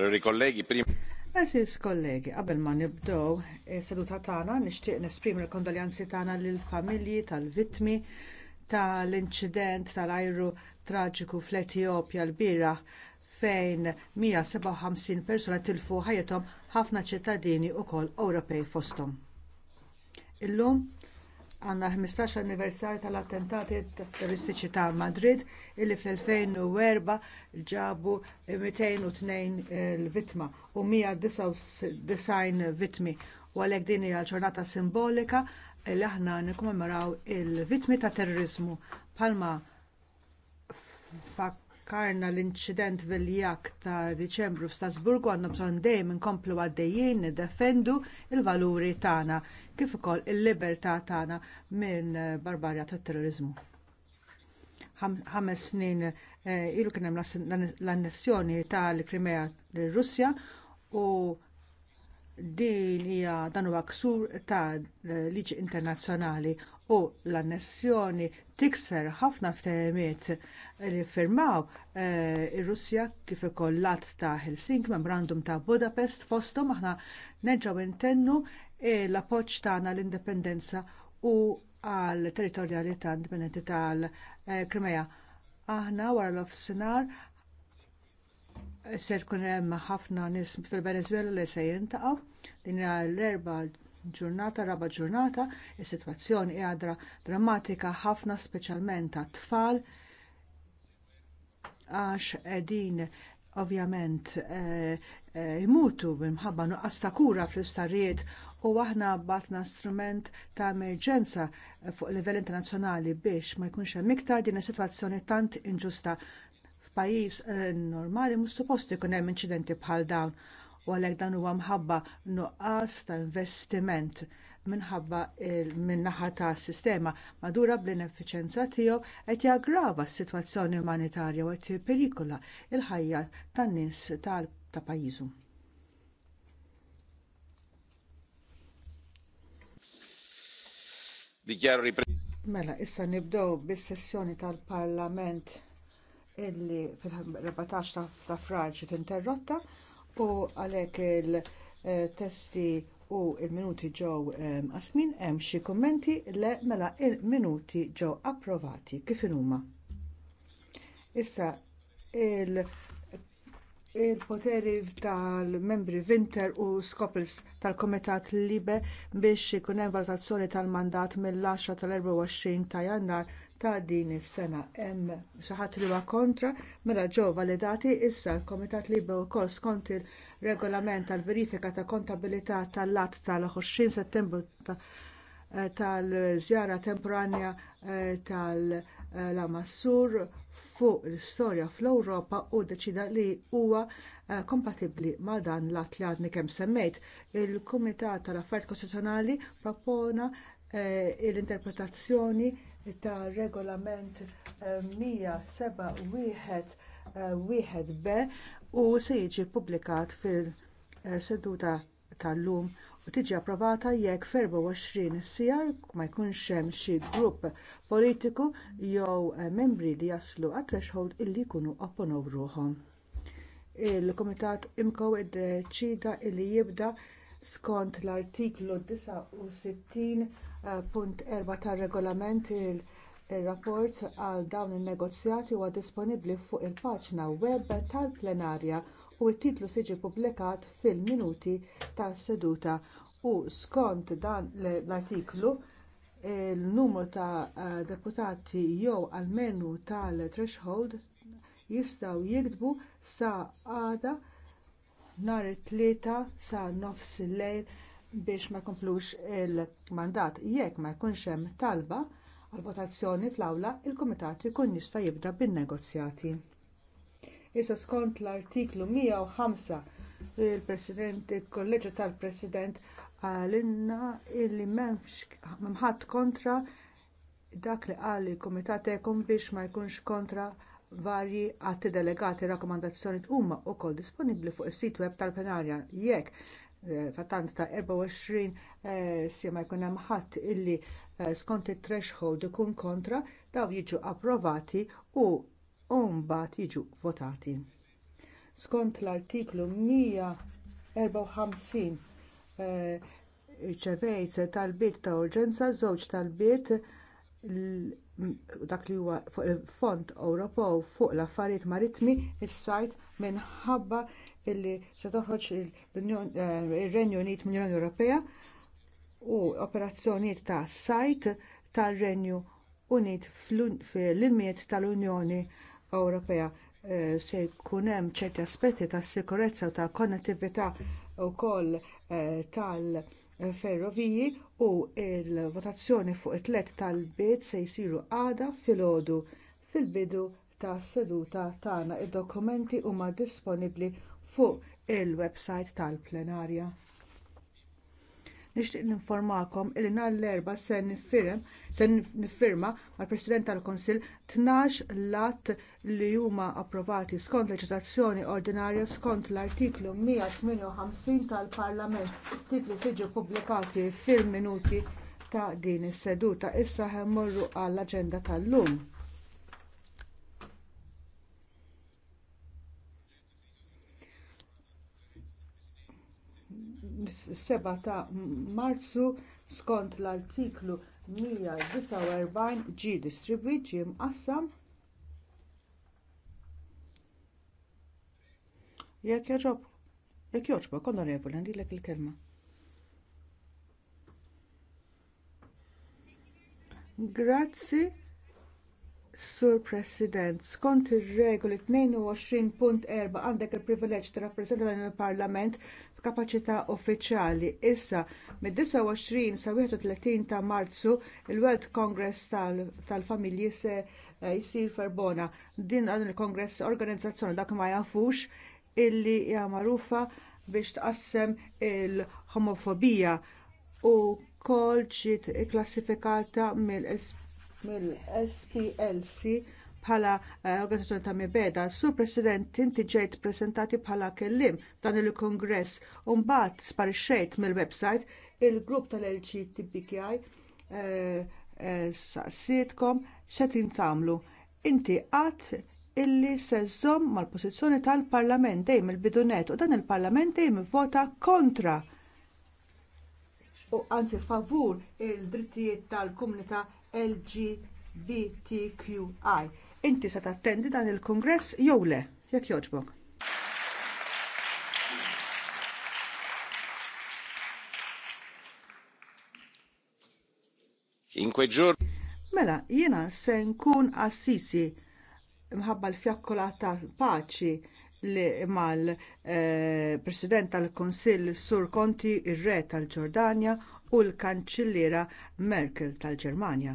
Onorevoli kollegi, prima. kollegi, qabel ma nibdow, eh, seduta tagħna nixtieq nesprim il-kondoljanzi tagħna lill familji tal-vittmi tal-inċident tal-ajru traġiku fl-Etjopja l-bira fejn 157 persuna tilfu ħajetom ħafna ċittadini wkoll Ewropej fosthom. Illum għanna 15 anniversar tal-attentati terroristiċi ta' Madrid illi fl-2004 ġabu 202 eh, l-vittma u 199 vittmi u għalhekk din hija ġurnata simbolika li aħna nikkommemoraw il-vittmi ta' terrorizmu palma fakkarna l-inċident viljak ta' Diċembru f'Strasburgu għandna bżonn dejjem inkomplu għaddejjin niddefendu l valuri tagħna kif ukoll il-libertà tagħna minn barbarja tat-terrorizmu. Ħames snin eh, ilu kien hemm l-annessjoni tal-Krimea lir-Russja u din hija dan huwa ksur ta' liġi internazzjonali u l-annessjoni tikser ħafna ftehimiet li firmaw eh, ir-Russja kif ukoll l-att ta' Helsinki memorandum ta' Budapest fosthom aħna nerġgħu intennu eh, l-appoġġ tagħna l-indipendenza u għal territorjalità indipendenti tal-Krimea. Eh, aħna wara l-ofsinar se jkun hemm ħafna nies fil-Venezuela li se jintaqgħu din l-erba' ġurnata, raba ġurnata, is-sitwazzjoni għadra drammatika ħafna speċjalment għat tfal għax qegħdin ovvjament eh, eh, imutu minħabba nuqqas ta' kura fl-istarijiet u aħna batna strument ta' emerġenza fuq livell internazzjonali biex ma jkunx hemm iktar din is-sitwazzjoni tant inġusta. F'pajjiż eh, normali mhux suppost ikun hemm inċidenti bħal dawn u għalhekk dan huwa mħabba nuqqas ta' investiment minħabba min-naħa tas sistema madura bl-ineffiċenza tiegħu qed jaggrava s-sitwazzjoni umanitarja u qed perikola il-ħajja tan-nies ta' pajjiżu. Mela, issa nibdew bis-sessjoni tal-Parlament illi fil-14 ta' fraġ ġiet interrotta u għalhekk il-testi u l il minuti ġew ehm, qasmin hemm xi kummenti le mela l minuti ġew approvati kif huma. Issa il- il-poteri tal-membri Winter u Scopels tal kumitat Libe biex ikun hemm valutazzjoni tal-mandat mill-10 tal-24 ta' Jannar ta' din is-sena hemm xi ħadd li huwa kontra mela ġew validati issa l-Kumitat Libew ukoll skont ir-regolament tal-verifika ta' kontabilità tal-att tal-20 Settembru tal-żjara temporanja eh, tal amassur fuq l-istorja fl-Ewropa u ddeċida li huwa eh, kompatibbli ma' dan l-att li għadni kemm semmejt. Il-Kumitat tal-Affarijiet Kostituzzjonali propona eh, l-interpretazzjoni ta' regolament 107 eh, eh, b u se jiġi ppubblikat fil-seduta tal-lum u tiġi approvata jekk 24 siegħa ma jkunx hemm xi grupp politiku jew eh, membri li jaslu għat-threshold illi jkunu opponew ruħhom. Il-Kumitat Imkow iddeċida li jibda skont l-artiklu 69 Eh, punt erba' tar-regolament ir-rapport għal dawn in-negozjati huwa disponibbli fuq il-paġna web tal-plenarja u t-titlu siġi pubblikat ppubblikat fil-minuti tas-seduta u skont dan l-artiklu il-numru ta' eh, deputati jew almenu tal-threshold jistgħu jiktbu sa għada nhar it-tlieta sa nofs il-lejl biex ma jkomplux il-mandat jekk ma jkunx hemm talba għal votazzjoni fl-awla il-kumitat ikun jista' jibda bin-negozjati. Issa skont l-artiklu 105 il-President il-Kolleġġju tal-President għalinna illi m'hemmx ħadd kontra dak li qal il-Kumitat ekun biex ma jkunx kontra varji għatti delegati rakkomandazzjoni huma wkoll disponibbli fuq is-sit web tal-plenarja jekk Eh, fattant ta' 24 eh, sima jkun hemm ħadd illi eh, skont it-threshold ikun kontra daw jiġu approvati u mbagħad jiġu votati. Skont l-artiklu 154 eh, ċevejt tal-bit ta' urġenza żewġ tal-bit dak li huwa fuq il-Fond Ewropew fuq l-affarijiet maritmi is-sajt minħabba illi se toħroġ ir-Renju eh, Unit mill-Unjoni Ewropea u operazzjonijiet ta' sajt tar-Renju Unit fl-ilmijiet tal-Unjoni Ewropea eh, se jkun hemm ċerti aspetti tas sikurezza u ta' konnettività wkoll eh, tal-ferroviji u l votazzjoni fuq it-tlet tal bid se jsiru għada filgħodu fil-bidu tas seduta tagħna id-dokumenti huma disponibbli fuq il-website tal-plenarja. Nixtieq ninformakom li nhar l-erba' se se niffirma mal-President tal-Kunsill tnax l-att li huma approvati skont leġiżlazzjoni ordinarja skont l-artiklu 158 tal-Parlament titli siġu pubblikati fil-minuti ta' din is-seduta issa morru għall-aġenda tal-lum. 7 ta' Marzu skont l-artiklu 149 ġie distribwit ġie mqassam jekk jaġob jekk jogħġbok onorevoli il-kelma. Grazzi Sur President, skont ir-regoli 22.4 għandek il-privileġġ tirrappreżenta dan il-Parlament b'kapaċità uffiċjali. Issa mid-29 sa 31 ta' Marzu il-World Congress tal-Familji se eh, jsir ferbona. Din għadin il-Kongress organizzazzjoni dak ma jafux illi hija magħrufa biex tqassem il-homofobija u wkoll ġiet ikklassifikata mill-SPLC bħala eh, organizzazzjoni ta' mibeda. Sur President, inti ġejt ppreżentati bħala kellim dan il-kongress u mbagħad sparixxejt mill-website il-grupp tal-LGTBQI eh, eh, saqsietkom se tagħmlu. Inti qatt illi se żżomm mal-pożizzjoni tal-Parlament dejjem il-bidunet u dan il-Parlament dejjem ivvota kontra u anzi favur id drittijiet tal-komunità LGBTQI. Inti se tattendi dan il-kongress jew le, jekk jogħġbok. Cinque giorni. Mela, jiena se nkun assisi mħabba l-fjakkola ta' paċi li mal-President eh, tal kunsill Sur Konti, ir-Re tal ġordania u l-Kanċilliera Merkel tal-Ġermanja.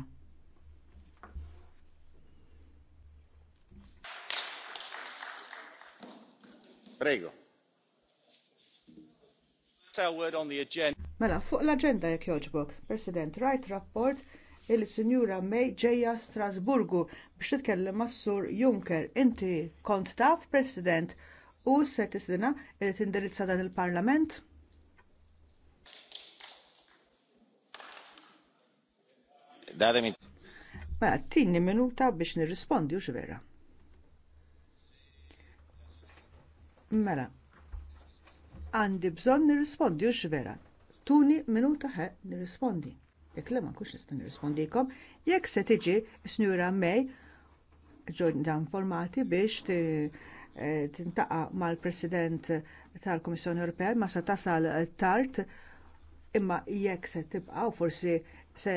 Mela, fuq l agenda jekk jogħġbok, President Wright rapport il sinjura May ġeja Strasburgu biex titkellem mas-Sur Juncker. Inti kont taf, President, u se tisdina il tindirizza dan il-Parlament? Datemi. Ma mela, tinni minuta biex nirrispondi u vera. Mela, għandi bżonn nirrispondi u vera. Tuni minuta ħe nirrispondi. Jekk le ma nkunx nirrispondi nirrispondikom, jekk se tiġi snura mej, ġodin dan informati biex eh, tintaqa mal-President tal-Kummissjoni Ewropea ma se tasal tard imma jekk se tibqa' forsi se,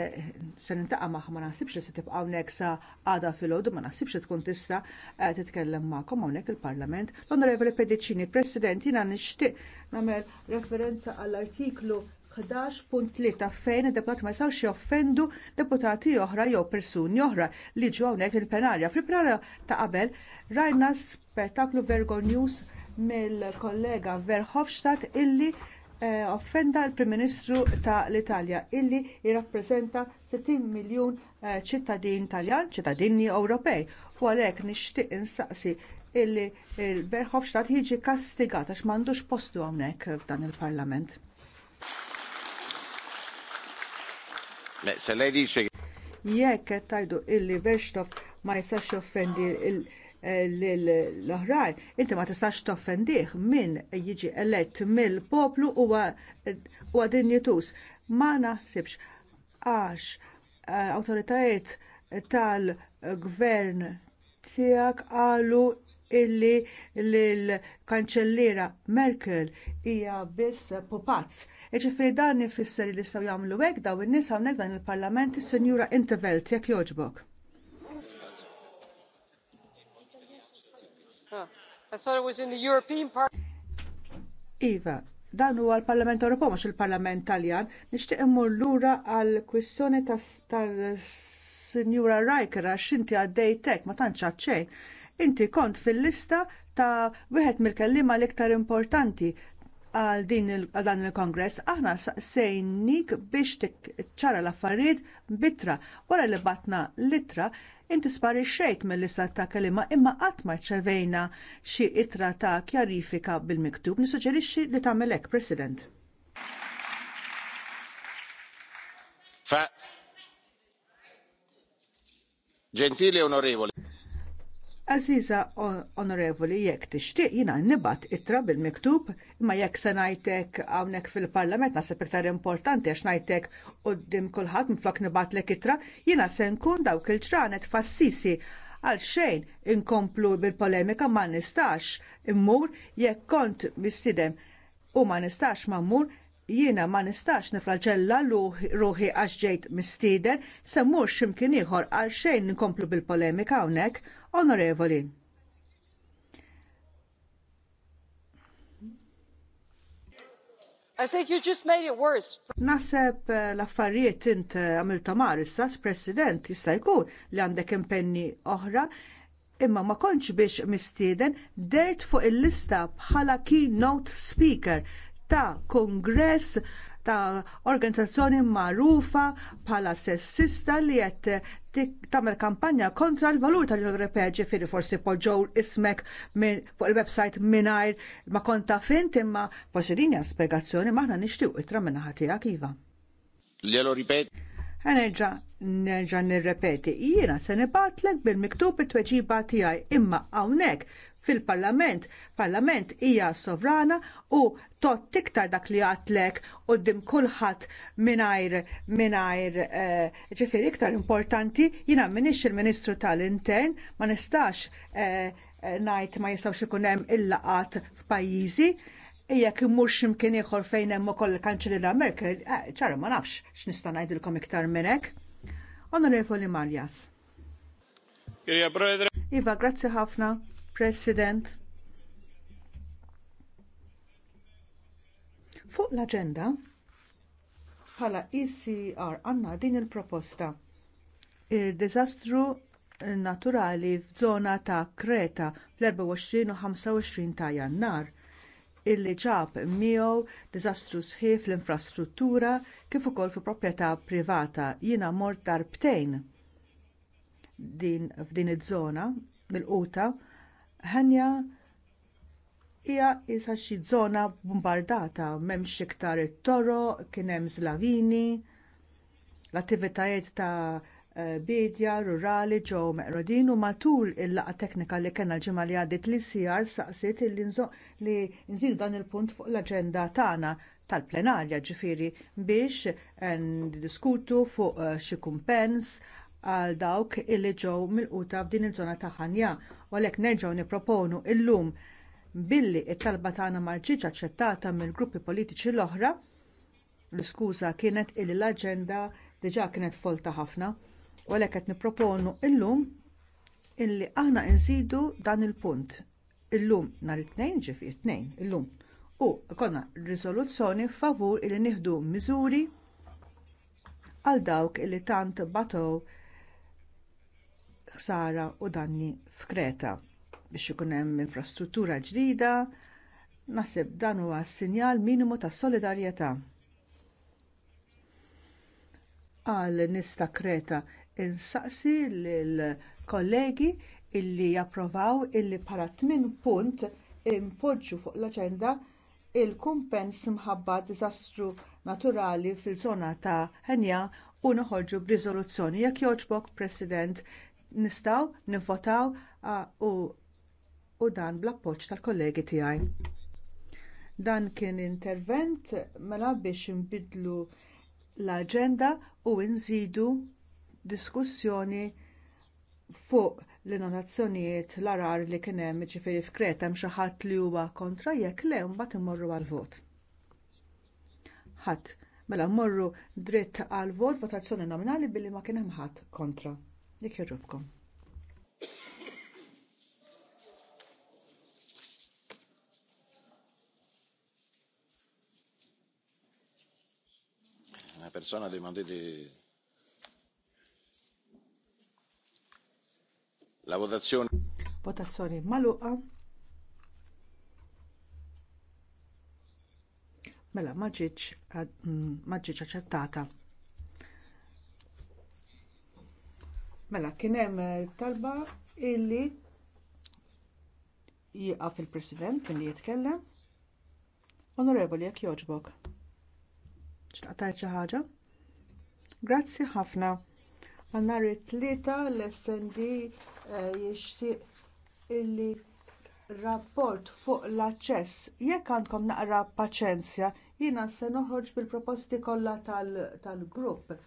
se nintaqa' magħha ma naħsibx li se tibqa' hawnhekk sa għada filgħodu ma naħsibx li tkun tista' eh, titkellem magħhom hawnhekk il-Parlament. L-Onorevoli Pedicini, President, jiena nixtieq nagħmel referenza għall-artiklu 11.3 fejn id-deputat ma jsawx joffendu deputati oħra jew persuni oħra li ġew hawnhekk il-plenarja. Fil-plenarja ta' qabel rajna spettaklu vergonjuż mill-kollega Verhofstadt illi Eh, offenda l-Prim Ministru ta' l-Italja illi jirrappreżenta 60 miljun eh, ċittadin Taljan, ċittadini Ewropej. U għalhekk nixtieq insaqsi illi l-Verhofstadt jiġi kastigat għax m'għandux postu hawnhekk f'dan il-Parlament. Jekk qed tajdu illi Verhofstadt ma jistax joffendi il- l-oħrajn. Inti ma tistax toffendih min jiġi elett mill-poplu huwa dinjitus. Ma naħsibx għax eh, awtoritajiet tal-gvern tiegħek għalu illi l-kanċellira Merkel hija biss pupazz. Iġifieri dan nifisser li saw jagħmlu hekk daw in-nies hawnhekk dan il-Parlament is senjura Intervelt jekk jogħġbok. Iva, dan huwa l-Parlament Ewropew mhux il-Parlament Taljan, nixtieq immur lura għal kwistjoni tas-Sinjura Riker għax inti għaddejtek ma tantx għadxejn. Inti kont fil-lista ta' wieħed mill-kellima l-iktar importanti għal din dan il-kongress, aħna sejnik biex tiċċara l-affarijiet bitra. Wara li batna litra, inti sparixxejt mill-istat ta' kelima imma qatt ma rċevejna xi ittra ta' kjarifika bil-miktub nissuġġerixxi li tagħmel hekk President. Gentili onorevoli. Aziza onorevoli, jekk tixtieq jiena nibat ittra bil-miktub, imma jekk se ngħidlek hawnhekk fil-Parlament naħseb iktar importanti għax ngħidlek quddiem kulħadd minflok lek ittra, jiena se nkun dawk il ċranet fassisi għal xejn inkomplu bil-polemika ma nistax immur jekk kont mistidem u ma nistax ma mmur jiena ma nistax niflaġella ruħi għax ġejt mistieden se x'imkien ieħor għal xejn nkomplu bil-polemika hawnhekk, onorevoli. I think you just made it worse. Naħseb eh, l-affarijiet int eh, għamiltom għar s president jista' jkun li għandek impenni oħra imma ma kontx biex mistieden dert fuq il-lista bħala keynote speaker ta' kongress ta' organizzazzjoni magħrufa bħala sessista li qed tagħmel kampanja kontra l-valur tal-Unjoni Ewropea ġifieri forsi poġġew ismek fuq il-website mingħajr ma kont taf int imma forsi din hija spjegazzjoni aħna nixtieq ittra minn naħa tiegħek iva. Glielo ripet. Nerġa' nerġa' nirrepeti, jiena se nibatlek bil-miktub it-tweġiba tiegħi imma hawnhekk fil-parlament. Parlament hija sovrana u tot tiktar dak li għatlek u dim kullħat minajr minajr ġifir eh, iktar importanti jina minix il-Ministru tal-Intern ma nistax eh, najt ma jistawx xikunem il-laqat f'pajjiżi kim imur x'imkien ieħor fejn hemm ukoll il-Kanċellira Merkel, eh, ċara ma nafx x'nista' ngħidilkom iktar minn hekk. Onorevoli Marjas. Iva, grazzi ħafna. President. Fuq l aġenda bħala ECR għandna din il-proposta. Il-dizastru naturali f'żona ta' Kreta fl-24 u 25 ta' jannar illi ġab miegħu diżastru sħiħ fl-infrastruttura kif ukoll fi proprjetà privata jiena mort darbtejn din f'din iż-żona mill-quta ħanja hija isa xi żona bombardata m'hemmx iktar it-toro, kien hemm żlavini, l-attivitajiet ta' eh, bidja rurali ġew meqrodin u matul il laqgħa teknika li kellna l-ġimgħa li għaddiet li sijar saqsiet li nżid dan il-punt fuq l-aġenda tagħna tal-plenarja ġifieri biex eh, diskutu fuq eh, xi kumpens għal dawk illi ġew milquta f'din iż-żona ta' ħanja u għalhekk nerġgħu nipproponu llum billi t talba tagħna ma ġietx aċċettata mill-gruppi politiċi l-oħra l-iskuża kienet illi l-aġenda diġà kienet folta ħafna u għalhekk qed nipproponu llum illi aħna nżidu dan il-punt illum nhar it-tnejn ġifi it-tnejn illum u konna riżoluzzjoni favur illi nieħdu miżuri għal dawk illi tant batow ħsara u danni f'Kreta biex ikun hemm infrastruttura ġdida, naħseb dan huwa sinjal minimu ta' solidarjetà. Għal nista Kreta insaqsi lill kollegi illi japprovaw illi bħala tmien punt impoġġu fuq l-aġenda il-kumpens mħabba diżastru naturali fil-żona ta' Henja u noħorġu b'riżoluzzjoni jekk jogħġbok President nistgħu nivvotaw u, u dan bl-appoġġ tal-kollegi tiegħi. Dan kien intervent mela biex inbidlu l-aġenda u nżidu diskussjoni fuq l-innovazzjonijiet l-arar li kien hemm ġifieri f'Kreta hemm xi ħadd li huwa kontra jekk le mbagħad imorru għall vot Ħadd mela mmorru dritt għal vot votazzjoni nominali billi ma kien hemm ħadd kontra. Dik joġobkom. Una persona ha demandato di La votazione. Votazione maluqa. Mela ma accettata mm, Mela, kien hemm eh, talba illi jieqaf il-President milli jitkellem. Onorevoli, jekk jogħġbok. Xtaqtajt xi ħaġa? Grazzi ħafna. Għannar it-tlieta l-SND eh, jixtieq illi rapport fuq l-aċċess. Jekk għandkom naqra paċenzja, jiena se noħorġ bil-proposti kollha tal-grupp. tal grupp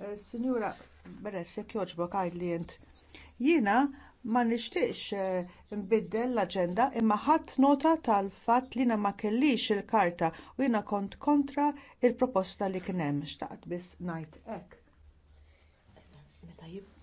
Eh, Signora Beres, jekk joġbok għajli jent. Jiena ma nishtiqx eh, nbiddel l aġenda imma ħadd nota tal-fatt li ma kellix il-karta u jiena kont kontra l proposta li kien hemm xtaqt biss ngħid hekk.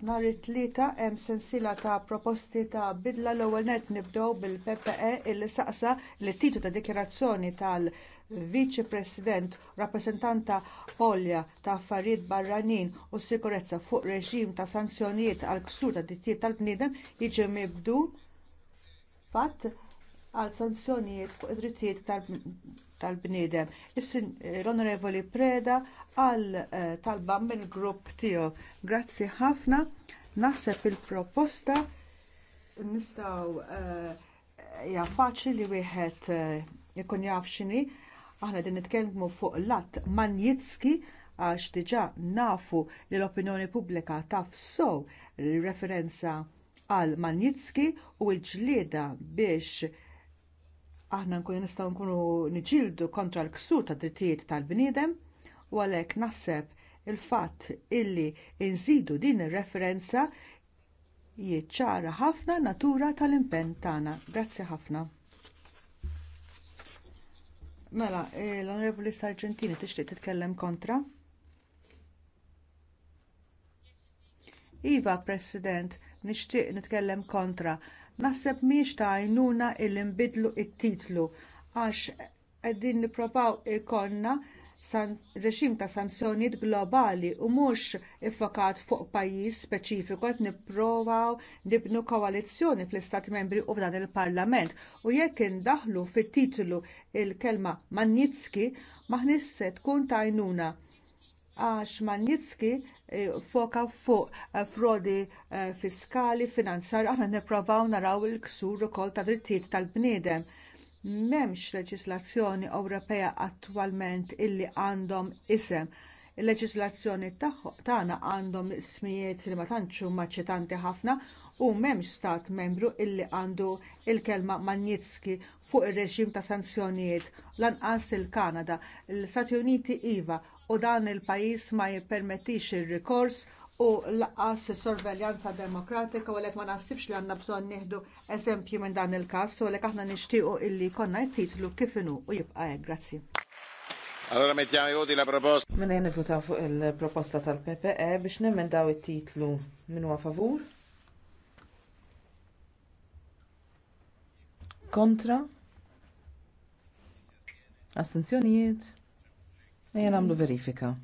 Nhar it-tlieta hemm sensila ta' proposti ta' bidla l-ewwel nett nibdew bil-PPE il saqsa li titu ta' dikjarazzjoni tal- Viċi President, rappreżentanta Polja ta' affarijiet barranin u sikurezza fuq reġim ta' sanzjonijiet għal ksur ta' dittijiet tal-bniedem jiġi mibdu fatt għal sanzjonijiet fuq id-drittijiet tal-bniedem. L-Onorevoli Preda għal eh, talba mill grupp tiegħu. Grazzi ħafna. Naħseb il-proposta Nistaw eh, hija faċli li wieħed eh, ikun jaf x'inhi Aħna din nitkellmu fuq l-att Manjitski għax diġà nafu li l-opinjoni pubblika taf sow referenza għal Manjitski u l-ġlieda biex aħna nkunu nistgħu nkunu niġildu kontra l-ksur tad drittijiet tal-bniedem u għalhekk naħseb il-fatt illi nżidu din ir-referenza jiċċara ħafna natura tal-impenn tagħna. Grazzi ħafna. Mela, eh, l-Onorevoli Sargentini tixtieq titkellem kontra? Iva, President, nixtieq nitkellem kontra. Naħseb miex ta' għajnuna il-imbidlu it-titlu għax qegħdin nippropaw ikonna reġim ta' sanzjonijiet globali u mhux iffokat fuq pajjiż speċifiku qed nipprovaw nibnu koalizzjoni fl-Istati Membri u f'dan il-Parlament u jekk indaħħlu fit-titlu l kelma Magnitski maħnis se tkun ta' għajnuna għax Magnitski eh, foka fuq eh, frodi eh, fiskali, finanzjarji aħna nipprovaw naraw il-ksur ukoll ta' drittijiet tal-bniedem M'hemmx leġiżlazzjoni Ewropea attwalment illi għandhom isem. Il-leġiżlazzjoni tagħna għandhom ismijiet li ma tantx huma maċċitanti ħafna u m'hemmx stat membru illi għandu l il kelma Magnitski fuq ir-reġim ta' sanzjonijiet lanqas il-Kanada, l-Stati Uniti iva u dan il-pajjiż ma jippermettix ir-rikors u laqqas sorveljanza demokratika u għalhekk ma naħsibx li għandna bżonn nieħdu eżempju minn dan il-każ u għalhekk aħna nixtiequ illi jkollna t-titlu kif inhu u jibqa' hekk. Grazzi. Allora mettiamo i voti la proposta. Mela nifutaw fuq il-proposta tal-PPE eh, biex nemmendaw it-titlu min huwa favur. Kontra. Astenzjonijiet. Ejja nagħmlu verifika.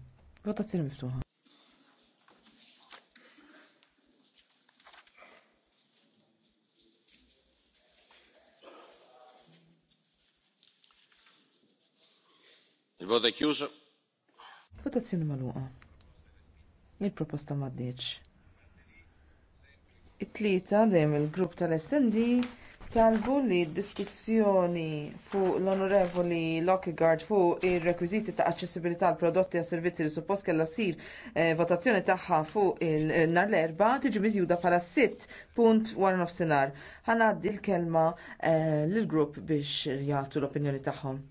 Votazzjoni miftuħa. Vota chiuso. Votazzjoni magħluqa. Il-proposta m'għaddiex. It-tlieta dejjem il-grupp tal-SND talbu li d-diskussjoni fuq l-onorevoli Lockigard fuq ir-rekwiżiti ta' aċċessibilità għal prodotti għas servizzi li suppost kellha ssir eh, votazzjoni tagħha fuq il-nar l-erba tiġi miżjuda bħala sitt punt wara nofsinhar. Ħanaddi l-kelma eh, lill-grupp biex jagħtu l-opinjoni tagħhom.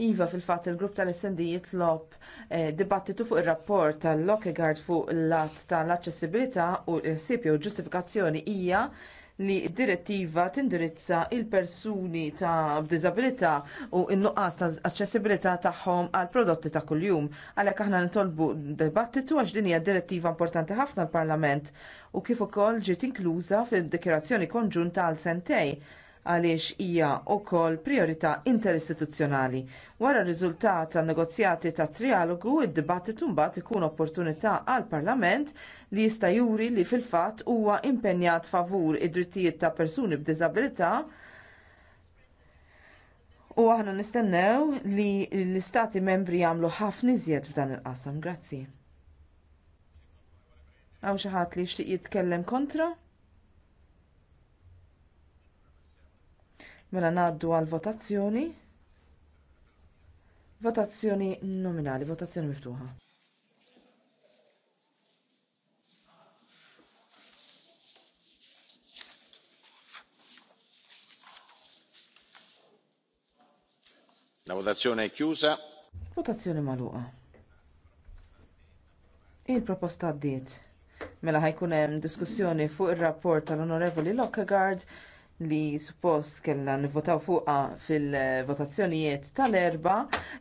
Iva fil-fatt il-grupp tal-SND jitlob eh, dibattitu fuq ir-rapport tal-Lockegard fuq l-att tal-aċċessibilità u l-sipju ġustifikazzjoni hija li d-direttiva tindirizza l persuni ta' b'diżabilità u n-nuqqas ta' aċċessibilità tagħhom għal prodotti ta' kuljum. Għalhekk aħna nitolbu dibattitu għax din hija direttiva importanti ħafna l-Parlament u kif ukoll ġiet inkluża fid-dikjerazzjoni konġunta għal Sentej għaliex hija wkoll priorità interistituzzjonali. Wara r riżultat tan negozjati tat trialogu, id-dibattitu mbagħad ikun opportunità għall Parlament li jista' juri li fil-fatt huwa impenjat favur id-drittijiet ta' persuni b'diżabilità u aħna nistennew li l-istati membri jagħmlu ħafna iżjed f'dan il-qasam. Grazzi. Għaw xi ħadd li jitkellem kontra? Mela ngħaddu għal votazzjoni. Votazzjoni nominali, votazzjoni miftuħa. La votazione è chiusa. Votazzjoni magħluqa. Il-proposta għaddiet. Mela ħajkunem hemm diskussjoni fuq ir-rapport tal-Onorevoli Lockegaard li suppost kellna nivvotaw fuqha fil-votazzjonijiet tal-erba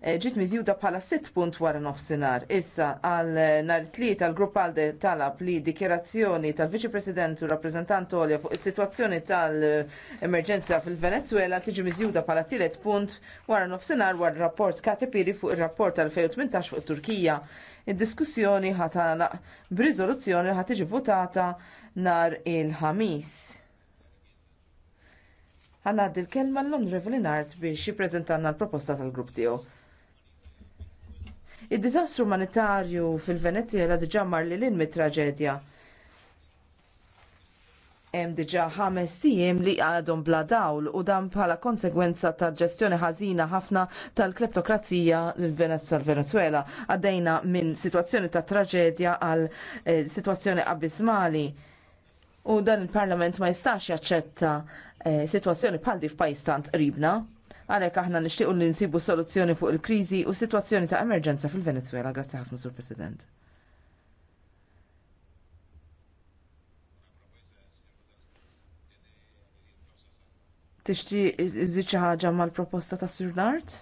eh, ġiet miżjuda bħala sitt punt wara nofsinhar. Issa għal nhar it-Tlieta għal grupp għalde talab li dikjerazzjoni tal-Viċi President u rappreżentant Olja fuq is-sitwazzjoni tal-emerġenza fil-Venezuela tiġi miżjuda bħala tielet punt wara nofsinhar wara rapport katipiri fuq ir-rapport tal-2018 fuq it-Turkija id-diskussjoni ħatana b'riżoluzzjoni ħa tiġi votata nhar il-ħamis ħanad il-kelma l-Onorevoli Nart biex jippreżentanna l-proposta tal-grupp tiegħu. Id-diżastru umanitarju fil-Venezuela diġà mar li lin mit-traġedja. Hemm diġà ħames tiem li għadhom bla dawl u dan bħala konsegwenza ta' ġestjoni ħażina ħafna tal-kleptokrazija tal-Venezuela. Għaddejna minn sitwazzjoni ta' traġedja għal eh, sitwazzjoni abismali u dan il-Parlament ma jistax jaċċetta Eh, situazzjoni bħal di f'pajis tant qribna, għalhekk aħna nixtiequ li nsibu soluzzjoni fuq il-kriżi u situazzjoni ta' emerġenza fil-Venezuela. Grazzi ħafna, Sur President. Tixti iżid xi ħaġa mal-proposta ta' Sur Nart?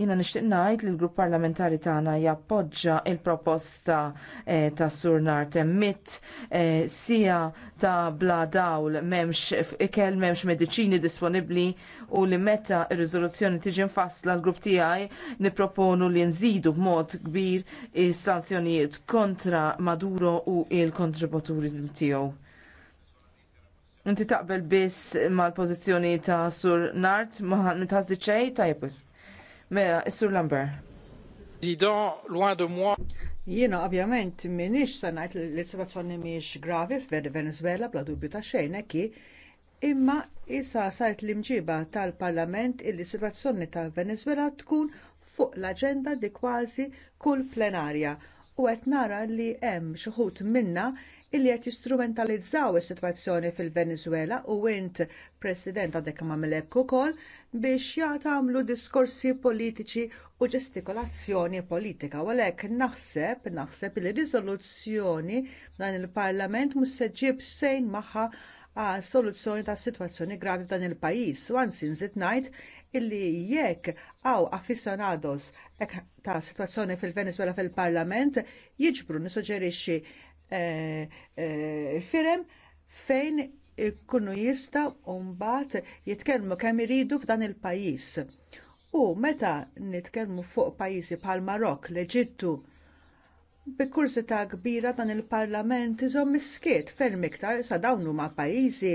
Jiena nixtieq ngħid li l-grupp parlamentari tagħna jappoġġa l proposta eh, ta' Sur Nartem Mitt eh, sija ta' bla dawl m'hemmx ikel m'hemmx mediċini disponibbli u li meta r-riżoluzzjoni tiġi mfassla l-grupp tiegħi nipproponu li nżidu b'mod kbir is-sanzjonijiet kontra Maduro u l kontributuri tiegħu. Inti taqbel biss mal-pożizzjoni ta' Sur Nart ma' tħazzi ċej tajbis. Mela, Sir Lambert. Zidon, loin de moi. Jiena ovvjament minix se ngħid li l-situazzjoni miex gravi f-Venezuela, bla dubju ta' xejn ekki, imma issa sajt l-imġiba tal-Parlament il situazzjoni ta' Venezuela tkun fuq l-aġenda di kważi kull plenarja u qed nara li hemm xi minna illi qed jistrumentalizzaw is-sitwazzjoni fil-Venezuela u wint President għadek mamilek ukoll biex jagħmlu diskorsi politiċi u ġestikolazzjoni politika. U għalhekk naħseb naħseb li riżoluzzjoni dan il-Parlament mhux se ġib sejn magħha għas soluzzjoni tas sitwazzjoni gravi f'dan il-pajjiż u anzi nżid ngħid illi jekk għaw afficionados ta' sitwazzjoni fil venezwela fil-Parlament jiġbru nissuġġerixxi Eh, eh, firem fejn ikunu jista' mbagħad jitkellmu kemm iridu f'dan il-pajjiż. U meta nitkellmu fuq pajjiżi bħal Marok, l-Eġittu, bi ta' kbira dan il-Parlament iżom miskiet ferm iktar sa dawn huma pajjiżi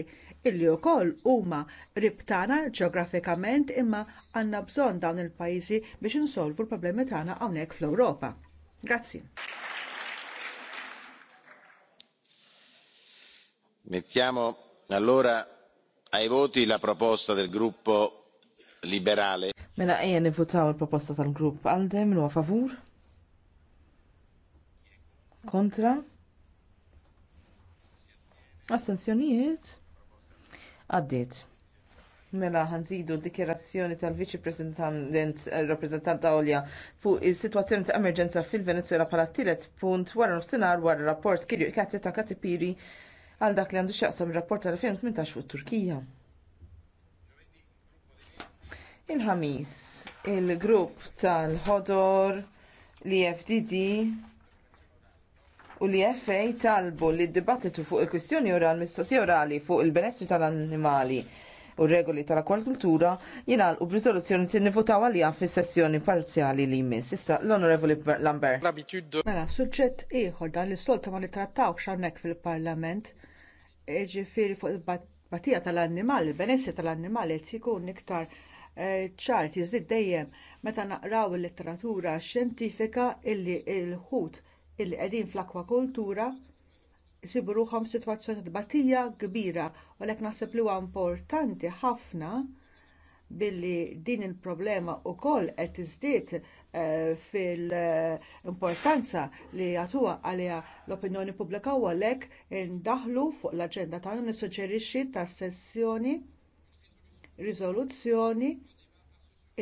illi wkoll huma ribtana ġeografikament imma għandna bżonn dawn il-pajjiżi biex insolvu l-problemi tagħna hawnhekk fl-Ewropa. Grazzi. mettiamo allora ai voti la proposta del gruppo liberale. Mela ejja nivvutaw il-proposta tal-grupp għalde minn huwa favur? Kontra? Astenzjonijiet? Għaddiet. Mela ħanżidu dikjerazzjoni tal-Viċi President eh, Rappresentant Olja fuq is-sitwazzjoni ta' emerġenza fil-Venezuela bħala tielet punt wara nofsinhar wara rapport kirju ta' Katipiri għal dak li għandu xaqsam rapport tal-2018 fuq Turkija. Il-ħamis, il-grupp tal-ħodor, l-FDD u l-FA talbu li d-dibattitu fuq il-kwistjoni orali mistoqsija orali fuq il-benessri tal-annimali u regoli tal-akwakultura jingħalqu b'riżoluzzjoni nifutaw għalija fis-sessjoni parzjali li jmiss. Issa l-Onorevoli Lambert. Mela, suġġett ieħor dan l solta ma nittrattawx hawnhekk fil-Parlament, ġifieri fuq il-batija tal-annimali, il-benessi tal-annimali qed ikun iktar eh, ċart jiżdied dejjem meta naqraw il-litteratura xjentifika illi l-ħut illi qegħdin fl-akwakultura jsibu ruhom situazzjoni ta' tbatija kbira u għalhekk naħseb li huwa importanti ħafna billi din il-problema wkoll qed tiżdied eh, fil-importanza li jagħtuha għaliha l-opinjoni pubblika u għalhekk indaħħlu fuq l-aġenda tagħna nissuġġerixxi ta' sessjoni riżoluzzjoni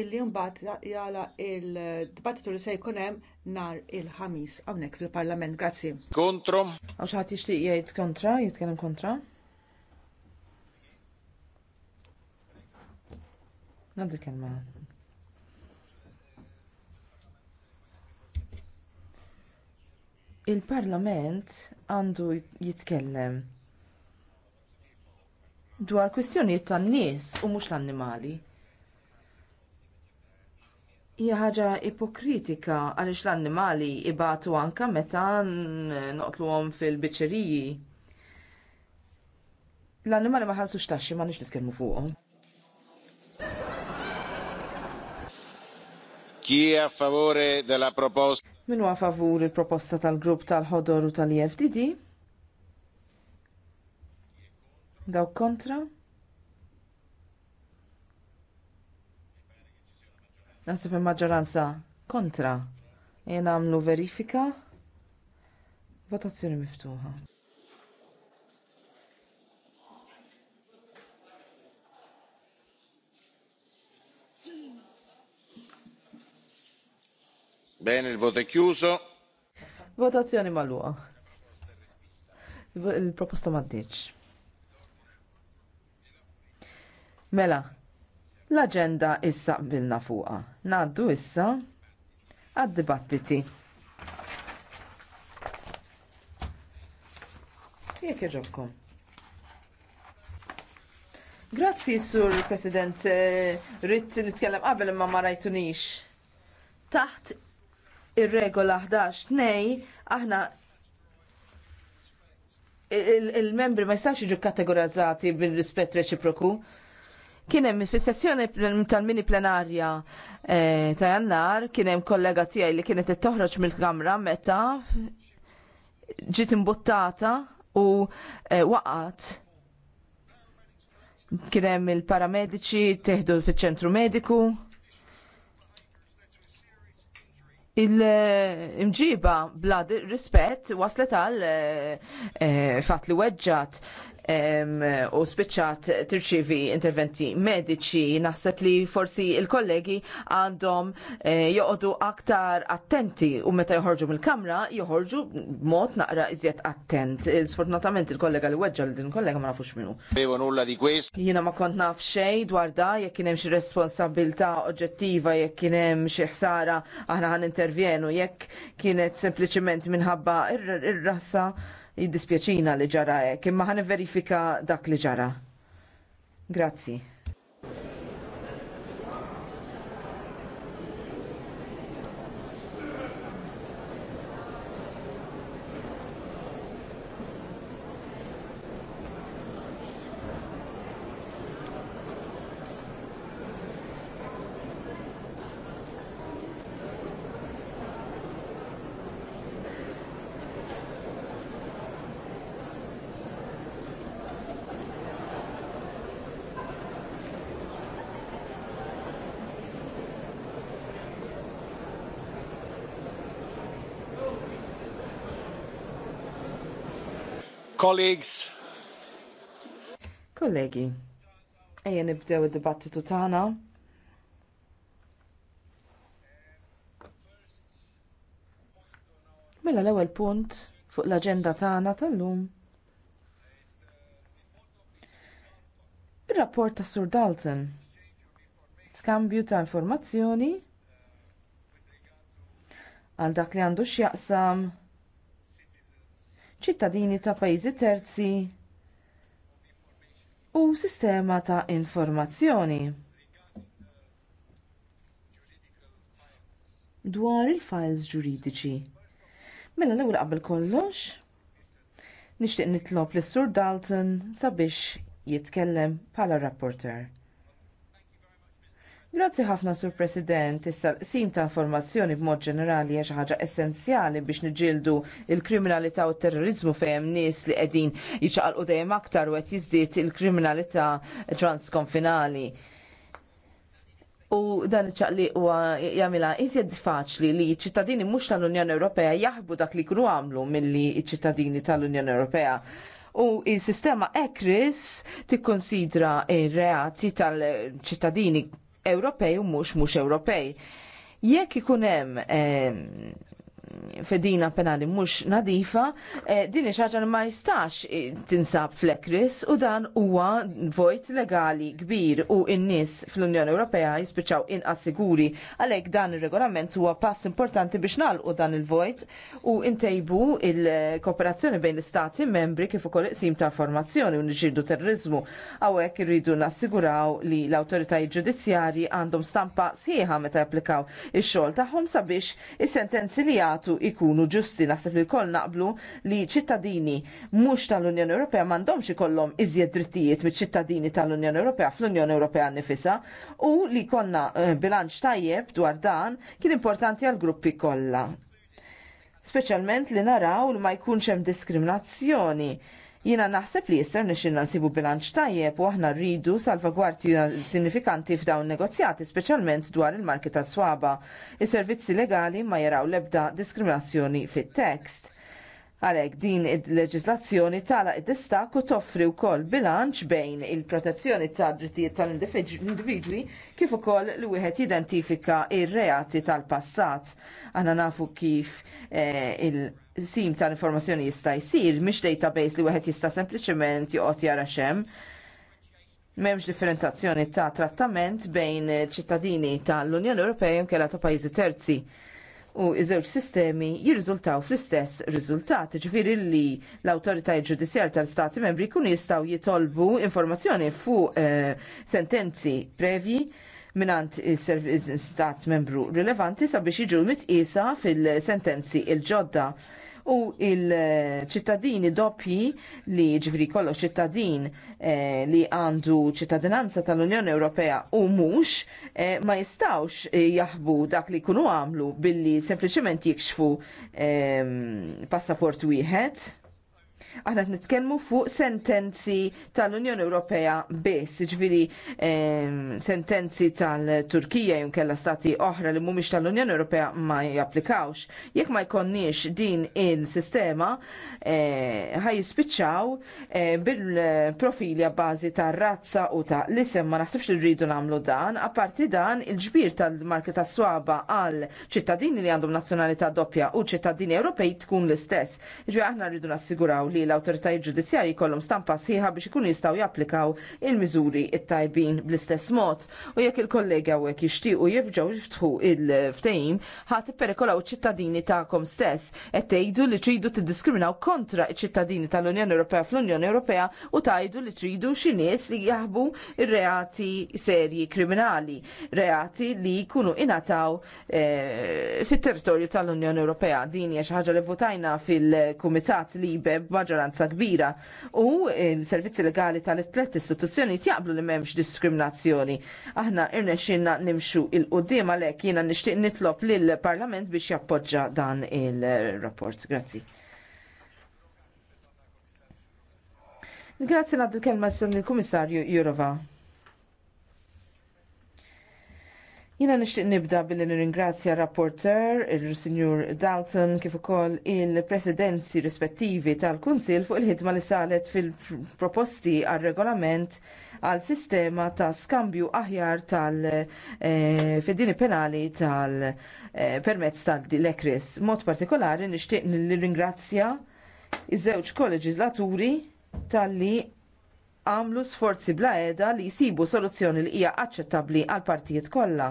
illi mbagħad jala il-dibattitu li se jkun hemm nhar il-ħamis hawnhekk fil-Parlament. Grazzi. Kontro. Għaw xaħat jixtieq jgħid kontra, jitkellem kontra. Nadi kelma. Il-Parlament għandu jitkellem dwar kwistjonijiet tan-nies u mhux l-annimali hija ħaġa ipokritika għaliex l-annimali ibatu anke meta noqtluhom fil-biċċeriji. L-annimali ma xtaxi taxxi ma nix nitkellmu fuqhom. Chi è a favore della proposta? Minu a favur il-proposta tal-grupp tal Hodor u tal-IFDD? Da kontra? Naħseb il-maġġoranza kontra. Jien għamlu verifika. Votazzjoni miftuħa. Bene, il voto è chiuso. Votazione malua. Il proposta maddiċ. Mela, L-aġenda issa qbilna fuqha. Ngħaddu issa għad-dibattiti. Jekk jogħġobkom. Grazzi, Sur President, eh, rrit nitkellem qabel imma ma rajtunix. Taħt ir-regola 11-2, aħna il-membri ma jistax jiġu kategorizzati bil-rispett reċiproku. Kien hemm fis-sessjoni tal-mini plenarja eh, ta' jannar kien hemm kollega tiegħi li kienet t-toħroċ mill-kamra meta ġiet imbuttata u eh, waqat kien hemm il-paramediċi teħdu fiċ-ċentru mediku. Il-imġiba bla rispett waslet għal eh, fatt li weġġat u spiċċat tirċivi interventi mediċi. Naħseb li forsi il-kollegi għandhom eh, joqogħdu aktar attenti u meta joħorġu mill-kamra joħorġu mod naqra iżjed attent. Sfortunatament il-kollega li weġġa din kollega ma nafux minnu. Bevo nulla di kwest. Jiena ma kont naf xej dwar da jekk kien hemm xi responsabilità oġġettiva jekk kien hemm xi ħsara aħna ħan intervjenu jekk kienet sempliċement minħabba ir-rassa. ir rassa jiddispjaċina li ġara hekk, imma ħan verifika dak li ġara. Grazzi. Colleagues. Kollegi, ejja nibdew id-dibattitu tagħna. Mela l-ewwel punt fuq l-aġenda tagħna tal-lum. Ir-rapport ta' Sur Dalton. Skambju ta' informazzjoni għal dak li għandu x'jaqsam ċittadini ta' pajjiżi terzi u sistema ta' informazzjoni dwar il-files ġuridiċi. Mela l-ewwel qabel kollox, nixtieq nitlob lis sur Dalton sabiex jitkellem bħala rapporter. Grazzi ħafna sur President, issa sim ta' informazzjoni b'mod ġenerali hija xi ħaġa essenzjali biex niġildu il-kriminalità u t-terrorizmu fejn nies li qegħdin jiċaqalqu dejjem aktar u qed jiżdied il-kriminalità transkonfinali. U dan iċaqli u jagħmilha iżjed faċli li ċ-ċittadini mhux tal-Unjoni Ewropea jaħbu dak li jkunu għamlu milli ċ-ċittadini tal-Unjoni Ewropea u il-sistema ECRIS tikkonsidra ir-reati tal-ċittadini Ewropej u mhux mhux Ewropej. Jekk ikun hemm eh, fedina penali mhux nadifa, eh, din xaġa li ma jistax eh, tinsab fl-ekris u dan huwa vojt legali kbir u n-nies fl-Unjoni Ewropea jispiċċaw inqas siguri għalhekk dan ir-regolament huwa pass importanti biex nagħlqu dan il-vojt u ntejbu il-kooperazzjoni bejn l-istati membri kif ukoll iqsim ta' formazzjoni u niġġieldu terrorizmu. Hawnhekk irridu nassiguraw li l-awtoritajiet ġudizzjarji għandhom stampa sħiħa meta japplikaw ix-xogħol tagħhom sabiex is-sentenzi li jagħtu jagħtu ikunu ġusti naħseb li l naqblu li ċittadini mhux tal-Unjoni Ewropea m'għandhomx ikollhom iżjed drittijiet miċ-ċittadini tal-Unjoni Ewropea fl-Unjoni Ewropea nifisa u li konna eh, bilanċ tajjeb dwar dan kien importanti għall gruppi kollha speċjalment li naraw li ma jkunx hemm diskriminazzjoni Jina naħseb li jisser nixin nsibu bilanċ tajjeb u aħna rridu salvagwarti sinifikanti f'dawn negozjati, speċjalment dwar il-marki ta' swaba. Is-servizzi legali ma jaraw lebda diskriminazzjoni fit-tekst. Għalhekk din il-leġislazzjoni tala id-distak u toffri wkoll bilanċ bejn il-protezzjoni tad drittijiet tal-individwi kif ukoll li wieħed jidentifika r reati tal-passat. Aħna nafu kif eh, il- sim tal-informazzjoni jista' jsir mhix database li wieħed jista' sempliċement joqgħod jara xem. M'hemmx differentazzjoni ta' trattament bejn ċittadini tal-Unjoni Ewropea jew kella ta' pajjiżi terzi u iż-żewġ sistemi jirriżultaw fl-istess riżultat, ġifiri li l-autoritajiet ġudizjar tal-Stati membri kun jistaw jitolbu informazzjoni fuq eh, sentenzi previ minant stat membru rilevanti sabiex jiġu mitqisa fil-sentenzi il-ġodda. il ġodda u il-ċittadini doppji li ġifri kollox ċittadin eh, li għandu ċittadinanza tal-Unjoni Ewropea u mhux eh, ma jistawx eh, jaħbu dak li jkunu għamlu billi sempliċement jikxfu ehm, passaport wieħed Aħna qed nitkellmu fuq sentenzi tal-Unjoni Ewropea biss, ġviri ehm, sentenzi tal-Turkija jew stati oħra li mhumiex tal-Unjoni Ewropea ma japplikawx. Jekk ma jkonniex din il-sistema eh, ħaj jispiċċaw eh, bil-profili bażi tar-razza u ta' l-isem ma naħsibx li rridu nagħmlu dan, apparti dan il-ġbir tal marka tas-swaba għal ċittadini li għandhom nazzjonalità doppja u ċittadini Ewropej tkun l-istess. Ġviri aħna rridu nassiguraw li l-autoritajiet ġudizzjarji jkollhom stampa sħiħa biex ikun jistgħu japplikaw il-miżuri it-tajbin bl-istess mod. U jekk il-kollegi hawnhekk jixtiequ jifġgħu jiftħu il-ftehim, ħadd ipperikolaw iċ-ċittadini tagħkom stess qed tgħidu li tridu tiddiskriminaw kontra iċ-ċittadini tal-Unjoni Ewropea fl-Unjoni Ewropea u tgħidu li tridu xi nies li jaħbu reati serji kriminali, reati li jkunu ingħataw eh, fit-territorju tal-Unjoni Ewropea. Din hija xi ħaġa li votajna fil-Kumitat Libe b'maġġoranza maġġoranza kbira u il servizzi legali tal-tlet istituzzjoni jaqblu li m'hemmx diskriminazzjoni. Aħna irnexxinna nimxu il-qudiem għalhekk jiena nixtieq nitlob lill-Parlament biex jappoġġa dan il-rapport. Grazzi. Grazzi nagħti kelma s il-Kummissarju Jurova. Jina nishtiq nibda billi nirringrazzja rapporter, il-Sinjur Dalton, kif ukoll il-presidenzi rispettivi tal-Kunsil fuq il-ħidma li salet fil-proposti għal regolament għal sistema ta' skambju aħjar tal e, eh, fedini penali tal e, permezz tal-dilekris. Mod partikolari nishtiq nir-ingrazzja iż-żewġ kolleġislaturi tal-li għamlu sforzi bla edha li jsibu soluzzjoni li hija aċċettabbli għal partijiet kollha.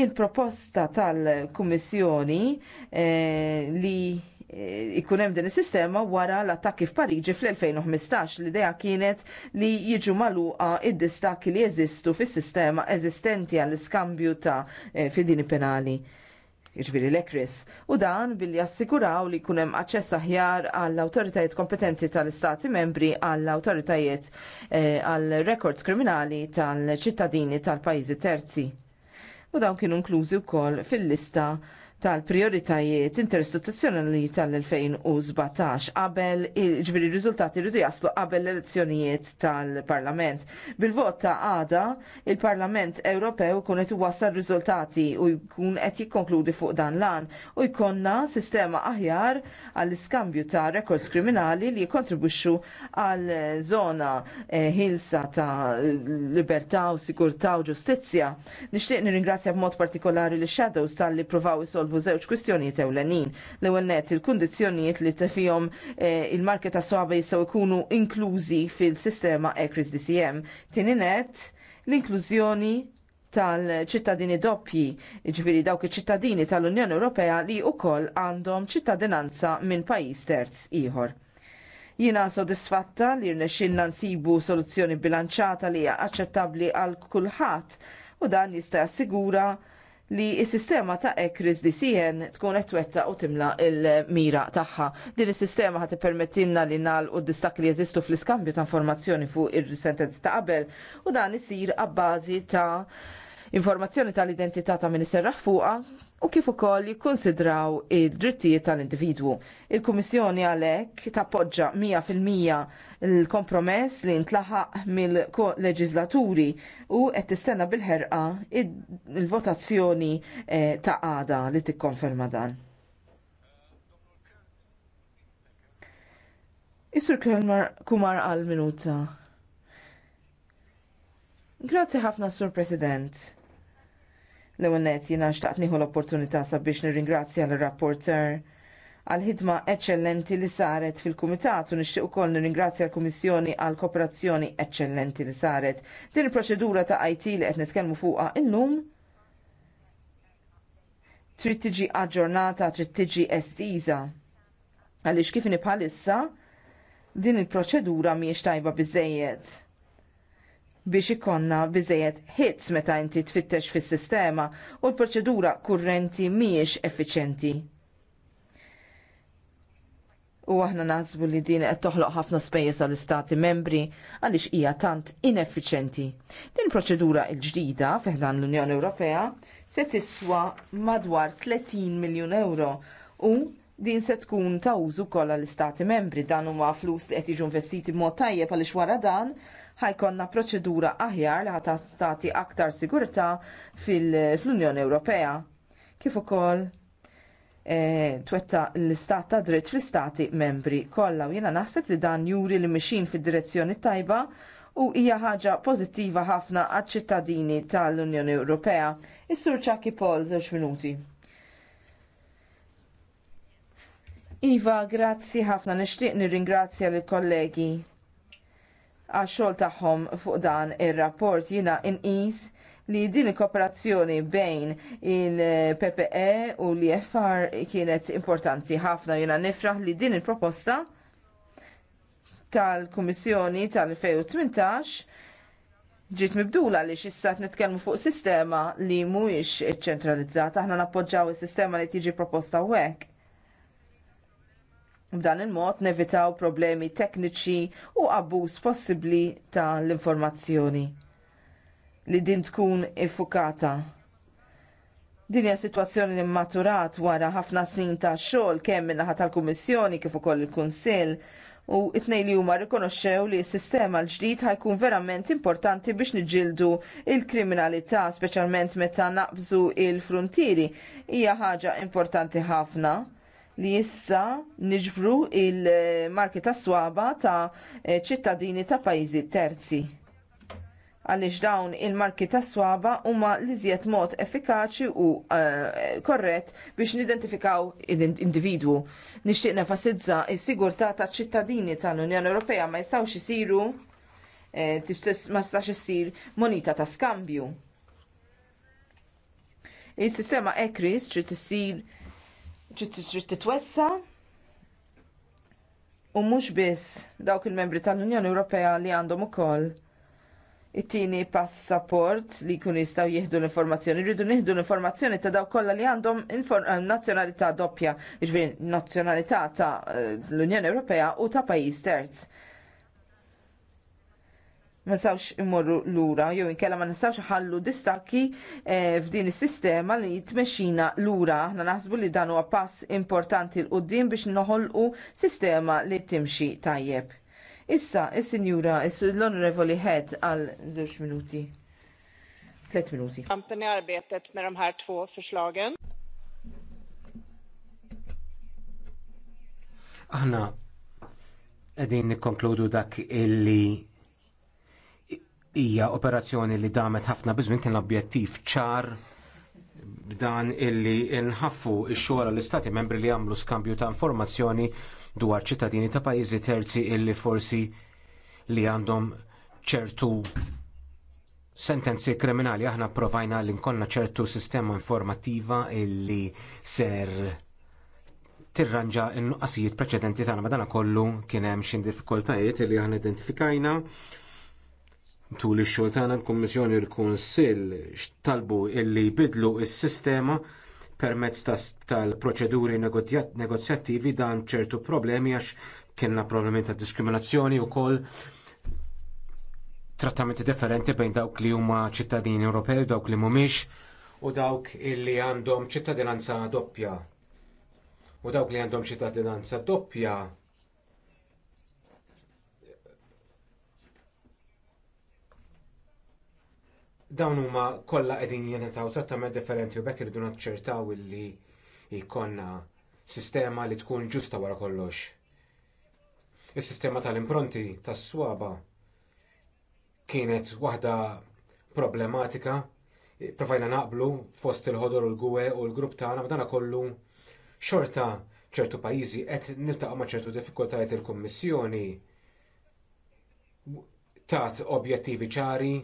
Il-proposta tal-Kummissjoni eh, li eh, ikun hemm din is-sistema wara l-attakki f'Pariġi fl-2015 l-idea kienet li jiġu magħluqa id-distakki li jeżistu fis-sistema eżistenti għall iskambju ta' eh, fidini penali jiġifieri l-ekris, u dan billi assikuraw li jkun hemm aċċess aħjar għall awtoritajiet kompetenti tal-Istati membri għall awtoritajiet eh, għall records kriminali tal-ċittadini tal-pajjiżi terzi. U dawn kienu inklużi wkoll fil-lista tal-prioritajiet interistituzzjonali tal-2017 qabel ġviri riżultati rridu jaslu qabel l-elezzjonijiet tal-Parlament. Bil-vot ta' għada, il-Parlament Ewropew kun qed iwassal riżultati u jkun qed jikkonkludi fuq dan lan u jkollna sistema aħjar għall-iskambju ta' rekords kriminali li jikkontribwixxu għal żona eh, ħilsa ta' libertà u sigurtà u ġustizzja. Nixtieq nirringrazzja b'mod partikolari l-Shadows tal-li provaw isolvu nitolvu żewġ kwistjonijiet ewlenin. L-ewwel net il-kundizzjonijiet li tefihom eh, il market ta' swaba jistgħu jkunu inklużi fil-sistema ECRIS DCM. Tieni net l-inklużjoni tal-ċittadini doppji, ġviri jiġifieri dawk iċ-ċittadini tal-Unjoni Ewropea li wkoll għandhom ċittadinanza minn pajjiż terz ieħor. Jina sodisfatta li rnexxinna nsibu soluzzjoni bilanċata li hija aċċettabbli għal kulħadd u dan jista' jassigura li s-sistema ta' ekris di sijen tkun qed u timla il-mira tagħha. Din is-sistema ħat permettinna li nal u distak li jeżistu fl-iskambju ta' informazzjoni fuq ir-sentenzi ta' qabel u dan isir għabbażi ta' informazzjoni tal-identità ta' min raħfuqa fuqha u kif ukoll jikkonsidraw id-drittijiet tal-individwu. Il-Kummissjoni għalhekk tappoġġa 100% l-kompromess li ntlaħaq mill-leġislaturi u qed tistenna bil-ħerqa il-votazzjoni eh, ta' għada li tikkonferma dan. Isur Kelmar Kumar għal minuta. Grazzi ħafna, Sur President. L-ewwel nett jiena nxtaqt nieħu l-opportunità sabiex nirringrazzja l-rapporter għal ħidma eċċellenti li saret fil-Kumitat u nixtieq ukoll nirringrazzja l-Kummissjoni għal kooperazzjoni eċċellenti li saret. Din il-proċedura ta' IT li qed nitkellmu fuqha illum trid tiġi aġġornata, trid tiġi estiża. Għaliex kif bħalissa din il-proċedura mhijiex tajba biżejjed biex ikonna biżejjed hits meta inti tfittex fis-sistema u l-proċedura kurrenti mhijiex effiċjenti. U aħna naħsbu li din qed toħloq ħafna spejjeż għall istati membri għaliex hija tant ineffiċjenti. Din proċedura l-ġdida fiħdan l-Unjoni Ewropea se tiswa madwar 30 miljun euro u din se tkun ta' użu kollha l-istati membri dan huma flus li qed jiġu investiti mod tajjeb għaliex wara dan ħajkonna proċedura aħjar li ħata stati aktar sigurtà fl-Unjoni Ewropea. Kif ukoll e, twetta l-istat ta' dritt fl-istati membri kollha u jiena naħseb li dan juri li mixin fid-direzzjoni tajba u hija ħaġa pożittiva ħafna għaċ-ċittadini tal-Unjoni Ewropea. Is-Sur Chucky Paul żewġ minuti. Iva, grazzi ħafna nixtieq nirringrazzja lill kollegi għax-xogħol tagħhom fuq dan ir-rapport jiena inqis li din il-kooperazzjoni bejn il-PPE u l-IFR kienet importanti ħafna jiena nifraħ li din il-proposta tal-Kummissjoni tal-2018 ġiet mibdula li xissat nitkellmu fuq sistema li mhuwiex ċentralizzata, aħna nappoġġaw is-sistema li tiġi proposta hekk. B'dan il-mod nevitaw problemi tekniċi u abbuż possibbli tal informazzjoni li din tkun iffukata. Din hija sitwazzjoni li maturat wara ħafna snin ta' xogħol kemm min-naħa tal-Kummissjoni kif ukoll il-Kunsill u t tnejn li huma rikonoxxew li s-sistema l-ġdid ħajkun verament importanti biex niġildu l kriminalità speċjalment meta naqbżu l fruntieri hija ħaġa importanti ħafna li issa niġbru il-marki ta' swaba ta' ċittadini ta' pajjiżi terzi. Għaliex dawn il-marki ta' swaba huma li żjed mod effikaċi u uh, korrett biex nidentifikaw individwu. Nixtieq nefasizza s-sigurtà taċ ċittadini tal-Unjoni Ewropea ma jistgħux isiru eh, ma jistax isir monita ta' skambju. Is-sistema ECRIS trid issir trid titwessa u mhux biss dawk il-membri tal-Unjoni Ewropea li għandhom ukoll it-tieni passaport li kun jistgħu jieħdu l-informazzjoni, rridu nieħdu l-informazzjoni ta' dawk kollha li għandhom eh, nazzjonalità doppja, jiġifieri nazzjonalità ta' eh, l-Unjoni Ewropea u ta' pajjiż terz ma nistawx immorru lura, jew inkella ma nistawx ħallu distakki eh, f'din is-sistema li tmexxina lura. Aħna naħsbu li dan huwa pass importanti l qudiem biex noħolqu sistema li timxi tajjeb. Issa, is-sinjura, l-onorevoli head għal żewġ minuti. Tlet minuti. Kampani arbetet me de tfu fil förslagen. Aħna qegħdin nikkonkludu dak illi hija operazzjoni li damet ħafna bizwin kien l-objettiv ċar dan illi nħaffu x-xogħol l-istati membri li għamlu skambju ta' informazzjoni dwar ċittadini ta' pajjiżi terzi illi forsi li għandhom ċertu sentenzi kriminali aħna provajna li nkollna ċertu sistema informattiva illi ser tirranġa n nuqqasijiet preċedenti tagħna madana kollu kien hemm xi diffikultajiet illi aħna identifikajna Tul ix-xogħol tagħna l-Kummissjoni l-Kunsill x'talbu illi jbidlu s-sistema permezz tal-proċeduri negozjattivi dan ċertu problemi għax kienna problemi ta' diskriminazzjoni wkoll trattamenti differenti bejn dawk li huma ċittadini Ewropej, dawk li mhumiex u dawk li għandhom ċittadinanza doppja. U dawk li għandhom ċittadinanza doppja dawn huma kollha qegħdin jenetaw trattament differenti u bekk irridu naċċertaw illi jkollna sistema li tkun ġusta wara kollox. Is-sistema tal-impronti tas-swaba kienet waħda problematika provajna naqblu fost il-ħodor u l-gwe u l-grupp tagħna madana kollu xorta ċertu pajjiżi qed niltaqgħu ma' ċertu diffikultajiet il-Kummissjoni tat objettivi ċari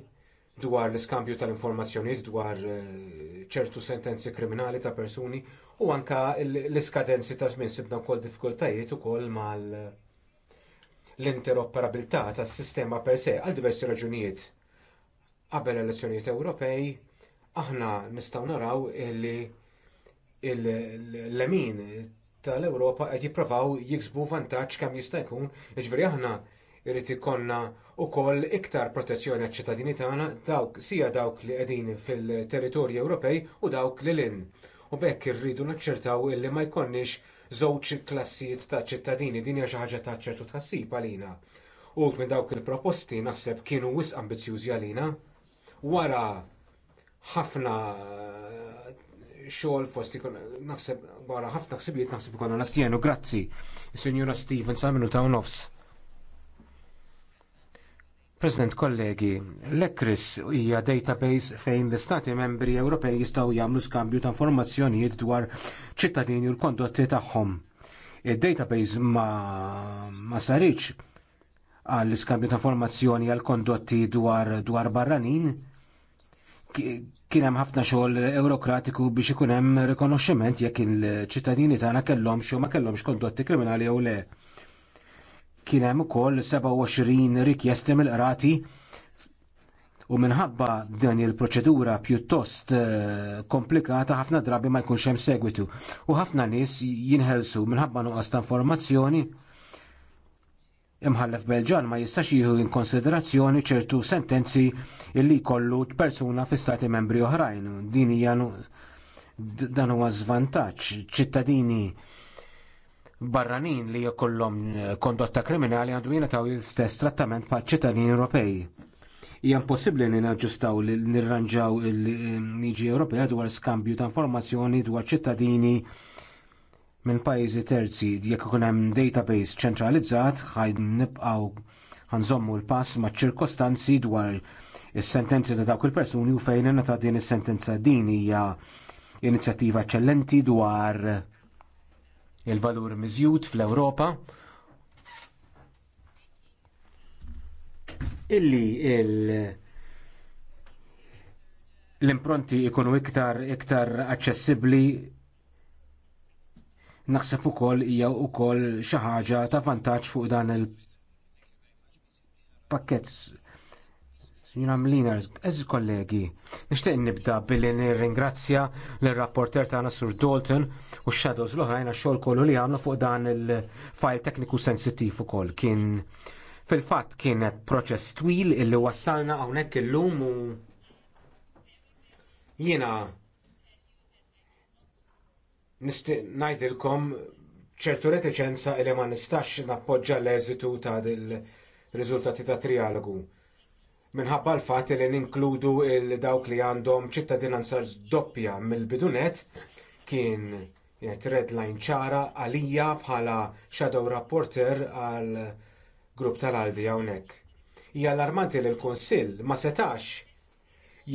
dwar l-iskambju tal-informazzjonijiet dwar eh, ċertu sentenzi kriminali ta' persuni u anke l-iskadenzi ta' żmien sibna wkoll diffikultajiet ukoll mal eh, l-interoperabilità tas-sistema per se għal diversi raġunijiet. Qabel elezzjonijiet Ewropej aħna nistgħu naraw li l-lemin tal-Ewropa qed jippruvaw jiksbu vantaġġ kemm jista' jkun, jiġifieri aħna Irid ikollna wkoll iktar protezzjoni għaċ-ċittadini tagħna dawk sija dawk li qegħdin fil-territorji Ewropej u dawk li lin. U b'hekk irridu naċċertaw illi ma jkollniex żewġ klassijiet ta' ċittadini din hija xi ħaġa ta' ċertu tħassib għalina. Uħut minn dawk il-proposti naħseb kienu wisq ambizzjużi għalina. Wara ħafna xogħol fost naħseb wara ħafna ħsibijiet naħseb ikun nastjenu, grazzi. Is-Sinjura Steven sa' minuta nofs. President kollegi, l-ECRIS hija database fejn l-Istati membri Ewropej jistgħu jagħmlu skambju ta' informazzjonijiet dwar ċittadini u l-kondotti tagħhom. Id-database ma, ma saritx għall iskambju ta' informazzjoni għal kondotti dwar dwar barranin kien hemm ħafna xogħol eurokratiku biex ikun hemm rikonoxximent jekk il-ċittadini tagħna kellhomx xi ma kellhomx kondotti kriminali jew le. Kien hemm ukoll 27 rikjesti mill-qrati u minħabba dan il-proċedura pjuttost eh, komplikata ħafna drabi ma jkunx hemm segwitu u ħafna nies jinħelsu minħabba nuqqas ta' informazzjoni imħallef Belġan ma jistax jieħu in konsiderazzjoni ċertu sentenzi illi kollu persuna fi stati membri oħrajn. Din hija dan huwa żvantaġġ ċittadini barranin li jkollhom eh, kondotta kriminali għandhom jingħataw l-istess trattament bħal ċittadini Ewropej. Hija impossibbli li naġġustaw li nirranġaw il niġi Ewropea dwar skambju ta' informazzjoni dwar ċittadini minn pajjiżi terzi jekk ikun hemm database ċentralizzat ħajn nibqgħu ħanżommu l-pass maċ ċirkostanzi dwar is-sentenzi ta' dawk il-persuni u fejn ta' din is-sentenza din hija inizjattiva eċċellenti dwar il-valur miżjud fl-Ewropa illi l-impronti ikunu iktar iktar aċċessibbli naħseb ukoll hija wkoll xi ħaġa ta' vantaġġ fuq dan il-pakkett Jina Mlina, eżi kollegi, nishtiq nibda billi nirringrazzja l-rapporter tagħna Sur Dalton u x-shadows l-oħrajn għax kollu li għamlu fuq dan il-file tekniku sensittiv ukoll. Kien fil-fatt kienet proċess twil illi wassalna hawnhekk illum u jiena nishtiq ngħidilkom ċertu reticenza li ma nistax nappoġġa l-eżitu ta' dil riżultati ta' trialogu minħabba l-fatt li ninkludu il dawk li għandhom ċittadinanza doppja mill-bidunet kien red line ċara għalija bħala shadow rapporteur għal grupp tal-Aldi hawnhekk. Hija allarmanti li l-Kunsill ma setax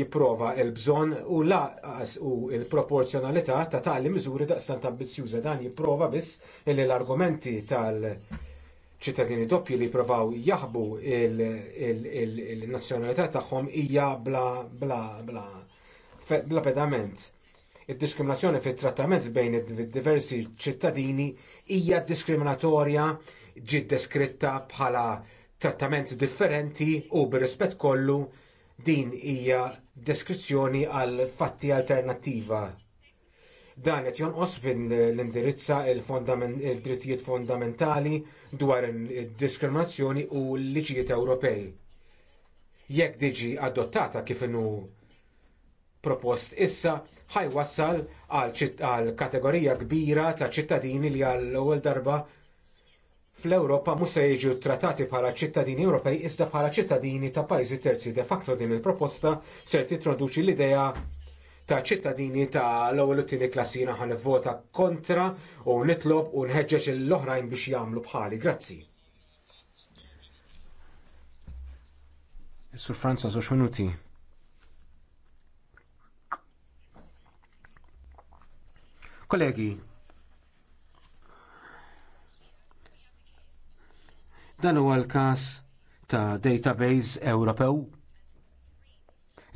jipprova l bżonn u laqas u l-proporzjonalità ta' tali miżuri daqstant ambizzjuża dan jipprova biss li l-argumenti tal- ċittadini doppji li jipprovaw jaħbu il-nazzjonalità tagħhom hija bla bla bla bla pedament. Id-diskriminazzjoni fit-trattament bejn id-diversi ċittadini hija diskriminatorja ġiet deskritta bħala trattament differenti u bir-rispett kollu din hija deskrizzjoni għal fatti alternattiva Dan qed jonqos fil-indirizza il-drittijiet fondamentali dwar id-diskriminazzjoni u l-liġijiet Ewropej. Jekk diġi adottata kif inhu propost issa wassal għal kategorija kbira ta' ċittadini li għall ewwel darba fl-Ewropa mhux se jiġu trattati bħala ċittadini Ewropej iżda bħala ċittadini ta' pajjiżi terzi de facto din il-proposta ser titroduċi l-idea ta' ċittadini ta' l-ewwel u tieni klassi ħan nivvota kontra u nitlob u nħeġġeġ l-oħrajn biex jagħmlu bħali. Grazzi. Sur Franza, żewġ minuti. Kollegi, dan huwa l-każ ta' database Ewropew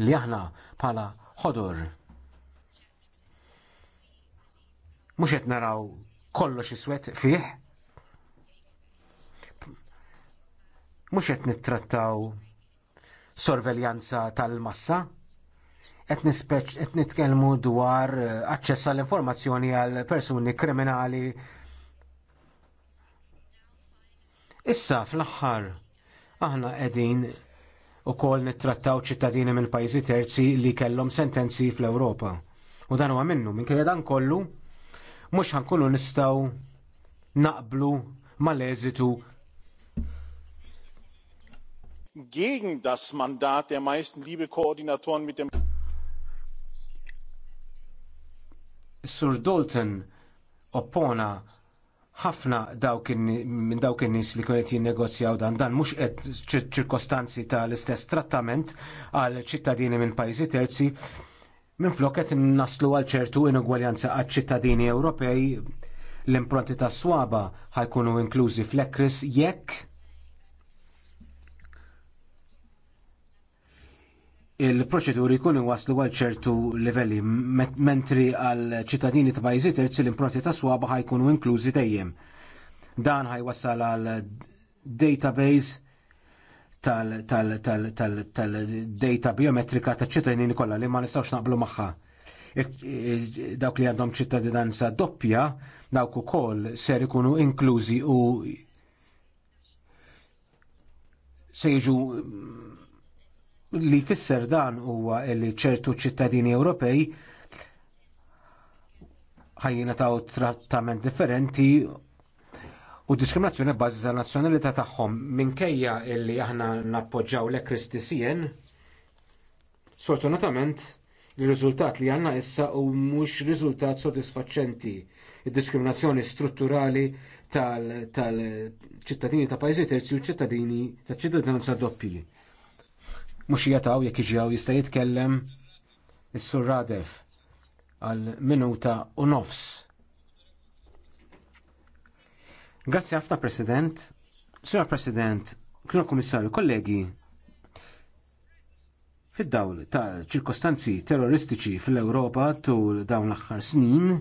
li aħna bħala ħodur Mhux qed naraw kollox iswet fih. Mhux qed nittrattaw sorveljanza tal-massa. Qed nitkellmu dwar eh, accessa għall informazzjoni għal personi kriminali. Issa fl-aħħar aħna qegħdin ukoll nittrattaw ċittadini minn pajjiżi terzi li kellhom sentenzi fl-Ewropa. U dan huwa minnu minn dan kollu mhux ħankunu nistgħu naqblu mal-eżitu gegen das Mandat der meisten Liebe-Koordinatoren mit dem Sur Dalton oppona ħafna dawk minn dawk in-nies li kienet jinnegozjaw dan dan mhux qed ċirkostanzi tal-istess trattament għal ċittadini minn pajjiżi terzi Minn flokket naslu għal ċertu inugwaljanza għad ċittadini Ewropej l-impronti ta' swaba ħajkunu inklużi fl-ekris jekk il-proċeduri jkunu waslu għal ċertu livelli, mentri għal ċittadini ta' pajjiżi terzi l-impronti ta' swaba ħajkunu inklużi dejjem. Dan ħajwassal għal database tal-data biometrika ta' ċittadini kollha li ma nistgħux naqblu magħha. E, dawk li għandhom ċittadinanza doppja dawk ukoll ser ikunu inklużi u se jiġu mm, li fisser dan huwa li ċertu ċittadini Ewropej ħajjina taw trattament differenti u diskriminazzjoni bbażi ta' nazzjonalità tagħhom minkejja illi aħna nappoġġaw l kristisijen sfortunatament il-riżultat li għandna issa u mhux riżultat sodisfaċċenti. Id-diskriminazzjoni strutturali tal-ċittadini ta' pajjiżi terzi u ċittadini ta' ċittadinanza doppji. Mhux jataw jekk iġew jista' jitkellem is-Sur Radef għal minuta u nofs. Grazzi ħafna President. Sura President, Knu Komissarju, kollegi, fid-dawl ta' ċirkostanzi terroristiċi fil-Ewropa tul dawn l-aħħar snin,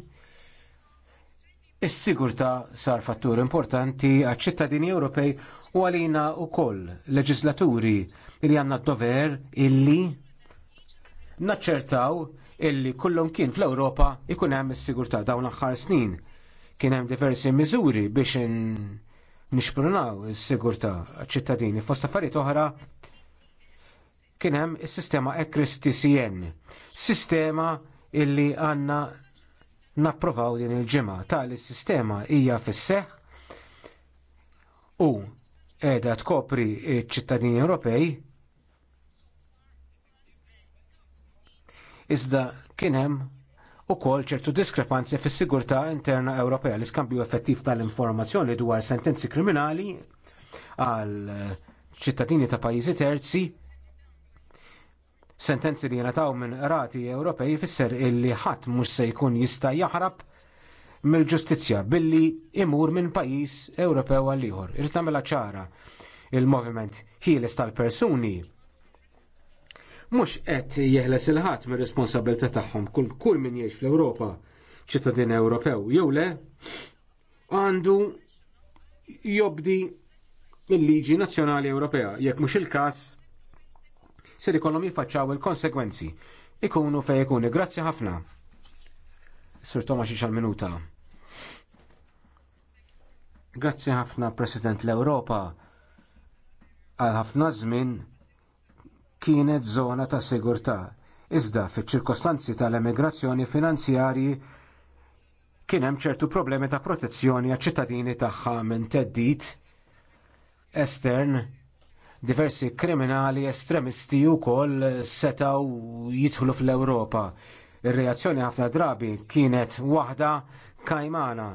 is-sigurtà sar fattur importanti għaċ ċittadini Ewropej u għalina wkoll leġislaturi li għandna d-dover illi naċċertaw illi kullum kien fl-Ewropa ikun hemm is-sigurtà dawn l-aħħar snin Kien hemm diversi miżuri biex nixprunaw is-sigurtà għaċ-ċittadini fost affarijiet oħra kien hemm is-sistema ECRIS TCN, sistema illi għandna napprovaw din il-ġimgħa. Tali sistema hija fis-seħħ u qiegħda tkopri ċ-ċittadini Ewropej iżda kien hemm ukoll ċertu diskrepanzi fis sigurtà interna Ewropea li skambju effettiv tal-informazzjoni dwar sentenzi kriminali għal ċittadini ta' pajjiżi terzi sentenzi li jenataw minn rati Ewropej fisser illi ħadd mhux se jkun jista' jaħrab mill-ġustizzja billi imur minn pajjiż Ewropew għal ieħor. Irid nagħmilha ċara il-moviment ħieles tal-persuni mhux qed jeħles il-ħadd mir responsabbilta tagħhom kull kull min jgħix fl-Ewropa ċittadin Ewropew jew le għandu jobdi il-liġi nazzjonali Ewropea jekk mhux il-każ se ikollhom jiffaċċaw il-konsekwenzi ikunu fejn ikunu. Grazzi ħafna. Sir Thomas xi minuta. Grazzi ħafna President l-Ewropa għal ħafna żmien kienet żona ta' sigurtà. Iżda fiċ-ċirkostanzi tal-emigrazzjoni finanzjarji kien hemm ċertu problemi ta' protezzjoni għaċ ċittadini tagħha minn teddit estern diversi kriminali estremisti wkoll setgħu jidħlu fl-Ewropa. Ir-reazzjoni ħafna drabi kienet waħda kajmana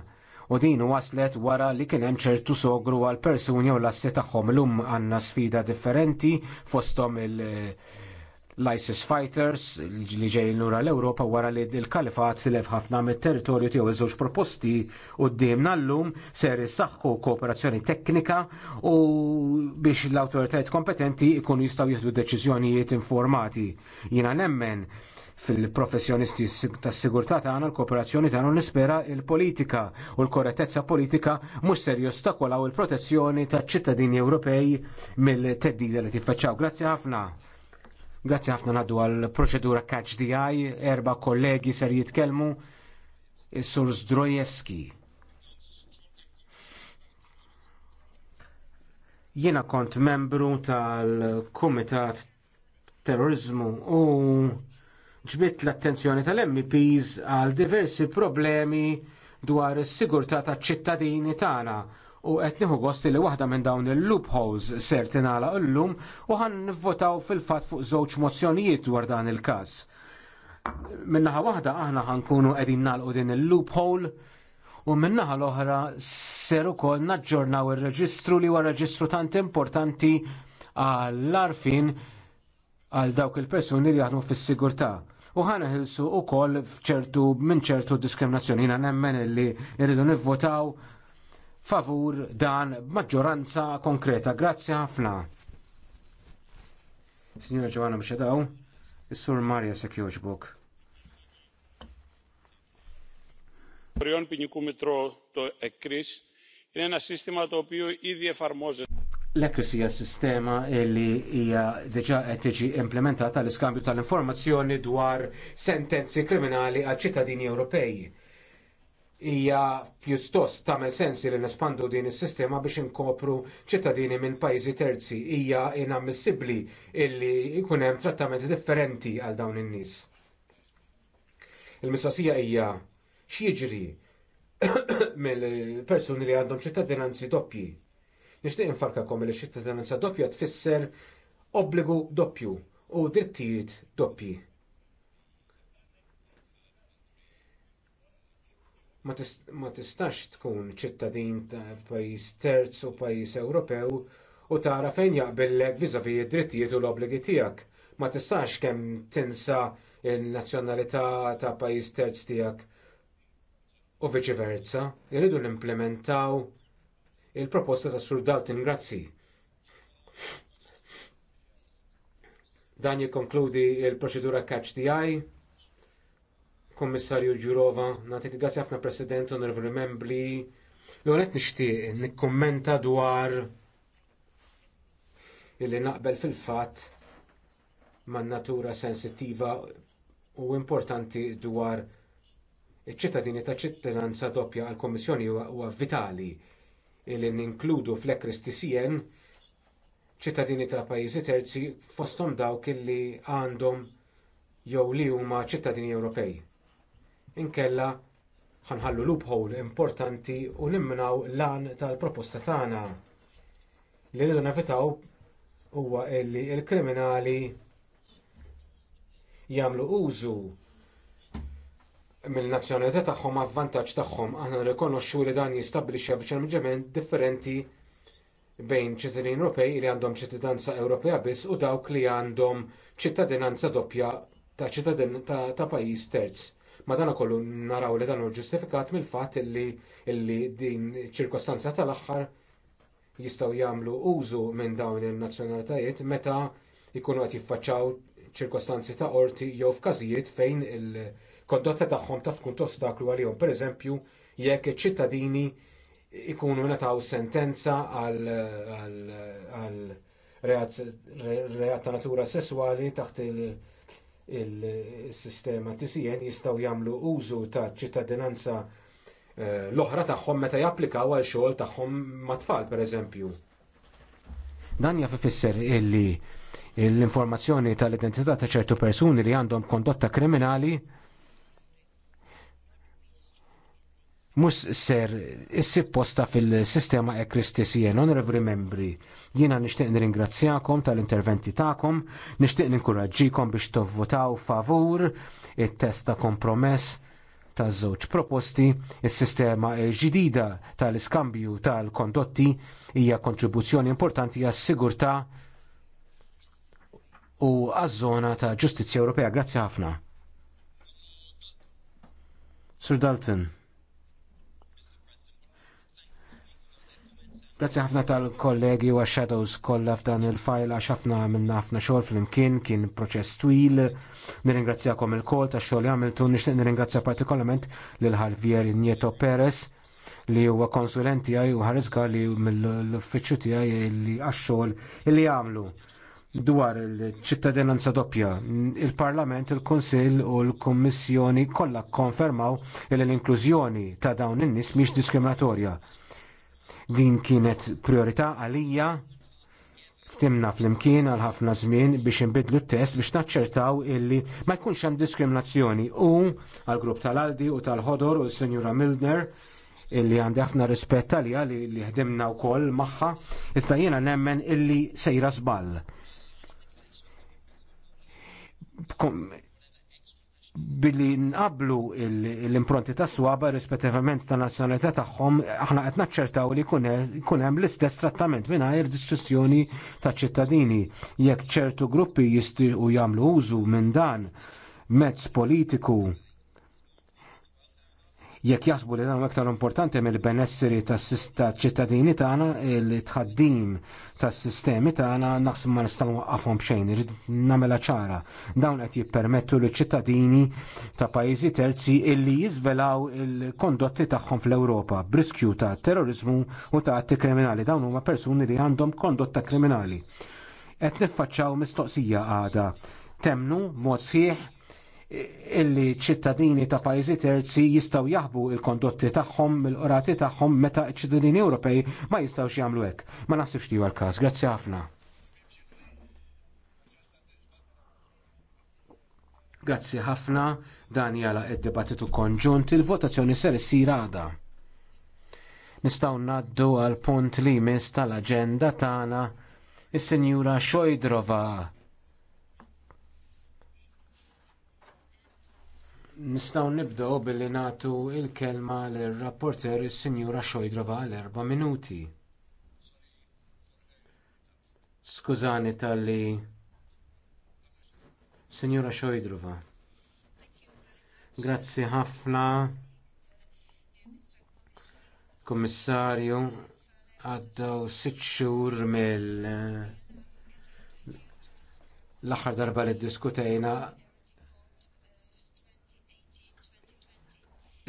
u din waslet wara li kien hemm ċertu sogru għal persuni u l-assi tagħhom lum għandna sfida differenti fosthom l-ISIS fighters li ġejjin lura l-Ewropa wara li l-kalifat silef ħafna mit-territorju tiegħu iż-żewġ proposti qudiemna llum ser issaħħu kooperazzjoni teknika u biex l-awtoritajiet kompetenti jkunu jistgħu jieħdu deċiżjonijiet informati. Jiena nemmen fil-professjonisti tas-sigurtà tagħna l-kooperazzjoni tagħna nispera il-politika u l-korrettezza politika mhux ser jostakolaw il-protezzjoni taċ-ċittadini Ewropej mill-teddida li tiffaċċaw. Grazzi ħafna. Grazzi ħafna ngħaddu għall proċedura catch DI, erba kollegi ser jitkellmu is-Sur Zdrojewski. Jiena kont membru tal-Kumitat Terrorizmu u ġbit l-attenzjoni tal-MPs għal diversi problemi dwar is-sigurtà taċ-ċittadini tagħna u qed nieħu gost li waħda minn dawn il-loopholes ser tingħalaq illum u ħan nivvotaw fil-fatt fuq żewġ mozzjonijiet dwar dan il-każ. Minnaħa waħda aħna ħankunu qegħdin nagħlqu din il-loophole u minnaħa l-oħra ser ukoll naġġornaw ir-reġistru li huwa reġistru tant importanti għall-arfin għal dawk il-persuni li jaħdmu fis-sigurtà u ħana ħilsu u koll fċertu minn ċertu diskriminazzjoni. Jina nemmen li irridu nivvotaw favur dan maġġoranza konkreta. Grazzi ħafna. Signora Giovanna Mxedaw, Is-Sur Marja Sekjoġbuk. Prion pinjuku mitro to ekkris, είναι ένα σύστημα το οποίο ήδη εφαρμόζεται l-accuracy hija sistema li hija diġà qed tiġi implementata l-iskambju tal-informazzjoni dwar sentenzi kriminali għal ċittadini Ewropej. Hija pjuttost tagħmel sensi li nespandu din is-sistema biex inkopru ċittadini minn pajjiżi terzi. Hija inammissibbli illi jkun hemm trattament differenti għal dawn in-nies. Il-mistoqsija hija x'jiġri mill-persuni li għandhom ċittadinanzi doppji Nixtieq infarkakom li xi doppja tfisser obbligu doppju u drittijiet doppji. Ma tistax tkun ċittadin ta' pajjiż terz u pajjiż Ewropew u tara fejn jaqbillek vizavi drittijiet u l-obbligi tiegħek. Ma tistax kemm tinsa il-nazzjonalità ta' pajjiż terz tiegħek u viċi versa. Irridu implementaw il-proposta ta' Sur Dalton, grazzi. Dan jikkonkludi l proċedura Catch DI. Kommissarju Ġurova, natik grazzi ħafna President, onorevoli membri. L-għonet nishtiq nikkommenta dwar illi naqbel fil fatt man natura sensittiva u importanti dwar iċ-ċittadini ta' ċittadinanza doppja għall kummissjoni huwa vitali li ninkludu fl-ekristisijen ċittadini ta' pajjiżi terzi fosthom dawk li għandhom jew li huma ċittadini Ewropej. Inkella ħanħallu loophole importanti u nimminaw lan tal-proposta tagħna li rridu navitaw huwa li l-kriminali jagħmlu użu mill-nazzjonalità tagħhom avvantaġġ tagħhom aħna nirrikonoxxu li dan jistabbilixxi avviċinament differenti bejn ċittadini Ewropej li għandhom ċittadinanza Ewropea biss u dawk li għandhom ċittadinanza doppja ta' ċittadin ta' pajjiż terz. Madanakollu naraw li dan hu ġustifikat mill-fatt li din ċirkostanza tal-aħħar jistgħu jagħmlu użu minn dawn in-nazzjonalitajiet meta jkunu qed jiffaċċjaw ċirkostanzi ta' qorti jew f'każijiet fejn il- kondotta tagħhom taf tkun tostaklu għalihom. Pereżempju, jekk iċ-ċittadini ikunu nataw sentenza għal reat ta' natura sesswali taħt il-sistema TCN jistgħu jagħmlu użu ta' ċittadinanza eh, l-oħra tagħhom meta japplikaw għal xogħol tagħhom mat-tfal pereżempju. Dan jaf ifisser illi l-informazzjoni tal-identità ta' ċertu persuni li għandhom kondotta kriminali mus ser issib posta fil-sistema ekristisijen, onorevri membri, jiena nixtieq nirringrazzjakom tal-interventi tagħkom, nixtieq ninkoraġġikom biex tovvotaw favur it-test ta' kompromess taż żewġ proposti, is-sistema ġdida tal-iskambju tal-kondotti hija kontribuzzjoni importanti għas sigurtà u għaż-żona ta' ġustizzja Ewropea. Grazzi ħafna. Sir Dalton. Grazzi ħafna tal-kollegi u shadows kollha f'dan il-fajl għax ħafna minna ħafna xogħol flimkien kien proċess twil. Nirringrazzjakom il-kol ta' xogħol li għamiltu, nixtieq nirringrazzja partikolarment lil Javier Nieto Perez li huwa konsulent tiegħi u ħaresga li mill-uffiċċju tiegħi li għax-xogħol li għamlu dwar il-ċittadinanza doppja. Il-Parlament, il-Kunsill u l-Kummissjoni kollha konfermaw li l-inklużjoni ta' dawn in-nies mhix diskriminatorja Din kienet priorità għalija ftimna fl-imkien għal ħafna żmien biex inbidlu t-test biex naċċertaw illi ma jkunx hemm diskriminazzjoni u għal grupp tal-Aldi u tal-Ħodor u s-Senjura Milner illi għandi ħafna rispett għalija li li ħdimna wkoll magħha, iżda jiena nemmen illi sejra żball billi nqablu l-impronti ta' swaba rispettivament ta' nazzjonalità tagħhom aħna qed naċċertaw li jkun hemm l-istess trattament mingħajr diskussjoni ta' ċittadini jekk ċertu gruppi jistiequ jagħmlu użu minn dan mezz politiku jekk jasbu li dan aktar importanti mill-benessri tas-ċittadini tagħna il-tħaddim tas-sistemi tagħna naħseb ma nistgħu waqqafhom xejn, irid nagħmilha ċara. Dawn qed jippermettu liċ ċittadini ta' pajjiżi terzi illi jiżvelaw il-kondotti tagħhom fl-Ewropa briskju ta' terrorizmu u ta' atti kriminali. Dawn huma persuni li għandhom kondotta kriminali. Qed niffaċċaw mistoqsija għada temnu mod sħiħ illi ċittadini ta' pajjiżi terzi jistgħu jaħbu l kondotti tagħhom mill-qrati tagħhom meta ċ-ċittadini Ewropej ma jistgħux jagħmlu hekk. Ma naħsibx li huwa l-każ. Grazzi ħafna. Grazzi ħafna dan jala id-dibattitu konġunt il-votazzjoni ser issir għada. Nistgħu ngħaddu għal punt li jmiss tal-aġenda tagħna is-Sinjura Xojdrova Nistgħu nibdew billi nagħtu l kelma lir rapporter is-Sinjura Xojdrova għal erba' minuti. Skużani talli Sinjura Xojdrova. Grazzi ħafna. Kummissarju għaddew sitt xhur mill l-aħħar darba li ddiskutejna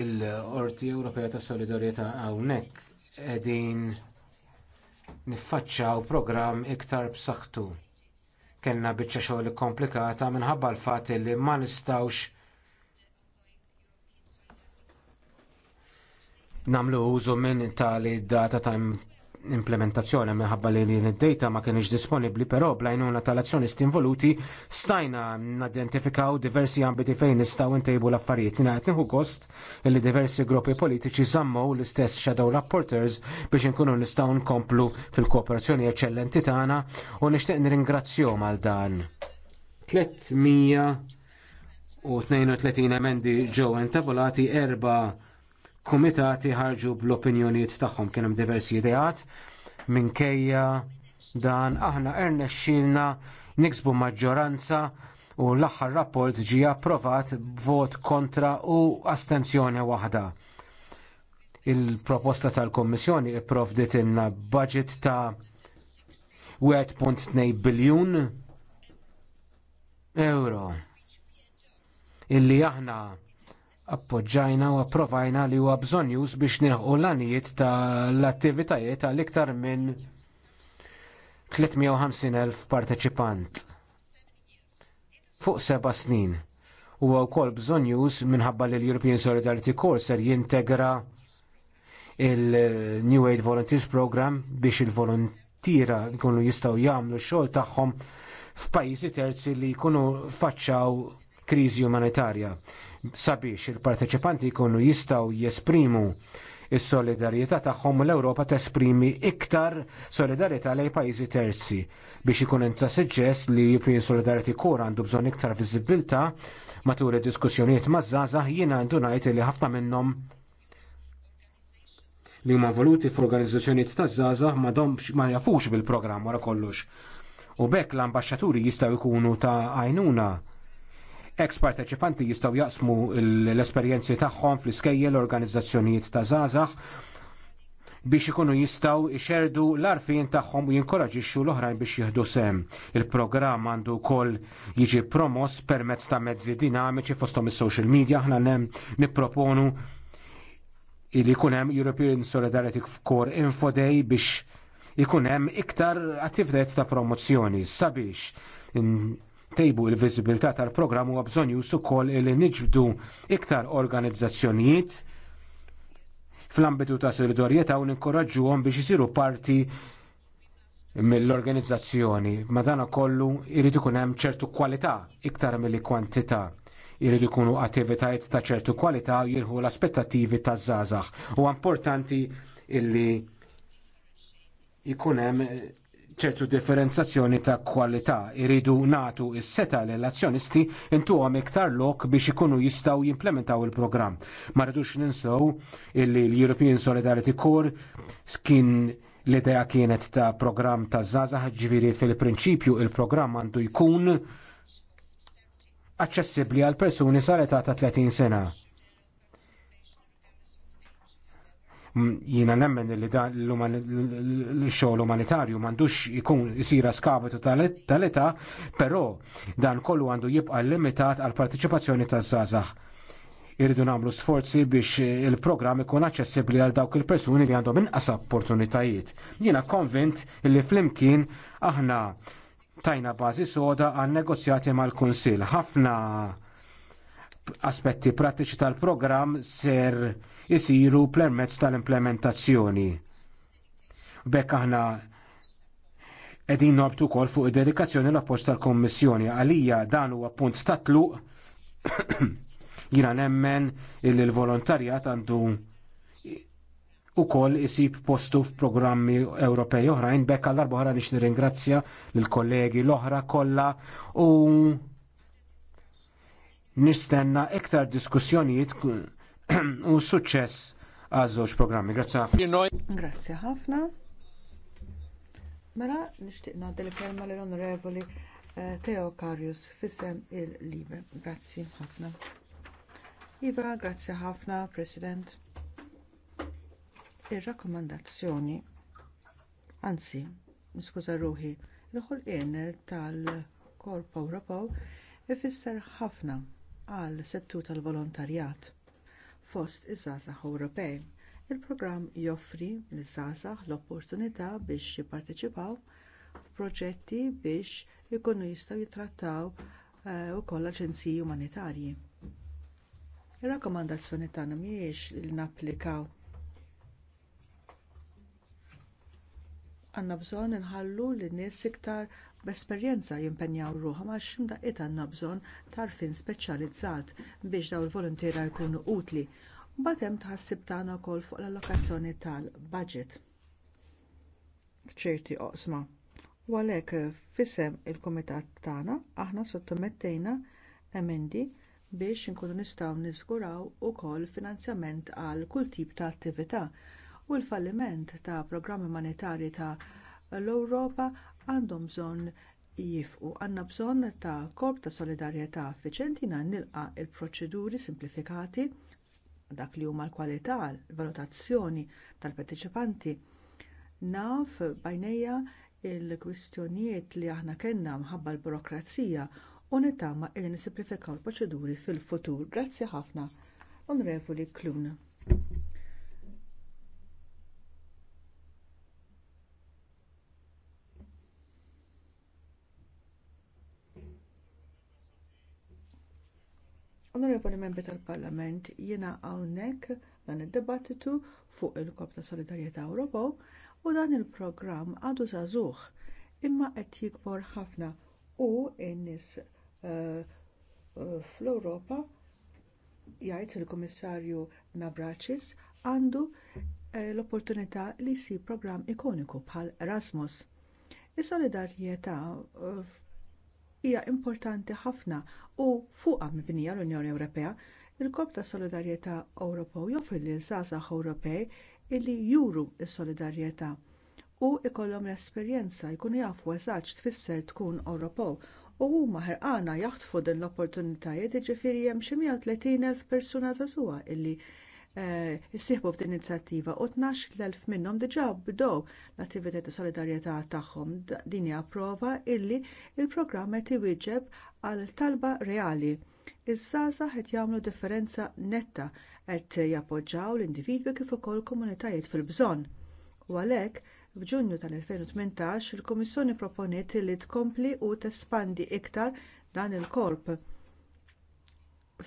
il-Qorti Ewropea tas Solidarjetà hawnhekk qegħdin niffaċċjaw programm iktar b'saħħtu. Kellna biċċa xogħol komplikata minħabba l-fatt li ma nistgħux nagħmlu użu minn tali data ta' implementazzjoni minħabba li din id-data ma kienx disponibbli però blajnuna tal-azzjonisti involuti stajna n-identifikaw diversi ambiti fejn nistgħu ntejbu l-affarijiet. Ningħad nieħu gost li diversi gruppi politiċi żammew l-istess shadow rapporters biex inkunu nistgħu nkomplu fil-kooperazzjoni eċċellenti tagħna u nixtieq nirringrazzjaw għal dan. 332 emendi ġew intabulati erba' kumitati ħarġu bl-opinjonijiet tagħhom kien hemm diversi ideat minkejja dan aħna erna niksbu maġġoranza u l-aħħar rapport ġie approvat b'vot kontra u astenzjoni waħda. Il-proposta tal kummissjoni ipprovdiet inna budget ta' 1.2 biljun euro illi aħna appoġġajna u approvajna li huwa bżonjus biex nieħu l-anijiet tal-attivitajiet għal iktar minn 350.000 parteċipant fuq seba' snin. Huwa wkoll bżonjus minħabba li l-European Solidarity Corps ser jintegra il-New Aid Volunteers Program biex il-volontira jkunu jistgħu jagħmlu x-xogħol tagħhom f'pajjiżi terzi li jkunu faċċaw kriżi umanitarja sabiex il-parteċipanti jkunu jistgħu jesprimu s solidarjetà tagħhom u l-Ewropa tesprimi iktar solidarjetà lejn pajjiżi terzi biex ikun inta suġġess li European Solidarity Corps għandu bżonn iktar viżibilità matul id-diskussjonijiet maż-żgħażagħ jiena għandu ngħid li ħafna minnhom li huma voluti f'organizzazzjonijiet taż-żgħażagħ ma domx ma jafux bil-programm wara kollox. U bekk l-ambaxxaturi jistgħu jkunu ta' għajnuna Ex parteċipanti jistaw jaqsmu l-esperjenzi tagħhom fl-iskejjel organizzazzjonijiet ta' żgħażagħ biex ikunu jistaw ixerdu l-arfin tagħhom u jinkoraġixxu l-oħrajn biex jieħdu sem. Il-programm għandu wkoll jiġi promos permezz ta' mezzi dinamiċi fosthom is-social media aħna nem nipproponu li jkun hemm European Solidarity Core Info Day biex ikun hemm iktar attivitajiet ta' promozzjoni sabiex Tejbu il-viżibilità tal-programm huwa bżonn jus ukoll li niġbdu iktar organizzazzjonijiet fl-ambitu ta' solidarjetà u ninkoraġġuhom biex isiru parti mill-organizzazzjoni. Madana kollu jrid ikun hemm ċertu kwalità iktar milli kwantità jrid ikunu attivitajiet ta' ċertu kwalità u jirħu l-aspettattivi taż żgħażagħ. Huwa importanti illi jkun hemm ċertu differenzazzjoni ta' kwalità. Iridu natu s seta l-azzjonisti intu għam iktar lok biex ikunu jistaw jimplementaw il-programm. Ma rridux ninsow illi l-European Solidarity Corps kien l-idea kienet ta' programm ta' zazah ġviri fil-prinċipju il-programm għandu jkun aċċessibbli għal persuni sal-età ta' 30 sena Mm, jiena nemmen li da l-xogħol umanitarju m'għandux ikun jisira skabitu tal-età, però dan kollu għandu jibqa' limitat għal partiċipazzjoni taż zazax Irridu nagħmlu sforzi biex il-programm ikun aċċessibbli għal dawk il-persuni li għandhom inqas opportunitajiet. Jiena konvint li flimkien aħna tajna bażi soda għal negozjati mal-Kunsill. Ħafna aspetti prattiċi tal-programm ser jisiru permezz tal-implementazzjoni. Bekk aħna qegħdin nobtu wkoll fuq id-dedikazzjoni l-appoġġ tal-Kommissjoni għalija dan huwa punt ta' tluq jiena nemmen li l-volontarjat għandu ukoll isib postu f'programmi Ewropej oħrajn bekk għal darba oħra nix nirringrazzja lill-kollegi l-oħra kollha u nistenna iktar diskussjonijiet u suċċess għaż-żewġ programmi. Grazzi ħafna. Grazzi ħafna. Mela nixtieq ngħaddi l-kelma lill onorevoli eh, Teo Karius fisem il-Libe. Grazzi ħafna. Iva, grazzi ħafna, President. Ir-rakkomandazzjoni anzi, niskuża ruħi, il-ħolqien tal-Korp Ewropew ifisser ħafna għal settu tal-volontarjat fost iż-żgħażagħ Ewropej. Il-programm joffri liż-żgħażagħ l-opportunità biex jipparteċipaw f'proġetti biex ikunu jistgħu jitrattaw eh, ukoll aġenziji umanitarji. Ir-rakkomandazzjoni tagħna mhijiex li napplikaw għandna bżonn inħallu lin nies iktar b'esperjenza jimpenjaw ruħhom għal x'imdaqqiet għandna bżonn tarfin speċjalizzat biex dawn il-volontira jkunu utli. Mbagħad hemm tħassib tagħna wkoll fuq l-allokazzjoni tal-budget f'ċerti oqsma. U għalhekk f'isem il-kumitat tagħna aħna sottomettejna emendi biex inkunu nistgħu niżguraw ukoll finanzjament għal kull tip ta' attività u l-falliment ta' programmi umanitarji ta' l-Ewropa għandhom bżonn jifqu għandna bżonn ta' korp ta' solidarjetà affiċenti nilqa l proċeduri simplifikati dak li huma l-kwalità, l-valutazzjoni tal-partiċipanti. Naf bajnejja l kwistjonijiet li aħna kellna mħabba l-burokrazija u nitama li nisimplifikaw il-proċeduri fil-futur. Grazzi ħafna, Onorevoli Klun. Onorevoli membri tal-Parlament, jiena hawnhekk dan id-dibattitu fuq il-Kop ta' Solidarjetà Ewropew u dan il-programm għadu żagħżugħ imma qed jikbor ħafna u n-nies eh, eh, fl-Ewropa jgħid il-Kummissarju Navracis għandu eh, l-opportunità li si programm ikoniku bħal Erasmus. Is-solidarjetà hija importanti ħafna u fuqha mibnija l-Unjoni Ewropea. il kop ta' Solidarjetà Ewropew joffri lil żgħażagħ Ewropej illi juru s-solidarjetà u jkollhom l-esperjenza jkunu jafu eżatt tfisser tkun Ewropew u huma ħerqana jaħtfu din l-opportunitajiet jiġifieri hemm xi 130,000 persuna żagħżugħa illi jissieħbu eh, f'din inizjattiva u tnax l-elf minnhom diġà bdew l-attività ta' solidarjetà tagħhom din hija prova illi l programm qed iwieġeb għal talba reali. Iż-żgħażagħ qed jagħmlu differenza netta qed jappoġġjaw l-individwi kif ukoll komunitajiet fil-bżonn. U għalhekk f'Ġunju tal-2018 il-Kummissjoni proponiet li tkompli u tespandi iktar dan il-korp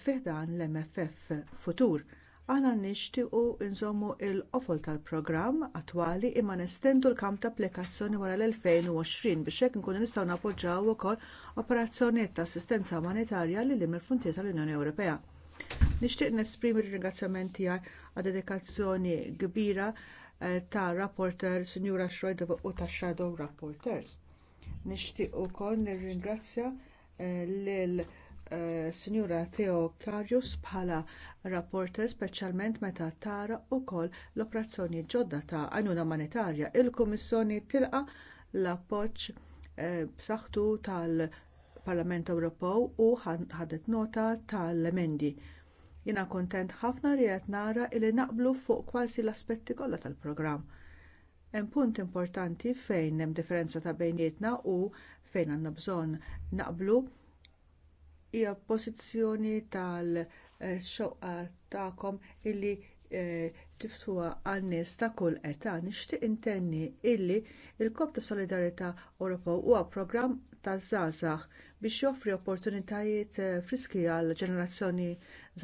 fih dan l-MFF futur Aħna nixtiequ nżommu l qofol tal-programm attwali imma nestendu l-kamp ta' applikazzjoni wara l-2020 biex hekk nkunu nistgħu nappoġġjaw ukoll operazzjonijiet ta' assistenza umanitarja li lim il-funtijiet tal-Unjoni Ewropea. Nixtieq nesprimi r-ringrazzjament tiegħi għad-dedikazzjoni kbira eh, ta' rapporter Sinjura Schroeder u ta' Shadow Rapporters. Nixtieq ukoll nirringrazzja eh, lil Eh, Sinjura Theo Karius bħala rapporter speċjalment meta tara wkoll l-operazzjoni ġodda ta' għajnuna umanitarja. Il-Kummissjoni tilqa l-appoġġ eh, b'saħħtu tal-Parlament Ewropew u ħadet nota tal-emendi. Jiena kuntent ħafna li qed nara li naqblu fuq kważi l-aspetti kollha tal-programm. Hemm punt importanti fejn hemm differenza ta' bejnietna u fejn għandna bżonn naqblu hija pożizzjoni tal-xoqqa tagħkom illi eh, tiftuha għal nies ta' kull età nixtieq intenni illi l-Kop ta' Solidarità Ewropew huwa programm ta' żgħażagħ biex joffri opportunitajiet eh, friski għal ġenerazzjoni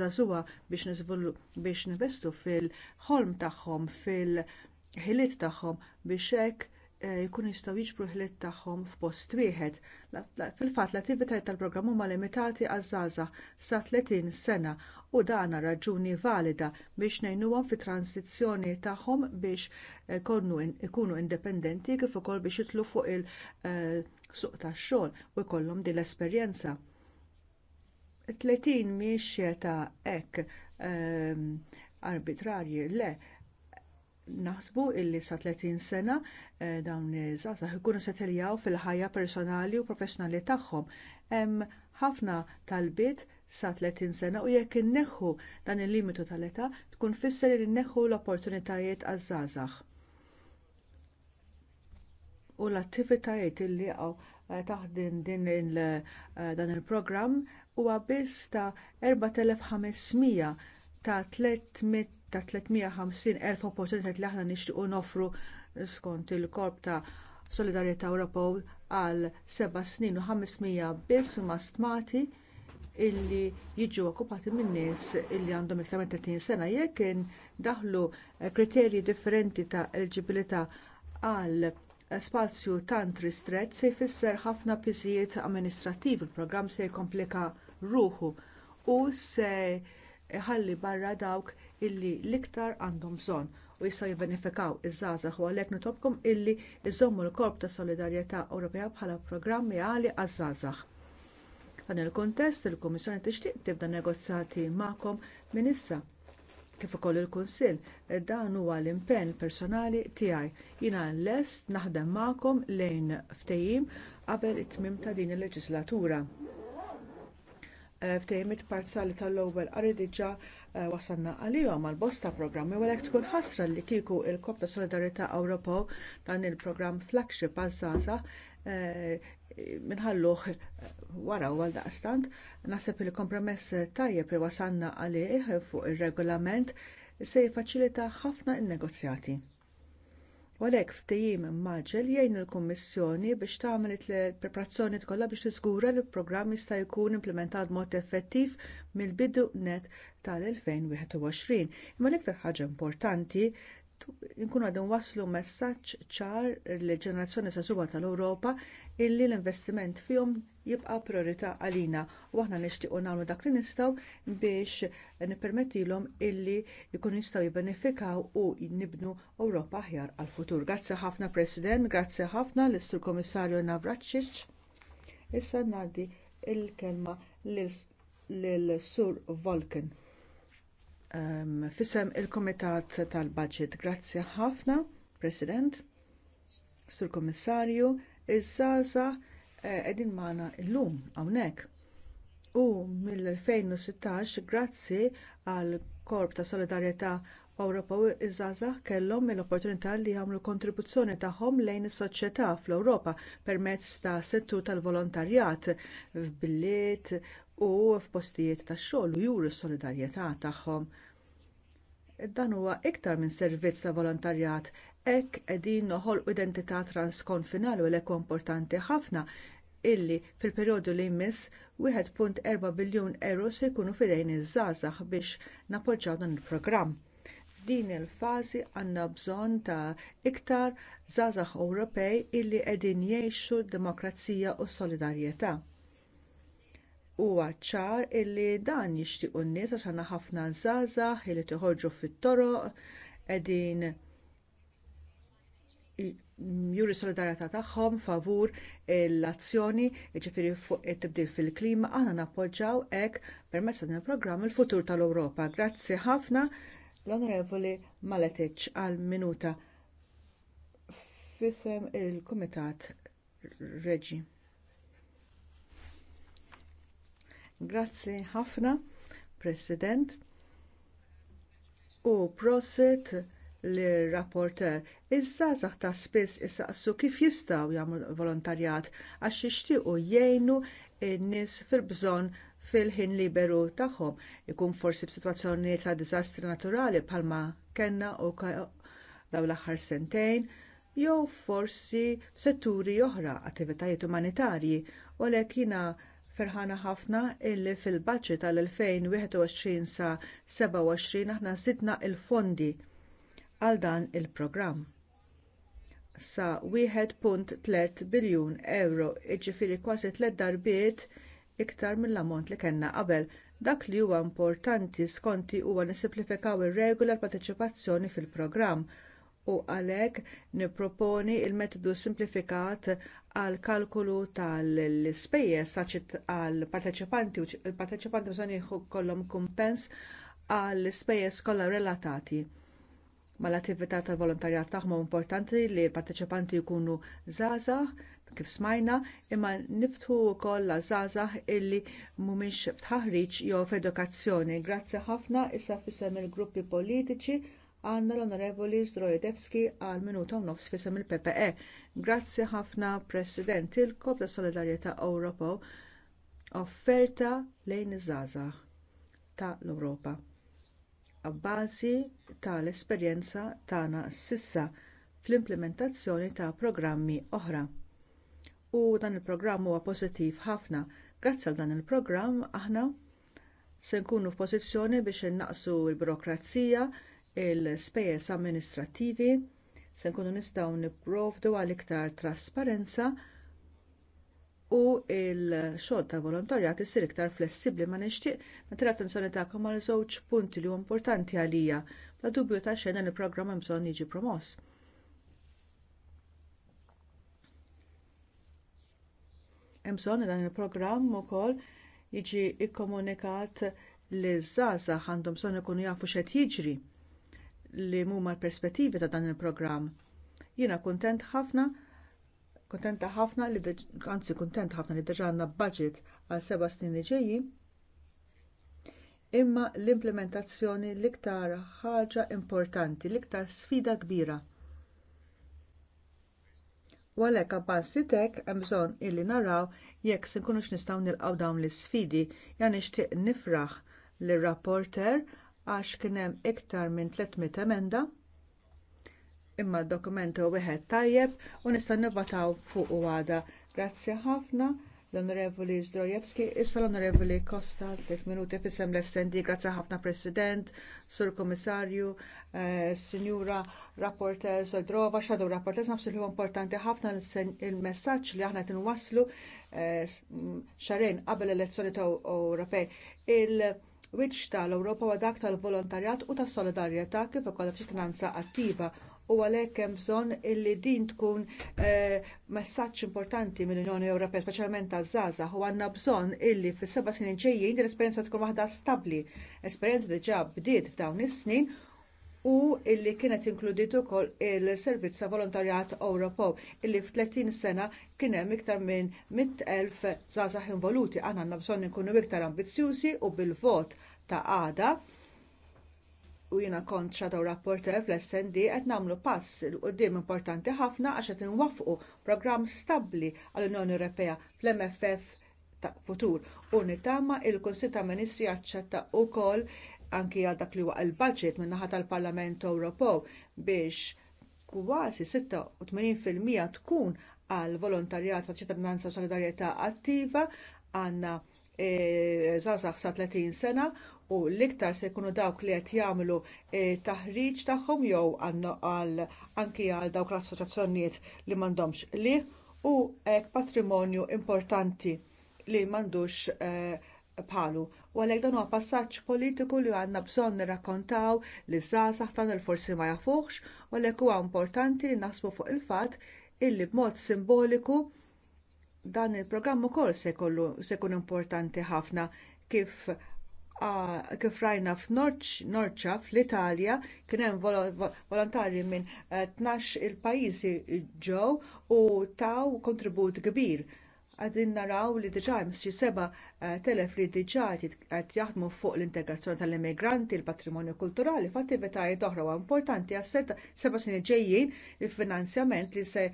żagħżugħa biex biex nivestu fil-ħolm tagħhom fil-ħiliet tagħhom biex hekk Eh, jkunu jistgħu jiġbru ħlit tagħhom f'post wieħed. Fil-fatt l-attivitajiet tal-programm huma limitati għaż żgħażagħ sa 30 sena u dan raġuni valida biex ngħinuhom fit-transizzjoni tagħhom biex eh, ikunu indipendenti kif ukoll biex jitlu fuq il-suq eh, tax-xogħol u jkollhom din l-esperjenza. 30 mhix ta' hekk ehm, arbitrarji le naħsbu illi sa 30 sena eh, dawn iż-żgħażagħ ikunu seteljaw fil-ħajja personali u professjonali tagħhom. Hemm ħafna talbiet sa 30 sena u jekk inneħħu dan il-limitu tal-età tkun fisser li nneħħu l-opportunitajiet għaż-żgħażagħ. U l-attivitajiet illi għaw eh, taħdin din il, eh, dan il-programm huwa biss ta' 4500 ta' 300 ta' li aħna nixtiequ nofru skont il-korp ta' Solidarjetà Ewropew għal seba' snin u 500 biss huma stmati illi jiġu okkupati minn nies illi għandhom iktar minn 30 sena jekk daħlu eh, kriterji differenti ta' eligibilità għal spazju tant ristret se jfisser ħafna piżijiet amministrativi il-programm se jkomplika ruħu u se iħalli barra dawk illi l-iktar għandhom bżonn u jistgħu jibbenefikaw iż-żgħażagħ u għalhekk nitolbkom illi iżommu l-Korp ta' Solidarjetà Ewropea bħala programmi għali għaż-żgħażagħ. F'dan il-kuntest il-Kummissjoni tixtieq tibda negozjati magħkom minn issa kif ukoll il-Kunsill dan huwa l-impenn personali tiegħi. Jiena lest naħdem magħkom lejn ftehim qabel it-tmiem ta' din il-leġislatura. Eh, ftejmit Parzali tal-ewwel qari diġà eh, wasalna għalihom għall bosta programmi u għalhekk tkun ħasra li kieku l kop ta' Solidarità Ewropew dan il-programm flagship għaż-żgħażagħ eh, minħalluh wara għal daqstant naħseb li kompromess tajjeb li wasalna għalih fuq ir-regolament se jiffaċilita ħafna n negozjati U għalhekk ftehim maġel jgħin il-Kummissjoni biex tagħmel il-preparazzjoni kollha biex tiżgura li l-programm jista' jkun implementat b'mod effettiv mill-bidu net tal-2021. Imma l-iktar ħaġa importanti nkunu għadin waslu messaġġ ċar lill-ġenerazzjoni sasuba tal-Ewropa illi l-investiment fihom jibqa' priorità għalina u aħna nixtiequ nagħmlu dak li nistgħu biex nippermettilhom illi jkunu jistgħu jibbenefikaw u nibnu Ewropa aħjar għall futur Grazzi ħafna President, grazzi ħafna l-Istur Komissarju Navracic. Issa ngħaddi l kelma lill Sur Volken um, fisem il-Komitat tal-Budget. Grazzi ħafna, President, Sur Komissarju, iż-żaza qegħdin eh, magħna llum hawnhekk. U mill-2016, grazzi għal Korp ta' Solidarjetà Ewropew iż-żaza kellhom l-opportunità li jagħmlu kontribuzzjoni tagħhom lejn is-soċjetà fl-Ewropa permezz ta' settur tal-volontarjat f'billiet u f'postijiet tax-xogħol u juru s-solidarjetà tagħhom. Dan huwa iktar minn servizz ta' volontarjat hekk qegħdin noħolqu identità transkonfinali u l importanti ħafna illi fil-perjodu li jmiss 1.4 biljun euro se jkunu fidejn iż-żgħażagħ biex nappoġġjaw dan il-programm. Din il-fażi għandna bżonn ta' iktar żgħażagħ Ewropej illi qegħdin jgħixu d-demokrazija u s-solidarjetà huwa ċar illi dan jixtiequ n-nies għax għandna ħafna żgħażagħ li tħorġu fit-toroq qegħdin juri solidarjetà tagħhom favur l-azzjoni jiġifieri fuq it-tibdil fil-klima aħna nappoġġjaw hekk permezz dan il-programm il-futur tal-Ewropa. Grazzi ħafna l-Onorevoli Maletic għal minuta fisem il-Kumitat Reġi. Grazzi ħafna, President. U prosit lir rapporter Iżda zaħ ta' spiss isaqsu kif jistgħu jagħmlu volontarjat għax jixtiequ jgħinu n-nies fil-bżonn fil-ħin liberu tagħhom. Ikun forsi f'sitwazzjonijiet ta' diżastri naturali bħalma kellna u daw l-aħħar sentejn, jew forsi f'setturi oħra attivitajiet umanitarji u għalhekk Ferħana ħafna illi fil-budget tal-2021 sa 27 aħna sitna l fondi għal dan il-programm sa 1.3 biljun euro, jiġifieri kważi tliet darbiet iktar mill-ammont li kellna qabel. Dak li huwa importanti skonti huwa nisimplifikaw ir-regola l-parteċipazzjoni fil-programm u għalhekk nipproponi l metodu simplifikat għall kalkulu tal-ispejjeż għall parteċipanti u l-parteċipanti bżonn kollhom kumpens għall ispejjeż kollha relatati mal-attività tal-volontarjat tagħhom importanti li l-parteċipanti jkunu żgħażagħ kif smajna imma niftħu wkoll żgħażagħ illi mhumiex f'taħriġ jew f'edukazzjoni. Grazzi ħafna issa f'isem il-gruppi politiċi għandna l-Onorevoli Zdrojdewski għal minuta u nofs fisem il-PPE. Grazzi ħafna President il-Kop Solidarjetà Ewropew offerta lejn iż-żgħażagħ ta' l-Ewropa. Abbażi tal-esperjenza tagħna sissa fl-implementazzjoni ta' programmi oħra. U dan il-programm huwa pożittiv ħafna. Grazzi għal dan il-programm aħna se nkunu f'pożizzjoni biex innaqsu l burokrazija il-spejjeż amministrattivi se nkunu nistgħu nipprovdu għal iktar trasparenza u l xogħol tal-volontarjat isir iktar flessibbli ma nixtieq nagħti attenzjoni tagħkom għal żewġ punti li huwa importanti għalija bla dubju ta' xejn dan il-programm hemm bżonn jiġi promoss. Hemm bżonn dan il-programm ukoll jiġi kkomunikat li żgħażagħ għandhom bżonn ikunu jafu x'qed jiġri li huma l-perspettivi ta' dan il-programm. Jiena kuntent ħafna kuntenta ħafna li anzi kuntent ħafna li deġa għandna budget għal seba' snin li ġejji. Imma l-implementazzjoni l-iktar ħaġa importanti, l-iktar sfida kbira. U għalhekk sitek, hemm bżonn illi naraw jekk se nkunux nistgħu nilqgħu dawn l-isfidi, ja nixtieq nifraħ lir rapporter għax kien hemm iktar minn 300 emenda imma d-dokument wieħed tajjeb u nistgħu nivvataw fuq u għada. Grazzi ħafna l-Onorevoli Zdrojewski, issa l-Onorevoli Costa, 3 minuti fisem l-SND, grazzi ħafna President, Sur Komissarju, Sinjura eh, Signora Rapporter Sodrova, Shadow Rapporter, nafsu li importanti ħafna il-messagġ li aħna tinwaslu eh, qabel l-elezzjoni ta' Ewropej. Wiċċ tal-Ewropa huwa dak tal-volontarjat u tas-solidarjetà kif ukoll ċittadinanza attiva u għalhekk hemm bżonn illi din tkun eh, messaġġ importanti mill-Unjoni Ewropea, speċjalment taż-żgħażagħ, u għandna bżonn illi fis-seba' snin ġejjin l-esperjenza tkun waħda stabbli. Esperjenza diġà bdiet f'dawn is-snin u illi kienet inkludiet ukoll il-servizz ta' volontarjat Ewropew illi f'30 sena kien hemm iktar minn 100,000 żgħażagħ involuti aħna għandna bżonn inkunu iktar ambizzjużi u bil-vot ta' għada u jiena kont xadow rapporter fl-SND qed nagħmlu pass il qudiem importanti ħafna għax qed inwaffqu programm stabbli għall-Unjoni Ewropea fl-MFF ta' futur u nittama il-Kunsil ta' Ministri jaċċetta wkoll anki għal dak li huwa l-budget min-naħa tal-Parlament Ewropew biex kważi 86% tkun għal volontarjat ta' ċittadinanza solidarjetà attiva għandna żgħażagħ e, sa 30 sena u l-iktar se jkunu dawk li qed jagħmlu e, taħriġ tagħhom jew anki għal dawk l-assoċjazzjonijiet li m'għandhomx liħ u hekk patrimonju importanti li m'għandux e, bħalu u għalhekk dan huwa passaġġ politiku li għandna bżonn nirrakkontaw li żgħażagħ tagħna forsi ma jafuhx u għalhekk huwa importanti li naħsbu fuq il-fatt illi b'mod simboliku dan il-programm ukoll se jkun importanti ħafna kif kif rajna f'Norċa fl-Italja kien hemm volontarji minn tnax il-pajjiżi ġew u taw kontribut kbir Għadin naraw li diġà hemm xi seba eh, telef li diġà qed jaħdmu fuq l-integrazzjoni tal-immigranti, il-patrimonju kulturali, f'attivitajiet oħra u importanti għas seba' snin ġejjin il-finanzjament li se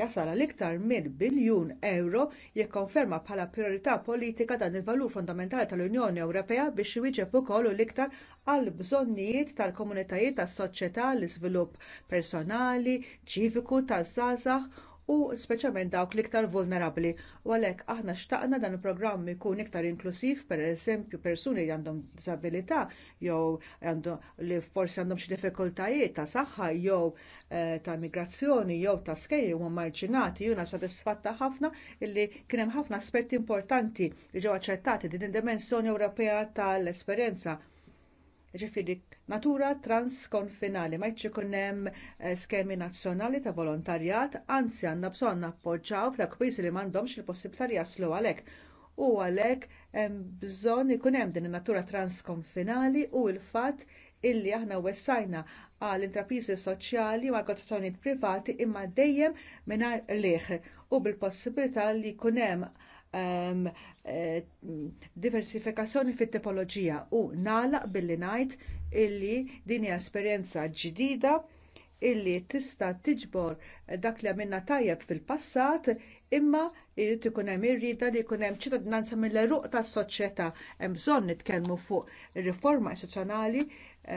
jasal għal iktar minn biljun euro jikkonferma bħala priorità politika dan il-valur fondamentali tal-Unjoni Ewropea biex iwieġeb ukoll l-iktar għall bżonnijiet tal-komunitajiet tas-soċjetà l-iżvilupp personali, ċiviku taż-żgħażagħ u speċjalment dawk l-iktar vulnerabbli u għalhekk aħna xtaqna dan il-programm ikun iktar inklusiv, pereżempju persuni li għandhom diżabilità jew li forsi għandhom xi diffikultajiet ta' saħħa jew eh, ta' migrazzjoni jew ta' skejjer huma marġinati jiena sodisfatta ħafna illi kien hemm ħafna aspetti importanti li ġew aċċettati din id-dimensjoni Ewropea tal-esperjenza ġifiri natura transkonfinali, ma jtx ikun hemm eh, skemi nazzjonali ta' volontarjat, anzi għandna bżonn nappoġġaw f'dak pajjiżi li m'għandhomx il-possibilità li jaslu għalhekk. U għalhekk hemm bżonn ikun hemm din in-natura transkonfinali u l-fatt illi aħna wessajna għal intrapriżi soċjali u għal privati imma dejjem mingħajr leħ u bil-possibilità li jkun hemm ehm, Eh, diversifikazzjoni fit-tipoloġija u nala billi ngħid illi din hija esperjenza ġdida illi tista' tiġbor dak li għamilna tajjeb fil-passat imma jrid ikun hemm irrida li jkun hemm ċittadinanza mill-eruq tas-soċjetà hemm bżonn nitkellmu fuq riforma istituzzjonali,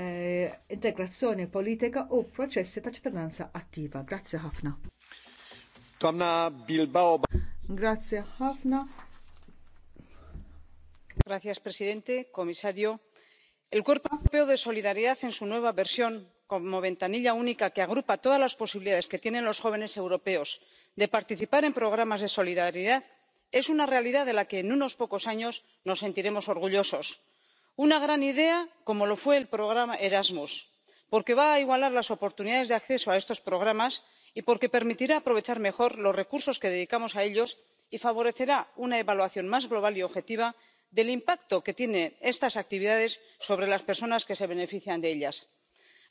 eh, integrazzjoni politika u proċessi ta' ċittadinanza attiva. Grazzi ħafna. Tomna Bilbao. Grazzi ħafna señor presidente señor comisario el cuerpo europeo de solidaridad en su nueva versión como ventanilla única que agrupa todas las posibilidades que tienen los jóvenes europeos de participar en programas de solidaridad es una realidad de la que en unos pocos años nos sentiremos orgullosos una gran idea como lo fue el programa erasmus porque va a igualar las oportunidades de acceso a estos programas y porque permitirá aprovechar mejor los recursos que dedicamos a ellos y favorecerá una evaluación más global y objetiva del impacto que tienen estas actividades sobre las personas que se benefician de ellas.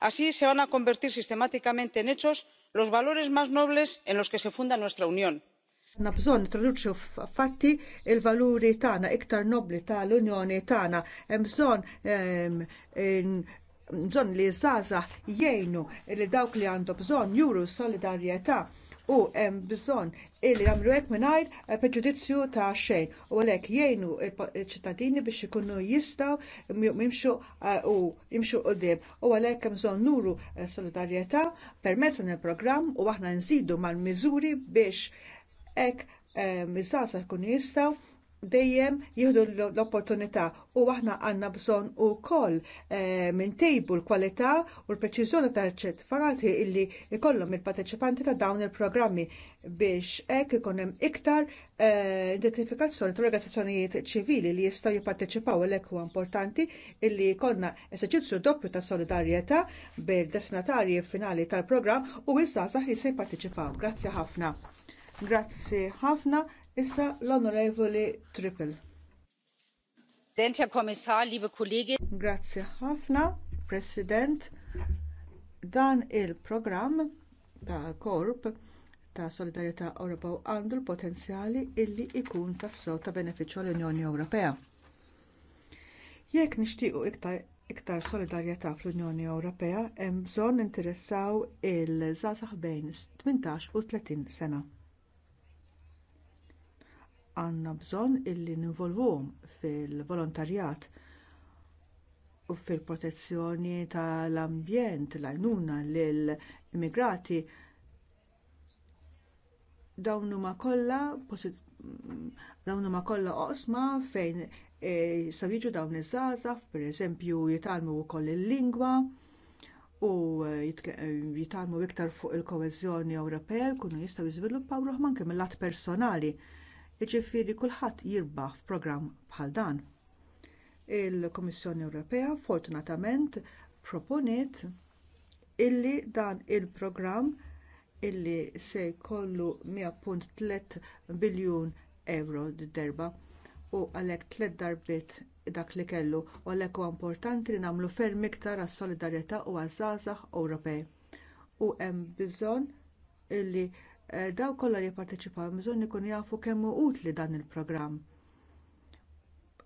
así se van a convertir sistemáticamente en hechos los valores más nobles en los que se funda nuestra unión. valuri tagħna iktar tal-Unjoni tagħna hemm bżonn ehm, bżonn li żgħażagħ jgħinu li dawk li bżonn juru solidarjetà u hemm bżonn illi jagħmlu hekk mingħajr eh, preġudizzju ta' xejn u għalhekk jgħinu l-ċittadini biex ikunu jistgħu jimxu eh, u jimxu qudiem u għalhekk hemm bżonn nuru eh, solidarjetà permezz dan il-programm u aħna nżidu mal-miżuri biex hekk miżgħa se jkunu jistgħu dejjem jieħdu l-opportunità u aħna għandna bżonn ukoll e, eh, minn tejbu l-kwalità u l-preċiżjoni ta' farati illi jkollhom il-parteċipanti ta' dawn il-programmi biex hekk ikun hemm iktar eh, identifikazzjoni ta' organizzazzjonijiet ċivili li jistgħu jipparteċipaw għalhekk huwa importanti illi jkollna eżerċizzju doppju ta' solidarjetà bil destinatarji finali tal-programm u iż-żgħażagħ li se jipparteċipaw. Grazzi ħafna. Grazzi ħafna Issa l-Onorevoli Triple. President, Herr Kommissar, liebe Kollegin. Grazie ħafna, President. Dan il-programm ta' korp ta' Solidarjetà Ewropew għandu l-potenzjali illi jkun tassew ta' benefiċċju l-Unjoni Ewropea. Jekk nixtiequ iktar, iktar solidarjetà fl-Unjoni Ewropea, hemm bżonn interessaw il-żgħażagħ bejn 18 u 30 sena għandna bżonn illi ninvolvuhom fil-volontarjat u fil-protezzjoni tal-ambjent, l lill-immigrati dawn huma kollha dawn huma kollha oqsma fejn e, sa jiġu dawn iż-żgħażagħ pereżempju jitalmu wkoll il-lingwa u e, e, jitalmu iktar fuq il-koeżjoni Ewropea jkunu jistgħu jiżviluppaw ruħhom anke il-lat personali jiġifieri kulħadd jirbaħ f'programm bħal dan. Il-Kummissjoni Ewropea fortunatament proponiet illi dan il-programm illi se jkollu 100.3 biljun euro d-derba u għalhekk tliet darbit dak li kellu u għalek huwa importanti li nagħmlu ferm iktar għas-solidarjetà u għaż-żgħażagħ Ewropej. U hemm bżonn illi Eh, daw kollha li jipparteċipaw bżonn ikunu jafu kemm hu utli dan il-programm.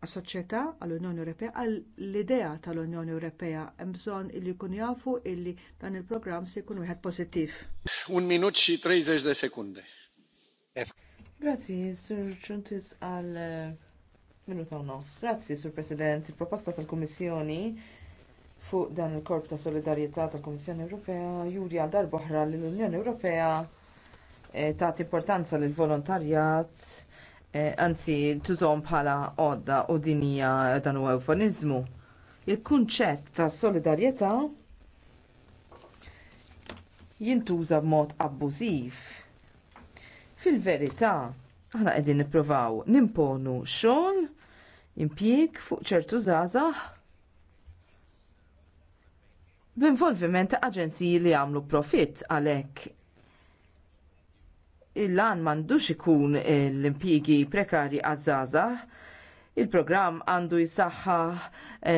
Għas-soċjetà għall-Unjoni Ewropea għall-idea tal-Unjoni Ewropea hemm bżonn li jkunu jafu li dan il-programm se jkun wieħed pożittiv. Un minut xi 30 de sekundi. Grazzi, Sir Ċuntis, għal eh, minuta u nofs. Grazzi, Sur President, il-proposta tal-Kummissjoni fuq dan il-Korp ta' Solidarjetà tal-Kummissjoni Ewropea juri għal darba oħra lill unjoni Ewropea Eh, ta' importanza lil volontarjat eh, anzi tużom bħala għodda u din hija dan huwa eufoniżmu. Il-kunċett ta' solidarjetà jintuża b'mod abbużiv. Fil-verità, aħna qegħdin nippruvaw nimponu xogħol impjieg fuq ċertu żgħażagħ bl-involviment ta' aġenziji li għamlu profitt għalhekk il-lan mandux ikun l impigi prekari għazzaza. Il-programm għandu jisaxħa e,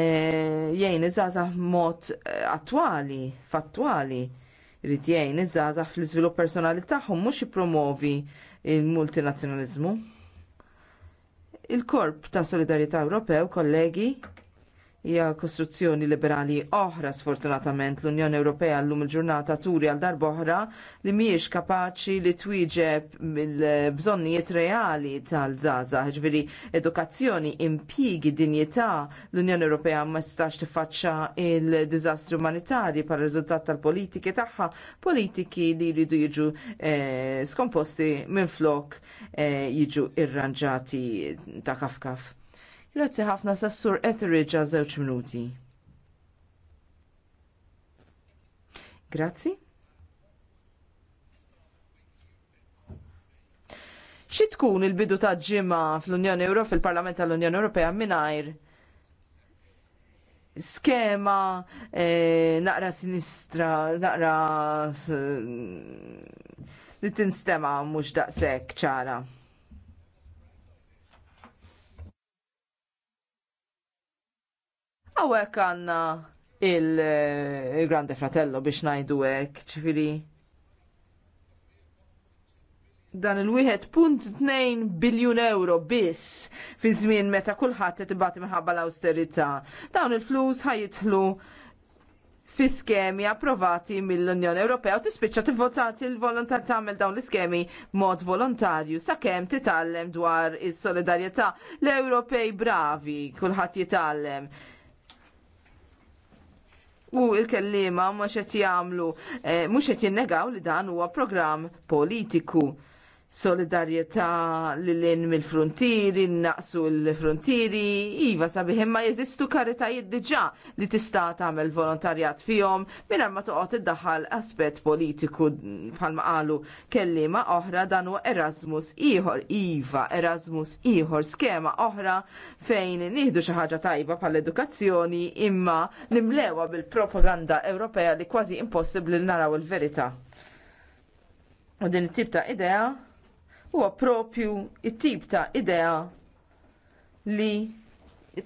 jgħin iżaza mod eh, attwali, fattwali. Rrit jgħin iżaza fl-izvilupp personali tagħhom mhux jippromovi il multinazjonalizmu Il-Korp ta' Solidarieta' Ewropew, kollegi, hija kostruzzjoni liberali oħra sfortunatament l-Unjoni Ewropea llum il-ġurnata turi għal darba oħra li mhijiex kapaċi li twieġeb il bżonnijiet reali tal żaża, ġifieri edukazzjoni, impjiegi, dinjità. L-Unjoni Ewropea ma stax tiffaċċa il-diżastri umanitarji par riżultat tal-politiki tagħha, politiki li jridu jiġu eh, skomposti minflok eh, jiġu irranġati ta' kafkaf. -kaf. Grazzi ħafna sassur Etheridge għal żewġ minuti. Grazzi. Xi tkun il-bidu ta' ġimgħa fl-Unjoni Ewropea fil-Parlament tal-Unjoni Ewropea mingħajr skema eh, naqra sinistra, naqra li tinstema mhux daqshekk ċara. Awek għanna il-Grande Fratello biex najdu għek, ċifiri. Dan il-1.2 biljun euro biss fi żmien meta kulħadd qed ibati minħabba l-austerità. Dawn il-flus ħajitħlu fi skemi approvati mill-Unjoni Ewropea u tispiċċa tivvotati l-volontar tagħmel dawn l-iskemi mod volontarju sakemm titgħallem dwar is-solidarjetà. L-Ewropej bravi kulħadd jitgħallem u il-kellima mhux qed jagħmlu eh, mhux qed jinnegaw li dan huwa program politiku solidarjetà li l-in mill-frontieri, naqsu l-frontieri, iva sabiħ imma jeżistu karitajiet diġà li tista' tagħmel volontarjat fihom minn ma toqgħod iddaħħal aspett politiku bħalma qalu kelliema oħra dan huwa Erasmus ieħor iva, Erasmus ieħor skema oħra fejn nieħdu xi ħaġa tajba bħall-edukazzjoni imma nimlewa bil-propaganda Ewropea li kważi impossibbli naraw il-verità. U din it-tip ta' idea huwa propju it-tip ta' idea li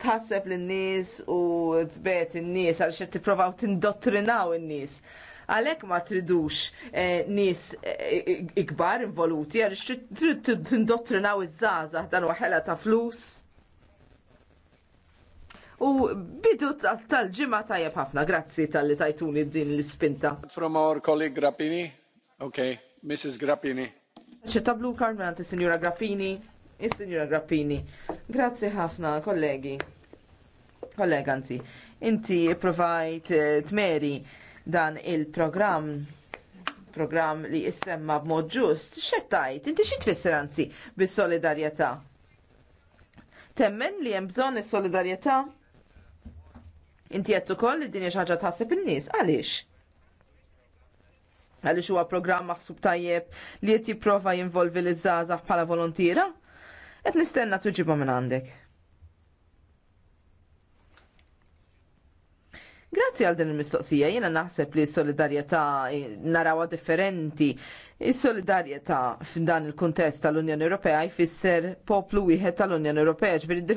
tħasseb lin-nies u tbet in-nies għal xed tippruvaw tindottrinaw in-nies. Għalhekk ma tridux eh, nies eh, ikbar involuti għal trid tindottrinaw iż-żgħażagħ dan waħela ta' flus. U bidu tal-ġimma tajjeb ħafna, grazzi tal-li tajtuni din l-spinta. From our colleague Grappini. Okay, Mrs. Grappini ċetta blu karmant il-Sinjura Grappini. Il-Sinjura Grappini. Grazzi ħafna, kollegi. Kollega, anzi, inti provajt eh, tmeri dan il-programm program li jissemma b'mod ġust, xettajt, inti xi tfisser anzi bis-solidarjetà? Temmen li hemm bżonn is-solidarjetà? Inti jettu ukoll li din xaġa xi ħaġa nis in-nies, għaliex? għaliex huwa programm maħsub tajjeb li qed jipprova jinvolvi li żgħażagħ bħala volontiera, qed nistenna tuġibu minn għandek. Grazzi għal din il-mistoqsija, jiena naħseb li s-solidarjetà differenti Is-solidarjetà f'dan il-kuntest tal-Unjoni Ewropea jfisser poplu wieħed tal-Unjoni Ewropea, ġifieri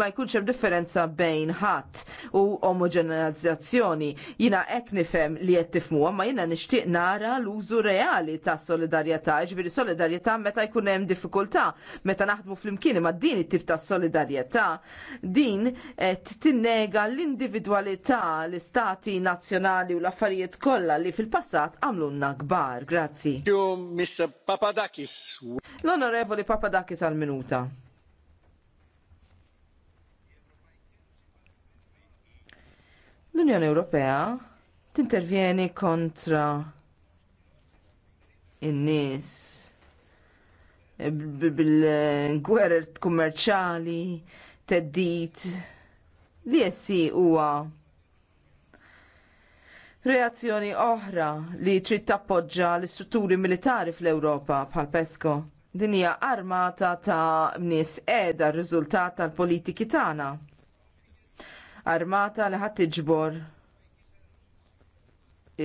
ma jkunx hemm differenza bejn ħadd u omogenizzazzjoni. Jiena hekk nifhem li qed tifhmuha, ma jiena nixtieq nara l-użu reali tas solidarjetà, ġifieri solidarjetà meta jkun hemm diffikultà, meta naħdmu flimkien ma' din it-tip ta' solidarjetà, din qed tinnega l-individwalità l-istati nazzjonali u l-affarijiet kollha li fil-passat għamlunna kbar. Grazzi. Mr. Papadakis. L-Onorevoli Papadakis għal minuta. L-Unjoni Ewropea tintervjeni kontra in-nies bil-gwerer kummerċali, teddit, li jessi huwa reazzjoni oħra li trid tappoġġa l-istrutturi militari fl-Ewropa bħal PESCO. Din hija armata ta' nies qiegħda r-riżultat tal-politiki tagħna. Armata li ħadd tiġbor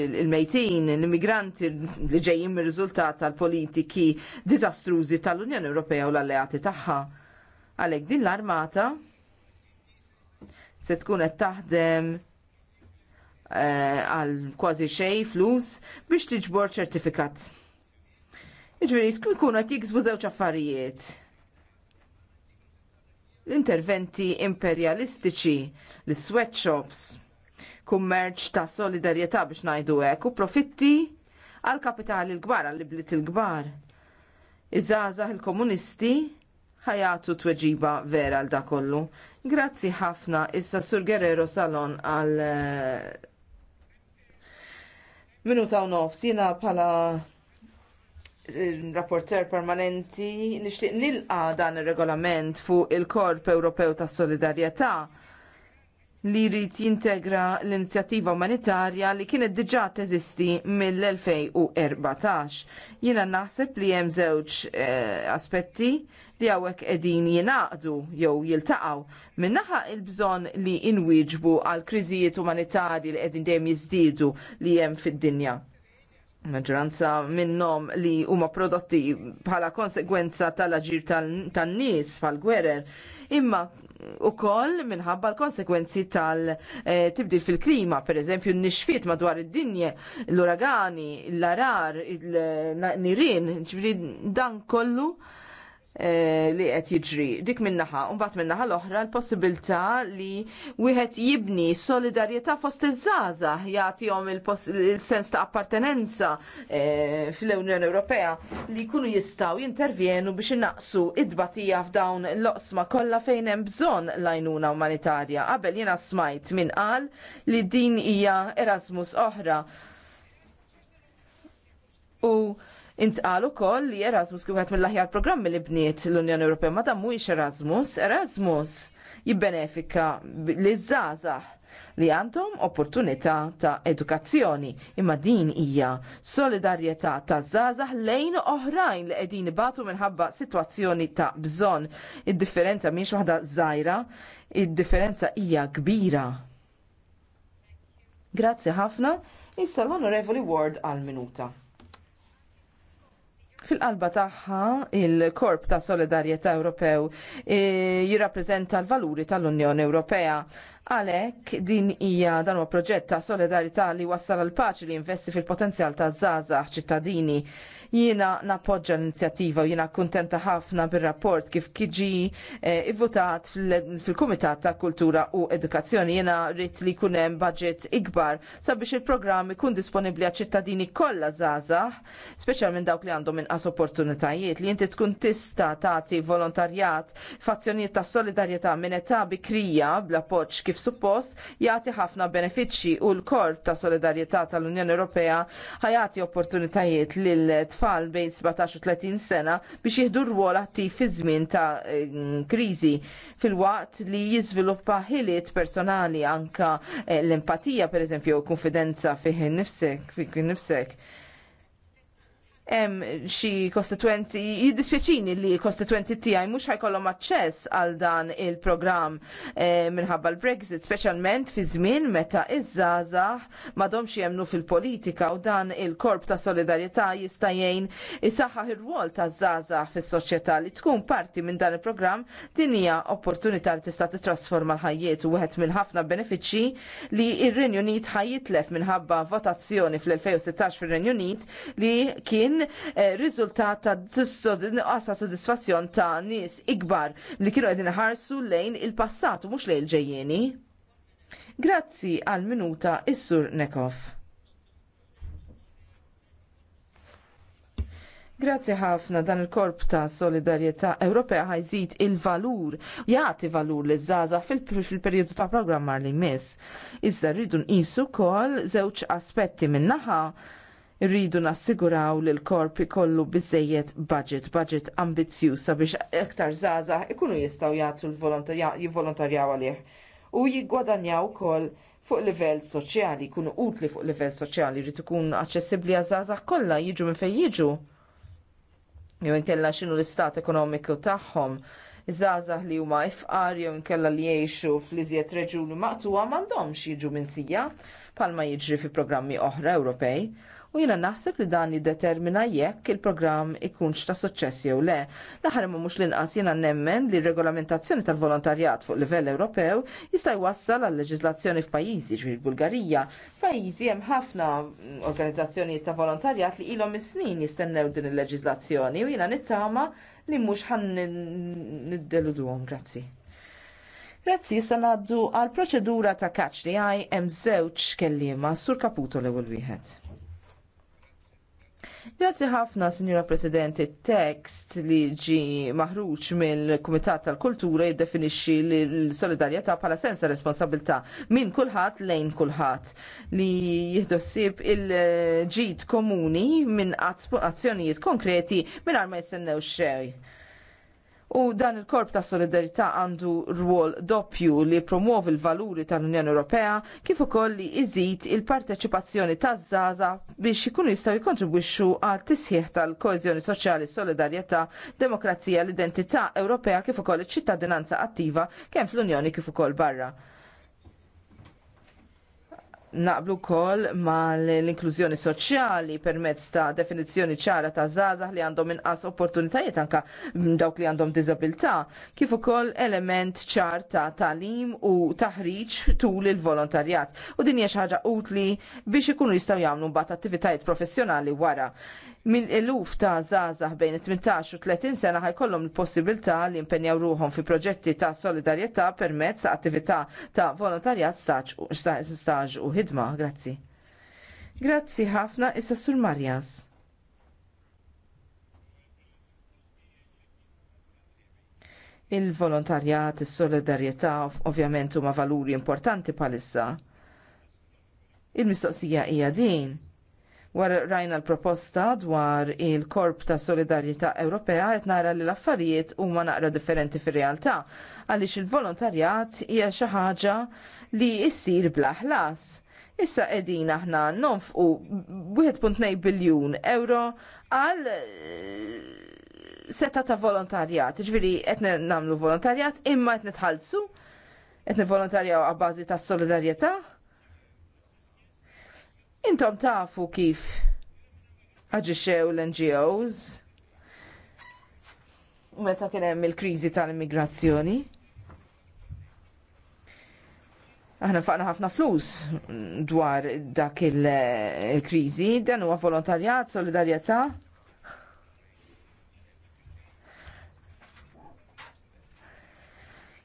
il-mejtin, l-immigranti li ġejjin mir-riżultat tal-politiki diżastrużi tal-Unjoni Ewropea u l-alleati tagħha. Għalhekk din l-armata se tkun qed taħdem Eh, għal kważi xej flus biex tiġbor ċertifikat. Iġveri, skun kun għat jikzbu zewċ affarijiet. L-interventi imperialistiċi, l-sweatshops, kummerċ ta' solidarjetà biex najdu hekk u profitti għal kapitali l-gbar, għal liblit l-gbar. iż il-komunisti ħajatu tweġiba vera għal dakollu. Grazzi ħafna issa Sur Guerrero Salon għal eh, Minuta ta' nofs, jina bħala eh, rapporter permanenti nixtieq nilqa dan ir-regolament fuq il-Korp Ewropew tas Solidarjetà li jrid jintegra l-inizjattiva umanitarja li kienet diġà teżisti mill-2014. Jiena naħseb li hemm żewġ eh, aspetti li hawnhekk qegħdin jingħaqdu jew jiltaqgħu. Min-naħa l bżonn li inwieġbu għal kriżijiet umanitarji li qegħdin dejjem jiżdiedu li hemm fid-dinja maġranza minnom li huma prodotti bħala konsegwenza tal-aġir tan-nies tal-gwerer imma koll minħabba l-konsekwenzi tal-tibdil fil-klima, per eżempju n-nixfiet madwar id-dinja, l-uragani, l-arar, il-nirin, dan kollu Eh, li qed jiġri. Dik minnaħa, mbagħad minnaħa l-oħra l-possibilità li wieħed jibni solidarjetà fost iż-żgħażagħ jagħtihom il-sens ta' appartenenza eh, fl-Unjoni Ewropea li jkunu jistgħu jintervjenu biex innaqsu id-batija f'dawn l-oqsma kollha fejn hemm bżonn l-għajnuna umanitarja. Qabel jiena smajt min qal li din hija Erasmus oħra. U Intqal ukoll li Erasmus kif mill-aħjar programmi li bniet l-Unjoni Ewropea ma dan mhuwiex Erasmus, Erasmus jibbenefika li żgħażagħ li għandhom opportunità ta' edukazzjoni. Imma din hija solidarjetà ta' żgħażagħ lejn oħrajn li qegħdin ibatu minħabba sitwazzjoni ta' bżonn. Id-differenza mhix waħda żgħira, id-differenza hija kbira. Grazzi ħafna. Issa l-Onorevoli Ward għal minuta. Fil-qalba tagħha il-Korp ta' Solidarieta Ewropew e, jirrappreżenta l-valuri tal-Unjoni Ewropea. Għalhekk din hija dan huwa proġett ta' solidarità li wassal għal paċi li jinvesti fil-potenzjal ta' żgħażagħ ċittadini. Jiena napoġġa l-inizjattiva u jiena kontenta ħafna bir-rapport kif kiġi eh, fil-Kumitat ta' Kultura u Edukazzjoni. Jiena rrit li jkun hemm budget ikbar sabiex il-programm ikun disponibbli għal ċittadini kollha zaza, speċjalment dawk li għandhom inqas opportunitajiet li inti tkun tista' tagħti volontarjat f'azzjonijiet ta' solidarjetà minn età bikrija bl-appoġġ kif suppost jagħti ħafna benefiċċji u l-korp ta' solidarjetà tal-Unjoni Ewropea ħajati opportunitajiet lil tfal tfal bejn 17 u 30 sena biex jieħdu rwol attiv fi żmien ta' mm, kriżi fil-waqt li jiżviluppa ħiliet personali anka eh, l-empatija pereżempju u konfidenza fih nifsek, fih nifsek hemm xi kostituenzi jiddispjaċini li kostituenzi tiegħi mhux ħajkollhom aċċess għal dan il-programm eh, minħabba l-Brexit, speċjalment fi żmien meta iż-żgħażagħ m'għadhomx jemnu fil-politika u dan il-korp ta' solidarjetà jista' jgħin isaħħaħ ir-rwol taż-żgħażagħ fis-soċjetà li tkun parti minn dan il-programm din hija opportunità li tista' titrasforma l-ħajjiet u wieħed minn ħafna benefiċċji li r-Renju Unit ħajjitlef minħabba votazzjoni fl-2016 fir-Renju Unit li kien kien eh, riżultat ta' għasta sodisfazzjon ta' nies ikbar li kienu qegħdin ħarsu lejn il-passat mux mhux lejn ġejjeni. Grazzi għal minuta is-Sur Nekov. Grazzi ħafna dan il-korp ta' solidarjetà Ewropea ħajżid il-valur, jagħti valur li zaza fil-perjodu ta' programmar li jmiss. Iżda rridu nqisu wkoll żewġ aspetti min-naħa Irridu nassiguraw li l-korp ikollu biżżejjed budget, budget ambizzju sabiex iktar żgħażagħ ikunu jistgħu jagħtu jivvolontarjaw għalih u jiggwadanjaw ukoll fuq livell soċjali, jkunu utli fuq livell soċjali, jrid ikun aċċessibbli għażagħ kollha jiġu minn fejn jiġu. Jew inkella x'inhu l-istat ekonomiku tagħhom żgħażagħ li huma ifqar jew inkella li jgħixu fl-iżjed reġuni maqtuha m'għandhomx jiġu minn sija bħalma jiġri fi programmi oħra Ewropej u jiena naħseb li dan jiddetermina jekk il-programm ikunx ta' suċċess jew le. L-aħħar ma mhux l-inqas jiena nemmen li r-regolamentazzjoni tal-volontarjat fuq livell Ewropew jista' jwassal għal leġiżlazzjoni f'pajjiżi ġwir Bulgarija. Pajjiżi hemm ħafna mm, organizzazzjonijiet ta' volontarjat li ilhom is-snin jistennew din il leġislazzjoni u jiena nittama li mhux ħan niddeludhom. Grazzi. Grazzi, sa naddu għal proċedura ta' kaċ li għaj hemm żewġ kelliema sur kaputo l ewwel wieħed. Grazzi ħafna, Sinjora President, il-tekst li ġi maħruċ mill-Kumitat tal-Kultura jiddefinixxi l-solidarjetà bħala sens ta' responsabilità minn kulħadd lejn kulħadd li jihdossib il-ġid komuni minn azzjonijiet konkreti minn ma jsennew xej. U dan il-korp ta' solidarità għandu rwol doppju li promuovi l-valuri tal-Unjoni Ewropea kif ukoll li iżid il-parteċipazzjoni taż Zaza biex ikunu jistgħu jikkontribwixxu għat tisħiħ tal-koeżjoni soċjali, solidarjetà, demokrazija, l-identità Ewropea kif ukoll iċ-ċittadinanza attiva kemm fl-Unjoni kif ukoll barra. Naqblu kol ma l-inklużjoni soċjali permezz ta' definizjoni ċara ta' zazah li għandhom inqas opportunitajiet anka dawk li għandhom disabilità, kif ukoll element ċar ta' talim u taħriġ tul il-volontarjat. U din hija xi ħaġa utli biex ikunu jistgħu jagħmlu mbagħad attivitajiet professjonali wara minn eluf ta' zazah bejn 18 u 30 sena ħajkollhom il-possibilità li impenjaw ruhom fi proġetti ta' solidarjetà permezz ta' attività ta' volontarjat staġ u ħidma. Grazzi. Grazzi ħafna issa sur Marjas. Il-volontarjat, is-solidarjetà ovvjament huma valuri importanti bħalissa. Il-mistoqsija hija din Wara rajna l-proposta dwar il-Korp ta' Solidarjetà Ewropea qed nara li l-affarijiet huma naqra differenti fir-realtà għaliex il-volontarjat hija xi ħaġa li jsir bla ħlas. Issa qegħdin aħna nonfqu 1.2 biljun euro għal eh, seta ta' volontarjat, ġviri qed nagħmlu volontarjat imma qed nitħallsu qed nivolontarjaw bażi ta' solidarjetà Intom tafu kif aġixxew l-NGOs meta kien hemm il-kriżi tal-immigrazzjoni. Aħna faqna ħafna flus dwar dak il-kriżi, dan huwa volontarjat, solidarjetà.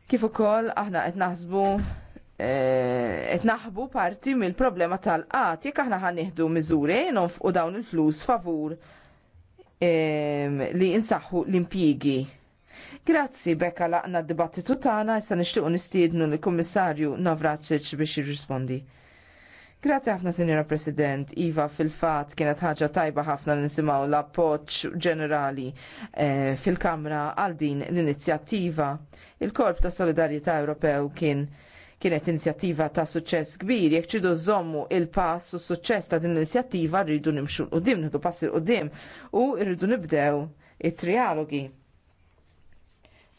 Kif ukoll aħna qed naħsbu qed eh, naħbu parti mill-problema tal-qat jekk aħna ħanieħdu miżuri u dawn il-flus favur li insaħħu l-impjigi. Grazzi bekka laqna d-dibattitu tagħna issa nixtiequ nistiednu l kummissarju Navracic biex jirrispondi. Grazzi ħafna Sinjora President, Iva fil-fat kienet ħaġa tajba ħafna li nisimgħu l-appoġġ ġenerali eh, fil-Kamra għal din l-inizjattiva. Il-Korp ta' Solidarjetà Ewropew kien Kienet inizjattiva ta' suċċess kbir, jekk ċidu żommu il-pass u suċċess ta' din l-inizjattiva rridu nimxu l qoddim nħidu pass il-qudiem u rridu nibdew it-trialogi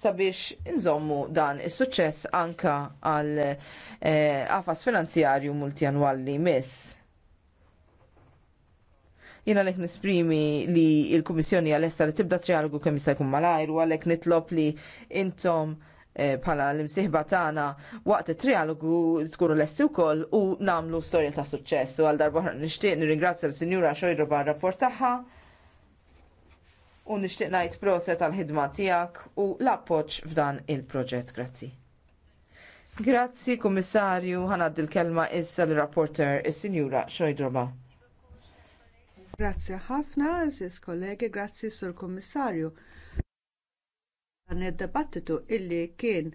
sabiex nżommu dan is suċċess anka għal għafas eh, finanzjarju multianwalli miss jina lek nisprimi li il-Kummissjoni għal estar li tibda trialogu kemm jista' jkun malajr u għalhekk nitlob li intom Eh, pala l-imsieħba tagħna waqt it-trialogu tkunu lesti wkoll u nagħmlu storja ta' suċċess. U għal darba nixtieq nirringrazzja l-Sinjura Xojdro bar rapport tagħha u nixtieq ngħid proset tal-ħidma tiegħek u l-appoġġ f'dan il-proġett. Grazzi. Grazzi, Kummissarju, ħanaddi l-kelma issa l-rapporter, is-Sinjura Xojdroba. Grazzi ħafna, ziz kollegi, grazzi sur Kummissarju dan id debattitu illi kien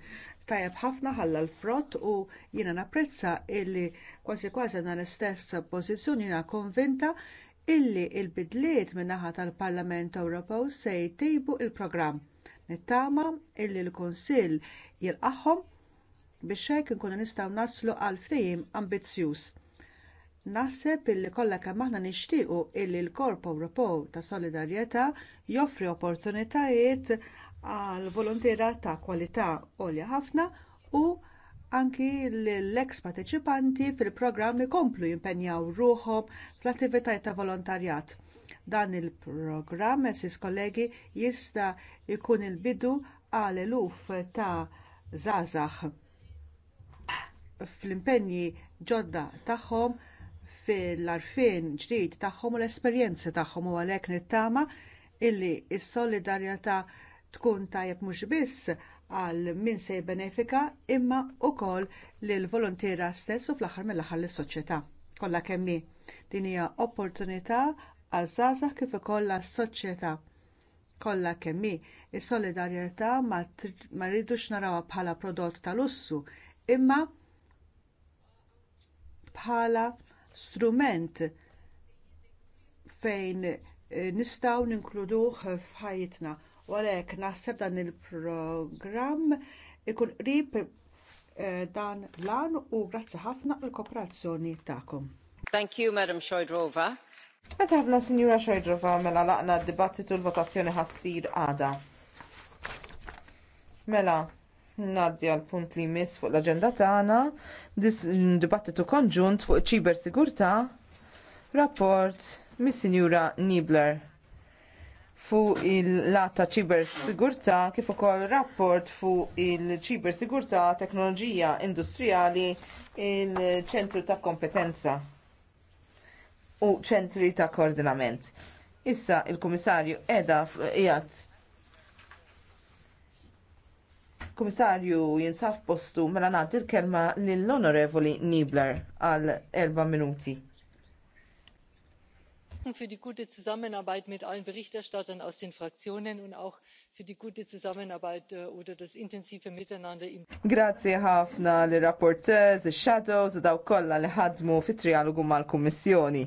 tajjeb ħafna ħalla l-frott u jiena napprezza illi kważi kważi għandna l-istess pożizzjoni jiena konvinta illi l il bidliet min-naħa tal-Parlament Ewropew se jtejbu l programm Nittama illi l-Kunsill jilqaħħom biex hekk inkunu nistgħu naslu għal ftehim ambizzjuż. Naħseb illi kollha kemm aħna nixtiequ illi l-Korp Ewropew ta' Solidarjetà joffri opportunitajiet għal volontiera ta' kwalità għolja ħafna u anki l-eks parteċipanti fil-programm ikomplu jimpenjaw ruħhom fl-attivitajiet ta' volontarjat. Dan il-programm, essis kollegi, jista' jkun il-bidu għal eluf ta' zazax fl-impenji ġodda tagħhom fil għarfien ġdid tagħhom u l-esperjenzi tagħhom u għalhekk nittama illi s-solidarjetà il tkun tajjeb mhux biss għal min se jibbenefika imma wkoll lill volontira stess u fl-aħħar mill-aħħar lis-soċjetà. Kollha kemm din hija opportunità għal żgħażagħ kif ukoll għas-soċjetà kollha kemm hi. Is-solidarjetà ma rridux narawha bħala prodott ta' lussu, imma bħala strument fejn eh, nistgħu ninkluduh f'ħajjitna U għalhekk naħseb dan il-programm ikun qrib eh, dan lan u grazzi ħafna l kooperazzjoni tagħkom. Thank you, Madam Shoidrova. Meta ħafna Sinjura Shoidrova mela laqna d-dibattitu l-votazzjoni ħassir għada. Mela, Nadja l punt li jmiss fuq l-agenda tagħna dibattitu konġunt fuq iċ-Ċiber sigurta, rapport mis-Sinjura Nibler fuq il-lata ċibersigurtà kif ukoll rapport fuq il-ċibersigurtà teknoloġija industrijali il-ċentru ta' kompetenza u ċentri ta' koordinament. Issa il-Kummissarju Eda jgħat Kummissarju jinsaf postu mela nagħti l-kelma lill-Onorevoli Nibler għal erba' minuti danken für die gute zusammenarbeit mit allen berichterstattern aus den fraktionen und auch für die gute zusammenarbeit äh, oder das intensive Miteinander. Im Grazie ħafna li rapportez, shadows daw kollha li ħadmu fit-trialogu mal-Kummissjoni.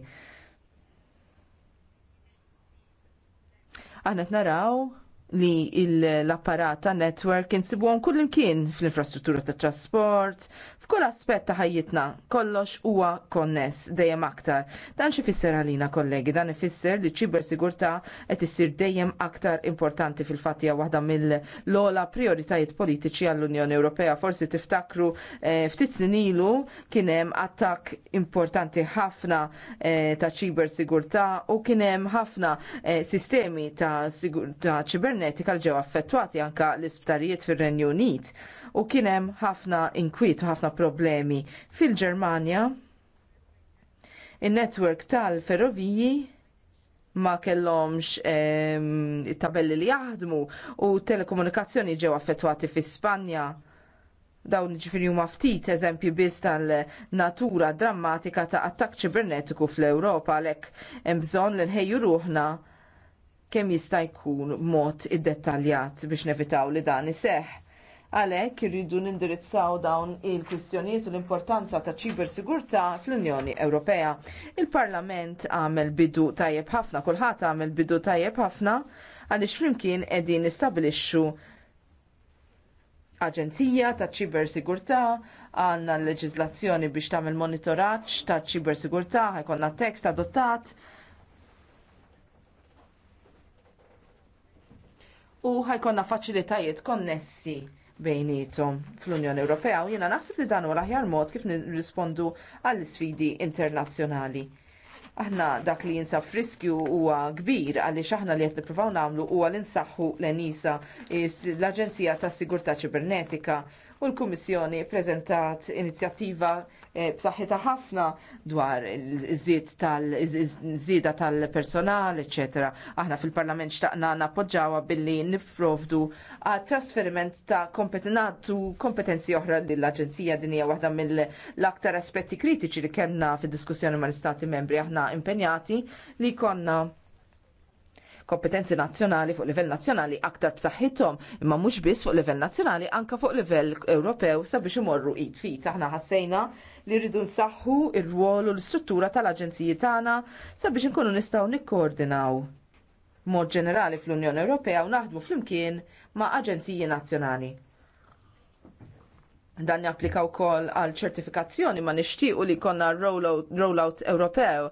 Aħna naraw li l-apparat ta' network insibuhom kullimkien fl-infrastruttura tat trasport, f'kull aspett ta' ħajjitna, kollox huwa konness dejjem aktar. Dan xi fisser għalina kollegi, dan ifisser li ċiber sigurtà qed issir dejjem aktar importanti fil-fatt hija waħda mill-ola prioritajiet politiċi għall-Unjoni Ewropea. Forsi tiftakru eh, ftit snin ilu kien hemm attakk importanti ħafna eh, ta' ċiber sigurtà u kien hemm ħafna eh, sistemi ta' ċiber l li ġew affettwati anke l-isptarijiet fir-Renju Unit u kien hemm ħafna inkwiet u ħafna problemi fil-Ġermanja. In-netwerk tal-ferroviji ma kellhomx ehm, it tabelli li jaħdmu u telekomunikazzjoni ġew affettwati fi Spanja dawn ġifiri huma ftit eżempju biss tal-natura drammatika ta' attakk ċibernetiku fl-Ewropa għalhekk hemm bżonn li nħejju ruħna kemm jista' jkun mod iddettaljat biex nevitaw li dan iseħħ. Għalhekk irridu nindirizzaw dawn il-kwistjonijiet u l-importanza ta' ċibersigurtà fl-Unjoni Ewropea. Il-Parlament għamel bidu tajjeb ħafna, kulħadd għamel bidu tajjeb ħafna għaliex flimkien qegħdin nistabilixxu Aġenzija ta' sigurtà għandna l-leġiżlazzjoni biex tagħmel monitoraġġ ta' ċibersigurtà ħajkonna tekst adottat u ħajkonna faċilitajiet konnessi bejnietom fl-Unjoni Ewropea u jiena naħseb li dan huwa l-aħjar mod kif nirrispondu għall isfidi internazzjonali. Aħna dak li jinsab friskju huwa kbir għaliex aħna li qed nippruvaw nagħmlu huwa l-insaħħu l-enisa l-Aġenzija tas-Sigurtà Ċibernetika u l-Kummissjoni prezentat inizjattiva eh, b'saħħitha ħafna dwar iż-żied tal-żieda tal-personal, etc. Aħna fil-Parlament xtaqna nappoġġawha billi nipprovdu għat trasferiment ta' kompetenatu kompetenzi oħra lill aġenzija din hija waħda mill-aktar aspetti kritiċi li kellna fid-diskussjoni mal-Istati membri aħna impenjati li konna kompetenzi nazzjonali fuq livell nazzjonali aktar b'saħħithom, imma mhux biss fuq livell nazzjonali, anka fuq livell Ewropew sabiex imorru id fit. Aħna ħassejna li rridu nsaħħu ir-rwol u l istruttura tal-aġenziji tagħna sabiex inkunu nistgħu nikkoordinaw mod ġenerali fl-Unjoni Ewropea u naħdmu flimkien ma' aġenziji nazzjonali. Dan japplika wkoll għal ċertifikazzjoni ma' nixtiequ li jkollna rollout roll Ewropew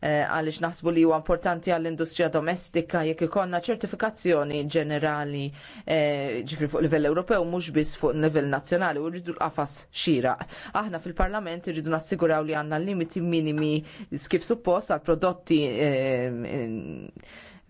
Eh, għaliex naħsbu li huwa importanti għall-industrija domestika jekk ikollna ċertifikazzjoni ġenerali eh, ġifri fuq livell Ewropew mhux biss fuq livell nazzjonali u rridu l-qafas xieraq. Aħna fil-Parlament irridu nassiguraw li għandna limiti minimi kif suppost għal prodotti eh,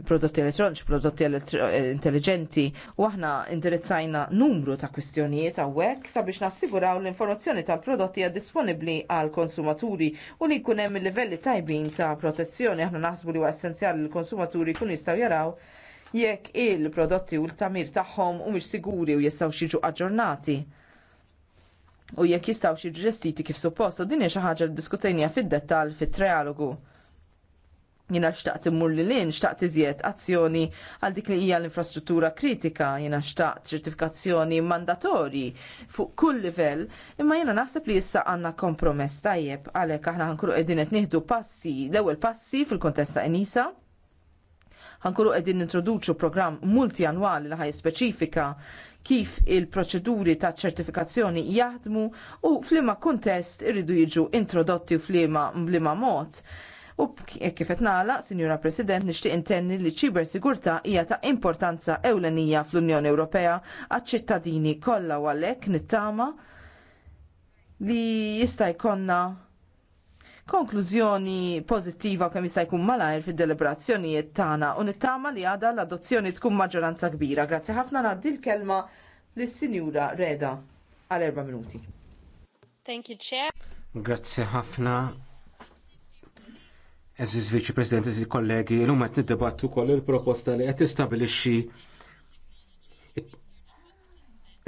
prodotti elettroniċi, prodotti eh, intelligenti, u aħna indirizzajna numru ta' kwistjonijiet hawnhekk sabiex nassiguraw l-informazzjoni tal-prodotti hija disponibbli għal konsumaturi u li jkun hemm livelli tajbin ta' protezzjoni aħna naħsbu li huwa essenzjali l-konsumaturi kun jistgħu jaraw jekk il-prodotti u l-tamir tagħhom mhumiex siguri u jistgħu jiġu aġġornati u jekk jistgħu jiġu ġestiti kif suppost u din hija xi ħaġa li diskutejnija fid-dettall fit-trialogu jina xtaqt immur li lin, xtaqt iżjed azzjoni għal dik li hija l-infrastruttura kritika, jina xtaqt ċertifikazzjoni mandatori fuq kull livell, imma jina naħseb li issa għanna kompromess tajjeb għalek aħna ħankunu qegħdin qed nieħdu passi, l-ewwel passi fil-kontesta Enisa, ħankunu qegħdin nintroduċu programm multianwali li ħaj speċifika kif il-proċeduri ta' ċertifikazzjoni jaħdmu u flima kuntest irridu jiġu introdotti u flima, mod U e kif qed nagħlaq, Sinjura President, nixtieq intenni li ċiber sigurtà hija ta' importanza ewlenija fl-Unjoni Ewropea għaċ-ċittadini kollha u għalhekk nittama li jista' jkollna konklużjoni pożittiva kemm jista' jkun malajr fid-deliberazzjonijiet tagħna u nittama li għadha l-adozzjoni tkun maġġoranza kbira. Grazzi ħafna ngħaddi l-kelma lis-Sinjura Reda għal erba' minuti. Thank you, Chair. Grazzi ħafna, Eżiz Viċi President, eżiz kollegi, l-lum għet nid-debattu koll il-proposta li għet istabilixi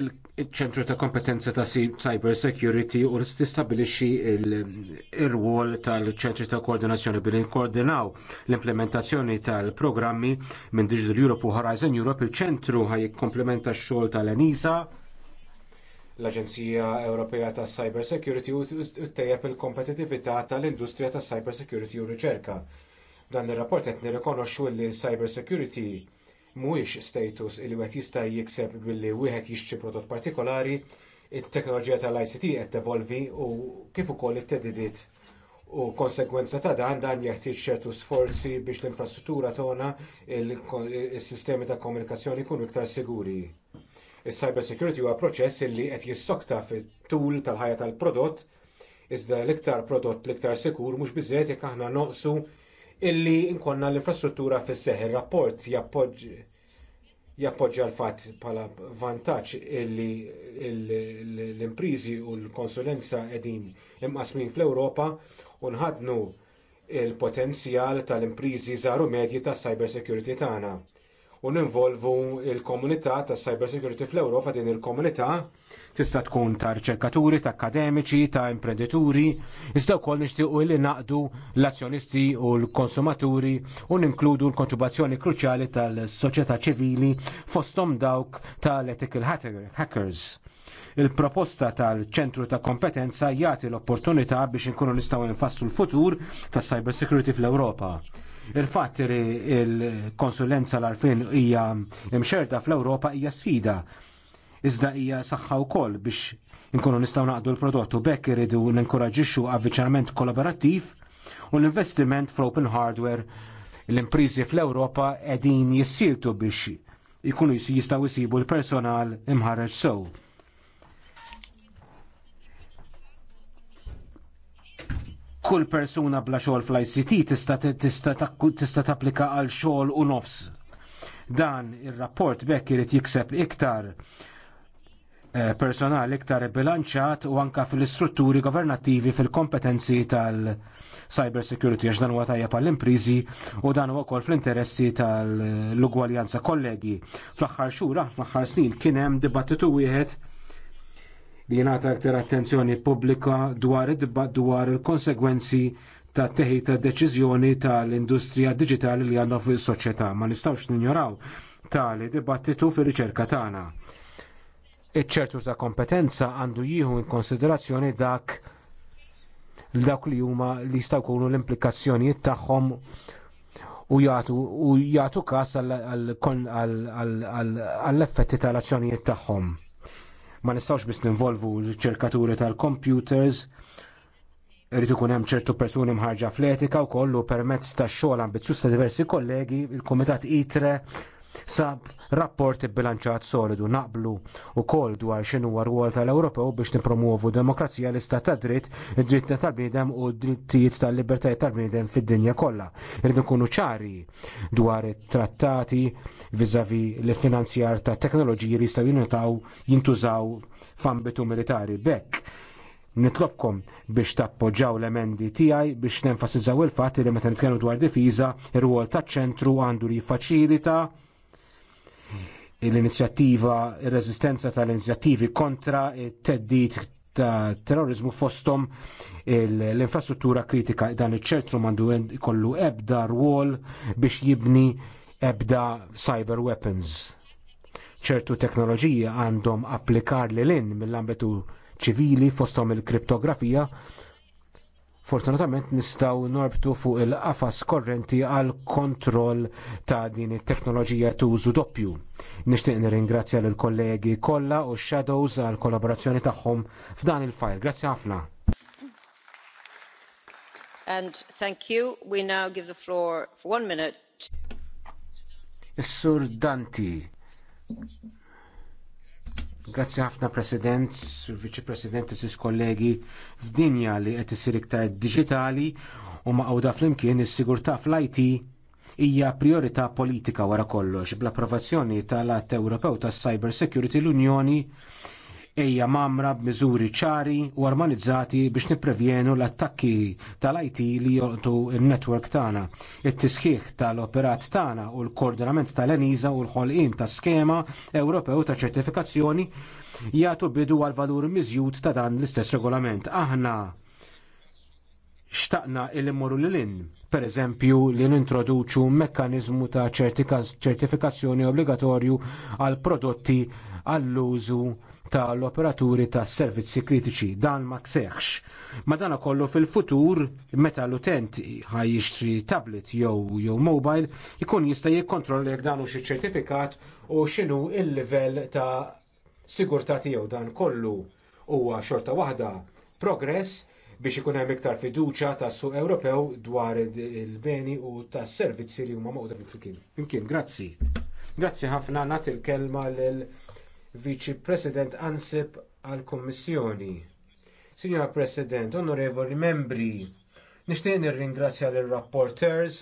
il-ċentru ta' kompetenza ta' cyber security u l-istabilixi il-rwol tal-ċentru ta' koordinazzjoni bil koordinaw l-implementazzjoni tal-programmi minn Digital Europe u Horizon Europe, il-ċentru ħaj komplementa x-xogħol tal-ENISA, L-Aġenzija Ewropea tas Cyber Security tejjeb il-kompetitività tal-industrija tas Cyber Security u riċerka. Dan ir-rapport qed nirrikonoxxu li cyber security mhuwiex status li wieħed jista' jikseb billi wieħed jixtri prodott partikolari, it-teknoloġija tal-ICT qed tevolvi u kif ukoll it-tedidiet u konsegwenza ta' dan dan jeħtieġ ċertu sforzi biex l-infrastruttura tagħna s sistemi ta' komunikazzjoni jkunu iktar siguri. Is-cyber security huwa proċess li qed jissokta fit-tul tal-ħajja tal-prodott iżda l-iktar prodott l-iktar sikur mhux biżżejjed jekk aħna noqsu illi nkollna l-infrastruttura fis seħħ ir-rapport jappoġġja l-fatt bħala vantaġġ illi l-impriżi u l-konsulenza qegħdin imqasmin fl-Ewropa u nħadnu l potenzjal tal-impriżi u medji tas-cyber security tagħna u ninvolvu l komunità ta' cyber security fl-Ewropa din il-komunità tista' tkun ta' riċerkaturi, ta' akademiċi, ta' imprenditori, iżda wkoll nixtiequ li naqdu l-azzjonisti u l-konsumaturi u ninkludu l-kontribuzzjoni kruċjali tal-soċjetà ċivili fosthom dawk tal-ethical hackers il-proposta tal-ċentru ta' kompetenza jagħti l-opportunità biex inkunu nistgħu nfassu l-futur tas cyber security fl-Ewropa. Il-fatt li il-konsulenza l-arfin hija mxerta fl-Ewropa hija sfida. Iżda hija saħħa wkoll biex inkunu nistgħu naqdu l-prodott u bekk iridu ninkoraġixxu avviċinament kollaborattiv u l-investiment fl-open hardware l-imprizi fl-Ewropa qegħdin jissirtu biex ikunu jistgħu jsibu l-personal imħarreġ sew. kull persuna bla xogħol fl-ICT tista' tapplika għal xogħol u nofs. Dan ir-rapport bekk irid jikseb iktar eh, personal iktar bilanċat u anka fil-istrutturi governattivi fil-kompetenzi tal-cyber security għax dan huwa tajja għall impriżi u dan huwa wkoll fl-interessi tal-ugwaljanza kollegi. Fl-aħħar xhur, fl-aħħar snin kien hemm dibattitu wieħed li ngħata aktar attenzjoni pubblika dwar id-dibatt dwar il-konsegwenzi ta' teħi ta' deċiżjoni tal-industrija diġitali li għandna fis-soċjetà ma nistgħux ninjoraw tali dibattitu fir-riċerka tagħna. Iċ-ċertu ta' kompetenza għandu jieħu in konsiderazzjoni dak l-dawk li huma li jistgħu jkunu l-implikazzjonijiet tagħhom u u jagħtu każ għall-effetti tal-azzjonijiet tagħhom. Ma nistgħux biss ninvolvu ċerkaturi tal-computers, irrid ikun hemm ċertu persuni mħarġa fletika u wkoll u permezz tax-xogħol ambizzjuż ta' diversi kollegi, il-Kumitat ITRE sab rapport bilanċat solidu naqblu u kol dwar xinu għar tal-Ewropew biex nipromuovu demokrazija l-istat ta' dritt, id-dritt tal-bniedem u drittijiet tal-libertajiet tal-bniedem fid-dinja kollha. Irridu nkunu ċari dwar it-trattati vizavi l-finanzjar ta' teknoloġiji li jistgħu jinutaw jintużaw f'ambitu militari. Bekk, nitlobkom biex tappoġġaw l-emendi tiegħi biex nenfasizzaw il-fatt li meta nitkellmu dwar difiża, ir-rwol taċ-ċentru għandu li jiffaċilita l-inizjattiva, il-rezistenza tal-inizjattivi kontra it-teddit ta' terrorizmu fostom l-infrastruttura kritika dan iċ-ċentru mandu kollu ebda rwol biex jibni ebda cyber weapons. ċertu teknoloġija għandhom applikar li l-in mill-ambitu ċivili fostom il-kriptografija Fortunatament nistgħu norbtu fuq il-qafas korrenti għal kontroll ta' din it-teknoloġija tużu doppju. Nixtieq nirringrazzja lill kollegi kollha u shadows għal kollaborazzjoni tagħhom f'dan il-fajl. Grazzi ħafna. And thank you. We now give the floor for one minute. sur Danti. Grazzi ħafna President, Viċi President, sis kollegi, f'dinja li qed isir iktar diġitali u maqgħuda flimkien is-sigurtà fl-IT hija priorità politika wara kollox bl-approvazzjoni tal-Att Ewropew tas-Cyber Security l-Unjoni ejja mamra b'miżuri ċari u armonizzati biex nipprevjenu l-attakki tal-IT li joltu il-network tagħna. It-tisħiħ tal-operat tagħna u l-koordinament tal-Eniza u l-ħolqien ta' skema Ewropew ta' ċertifikazzjoni jagħtu bidu għal valur miżjud ta' dan l-istess regolament. Aħna xtaqna il morru l in per eżempju li nintroduċu mekkanizmu ta' ċertifikazzjoni obbligatorju għal prodotti għall-użu tal-operaturi tas servizzi kritiċi. Dan ma tseħħx. Ma dan kollu fil-futur meta l-utent ħaj jixtri tablet jew jew mobile ikun jista' jikkontrolli jekk dan xi ċertifikat u x'inhu il-livell ta' sigurtà tiegħu dan kollu huwa xorta waħda progress biex ikun hemm iktar fiduċja tas-suq Ewropew dwar il-beni u tas-servizzi li huma maqda fil-kien. Flimkien, grazzi. Grazzi ħafna nagħti il-kelma lil Viċi President Ansip għall-Kummissjoni. Signor President, onorevoli membri, nixtieq nirringrazzja lir rapporteurs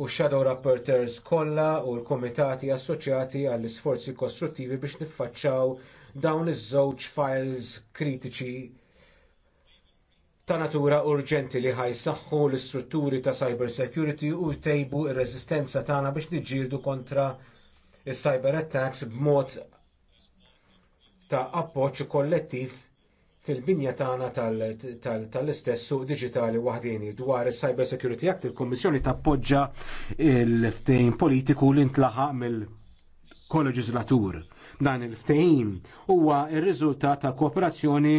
u shadow rapporteurs kollha u l-komitati assoċjati għall isforzi kostruttivi biex niffaċċjaw dawn iż-żewġ files kritiċi ta' natura urġenti li ħajsaħħu l-istrutturi ta' cybersecurity u jtejbu r reżistenza tagħna biex niġġieldu kontra is cyber attacks b'mod ta' appoġġ kollettiv fil-binja tagħna tal-istess suq diġitali waħdini dwar is-Cyber Security Act il-Kummissjoni tappoġġa l ftehim politiku li ntlaħaq mill koleġislatur Dan il-ftehim huwa r-riżultat tal kooperazzjoni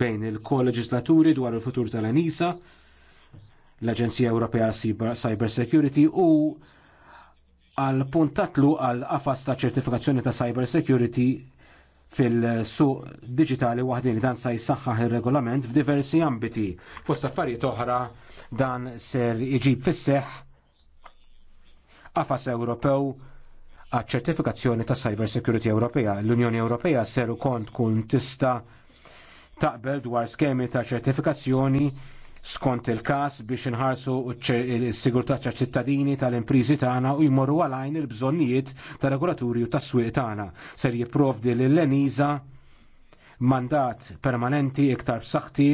bejn il-koleġislaturi dwar il-futur tal-Anisa, l-Aġenzija Ewropea Cyber Security u għal puntatlu għal qafas ta' ċertifikazzjoni ta' cyber security fil-suq digitali waħdin dan se jissaħħaħ ir-regolament f'diversi ambiti. Fost affarijiet oħra dan ser iġib fis-seħħ qafas Ewropew għaċ ċertifikazzjoni ta' cyber security Ewropea. L-Unjoni Ewropea ser ukoll tkun tista' taqbel dwar skemi ta' ċertifikazzjoni skont il-kas biex inħarsu s-sigurtà ta' ċittadini tal-imprizi tagħna u jmorru għalajn il-bżonnijiet ta' regolaturi u tas-swieq tagħna. Ser jipprovdi lill-Eniża mandat permanenti iktar b'saħħti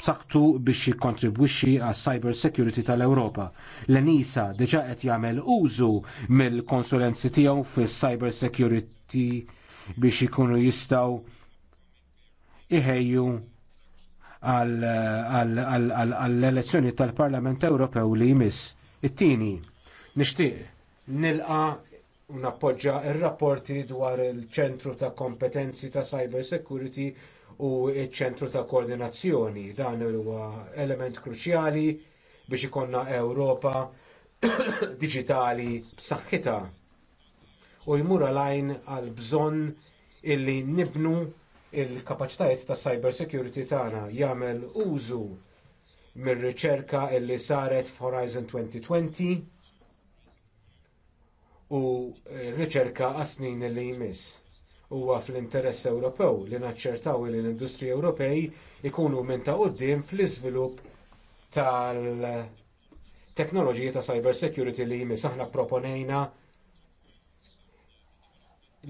b'saħħtu biex jikkontribwixxi għas cyber security tal-Ewropa. L-Enisa diġà qed jagħmel użu mill-konsulenzi tiegħu fis cyber security biex ikunu jistgħu iħejju għall-elezzjoni tal-Parlament Ewropew li jmiss. It-tieni, nixtieq nilqa u nappoġġa r-rapporti dwar il-ċentru ta' kompetenzi ta' cyber security u il ċentru ta' koordinazzjoni. Dan huwa element kruċjali biex ikonna Ewropa digitali b'saħħitha u jmur l-għajn għal bżonn illi nibnu il-kapaċitajiet ta' cyber security tagħna jagħmel użu mir-riċerka li saret f'Horizon 2020 u r-riċerka għas-snin li jmiss. Huwa fl-interess Ewropew li naċċertaw li l-industri Ewropej ikunu minn ta' quddiem fl-iżvilupp tal-teknoloġiji ta' cyber security li jmiss aħna pproponejna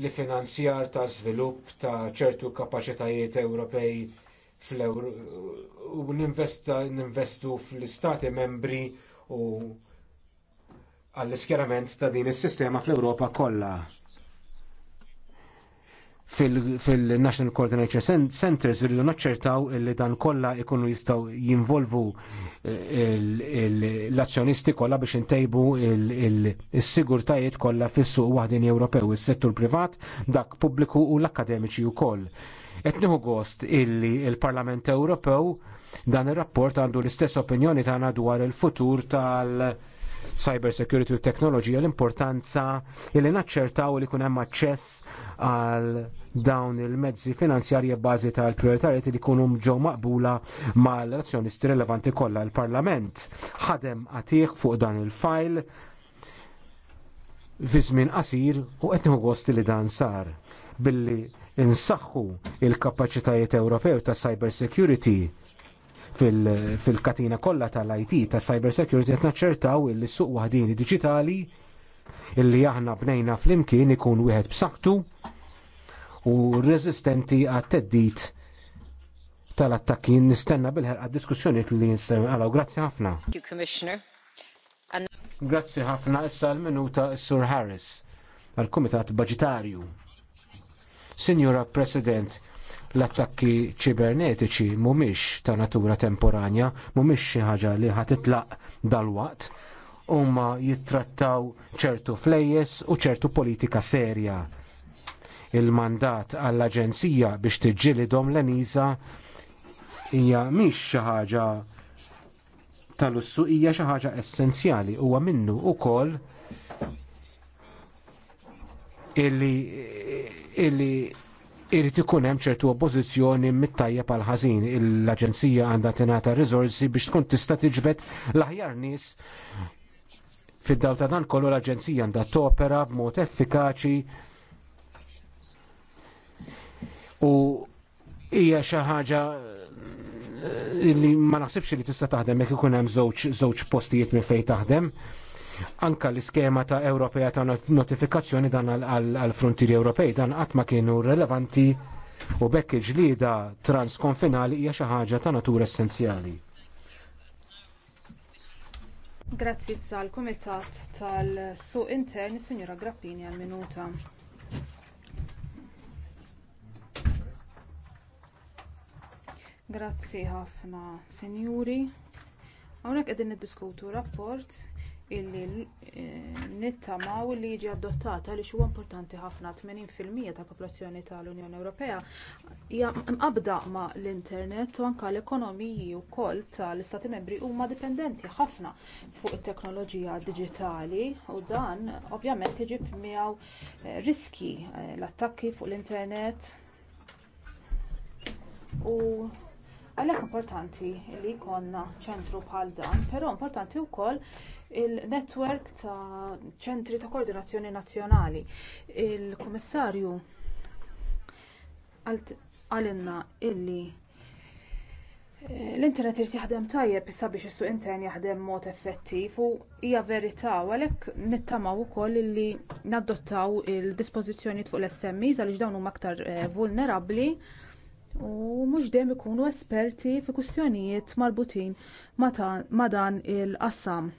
li finanzjar ta' żvilupp ta' ċertu kapaċitajiet Ewropej u ninvestu fl-istati membri u għall-iskjerament ta' din is-sistema fl-Ewropa kollha fil-National Coordination Centers irridu naċċertaw li dan kollha jkunu jistgħu jinvolvu eh, l-azzjonisti kollha biex intejbu s-sigurtajiet kollha fis-suq waħdin Ewropew, is-settur privat, dak pubbliku u l-akademiċi wkoll. Qed nieħu gost illi l parlament Ewropew dan ir-rapport għandu l-istess opinjoni tagħna dwar il-futur tal- cyber security u teknoloġija l-importanza li naċċertaw li kun hemm aċċess għal dawn il-mezzi finanzjarji bbażi tal prioritarieti li jkunu ġew maqbula mal-azzjonisti rilevanti kollha l-Parlament. Ħadem għatiq fuq dan il-fajl fi żmien qasir u qed gosti li dan sar billi insaħħu il-kapaċitajiet Ewropew ta' cyber security fil-katina kollha tal-IT, tas-cyber security qed naċċertaw il suq waħdini diġitali illi aħna bnejna flimkien ikun wieħed b'saħħtu u resistenti għat-teddit tal-attakki nistenna bil-ħerqa diskussjoni li għalaw. grazzi ħafna. Grazzi ħafna issa l-minuta Sur Harris għal-Kumitat Budgetarju. Signora President, L-attakki ċibernetiċi mhumiex ta' natura temporanja, mhumiex xi ħaġa li ħatitlaq dalwaqt, huma jittrattaw ċertu flejjes u ċertu politika serja. Il-mandat għall-Aġenzija biex tiġġielidhom l-Enisa hija mhix xi ħaġa tal-ussu hija xi ħaġa essenzjali huwa minnu wkoll illi illi irrit ikun hemm ċertu oppożizzjoni mit-tajja pal ħażin l-aġenzija għandha tingħata riżorsi biex tkun tista' tiġbed l-aħjar nies fid-dawl ta' dan kollu l-aġenzija għandha topera b'mod effikaċi u hija xi ħaġa eh, li ma naħsibx li tista' taħdem jekk ikun hemm żewġ postijiet minn fejn taħdem. Anka l-iskema ta' Ewropea ta' notifikazzjoni dan għal-frontieri Ewropej dan qatt ma kienu relevanti u bekk ġlida transkonfinali hija xi ħaġa ta' natura essenzjali. Grazzi sal kumitat tal-Suq Intern, Sinjora Grappini għall minuta Grazzi ħafna, Sinjuri. Hawnhekk qegħdin niddiskutu rapport illi eh, nittamaw li jiġi adottata għaliex huwa importanti ħafna 80% tal-popolazzjoni tal-unjoni ewropea hija mqabbda ma' l-internet u anke l-ekonomiji wkoll tal-istati membri huma dipendenti ħafna fuq it-teknoloġija diġitali u dan ovvjament iġib miegħu eh, riski eh, l-attakki fuq l-internet u għalhekk importanti li jkollna ċentru bħal dan però importanti wkoll il-netwerk ta' ċentri ta' koordinazzjoni nazzjonali. Il-Kummissarju għalinna illi eh, l-internet irid jaħdem tajjeb issa biex is-suq intern jaħdem mod effettiv u hija verità u għalhekk nittamaw ukoll illi nadottaw il-dispożizzjonijiet fuq l-SMEs għaliex dawn huma aktar eh, vulnerabbli u mhux dejjem ikunu esperti fi kwistjonijiet marbutin ma' dan il-qassam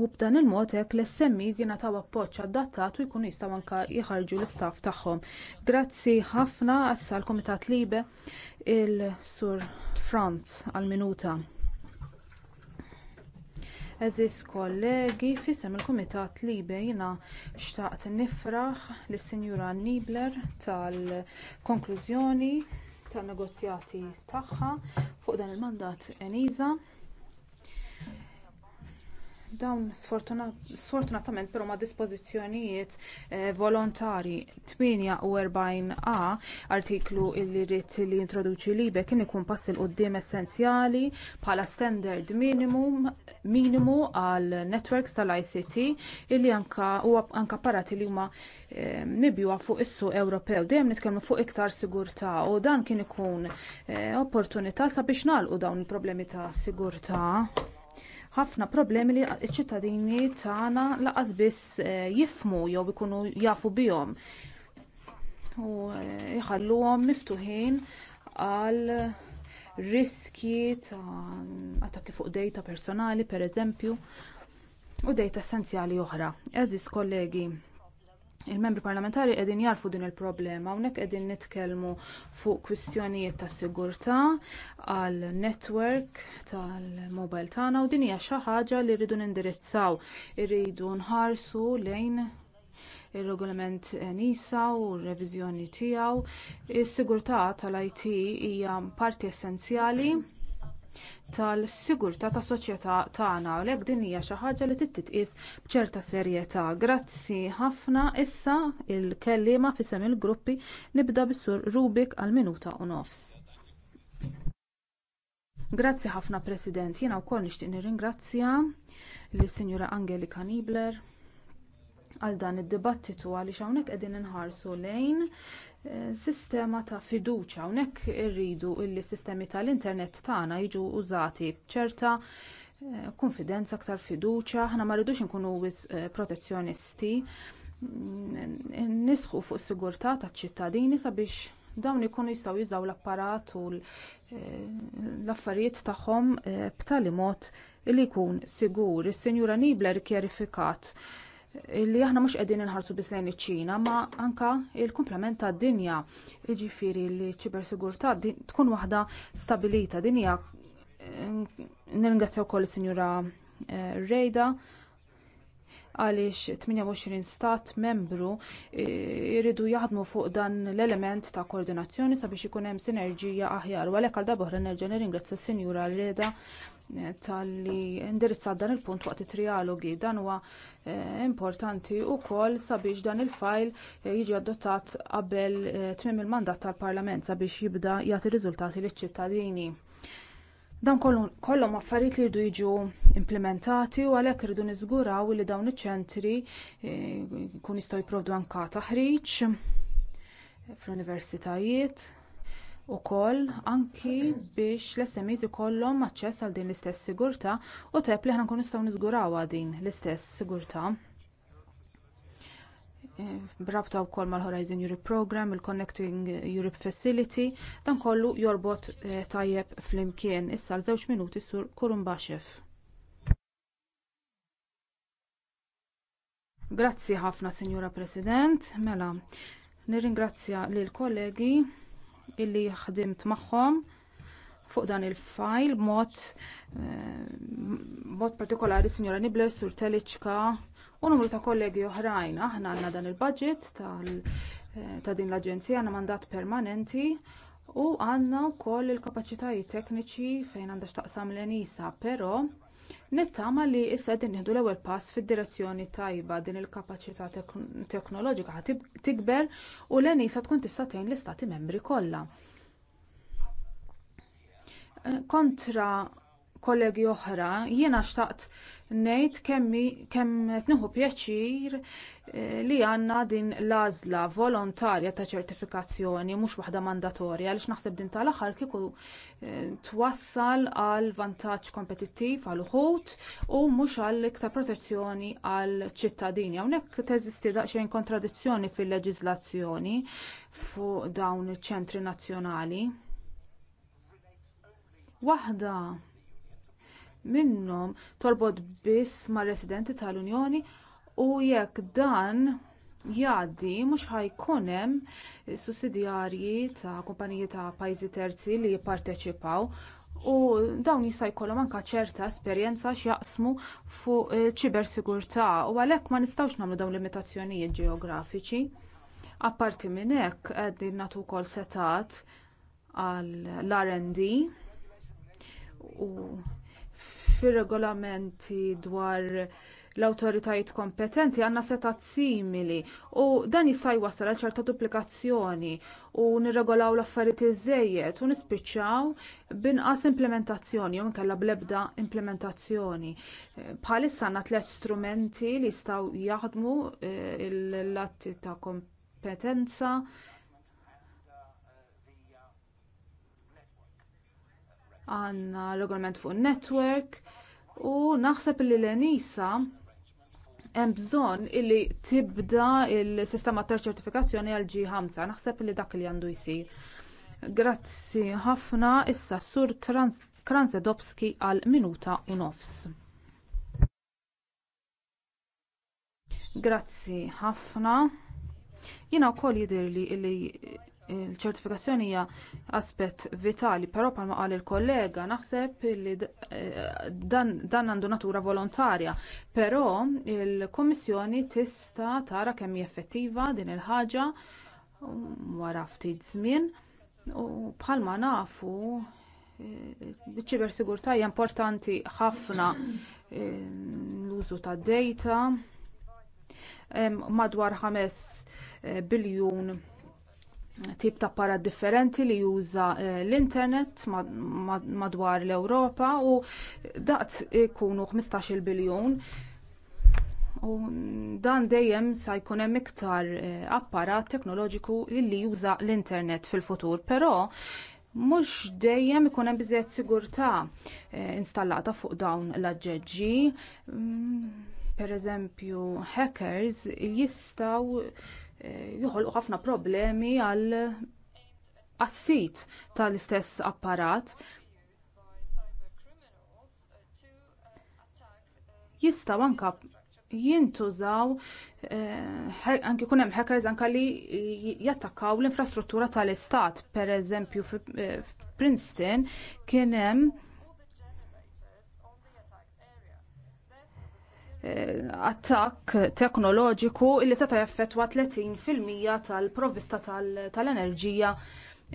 u b'dan il-mod hekk l-smes jingħataw appoġġ adattat u jkunu jistgħu anke jħarġu l-istaff tagħhom. Grazzi ħafna issa l-Kumitat Libe il-Sur Franz għall-minuta. Eżis kollegi, fissem il-Kumitat Libe jina xtaqt nifraħ lis sinjura Nibler tal-konklużjoni tan negozjati tagħha fuq dan il-mandat Eniza dawn sfortunatament però ma' dispożizzjonijiet eh, volontari 48a artiklu li jrid li introduċi libe kien ikun pass il quddiem essenzjali bħala standard minimum minimu għal networks tal-ict illi huwa parati li huma eh, mibjuwa fuq is-suq Ewropew dejjem nitkellmu fuq iktar sigurtà u dan kien ikun eh, opportunità sabiex nagħlqu dawn il-problemi ta' sigurtà ħafna problemi li ċ-ċittadini tagħna laqas biss eh, jifhmu jew ikunu jafu bihom u jħalluhom eh, miftuħin għal riskji ta' attakki fuq dejta personali pereżempju u dejta essenzjali oħra. Eżis kollegi, il-membri parlamentari qegħdin jarfu din il-problema hawnhekk qegħdin nitkellmu fuq kwistjonijiet ta' sigurtà għall netwerk tal-mobile tagħna u din hija xi ħaġa li rridu nindirizzaw irridu nħarsu lejn ir-regolament nisa u r-reviżjoni tiegħu is-sigurtà tal-IT hija parti essenzjali tal-sigurtà tas-soċjetà tagħna u għalhekk din hija xi ħaġa li trid titqies b'ċerta serjetà. Grazzi ħafna issa il-kelliema f'isem il-gruppi nibda bis-sur Rubik għal minuta u nofs. Grazzi ħafna President, jiena wkoll nixtieq nirringrazzja lis-Sinjura Angelika Niebler għal dan id-dibattitu għaliex hawnhekk qegħdin inħarsu lejn sistema ta' fiduċja hawnhekk irridu li s sistemi tal-internet tagħna jiġu użati b'ċerta eh, konfidenza aktar fiduċja aħna ma rridux inkunu wisq eh, protezzjonisti nisħu fuq is-sigurtà taċ-ċittadini sabiex dawn ikunu jistgħu jużaw l-apparat u eh, l-affarijiet tagħhom b'tali mod li jkun sigur. Is-Sinjura Niebler kjerifikat li aħna mhux qegħdin inħarsu biss iċ-Ċina, ma anke l kumplament tad-dinja. Jiġifieri li ċ-ċibersigurtà tkun waħda stabilita din hija nirringrazzja wkoll is-Sinjura eh, Rejda għaliex 28 stat membru jridu eh, jaħdmu fuq dan l-element ta' koordinazzjoni sabiex ikun hemm sinerġija aħjar Walek għalhekk għal darba nerġa' nirringrazzja s-Sinjura Reda talli indirizzat dan il-punt waqt it-trialogi dan huwa eh, importanti wkoll sabiex dan il-fajl eh, jiġi adottat qabel eh, tmiem il-mandat tal-Parlament sabiex jibda jagħti riżultati liċ-ċittadini. Dan kollhom affarijiet li jridu jiġu implementati u għalhekk irridu niżguraw li dawn iċ-ċentri jkunu jistgħu jipprovdu anke taħriġ fl-universitajiet ukoll anki biex l-smes ikollhom aċċess għal din l-istess sigurtà u teb li aħna nkunu nistgħu niżgurawha din l-istess sigurtà e, Brabta wkoll mal-Horizon Europe Programme, il-Connecting Europe Facility, dan kollu jorbot e, tajjeb flimkien. Issa l żewġ minuti sur Kurumbaxev. Grazzi ħafna, Sinjura President. Mela, nirringrazzja lill kollegi illi ħdimt magħhom fuq dan il-fajl mod eh, mod partikolari Sinjora Nibler sur Teliċka u numru ta' kollegi oħrajn. Aħna għandna dan il-budget eh, ta' din l-Aġenzija għandna mandat permanenti u għandna wkoll il-kapaċitajiet tekniċi fejn għandha x'taqsam l-enisa, però nittama li issa qed nieħdu l-ewwel pass fid-direzzjoni tajba din il-kapaċità teknoloġika ħa tikber u l-enisa tkun tista' tgħin l-istati membri kollha eh, kontra kollegi oħra jiena xtaqt ngħid kemm qed nieħu pjaċir eh, li għandna din l-għażla volontarja ta' ċertifikazzjoni mhux waħda mandatorja għaliex naħseb din tal-aħħar kieku eh, twassal għal vantaġġ kompetittiv għal uħud u mhux għal iktar protezzjoni għal ċittadini. Hawnhekk teżisti daqsxejn kontradizzjoni fil-leġiżlazzjoni fuq dawn iċ-ċentri nazzjonali. Waħda minnhom torbot biss mar-residenti tal-Unjoni u jekk dan jgħaddi mhux ħajkun hemm sussidjarji ta' kumpaniji ta' pajjiżi terzi li jipparteċipaw u dawn jista' jkollhom anke ċerta esperjenza x'jaqsmu fuq ċibersigurtà u għalhekk ma nistgħux nagħmlu dawn limitazzjonijiet ġeografiċi. Apparti minn hekk qegħdin nagħtu wkoll setat għall r d u fir-regolamenti dwar l-awtoritajiet kompetenti għandna setat simili u dan jista' jwassal għal ċerta duplikazzjoni u nirregolaw l-affarijiet iżejjed u nispiċċaw b'inqas implementazzjoni jew inkella bl-ebda implementazzjoni. Bħalissa għandna tliet strumenti li jistgħu jaħdmu eh, l-atti ta' kompetenza Għanna regolament fuq network u naħseb li l-enisa hemm bżonn illi tibda il sistema tal ċertifikazzjoni għal G5 naħseb li dak li għandu jsir. Grazzi ħafna issa sur Kranzedowski għal minuta u nofs. Grazzi ħafna. Jiena wkoll jidher li il-ċertifikazzjoni hija aspett vitali, però bħalma qal il-kollega naħseb li eh, dan għandu natura volontarja, però il-Kummissjoni tista' tara kemm hija effettiva din il-ħaġa um, wara ftit żmien u bħalma nafu eh, iċ sigurtà hija importanti ħafna eh, l-użu tad-dejta madwar 5 biljun tip ta' apparat differenti li juża eh, l-internet madwar l-Ewropa u daqt ikunu 15-il biljun u dan dejjem se jkun hemm iktar eh, apparat teknoloġiku li juża l-internet fil-futur, però mhux dejjem ikun hemm biżżejjed sigurtà eh, installata fuq dawn l-aġġeġġi. Mm, pereżempju hackers jistgħu joħolqu ħafna problemi għal assit tal-istess apparat. Jistgħu anke jintużaw eh, anki hemm hackers anke li jattakkaw l-infrastruttura tal-istat. Pereżempju fi eh, Princeton kien hemm Eh, attakk teknoloġiku li seta' jaffetwa 30% tal-provvista tal-enerġija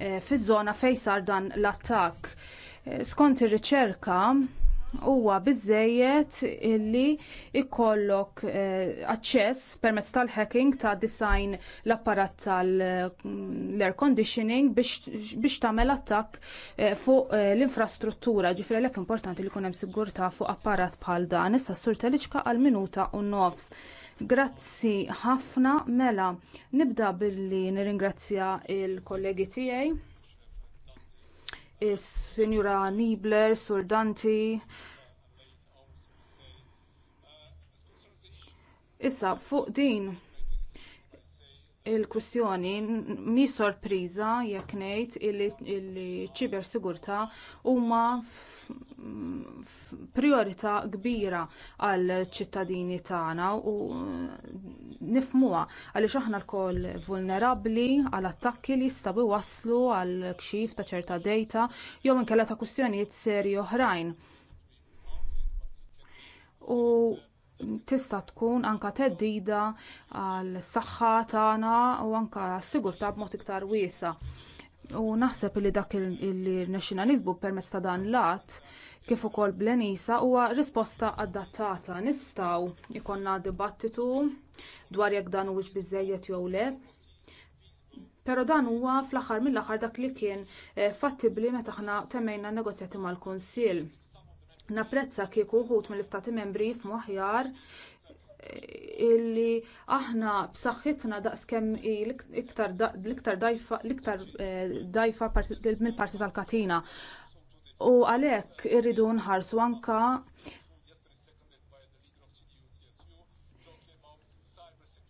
eh, fiż-żona fejn sar dan l-attakk. Eh, skont ir-riċerka, huwa biżżejjed illi jkollok eh, aċċess permezz tal-hacking ta' design l-apparat tal-air conditioning biex tagħmel attakk eh, fuq eh, l-infrastruttura Ġifieri l importanti li jkun hemm sigurtà fuq apparat bħal dan. Issa s-sur teliċka għal minuta u nofs. Grazzi ħafna mela nibda billi nirringrazzja l kollegi tiegħi is-Sinjura Nibler, Sur Danti. Issa fuq din il-kwistjoni mi sorpriża jekk ngħid ċ-Ċiber ċibersigurtà huma priorità kbira għal ċittadini tagħna u nifhmuha għaliex aħna lkoll vulnerabbli għal attakki li jistgħu iwasslu għal kxif ta' ċerta dejta jew inkella ta' kwistjonijiet serji oħrajn. U tista' tkun anke theddida għal saħħa tagħna u anke s-sigurtà b'mod iktar wiesa. U naħseb li dak il-nazzjonalizmu permezz ta' dan l-att kif ukoll blenisa huwa risposta adattata. Nistgħu jkollna dibattitu dwar jekk dan huwiex biżżejjed jew le. Però dan huwa fl-aħħar mill-aħħar dak li kien eh, fattibbli meta aħna temmejna n negozjati mal-Kunsill Napprezza kieku uħut mill-istati membri aħjar eh, illi aħna b'saħħitna daqskemm l-iktar dajfa eh, mill-parti tal-katina. U għalhekk irridu nħarsu anke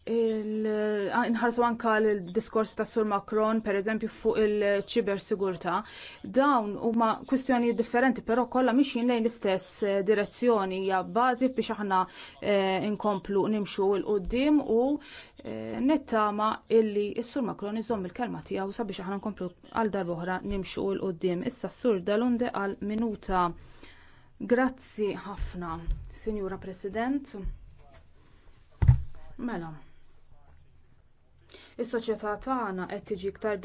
Inħarsu anka l-diskors ta' Sur Macron, per eżempju, fuq il-ċiber sigurta, dawn huma kwistjoni differenti, però kollha mixin lejn l-istess eh, direzzjoni hija bażi biex aħna eh, inkomplu nimxu l qudiem u eh, nittama illi s-Sur Macron iżomm il-kelma tiegħu sabiex aħna nkomplu għal darba oħra nimxu l qudiem Issa s-Sur Dalunde għal minuta. Grazzi ħafna, Sinjura President. Mela. Is-soċjetà tagħna qed tiġi iktar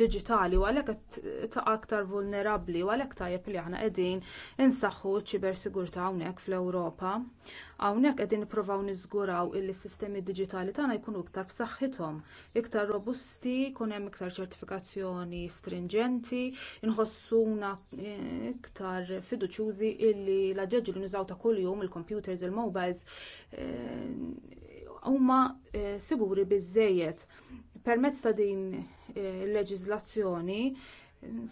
diġitali u għalhekk qed taqa' aktar vulnerabbli u għalhekk tajjeb li aħna qegħdin insaħħu ċ-ċibersigurtà hawnhekk fl-Ewropa. Hawnhekk qegħdin nippruvaw niżguraw li s-sistemi diġitali tagħna jkunu iktar b'saħħithom, iktar robusti, jkun hemm iktar ċertifikazzjoni stringenti, inħossuna iktar fiduċjużi illi l-aġġeġġi li nużaw ta' kuljum il-computers, il-mobiles, eh, huma eh, siguri biżżejjed. Permezz ta' din il-leġiżlazzjoni eh,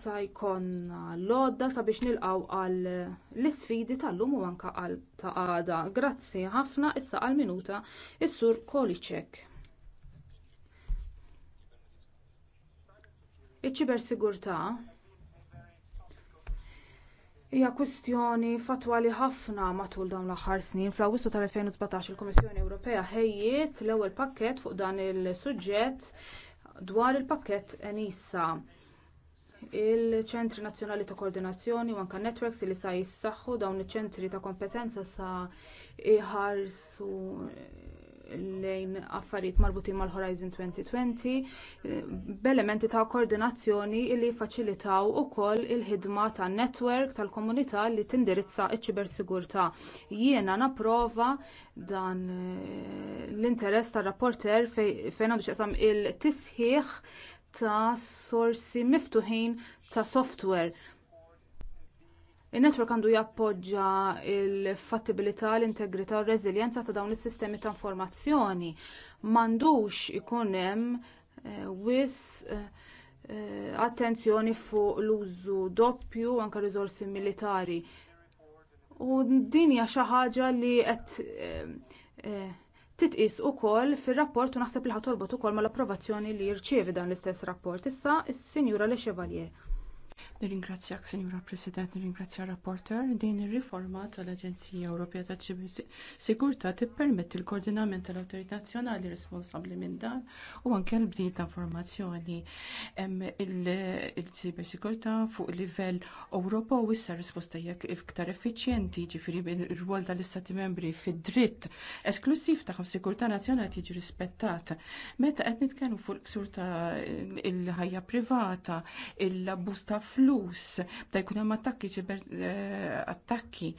sa jkollna l-għodda sabiex nilqgħu għal l-isfidi tal-lum u anke għal ta' għada. Grazzi ħafna issa għal minuta is-sur Kolicek. Iċ-ċibersigurtà hija kwistjoni fatwali ħafna matul dawn l-aħħar snin fl awwissu tal-2017 il-kummissjoni ewropea ħejjiet l-ewwel pakkett fuq dan is-suġġett dwar il-pakkett enisa il-ċentri nazzjonali ta' koordinazzjoni u anke networks li se jissaħħu dawn iċ-ċentri ta' kompetenza sa jħarsu lejn affarijiet marbutin mal-Horizon 2020 eh, b'elementi ta' koordinazzjoni li jiffaċilitaw ukoll il-ħidma tan-netwerk tal-komunità li tindirizza iċ ċibersigurtà Jiena napprova dan eh, l-interess tar-rapporter fejn għandu x'qasam il-tisħiħ ta' sorsi miftuħin ta' software Il-network għandu jappoġġa l-fattibilità, l-integrità u r-reżiljenza ta' dawn is-sistemi ta' informazzjoni. M'għandux ikun hemm eh, wis eh, eh, attenzjoni fuq l-użu doppju anke riżorsi militari. U din hija xi ħaġa li qed titqis ukoll fir-rapport u naħseb li ħatorbot ukoll mal-approvazzjoni li jirċievi dan l-istess rapport. Issa is-Sinjura Le Chevalier. Nirringrazzjak, Sinjura President, nirringrazzja rapporter din ir-riforma tal-Aġenzija Ewropea ta' Sigurtà tippermetti l-koordinament tal-awtorità nazzjonali responsabbli minn dan u anke l-bdil ta' informazzjoni hemm il Sigurta fuq livell Ewropa u issa risposta jekk iktar effiċjenti ġifieri r-rwol tal-Istati membri fid-dritt esklusiv ta' sigurtà nazzjonali tiġi rispettat. Meta qed nitkellmu fuq l-ksur ta' il-ħajja privata, il-abbuż ta' flus bda jkun hemm attakki ċiber eh, attakki.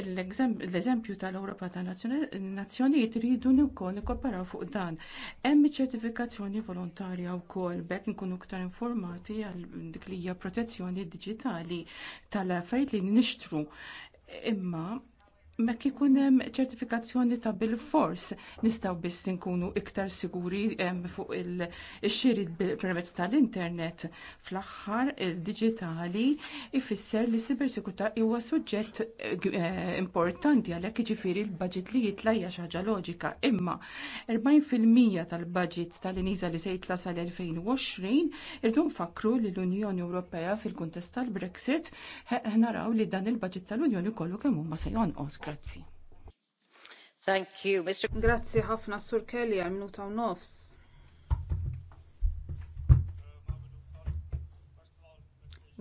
L-eżempju tal-Ewropa ta' nazzjonijiet iridu wkoll nikkooperaw fuq dan. Hemm ċertifikazzjoni volontarja wkoll bekk nkunu iktar informati għal dik li hija protezzjoni diġitali tal-affarijiet li nixtru. Imma Mek ikun hemm ċertifikazzjoni ta' bil-fors nistgħu biss nkunu iktar siguri fuq il-xiri permezz tal-internet. Fl-aħħar il-diġitali ifisser li sibersikurtà huwa suġġett eh, importanti għalhekk jiġifieri l-budget li jitlajja xaġa xi ħaġa loġika. Imma 40% tal-budget tal-Iniża li se jitla sal-2020 irdu nfakru li l-Unjoni Ewropea fil-kuntest tal-Brexit naraw li dan il-budget tal-Unjoni kollu kemm huma se jonqos. Grazie ħafna Sur Kelly għal minuta u nofs.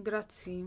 Grazzi.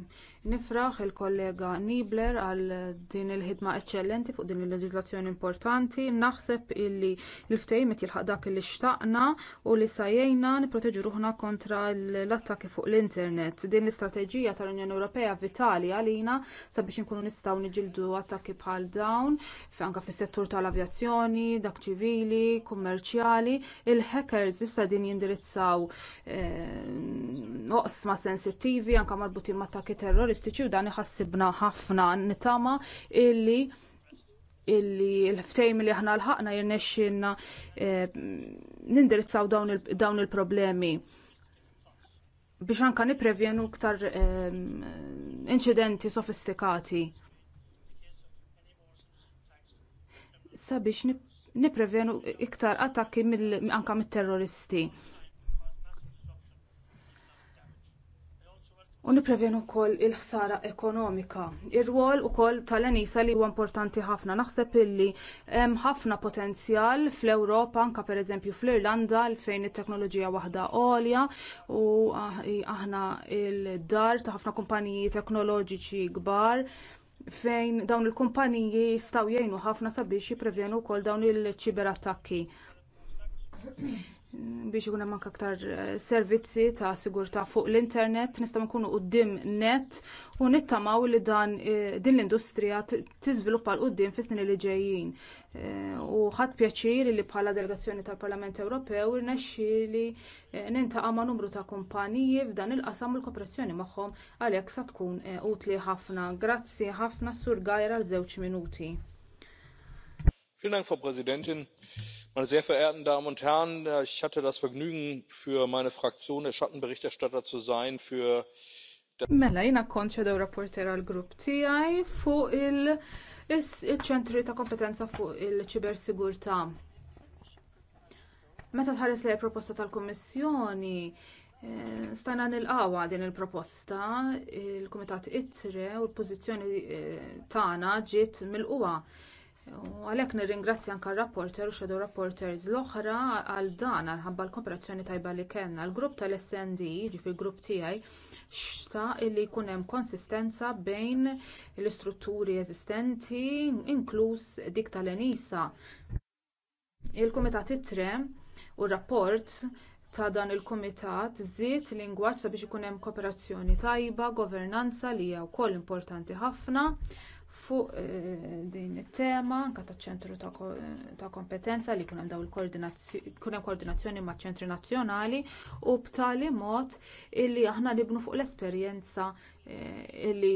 Nifraħ il-kollega Niebler għal din il-ħidma eċċellenti fuq din il-leġiżlazzjoni importanti. Naħseb illi l-ftehim qed jilħaq dak li xtaqna u li jgħinna nipproteġu ruħna kontra l-attakki fuq l-internet. Din l-istrateġija tal-Unjoni Ewropea vitali għalina sabiex inkunu nistgħu niġildu attakki bħal dawn anke fis-settur tal-avjazzjoni, dak ċivili, kummerċjali. Il-hackers issa din jindirizzaw eh, oqsma sensittivi anke marbutin ma' attakki terroristi statistiċi u dan iħassibna ħafna nitama illi illi l-ftejm li aħna l-ħakna jirnexxinna eh, nindirizzaw dawn il-problemi biex anka niprevjenu ktar eh, inċidenti sofistikati. Sabiex niprevjenu iktar attakki anka mit-terroristi. u nipprevenu wkoll il-ħsara ekonomika. Ir-rwol ukoll tal-Enisa li huwa importanti ħafna naħseb illi hemm ħafna potenzjal fl-Ewropa anke pereżempju fl-Irlanda fejn it-teknoloġija waħda għolja u ah, aħna il-dar ta' ħafna kumpaniji teknoloġiċi kbar fejn dawn il-kumpaniji jistgħu jgħinu ħafna sabiex jipprevenu wkoll dawn il-ċiberattakki biex ikun hemm anke aktar eh, servizzi ta' sigurtà fuq l-internet nistgħu nkunu quddiem net u nittamaw li dan eh, din l-industrija tiżviluppa l quddiem fis-snin li ġejjin. Eh, u ħadd pjaċir li bħala delegazzjoni tal-Parlament Ewropew irnexxieli nintaqa' ma' numru ta' kumpaniji f'dan il-qasam u l-kooperazzjoni magħhom għalhekk sa tkun utli ħafna. Grazzi ħafna Sur Gajra għal żewġ minuti. Vielen Dank, Frau Präsidentin meine sehr verehrten damen und herren! Äh, ich hatte das vergnügen für meine fraktion der schattenberichterstatter zu sein für Mela jiena kont shadow rapporteur għall grupp tiegħi fuq il-ċentri ta' kompetenza fuq il-ċibersigurtà. Meta tħares lejn proposta tal-Kummissjoni, eh, stajna nilqawa din il-proposta, il-Kumitat ITRE u l-pożizzjoni eh, tagħna ġiet milquha Għalhekk nirringrazzja anke r-rapporter u shadow rapporters l-oħra għal dan għalħabba l-kooperazzjoni tajba li kellna. L-grupp tal-SND, ġifier grupp tiegħi, xtaq li jkun hemm konsistenza bejn l-istrutturi eżistenti, inkluż dik tal-Enisa. Il-Kumitat it-tre u r-rapport ta' dan il-kumitat żied lingwaġġ sabiex ikun hemm kooperazzjoni tajba, governanza li hija wkoll importanti ħafna fuq eh, din it-tema anke taċ-ċentru ta' kompetenza li kien hemm dawn koordinazzjoni koordinazzjoni maċ ċentri nazzjonali u b'tali mod illi aħna nibnu fuq l-esperjenza eh, li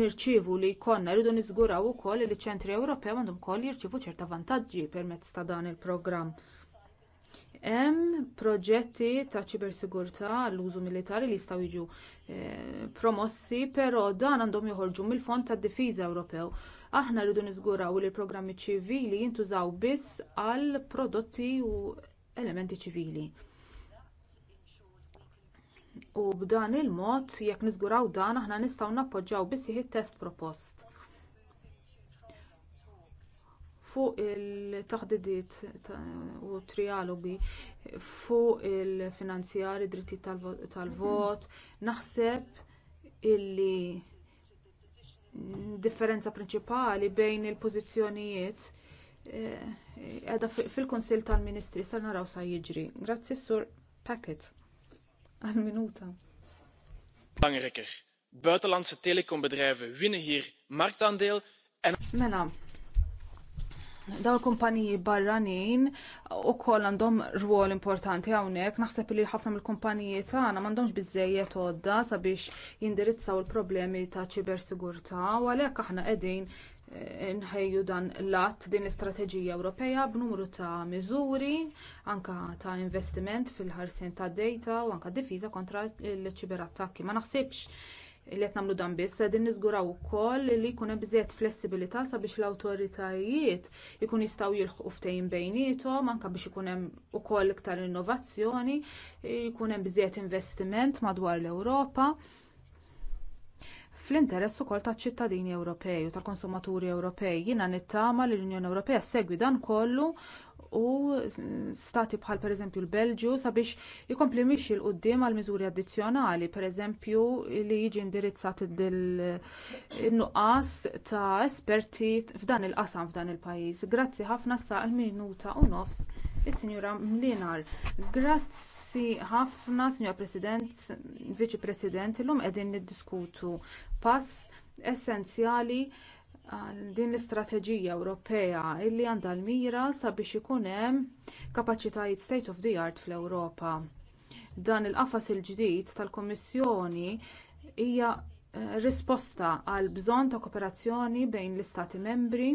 nirċievu li jkollna rridu niżguraw ukoll li ċ-ċentri Ewropew għandhom ukoll jirċievu ċerta vantaġġi permezz ta' dan il-programm Hemm proġetti ta' ċibersigurtà għall-użu militari li jistgħu jiġu eh, promossi, però dan għandhom joħorġu mill-Fond tad-Difiża Ewropew. Aħna rridu niżguraw li l-programmi ċivili jintużaw biss għal prodotti u elementi ċivili. U b'dan il-mod, jekk niżguraw dan, aħna nistgħu nappoġġjaw biss it test propost fuq il-taħdidiet u t trialogi fuq il-finanzjar, dritti drittijiet tal-vot, naħseb illi differenza prinċipali bejn il-pożizzjonijiet qiegħda eh, fil-Kunsill tal-Ministri sal naraw sa jiġri. Grazzi sur Packet għal minuta. Buitenlandse telecombedrijven winnen hier marktaandeel en Mela, dawn il-kumpaniji barranin ukoll għandhom rwol importanti hawnhekk naħseb li ħafna mill-kumpaniji tagħna m'għandhomx biżżejjed għodda sabiex jindirizzaw il-problemi ta' ċibersigurtà u għalhekk aħna qegħdin eh, nħejju dan l-att din l-istrateġija Ewropea b'numru ta' miżuri anke ta' investiment fil-ħarsien tad dejta u anke difiża kontra l-ċiberattakki ma naħsibx li qed nagħmlu dan biss qegħdin niżguraw ukoll li jkun hemm bżejjed flessibilità sabiex l-awtoritajiet ikun jistgħu jilħqu ftehim bejniethom anke biex ikun hemm ukoll iktar innovazzjoni, jkun hemm bżejjed investiment madwar l-Ewropa fl-interess ukoll taċ-ċittadini Ewropej u tal-konsumaturi Ewropej jiena nittama li l-Unjoni Ewropea ssegwi dan kollu u stati bħal pereżempju l-Belġju sabiex jikompli mixi l qudiem għal miżuri addizzjonali, pereżempju li jiġi indirizzat il-nuqqas ta' esperti f'dan il-qasam f'dan il-pajjiż. Grazzi ħafna sa' il-minuta u nofs is-Sinjura Mlinar. Grazzi ħafna, Sinjura President, Viċi President, illum qegħdin niddiskutu pass essenzjali għal din l-istrateġija Ewropea illi għandha l-mira sabiex ikun hemm kapaċitajiet state of the art fl-Ewropa. Dan il-qafas il-ġdid tal-Kummissjoni hija eh, risposta għal bżonn ta' kooperazzjoni bejn l-Istati membri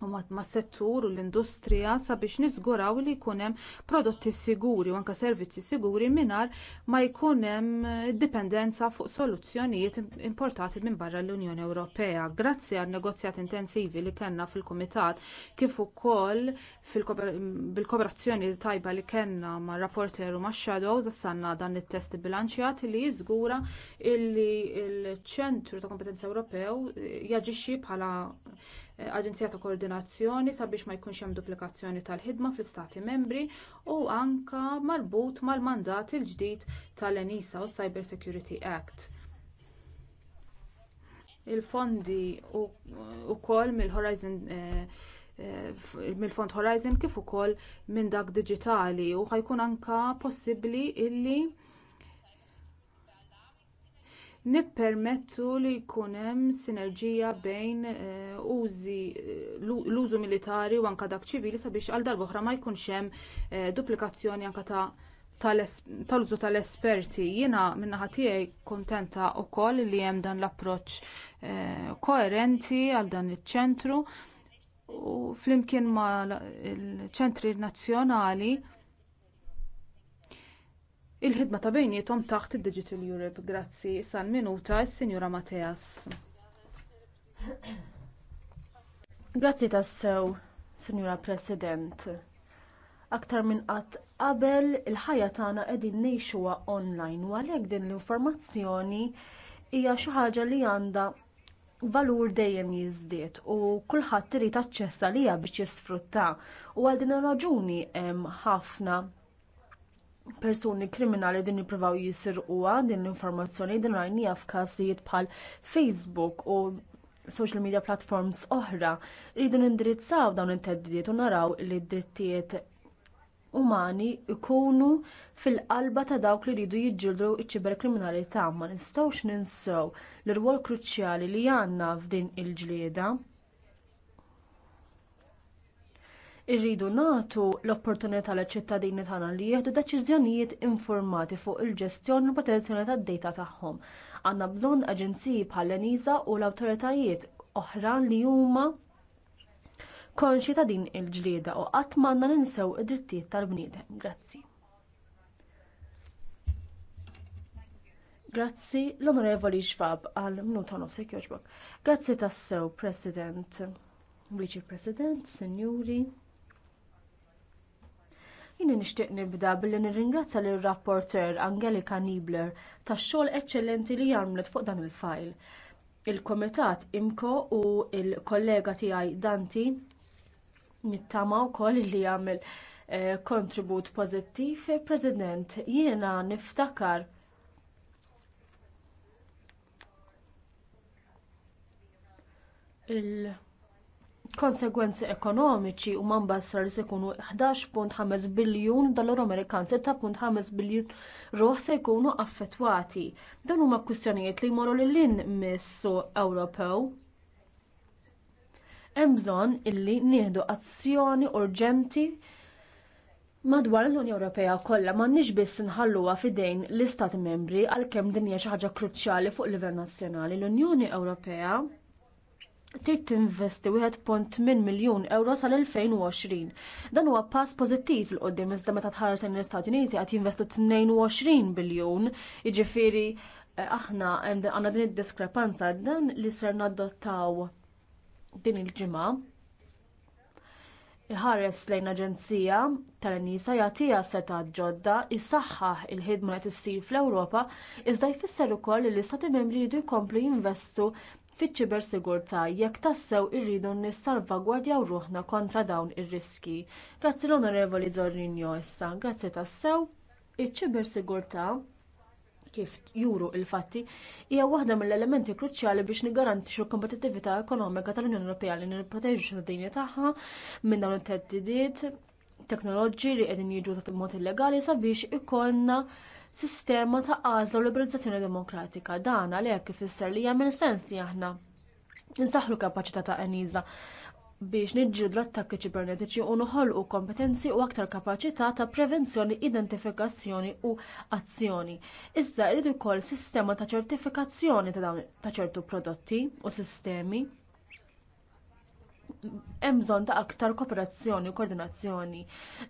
u mas-settur u l-industrija sabiex niżguraw li jkun hemm prodotti siguri u anke servizzi siguri mingħajr ma jkun hemm eh, dipendenza fuq soluzzjonijiet importati minn barra l-Unjoni Ewropea. Grazzi għal negozjat intensivi li kellna fil-Kumitat kif ukoll bil-kooperazzjoni tajba li kellna mar rapporter u max shadows assanna dan it-test bilanċjat li jiżgura li l-ċentru ta' kompetenza Ewropew eh, jaġixxi bħala aġenzija ta' koordinazzjoni sabiex ma jkunx hemm duplikazzjoni tal-ħidma fl-istati membri u anke marbut mal-mandat il-ġdid tal-enisa u cyber security act il-fondi wkoll mill-horizon eh, eh, mill-fond horizon kif ukoll minn dak diġitali u ħajkun anke possibbli illi nippermettu li jkun hemm sinerġija bejn eh, eh, l-użu militari u anke dak ċivili sabiex għal darb'oħra ma jkunx hemm eh, duplikazzjoni anke tal-użu tal-esperti jiena min-naħa tiegħi kuntenta wkoll li hemm dan l-approċċ koerenti għal dan iċ-ċentru u flimkien mal ċentri nazzjonali il-ħidma ta' bejniethom taħt id-digital europe grazzi sal minuta s-sinjura mateas grazzi tassew sinjura president aktar minn qatt qabel il-ħajja tagħna qegħdin ngħixuha online u għalhekk din l-informazzjoni hija xi ħaġa li għandha valur dejjem jiżdied u kulħadd irid aċċessa għaliha biex jisfrutta. u għal din ir-raġuni hemm ħafna persuni kriminali din jippruvaw jisirquha din l-informazzjoni din rajnija f'każijiet bħal Facebook u social media platforms oħra rridu nindirizzaw dawn it teddiet u naraw li d-drittijiet umani jkunu fil-qalba ta' dawk li jridu jiġġieldu ċ-ċiberkriminalità ma nistgħux ninsew l-irwol kruċjali li għandna f'din il-ġlieda Irridu nagħtu l-opportunità liċ ċittadini tagħna li jieħdu deċiżjonijiet informati fuq il-ġestjoni u l protezzjoni tad-dejta tagħhom. Għandna bżonn aġenziji bħal enisa u l-awtoritajiet oħrajn li huma konxi ta' din il-ġlieda u qatt m'għandna ninsew id-drittijiet tal-bniedem. Grazzi. Grazzi l-Onorevoli Xfab għal minuta nofsi kjoġbok. Grazzi tassew, President, Vice President, Senjuri. Jini nixtieq nibda billi nirringrazzja lir rapporter Angelika Niebler tax-xogħol eċċellenti li għamlet fuq dan il-fajl. Il-Komitat Imko u l kollega tiegħi Danti nittama wkoll li jagħmel eh, kontribut pożittiv. President, jiena niftakar il- konsegwenzi ekonomiċi huma mbassra li se jkunu 11.5 biljun dollar Amerikan, 7.5 biljun ruħ se jkunu affettwati. Dan huma kwistjonijiet li jmorru lil lin Ewropew. Hemm bżonn illi nieħdu azzjoni urġenti Madwar l-Unjoni Ewropea kollha m'għandniex biss inħalluha f'idejn l-Istati Membri għalkemm din hija xi ħaġa kruċjali fuq livell nazzjonali. L-Unjoni Ewropea trid tinvesti 1.8 miljun euro sal-2020. Dan huwa pass pożittiv il qoddim iżda meta tħarsen l-Istati Uniti qed jinvestu 22 biljun, jiġifieri eh, aħna għandna din id-diskrepanza dan li ser nadottaw din il-ġimgħa iħares lejn aġenzija tal-nisa jagħtiha seta' ġodda jsaħħaħ il-ħidma li tissir fl-Ewropa iżda jfisser ukoll li l-istati membri jridu jkomplu jinvestu fiċ-ċibersigurtà jekk tassew irridu nissalvagwardjaw ruħna kontra dawn ir-riski. Grazzi l-Onorevoli Zorrinjo issa, grazzi tassew iċ-ċibersigurtà kif juru l fatti hija waħda mill-elementi kruċjali biex niggarantixxu l-kompetittività ekonomika tal-Unjoni Ewropea li nipproteġu ċittadini tagħha minn dawn it-theddidiet teknoloġi li qegħdin jiġu ta' mod illegali sabiex ikollna sistema ta' għażla u liberalizzazzjoni demokratika. Dan għalhekk ifisser li jagħmel sens li aħna nsaħħlu kapaċità ta' Eniża biex niġġieldu attakki ċibernetiċi u noħolqu kompetenzi u aktar kapaċità ta' prevenzjoni, identifikazzjoni u azzjoni. Iżda jrid ukoll sistema ta' ċertifikazzjoni ta' ċertu prodotti u sistemi hemm bżonn ta' aktar kooperazzjoni u koordinazzjoni.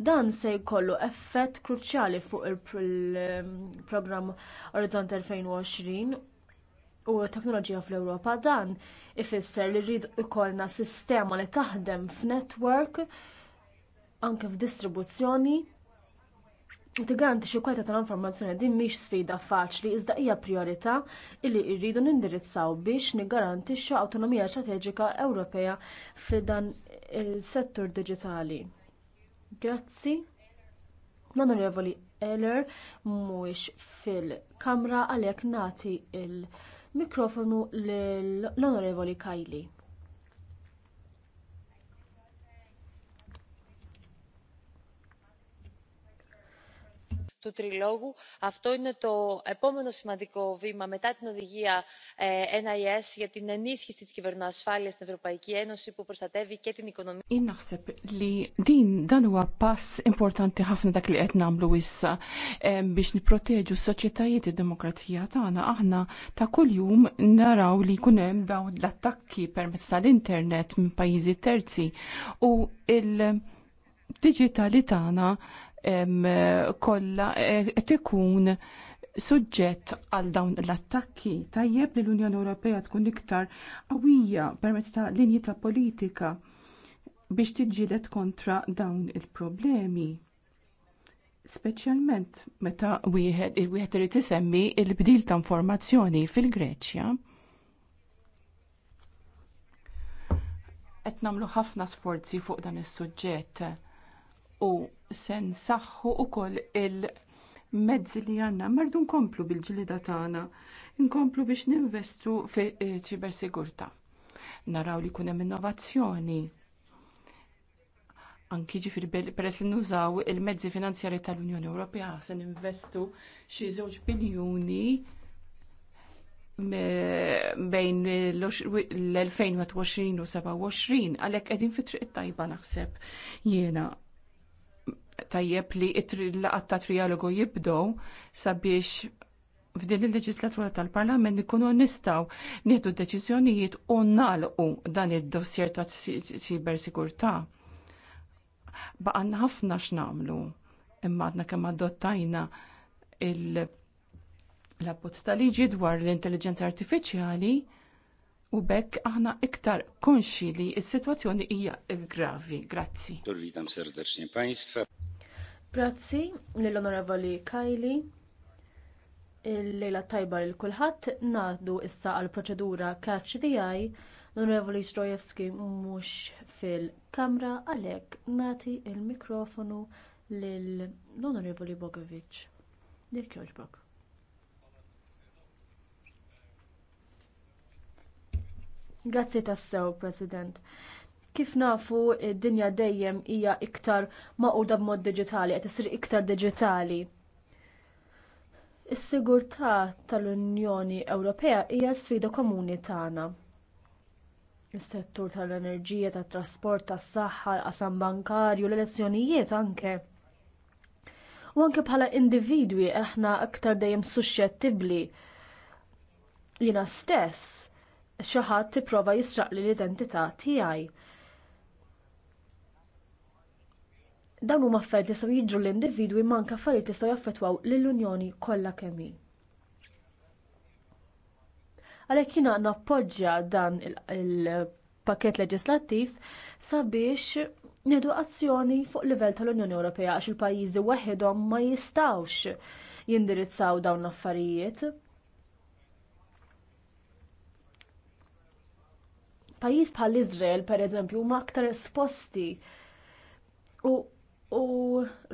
Dan se jkollu effett kruċjali fuq il-programm Orizzont 2020 u t teknoloġija fl-Ewropa dan ifisser li rrid ikollna sistema li taħdem f'network anke f'distribuzzjoni U tiganti xi kwalità tal-informazzjoni din mhix sfida faċli iżda hija priorità illi rridu nindirizzaw biex niggarantixxu awtonomija strateġika Ewropea f'dan il settur diġitali. Grazzi. L-Onorevoli Eller mhuwiex fil-Kamra għalhekk nagħti l mikrofonu lill-Onorevoli Kylie. του τριλόγου αυτό είναι το επόμενο σημαντικό βήμα μετά την οδηγία nis για την ενίσχυση της κυβερνοασφάλειας στην ευρωπαϊκή ένωση που προστατεύει και την οικονομία. Jien naħseb li din dan huwa pass importanti ħafna dak li qed nagħmlu issa biex nipproteġu s-soċjetajiet id-demokrazija tagħna aħna ta' kuljum naraw li jkun hemm dawn l-attakki permezz tal-internet minn pajjiżi terzi u il-diġitali tagħna kollha qed eh, ikun suġġett għal dawn l-attakki tajjeb li l-Unjoni Ewropea tkun iktar qawwija permezz ta' linji ta' politika biex tiġġieled kontra dawn il-problemi. Speċjalment meta wieħed il-wieħed irid isemmi l bdil ta' informazzjoni fil-Greċja. Qed nagħmlu ħafna sforzi fuq dan is-suġġett u se nsaħħu wkoll il-mezzi li għandna mardu nkomplu bil ġlieda tagħna, nkomplu biex ninvestu fi eh, ċibersigurtà. Naraw li jkun hemm innovazzjoni. Anki ġifir peress li nużaw il-mezzi finanzjari tal-Unjoni Ewropea se ninvestu xi żewġ biljuni bejn l-2020 u 27 għalhekk qegħdin fi triq tajba naħseb jiena tajjeb li it-laqat ta' trialogu jibdow sabiex f'din il-leġislatura tal-Parlament ikunu nistaw nieħdu deċiżjonijiet u nalqu dan id-dossier ta' ċibersigurtà. Baqanna ħafna x'namlu imma għadna kemm adottajna il- l-abbozz ta' liġi dwar l-intelligenza artifiċjali U bekk aħna iktar konxi li s-situazzjoni hija gravi. Grazzi. Witam serdecznie Państwa. Grazzi l onorevoli Kajli. Il-lejla tajba lil kulħadd naħdu issa għal proċedura catch the eye. L-Onorevoli Strojewski mhux fil-kamra għalhekk nagħti l mikrofonu lill-Onorevoli Bogovic. Lil Grazzi tassew, President. Kif nafu id-dinja dejjem hija iktar maquda b'mod diġitali, qed isir iktar diġitali. Is-sigurtà tal-Unjoni Ewropea hija sfida komuni tagħna. Is-settur tal-enerġija, tat-trasport, tas-saħħa, l-qasam bankarju, l-elezzjonijiet anke. U anke bħala individwi aħna aktar dejjem suċċettibbli Jiena stess xi ħadd tipprova jistraqli l-identità tiegħi. Dawn huma affarijiet li jistgħu jiġru l-individwi ma anke affarijiet li jistgħu jaffettwaw lill-Unjoni kollha kemm hi. Għalhekk jiena nappoġġja dan il-pakket leġislattiv sabiex nieħdu azzjoni fuq livell tal-Unjoni Ewropea għax il-pajjiżi waħedhom ma jistgħux jindirizzaw dawn l-affarijiet. Pajjiż bħal Iżrael pereżempju huma aktar esposti u u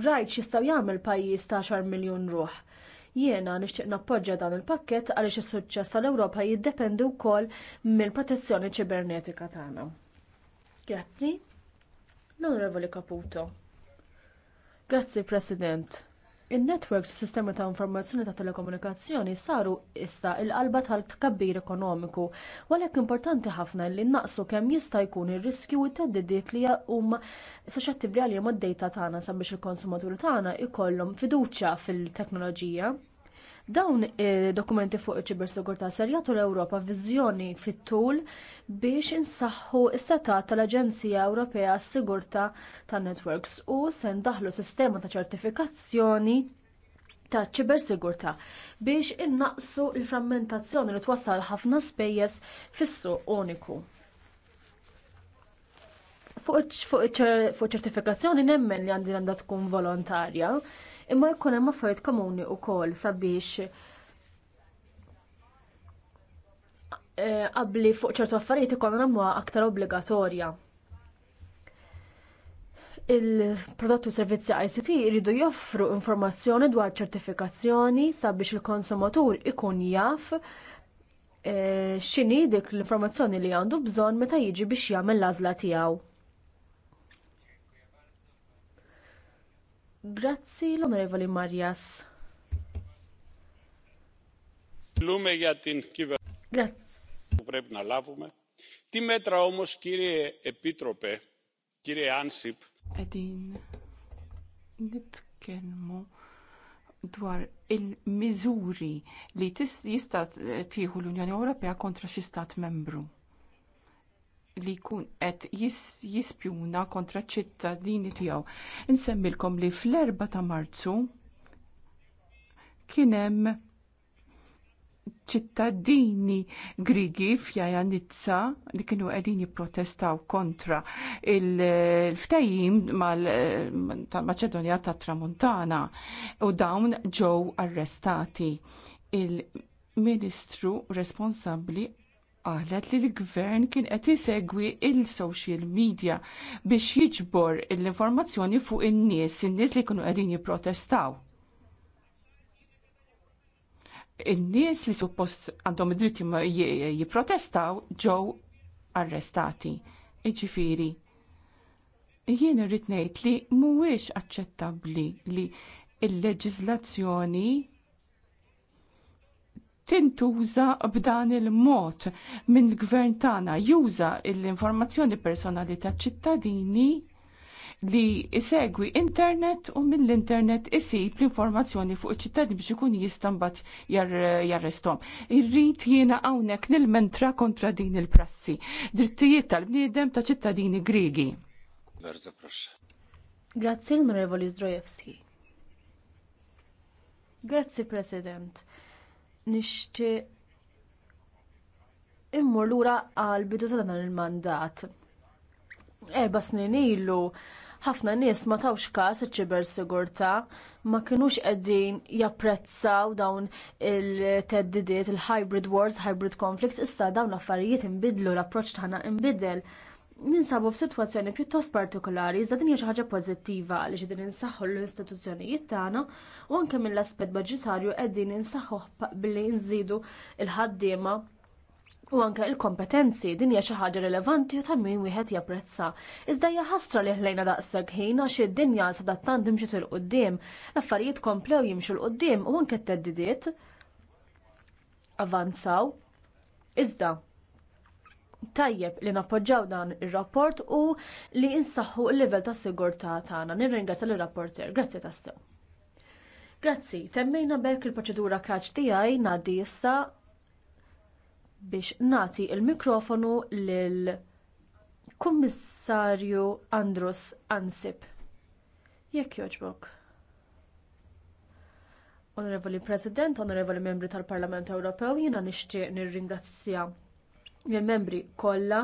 rajt x'jistgħu jagħmel pajjiż ta' xar miljun ruħ. Jiena nixtieq nappoġġja dan il-pakkett għaliex is-suċċess tal-Ewropa jiddependi wkoll mill-protezzjoni ċibernetika tagħna. Grazzi. L-Onorevoli Caputo. Grazzi President in-netwerks u sistemi ta' informazzjoni ta' telekomunikazzjoni saru issa l qalba tal-tkabbir ekonomiku u għalhekk importanti ħafna li naqsu kemm jista' jkun ir-riskju u t-teddidiet li huma suscettibbli għalihom għad-dejta tagħna sabiex il-konsumaturi tagħna jkollhom fiduċja fil-teknoloġija. Dawn eh, dokumenti fuq iċ Sigurtà ser jagħtu l-Ewropa viżjoni fit-tul biex insaħħu s-setat tal-Aġenzija Ewropea għas-Sigurtà tan-Networks u se ndaħlu sistema ta' ċertifikazzjoni ta' sigurtà biex innaqsu l-frammentazzjoni li twassal ħafna spejjeż fis-suq uniku. Fuq ċertifikazzjoni nemmen li għandi għandha tkun volontarja, imma jkun hemm affarijiet komuni wkoll sabiex eh, qabli fuq ċertu affarijiet ikollna nagħmluha aktar obbligatorja il-prodotti u servizzi ICT jridu joffru informazzjoni dwar ċertifikazzjoni sabiex il-konsumatur ikun jaf eh, x'inhi dik l-informazzjoni li għandu bżonn meta jiġi biex jagħmel l-għażla tiegħu. Grazzi l-Onorevoli Marjas. Lume jatin kiva. Ansip. Edin, dwar il-miżuri li jista' tieħu l-Unjoni Ewropea kontra xi stat membru li jkun qed jispjuna kontra ċ ċittadini tiegħu. Insemmilkom li fl-4 ta' Marzu kien hemm ċittadini Grigi f'Jajanizza li kienu qegħdin jipprotestaw kontra il-ftajim tal maċedonja tat Tramuntana u dawn ġew arrestati. Il-Ministru responsabbli qalet li l-gvern kien qed isegwi il-social media biex jiġbor l-informazzjoni fuq in-nies, in-nies li kienu qegħdin jipprotestaw. In-nies li suppost għandhom id-dritt jipprotestaw ġew arrestati. Iġifieri, jien irrid ngħid li mhuwiex aċċettabbli li l leġiżlazzjoni tintuża b'dan il-mod minn gvern tagħna juża l-informazzjoni personali taċ ċittadini li isegwi internet u mill-internet isib l-informazzjoni fuq iċ-ċittadini biex ikun jistgħu mbagħad jarrestom. Irrid jiena hawnhekk nilmentra kontra din il-prassi. Drittijiet tal-bniedem ta' ċittadini Griegi. Grazzi onorevoli Zdrojevski. Grazzi President nixtieq immur lura għal bidu ta' dan il-mandat. Erba snin ilu ħafna nies ma tawx każ iċ-ċiber sigurta, ma kinux qegħdin japprezzaw dawn il-teddidiet il-hybrid wars, hybrid conflicts, issa dawn l affarijiet inbidlu, l-approċċ tagħna inbidel ninsabu f'sitwazzjoni pjuttost partikolari iżda din hija xi ħaġa pożittiva li din insaħħu l-istituzzjonijiet tagħna u anke mill-aspett budġetarju qegħdin insaħħuh billi nżidu l-ħaddiema u anke l-kompetenzi din hija xi ħaġa rilevanti u ta' min wieħed japprezza. Iżda hija ħastra li ħlejna daqshekk ħin għax id-dinja sadattant imxiet il qudiem l-affarijiet komplew jimxu l qudiem u anke t-teddidiet avanzaw. Iżda, tajjeb li nappoġġaw dan ir-rapport u li insaħħu l-livell ta' sigurtà tagħna. Nirringrazzja lir-rapporter. Grazzi tassew. Grazzi, temmejna bekk il-proċedura kaċ tiegħi ngħaddi issa biex nagħti l mikrofonu lil kummissarju Andrus Ansip. Jekk jogħġbok. Onorevoli President, Onorevoli Membri tal-Parlament Ewropew, jiena nixtieq nirringrazzja mill membri kollha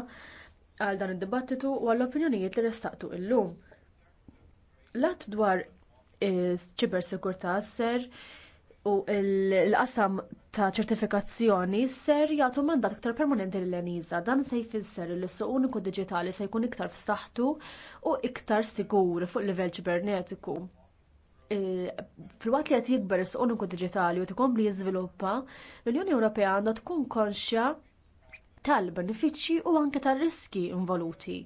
għal dan id-dibattitu u għall-opinjonijiet li restaqtu llum l-att dwar ċibersigurtà ser u l-qasam ta' ċertifikazzjoni ser jagħtu mandat iktar permanenti lill enisa dan se jfisser li s-suq uniku diġitali se jkun iktar f'saħħtu u iktar sigur fuq livell ċibernetiku. E, filwaqt li qed jikber is-suq uniku diġitali u tkompli jiżviluppa, l-Unjoni Ewropea għandha tkun konxja tal-benefiċċji u anke tar-riski involuti.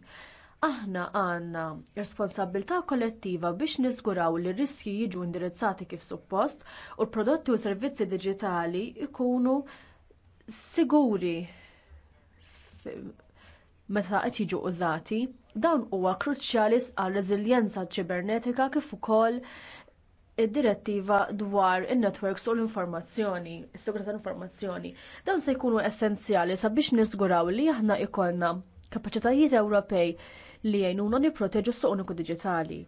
Aħna għandna responsabbiltà kollettiva biex niżguraw li r riski jiġu indirizzati kif suppost u l-prodotti u servizzi diġitali jkunu siguri meta qed jiġu użati, dawn huwa kruċjali għal reżiljenza ċibernetika kif ukoll id-direttiva dwar in-networks u l-informazzjoni, is-sigurtà tal-informazzjoni, dawn se jkunu essenzjali sabiex niżguraw li aħna jkollna kapaċitajiet Ewropej li jgħinuna nipproteġu s-suq uniku diġitali.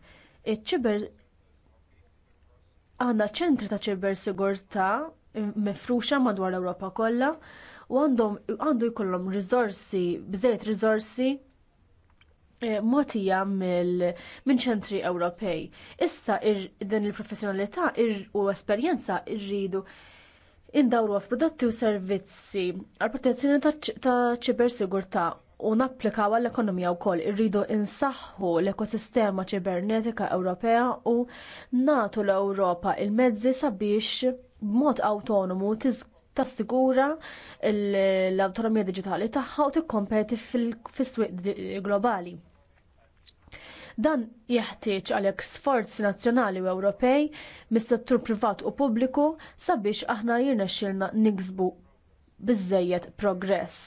Iċ-ċiber għandna ċentri ta' ċiber sigurtà mifruxa madwar l-Ewropa kollha u għandhom għandu jkollhom riżorsi, bżejt riżorsi Eh, motija minn ċentri Ewropej. Issa din il-professjonalità u esperjenza irridu indawru f'prodotti u servizzi għal protezzjoni ta' ċibersigurtà u napplikaw għall-ekonomija wkoll irridu insaħħu l-ekosistema ċibernetika Ewropea u natu l-Ewropa il-mezzi sabiex b'mod awtonomu tassigura l-autonomija digitali tagħha u tikkompeti fis-swieq globali. Dan jeħtieġ għalhekk sforz nazzjonali u Ewropej mis-settur privat u pubbliku sabiex aħna jirnexxilna niksbu biżżejjed progress.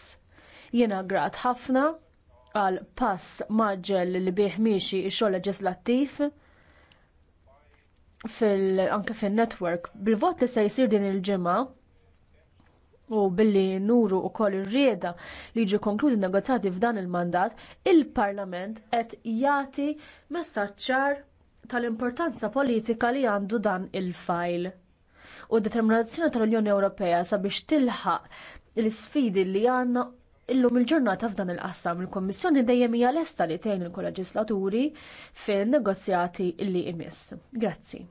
Jiena grat ħafna għal pass maġġel li bih miexi x-xogħol leġislattiv fil anke fin-network bil-vot li se jsir din il-ġimgħa u billi nuru u koll rieda li ġi konklużi negozjati f'dan il-mandat, il-Parlament qed jagħti messaċċar tal-importanza politika li għandu dan il-fajl. U determinazzjoni tal-Unjoni Ewropea sabiex tilħaq l-sfidi li għandna illum il-ġurnata f'dan il-qassam il-Kommissjoni dejjem hija lesta li tgħin il-kolleġislaturi fin-negozjati li imiss. Grazzi.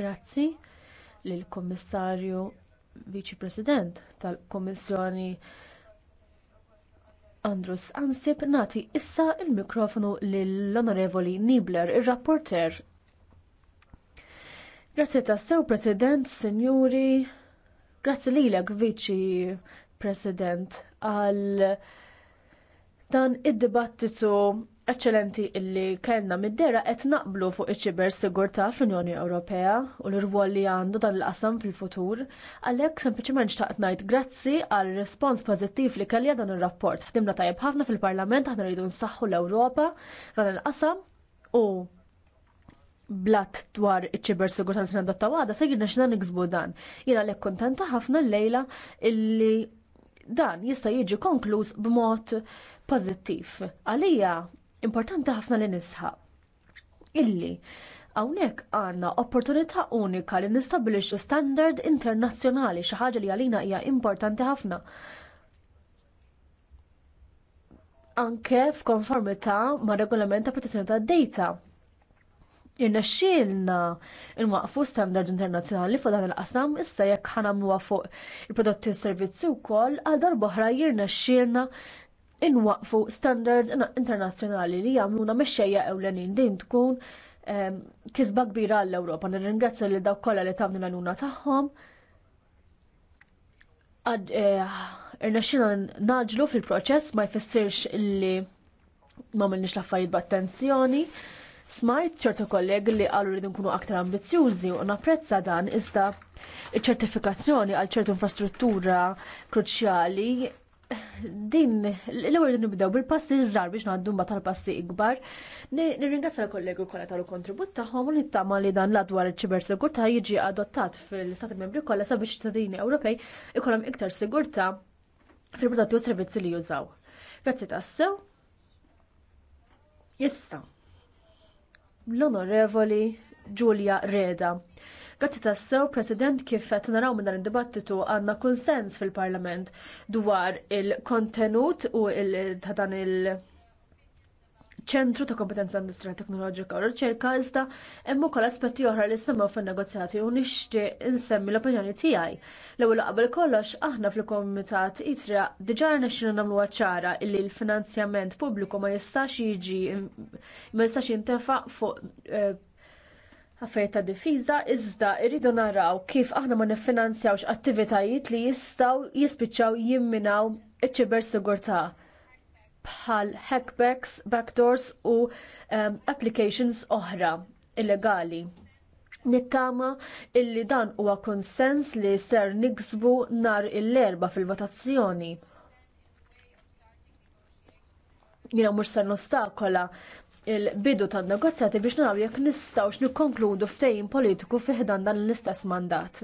Grazzi lill-kummissarju viċi president tal-kummissjoni andrus ansip nagħti issa l-mikrofonu lill-onorevoli niebler ir-rapporter Grazzi sew President, Sinjuri, grazzi lilek Viċi President għal dan id-dibattitu eċċellenti illi kellna mid-dera qed naqblu fuq iċ-ċiber sigurtà fl-Unjoni Ewropea u l-irwol li għandu dan il-qasam fil-futur, għalhekk sempliċement xtaqt ngħid grazzi għal respons pożittiv li kellja dan ir-rapport. Ħdimna tajjeb ħafna fil-Parlament aħna rridu nsaħħu l-Ewropa dan il-qasam u blatt dwar iċ-ċiber sigurtà li se nadottaw għadha se jirna x'na niksbu dan. Jiena għalhekk kuntenta ħafna llejla illi dan jista' jiġi konkluż b'mod pożittiv. Għalija Importanti ħafna li nisħaq illi hawnhekk għandna opportunità unika li nistabilixxu standard internazzjonali xi ħaġa li għalina hija importanti ħafna anke f'konformità ma' regolament ta' protezzjoni tad-dejta. Irnexxielna waqfu standard internazzjonali fuq dan il-qasam issa jekk ħanamluha fuq il-prodotti u servizzi wkoll għal darba oħra xilna inwaqfu standards internazzjonali li jagħmluna mexxejja ewlenin din tkun kisba kbira għall-Ewropa. Nirringrazzja lil dawk kollha li tagħmlu l-għanuna tagħhom. Eh, irnexxina naġlu fil-proċess ma jfissirx li ma minnix l-affarijiet b'attenzjoni. Smajt ċertu kollegi li qalu li nkunu aktar ambizzjużi u napprezza dan iżda ċertifikazzjoni għal ċertu infrastruttura kruċjali din l-ewwel nibdew bil-passi żgħar biex ngħaddu mbagħad tal-passi ikbar. Nirringrazzja l-kollegu kollha tal-kontribut tagħhom u nittama li dan l-adwar iċ-ċibersigurtà jiġi adottat fil-Stati Membri kollha sabiex ċittadini Ewropej ikollhom iktar sigurtà fil-prodotti u servizzi li jużaw. Grazzi tassew. Issa. L-Onorevoli Giulia Reda Grazzi tassew, President, kif qed naraw minn dan id-dibattitu għandna konsens fil-Parlament dwar il-kontenut u il ta' dan il- ċentru ta' kompetenza Industrija teknoloġika u riċerka iżda hemm ukoll aspetti oħra li semmew fin-negozjati u nixtieq insemmi l-opinjoni tiegħi. L-ewwel qabel kollox aħna fil-Kumitat Itra diġà nexxina nagħmlu ċara li l-finanzjament pubbliku ma jistax jiġi ma jistax jintefaq fuq eh, affarijiet ta' difiża iżda rridu naraw kif aħna ma niffinanzjawx attivitajiet li jistgħu jispiċċaw jimminaw iċ-ċibersigurtà bħal hackbacks, backdoors u um, applications oħra illegali. Nittama illi dan huwa konsens li ser niksbu nar il-erba fil-votazzjoni. Jina mux ser nostakola il-bidu tan negozjati biex naraw jekk nistgħux nikkonkludu ftehim politiku fiħdan dan l-istess mandat.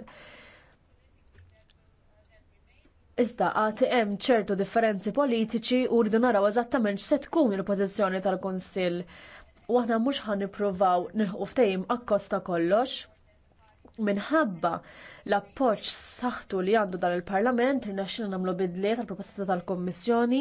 Iżda għad hemm ċertu differenzi politiċi u rridu naraw eżattament x'se tkun il-pożizzjoni tal-Kunsill. U aħna mhux ħan nippruvaw ftehim akkosta kollox minħabba l-appoġġ saħtu li għandu dan il-Parlament irnexxilna nagħmlu bidliet għall proposta tal-Kommissjoni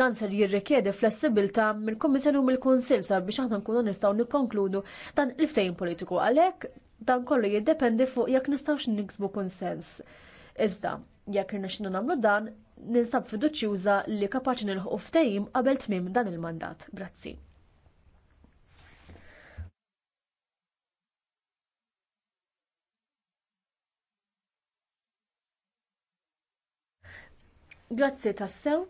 dan ser jirrikjedi flessibilta mill-Kummissjoni u mill-Kunsill sabiex aħna nkunu nistgħu nikkonkludu dan il-ftehim politiku għalhekk dan kollu jiddependi fuq jekk nistgħux niksbu konsens. Iżda, jekk irnexxilna nagħmlu dan, ninsab fiduċjuża li kapaċi nilħu ftehim qabel tmiem dan il-mandat. Grazzi. Grazzi tassew.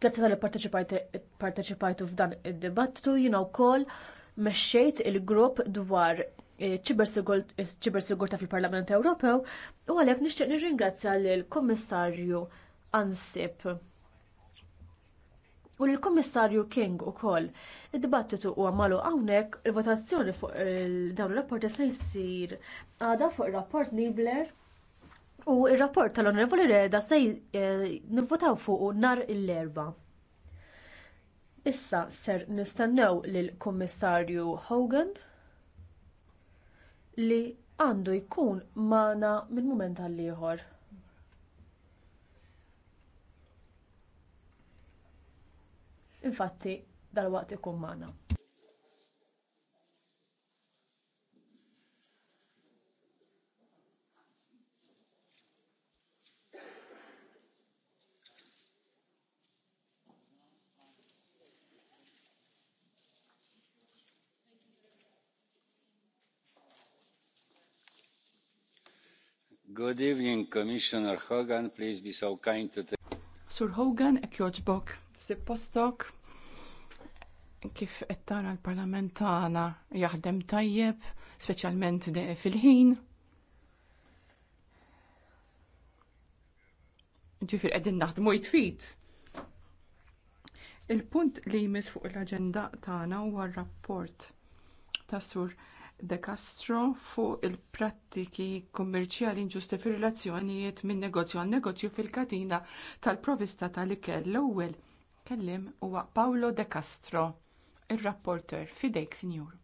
Grazzi tal-li parteċipajtu f'dan id-dibattu. Jina wkoll meċċejt il-grupp dwar eh, ċibersigurta fil-Parlament Ewropew u għalhekk nixtieq nirringrazzja lill-Kummissarju Ansip u lill-Kummissarju King ukoll. Id-dibattitu huwa għamalu hawnhekk il-votazzjoni fuq dawn ir-rapporti se jsir għada fuq ir-rapport Nibler U r rapport tal-Onorevoli Reda se eh, nivvotaw fuq nhar l-erba. Issa ser nistennew lill-Kummissarju Hogan li għandu jkun magħna minn mument għal ieħor. Infatti, dalwaqt ikun magħna. Good evening, Commissioner Hogan. Please be so kind to... Sur Hogan, ek joġbok, sippostok, kif qed tara l-Parlament tagħna jaħdem tajjeb, speċjalment fil-ħin. Ġifir qegħdin naħdmu jitfit. Il-punt li jmiss fuq l-aġenda tagħna huwa r-rapport ta' Sur De Castro fuq il-prattiki kummerċjali inġusti fir-relazzjonijiet minn negozju għal negozju fil-katina tal-provista tal-ikel l-ewwel kellim huwa Paolo De Castro, ir-rapporter fidejk Sinjur.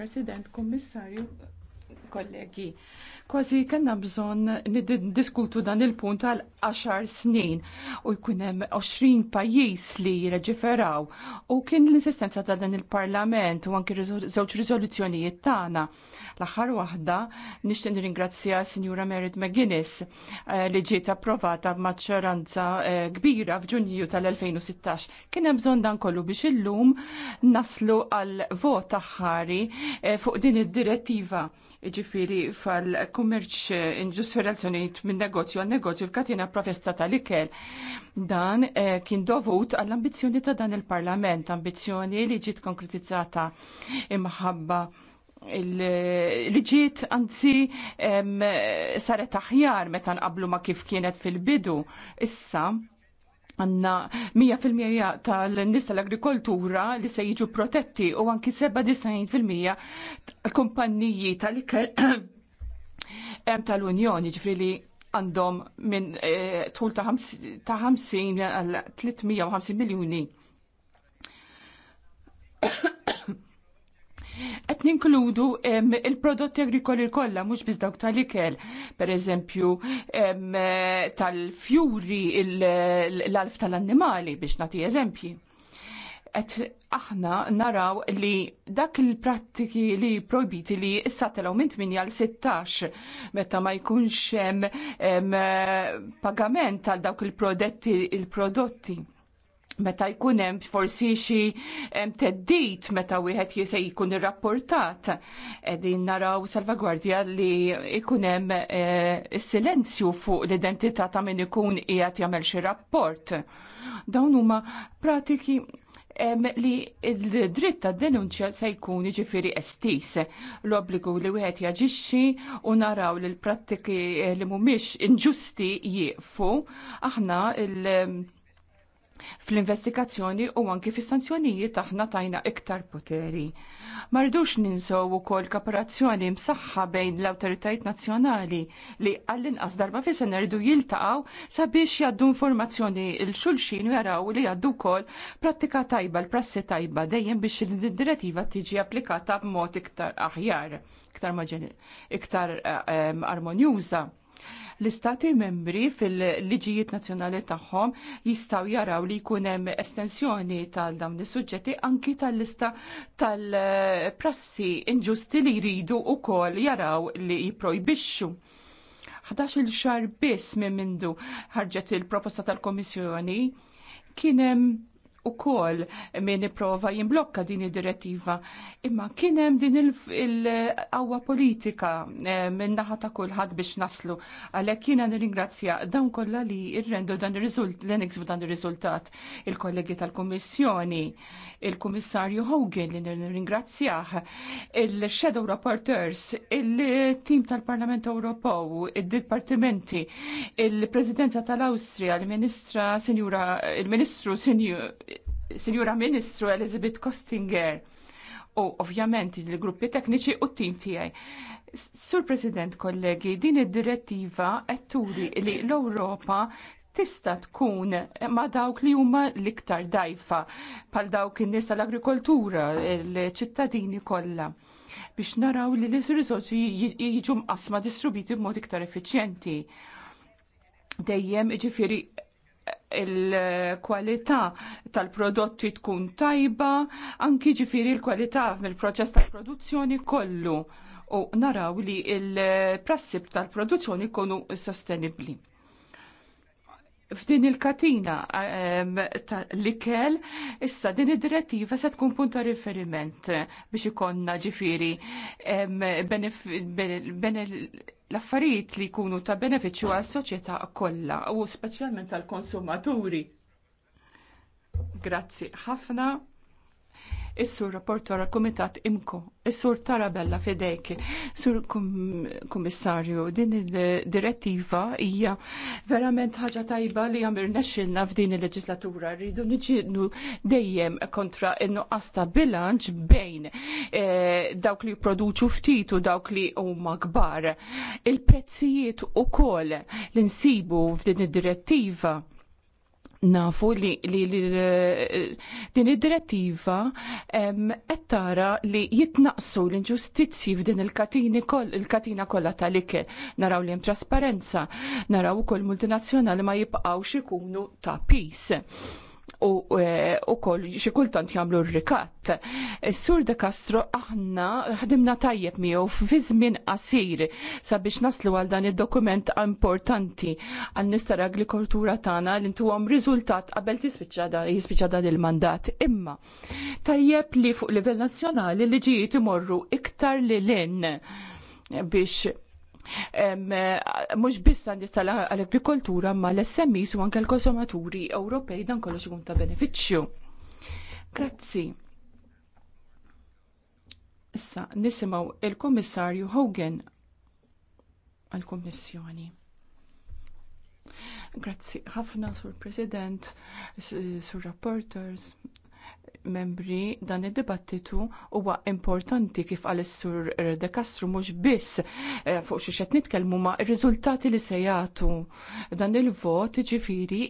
President, Kummissarju, kollegi. Kważi kellna bżonn niddiskutu dan il-punt għal 10 snin u jkun hemm 20 pajjiż li jirreġiferaw u kien l-insistenza ta' dan il-Parlament u anki żewġ riżoluzzjonijiet tagħna. L-aħħar waħda nixtieq nirringrazzja Sinjura Merit McGuinness eh, li ġiet approvata b'maċċoranza eh, kbira f'Ġunju tal-2016. Kien hemm bżonn dan kollu biex illum naslu għal vot aħħari eh, fuq din id-direttiva Ġifiri fal-kummerċ inġus relazzjoniet minn negozju għal negozju f'katina profesta tal-ikel. Dan eh, kien dovut għall-ambizjoni ta' dan il-parlament, ambizjoni li ġiet konkretizzata imħabba li ġiet anzi saret aħjar meta qablu ma kif kienet fil-bidu. Issa, għanna 100% tal nisa tal-agrikoltura li se jiġu protetti u anki 97% tal-kumpanniji tal-ikel tal-Unjoni ġifri li għandhom minn eh, tul ta' 50 għal 350 miljoni. Qed ninkludu il-prodotti agrikoli kollha mhux biss dawk tal-ikel, pereżempju tal-fjuri l-alf tal-annimali biex nagħti eżempji. Qed aħna naraw li dak il-prattiki li projbiti li issa telgħu minn 8 għal 16 meta ma jkunx hemm pagament tal dawk il-prodotti il-prodotti. il prodotti il il prodotti meta jkun hemm forsi xi teddit meta wieħed jisej jkun irrapportat. Qegħdin naraw salvagwardja li jkun hemm e, silenzju fuq l-identità ta' min ikun qiegħed jagħmel xi rapport. Dawn huma pratiki li l dritt ta' denunċja se jkun ġifiri estis. L-obbligu li wieħed jaġixxi u naraw li l-prattiki eh, li mhumiex inġusti jieqfu aħna il- fl-investigazzjoni u anki fis-sanzjonijiet aħna tajna iktar poteri. Ma rridux ninsew ukoll kooperazzjoni msaħħa bejn l-awtoritajiet nazzjonali li għall-inqas darba fi sena rridu jiltaqgħu sabiex jaddu informazzjoni l xulxin u jaraw li jaddu wkoll prattika tajba l-prassi tajba dejjem biex id-direttiva tiġi applikata b'mod iktar aħjar, iktar, iktar eh, eh, armonjuża L-istati membri fil-liġijiet nazzjonali tagħhom jistgħu jaraw li jkun hemm estensjoni tal dawn is-suġġetti anki tal-lista tal-prassi inġusti li jridu wkoll jaraw li jipprojbixxu. 11-il xar biss minn mindu ħarġet il-proposta tal-Komissjoni kien hemm ukoll min ipprova jimblokka din id-direttiva. Imma kien hemm din il-qawwa politika eh, minn naħa ta' kulħadd biex naslu. Għalhekk jiena ingrazzja dawn kollha li irrendu dan ir-riżult li niksbu dan ir-riżultat il-kollegi tal-Kummissjoni, il-Kummissarju Hogan li nir-ingrazzja, il-Shadow Rapporteurs, il team tal-Parlament Ewropew, id-dipartimenti, il-Presidenza tal-Awstrija, il-Ministra Sinjura, il-Ministru Senjura, Signora Ministru Elizabeth Kostinger u ovvjament il-gruppi tekniċi u t-tim tiegħi. Sur President kollegi, din id-direttiva qed turi li l-Ewropa tista' tkun ma' dawk li huma l-iktar dajfa pal dawk in-nies tal-agrikoltura, l-ċittadini kollha biex naraw li l-risorsi jiġu mqasma distribuiti b'mod iktar effiċjenti. Dejjem ġifiri il-kwalità tal-prodotti tkun tajba, anki ġifiri l-kwalità mill-proċess tal-produzzjoni kollu u naraw li il-prassib tal-produzzjoni jkunu sostenibbli. F'din il-katina ehm, l-ikel, issa din id-direttiva se tkun punta riferiment biex ikonna ġifiri ehm, l-affarijiet li jkunu ta' benefiċċju għal soċjetà kollha u speċjalment għall konsumaturi. Grazzi ħafna. Is-sur rapportor għal-Kumitat Imko, is-sur Tarabella fidejk, sur Kummissarju, din il-direttiva hija verament ħaġa tajba li għamirna xilna f'din il-leġislatura. Rridu nġinu dejjem kontra in-nuqqas ta' bilanċ bejn eh, dawk li produċu ftit u dawk li huma kbar. Il-prezzijiet ukoll l-insibu f'din id-direttiva nafu li, li, li, li din id-direttiva qed tara li jitnaqsu l-inġustizzji f'din il-katini koll il-katina kollha tal-ikel. Naraw li hemm trasparenza, naraw ukoll multinazzjonali ma jibqgħux ikunu ta' peace u e, ukoll xi kultant jagħmlu r-rikatt. Sur De Castro aħna ħdimna tajjeb miegħu fi żmien qasir sabiex naslu għal dan id-dokument importanti għal nistar agrikoltura tagħna li ntuhom riżultat qabel jispiċċa dan il-mandat. Imma tajjeb li fuq livell nazzjonali liġijiet imorru iktar li lin biex mhux biss nistala għall-agrikoltura ma l-SMEs u anke l-konsumaturi Ewropej dan kollox ikun ta' benefiċċju. Grazzi. Issa nisimgħu il-Kummissarju Hogan għall-Kummissjoni. Grazzi ħafna sur President, sur Rapporters, membri dan id-dibattitu huwa importanti kif għal sur De Castro mhux biss eh, fuq xi qed nitkellmu ma' r-riżultati li se jagħtu. Dan il-vot ġifiri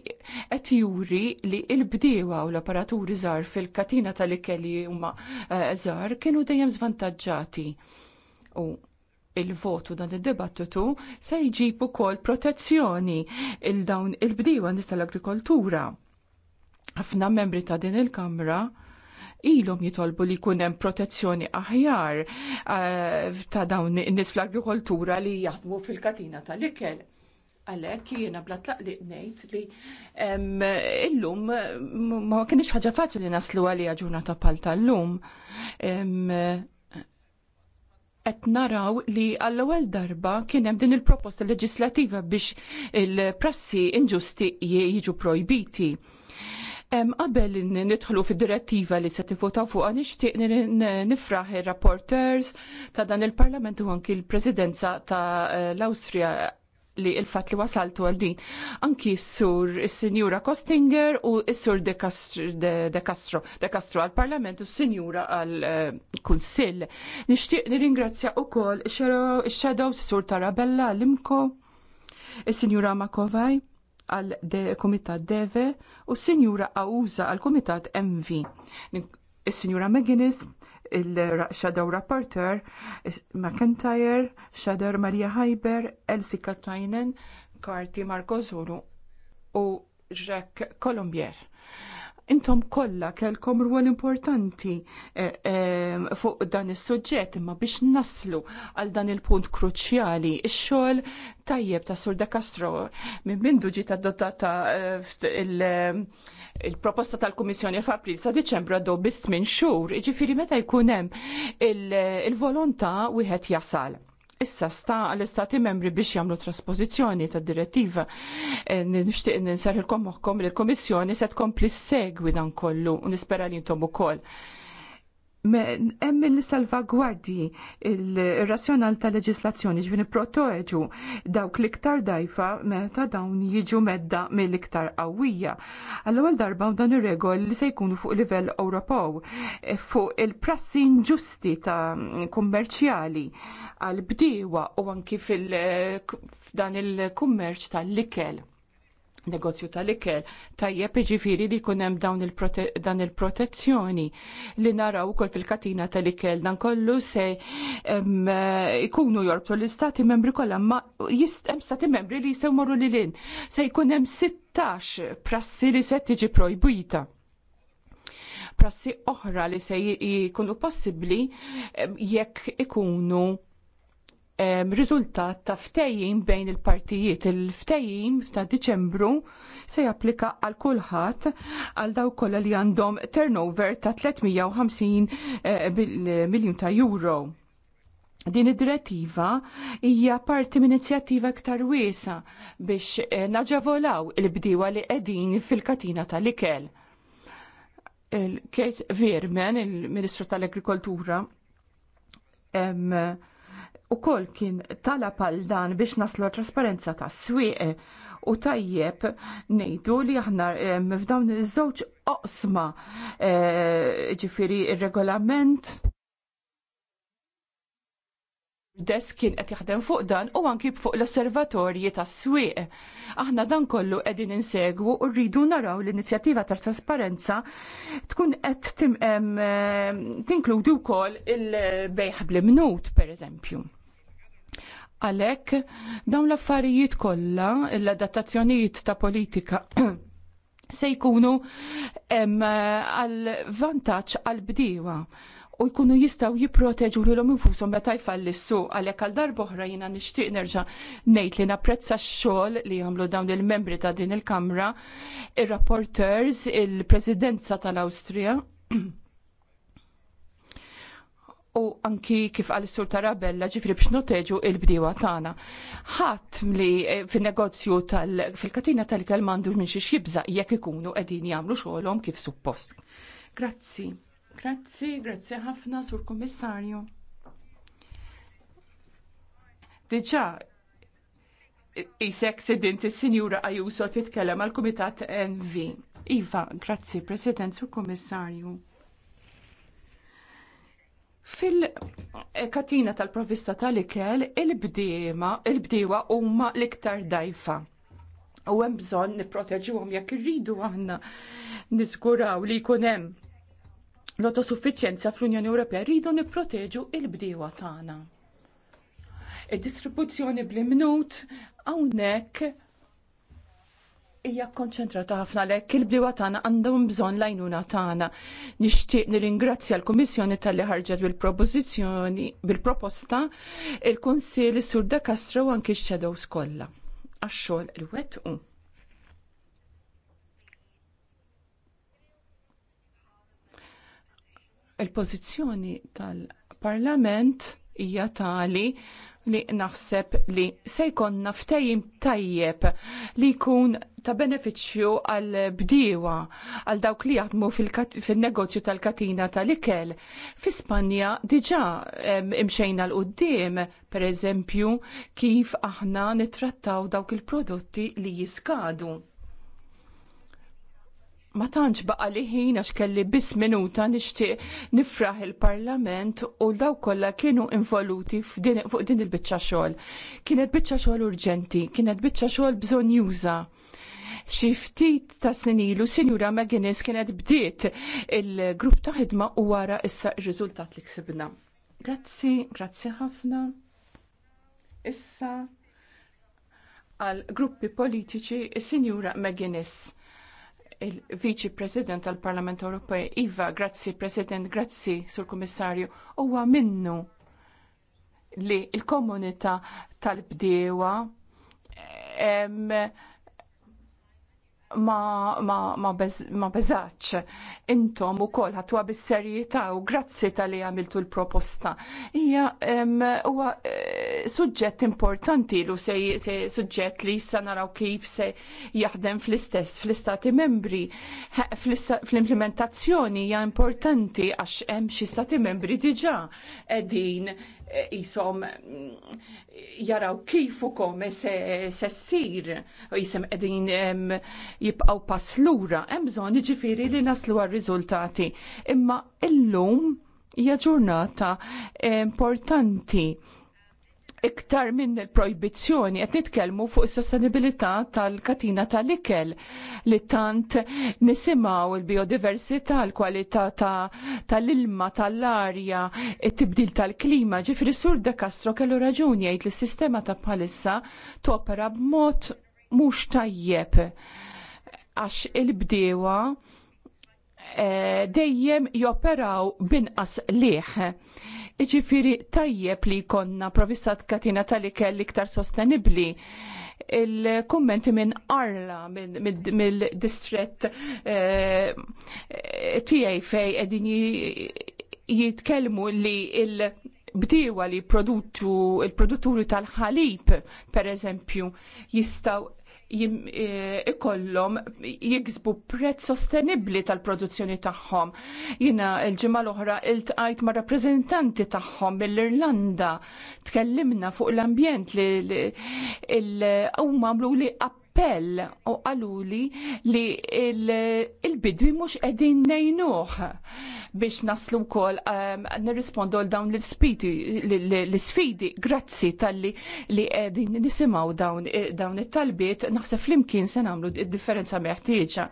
qed juri li l-bdiewa u l-apparaturi żgħar fil-katina tal-ikelli huma eh, żgħar kienu dejjem żvantaġġati. U il-votu dan id-dibattitu se jġib ukoll protezzjoni il dawn il-bdiewa nies l-agrikoltura ħafna membri ta' din il-Kamra ilhom jitolbu li jkun hemm protezzjoni aħjar eh, ta' dawn in-nies fl-agrikoltura li jaħdmu fil-katina tal-ikel. Għalhekk jiena bla tlaqliq ngħid li illum ma kienx ħaġa faċli naslu għalija ġurnata pal tal-lum. Et naraw li għall-ewwel darba kien hemm din il-proposta leġislativa biex il-prassi inġusti jiġu projbiti Em Qabel nidħlu fid-direttiva li se tivvotaw fuqha nixtieq nifraħ ir-rapporters ta' dan il-Parlament u anki l-Presidenza ta' l-Awstrija li il-fat li wasaltu għal din. Anki s-sur il-Sinjura Kostinger u s-sur De Castro. De Castro għal-Parlament u s-Sinjura għal-Kunsill. Eh, Nishtiq nir-ingrazzja u kol il s-sur Tarabella Limko, s sinjura Makovaj għal Komitat Deve u Sinjura Awuza għal Komitat MV. Is-Sinjura McGuinness, il-Shadow Rapporteur, McIntyre, Shadow Maria Hyber, Elsie Katainen, Karti Marco Zulu u Jacques Colombier. Intom kollha kelkom rwol importanti eh, eh, fuq dan is-suġġett imma biex naslu għal dan il-punt kruċjali ix-xogħol tajjeb ta' Sur De Castro minn mindu ġiet dotata eh, il-proposta il-proposta tal-Kummissjoni f'April sa' Diċembru għaddu biss minn xhur, jiġifieri meta jkun hemm il-volontà wieħed jasal issa sta għall-istati membri biex jagħmlu traspożizzjoni tad direttiva. Eh, nixtieq ninsarħilkom moħħkom li l-Komissjoni se tkompli segwi dan kollu u nispera li intom ukoll hemm il-salvagwardji il-razzjonal ta' leġislazzjoni ġvini protoeġu dawk l-iktar dajfa meta dawn jiġu medda mill-iktar qawwija. Għall-ewwel darba dan ir-regoli li se jkunu fuq livell Ewropew e, fuq il-prassi inġusti ta' kummerċjali għal bdiewa u anki fil-dan eh, il-kummerċ tal-likel negozju tal-ikel, tajjeb iġifiri li kunem dan il-protezzjoni li naraw kol fil-katina tal-ikel dan kollu se ikunu jorbtu l-istati membri kollha ma jistem stati membri li jisew morru li lin se jkunem 16 prassi li se tiġi projbita prassi oħra li se jkunu possibbli jekk ikunu riżultat ta' ftejjim bejn il-partijiet. Il-ftejjim ta' Diċembru se japplika għal kulħadd għal daw kollha li għandhom turnover ta' 350 eh, miljun ta' euro. Din id-direttiva hija parti minn inizjattiva iktar wiesa biex eh, naġavolaw il-bdiewa li qegħdin fil-katina tal-ikel. Il-Kejs Vermen, il-Ministru tal-Agrikoltura, kol kien talab għal dan biex naslu trasparenza tas swieq u tajjeb ngħidu li aħna f'dawn iż-żewġ oqsma e, ġifiri il regolament desk kien qed jaħdem fuq dan u anki fuq l-osservatorji tas-swieq. Aħna dan kollu qegħdin insegwu u rridu naraw l-inizjattiva tat trasparenza tkun qed tinkludi wkoll il-bejħ bl-imnut pereżempju. Għalhekk dawn l-affarijiet kollha, l-adattazzjonijiet ta' politika se jkunu għal vantaġġ għal bdiewa u jkunu jistaw jipproteġu l-om infusom meta jfallissu għalek għal oħra jina nishtiq nerġa ngħid li napprezza x-xogħol li jagħmlu dawn il-membri ta' din il-kamra, ir rapporters il-presidenza tal awstrija u anki kif għal sur tarabella ġifri biex noteġu il-bdiwa tagħna. Ħadd li eh, fin-negozju tal fil-katina tal-ikel minn xi jibża jekk ikunu qegħdin jagħmlu xogħolhom kif suppost. Grazzi. Grazzi, grazzi ħafna sur Kommissarju. Diġà isek sedinti is-Sinjura Ajuso titkellem għall kumitat NV. Iva, grazzi, President, sur Kommissarju. Fil-katina tal-provista tal-ikel, il-bdiewa il huma l-iktar dajfa. U hemm bżonn nipproteġuhom jekk irridu aħna niżguraw li jkun hemm l-autosuffiċjenza fl-Unjoni Ewropea rridu nipproteġu il-bdiewa tagħna. Id-distribuzzjoni bl-imnut hawnhekk hija kkonċentrata ħafna lek il-bliwa tagħna għandhom bżonn lajnuna tagħna. Nixtieq nirringrazzja l-Kummissjoni tal-li ħarġet bil-propożizzjoni bil-proposta il-Kunsill sur De Castro anke x-shadows kollha. Għax-xogħol li Il-pożizzjoni tal-Parlament hija tali li naħseb li se jkollna ftejim tajjeb li jkun ta' benefiċċju għal bdiewa għal dawk li jaħdmu fil-negozju tal-katina tal-ikel. Fi Spanja diġà imxejna l qoddim per eżempju, kif aħna nitrattaw dawk il-prodotti li jiskadu ma tantx baqa li ħin għax kelli biss minuta nixtieq nifraħ il-Parlament u daw kollha kienu involuti fuq din il-biċċa xogħol. Kienet biċċa xogħol urġenti, kienet biċċa xogħol bżonn juża. Xi ftit ta' snin ilu Sinjura McGuinness kienet bdiet il-grupp ta' ħidma u wara issa r-riżultat li ksibna. Grazzi, grazzi ħafna. Issa għal gruppi politiċi Sinjura McGuinness il-Viċi President tal-Parlament Ewropej. Iva, grazzi President, grazzi Sur Kummissarju. Huwa minnu li l komunità tal-bdewa ma, ma, ma, bez, ma bezaċ. Intom u kol ħatwa bis-serjetà u grazzi tal-li għamiltu l-proposta. Ija huwa eh, suġġett importanti lu se, se suġġett li jissa naraw kif se jaħdem fl-istess fl-istati membri. Fl-implementazzjoni hija importanti għax hemm xi stati membri diġà edin jisom mm, jaraw kif u kom se sir jisem edin jibqaw paslura emżon ġifiri li naslu għal-rizultati imma illum hija ġurnata eh, importanti iktar minn il-projbizzjoni qed nitkellmu fuq is-sostenibilità tal-katina tal-ikel li tant nisimgħu il-biodiversità, l-kwalità tal-ilma, tal-arja, it-tibdil tal-klima. Ġifri Sur De Castro kellu raġuni jgħid li s-sistema ta' bħalissa topera b'mod mhux tajjeb għax il-bdewa eh, dejjem joperaw binqas liħ Iġifiri tajjeb li konna provistat katina tal-ikel iktar sostenibli il-kommenti minn Arla mill-distret eh, tijaj fej edin jitkelmu li il- bdiewa li produttu il-produtturi tal-ħalib, per eżempju, jistaw E, ikollhom jiksbu prezz sostenibbli tal-produzzjoni tagħhom. Jiena l-ġimgħa l-oħra iltqajt ma' rappreżentanti tagħhom mill-Irlanda tkellimna fuq l-ambjent li huma għamlu li app appell u għaluli li il-bidwi mhux qegħdin ngħinuh biex naslu wkoll ehm, nirrispondu għal dawn l-sfidi. Grazzi talli li qegħdin nisimgħu dawn it-talbiet naħseb flimkien se nagħmlu id-differenza meħtieġa.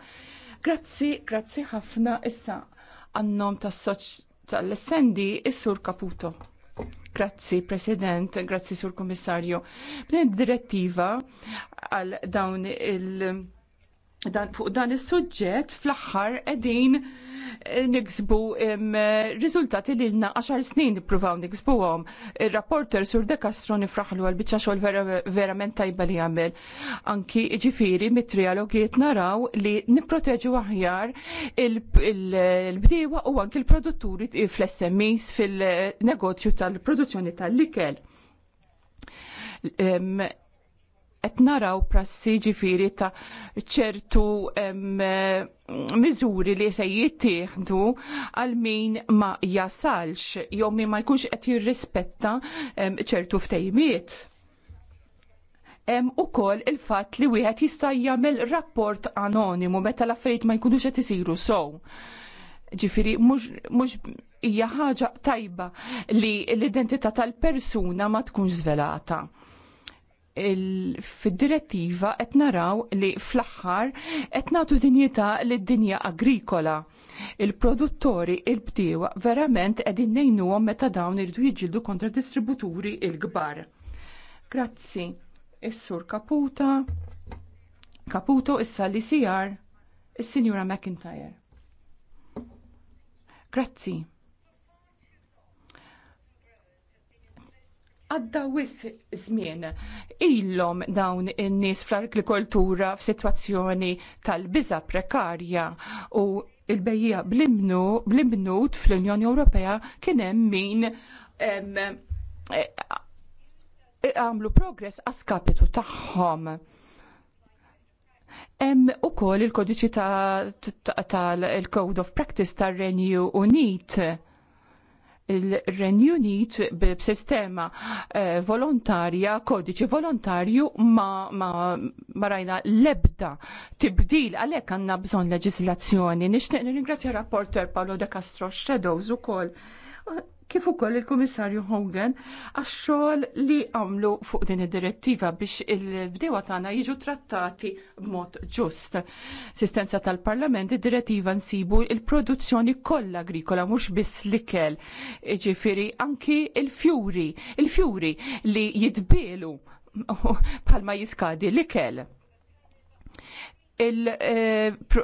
Grazzi, grazzi ħafna issa għannom tas-soċ tal-essendi is-sur Caputo. Grazzi, President, grazzi, Sur Komissarju. Bned direttiva għal dawn il- dan, fuq dan is-suġġett fl-aħħar qegħdin eh, niksbu riżultati li lna 10 snin nippruvaw niksbuhom. Ir-rapporter Sur De Castro nifraħlu għal biċċa xogħol verament vera tajba li jagħmel. Anki jiġifieri mit-trialogiet naraw li nipproteġu aħjar il-bdiewa il u anki l-produtturi fl-SMEs fil-negozju eh, tal-produzzjoni tal-likel qed naraw prassi ġifiri ta' ċertu miżuri li se jittieħdu għal min ma jasalx jew min ma jkunx qed jirrispetta ċertu ftejmiet. Hemm ukoll il-fatt li wieħed jista' jagħmel rapport anonimu meta l-affarijiet ma jkunux qed isiru sow. Ġifiri, mhux hija ħaġa tajba li l-identità tal-persuna ma tkunx żvelata fid-direttiva qed naraw li fl-aħħar qed nagħtu dinjità lid-dinja agrikola. Il-produttori il-bdiewa verament qegħdin ngħinuhom meta dawn iridu jiġġieldu kontra distributuri il-kbar. Grazzi. Is-sur Kaputa. Caputo issa li sijar is-Sinjura McIntyre. Grazzi. għadda wis żmien ilhom dawn in-nies fl-agrikoltura f'sitwazzjoni tal-biża prekarja u il-bejja bl fl-Unjoni Ewropea kien hemm min għamlu progress għaskapitu tagħhom. Hemm ukoll il-kodiċi tal-Code of Practice tar-Renju Unit il-renjunit b-sistema eh, volontarja, kodiċi volontarju ma, ma, rajna lebda tibdil għalek għanna bżon leġislazzjoni. Nishtiq nirringrazzja rapporter Paolo De Castro Shadows u kol kif ukoll il-Kummissarju Hogan għax-xogħol li għamlu fuq din id-direttiva biex il-bdewa tagħna jiġu trattati b'mod ġust. Sistenza tal-Parlament id-direttiva nsibu il-produzzjoni kollha agrikola mhux biss l-ikel, ġifieri anki il-fjuri, il-fjuri li jitbielu bħalma jiskadi l-ikel eh,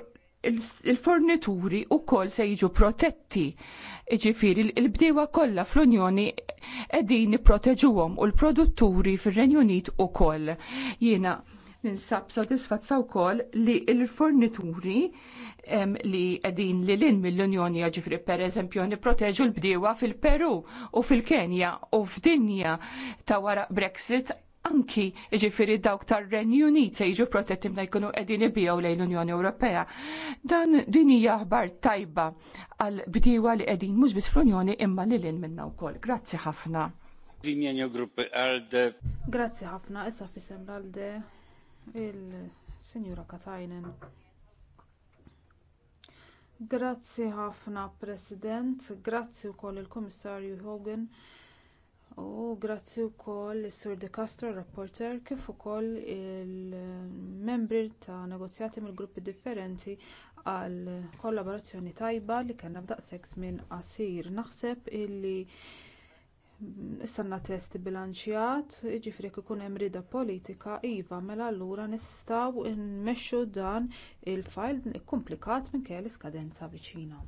il-fornituri u kol se jiġu protetti Iġifiri, il-bdewa kollha fl-Unjoni qegħdin nipproteġuhom u l-produtturi fir-Renju Unit ukoll. Jiena ninsab sodisfazzaw wkoll li il-fornituri li qegħdin li l-in mill-Unjoni ġifri per eżempju l-bdiewa fil-Peru u fil-Kenja u f'dinja ta' wara Brexit anki iġifiri dawk tar renju Unit se jiġu protetti mna jkunu edin ibijaw lejn l-Unjoni Ewropea. Dan din hija aħbar tajba għal bdiewa li qegħdin mhux biss fl-Unjoni imma li l-in minna wkoll. Grazzi ħafna. Grazzi ħafna, issa fisem l-Alde il-Sinjura Katajnen. Grazzi ħafna, President, grazzi wkoll il-Kummissarju Hogan u grazzi wkoll is-sur de castro rapporteur kif ukoll il-membri ta' negozjati mill-gruppi differenti għal kollaborazzjoni tajba li kellna f'daqshekk żmien qasir naħseb illi issa test bilanċjat jiġifieri jekk ikun hemm rieda politika iva mela allura nistgħu nmexxu dan il-file ikkumplikat minkejja kelli skadenza viċina